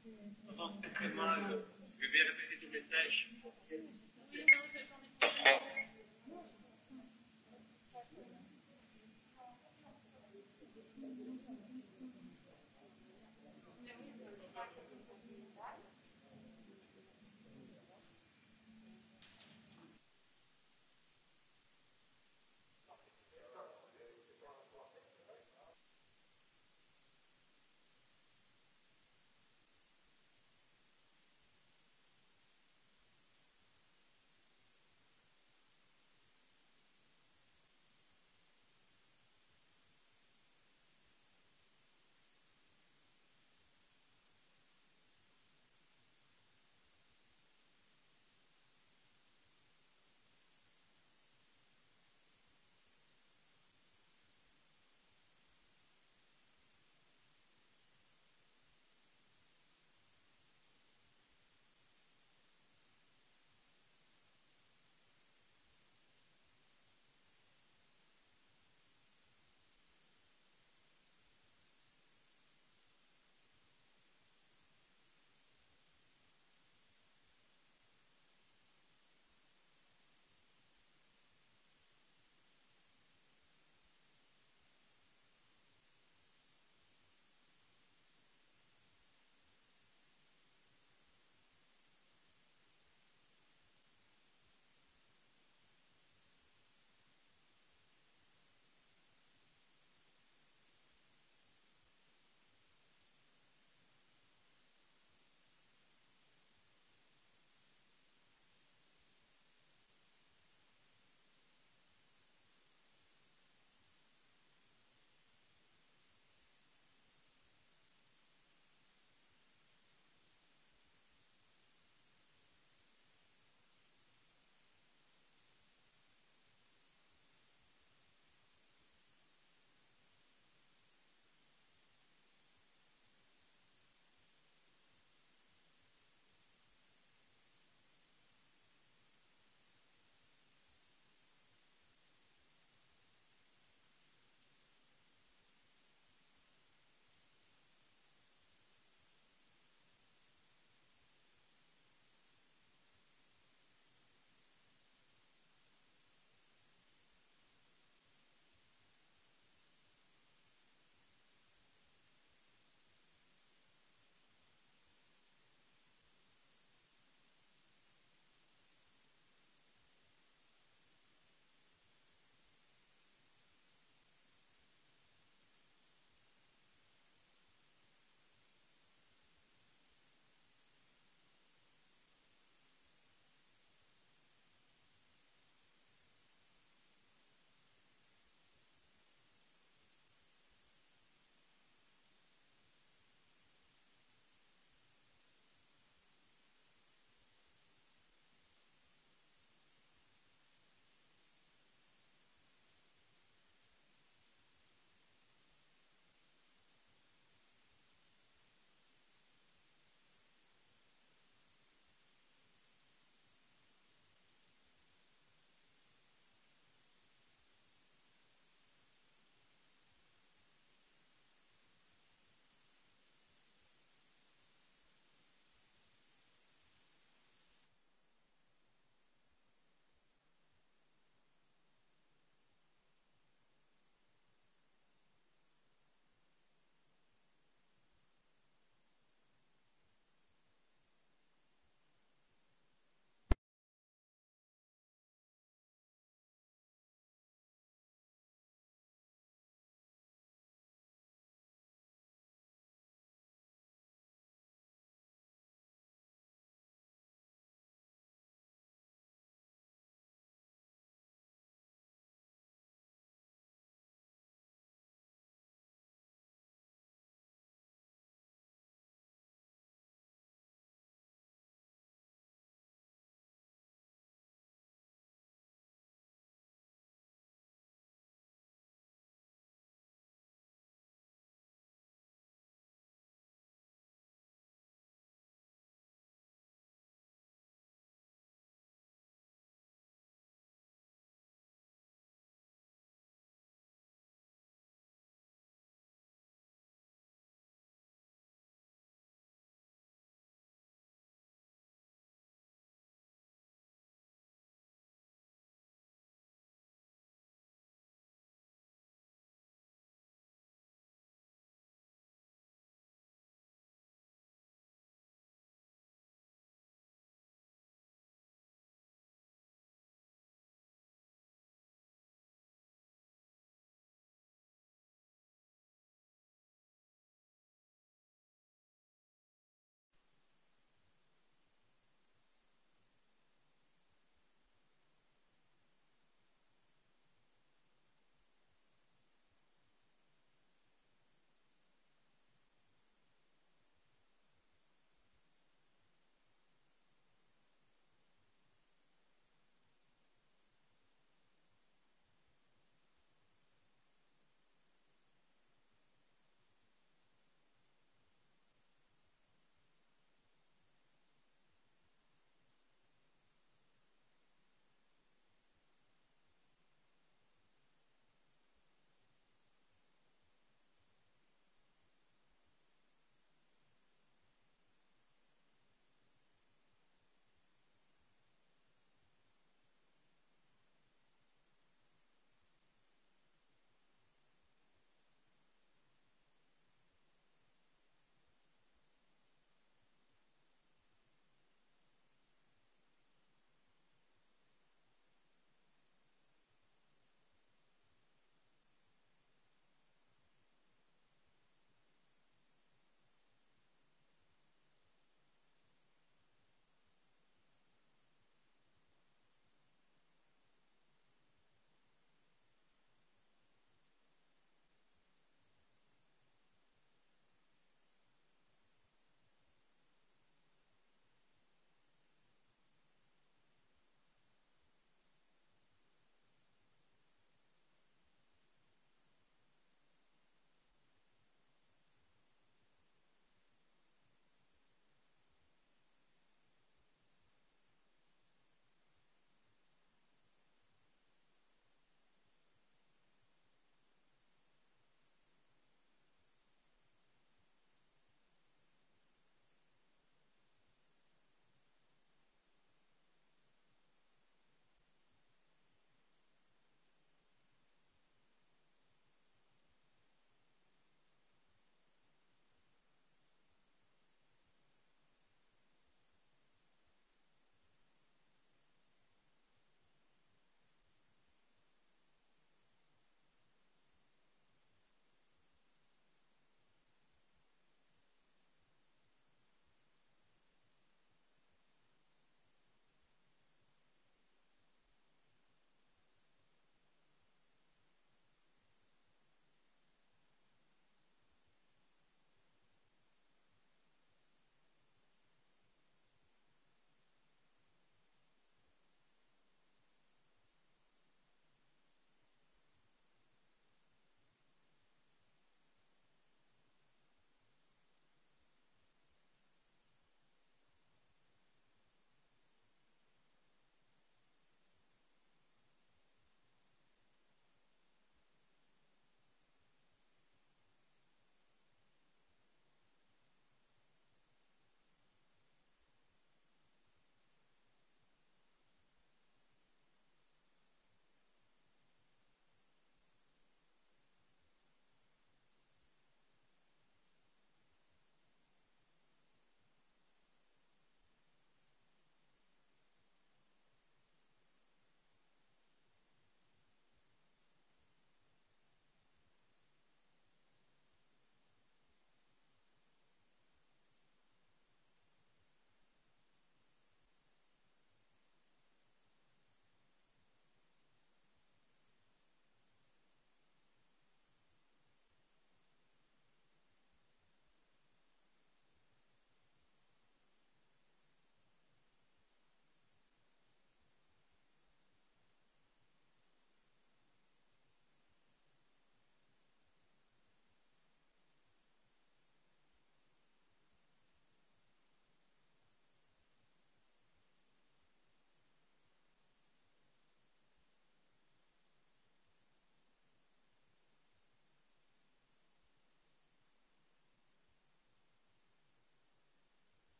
Très Je vais répéter le message.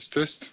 stess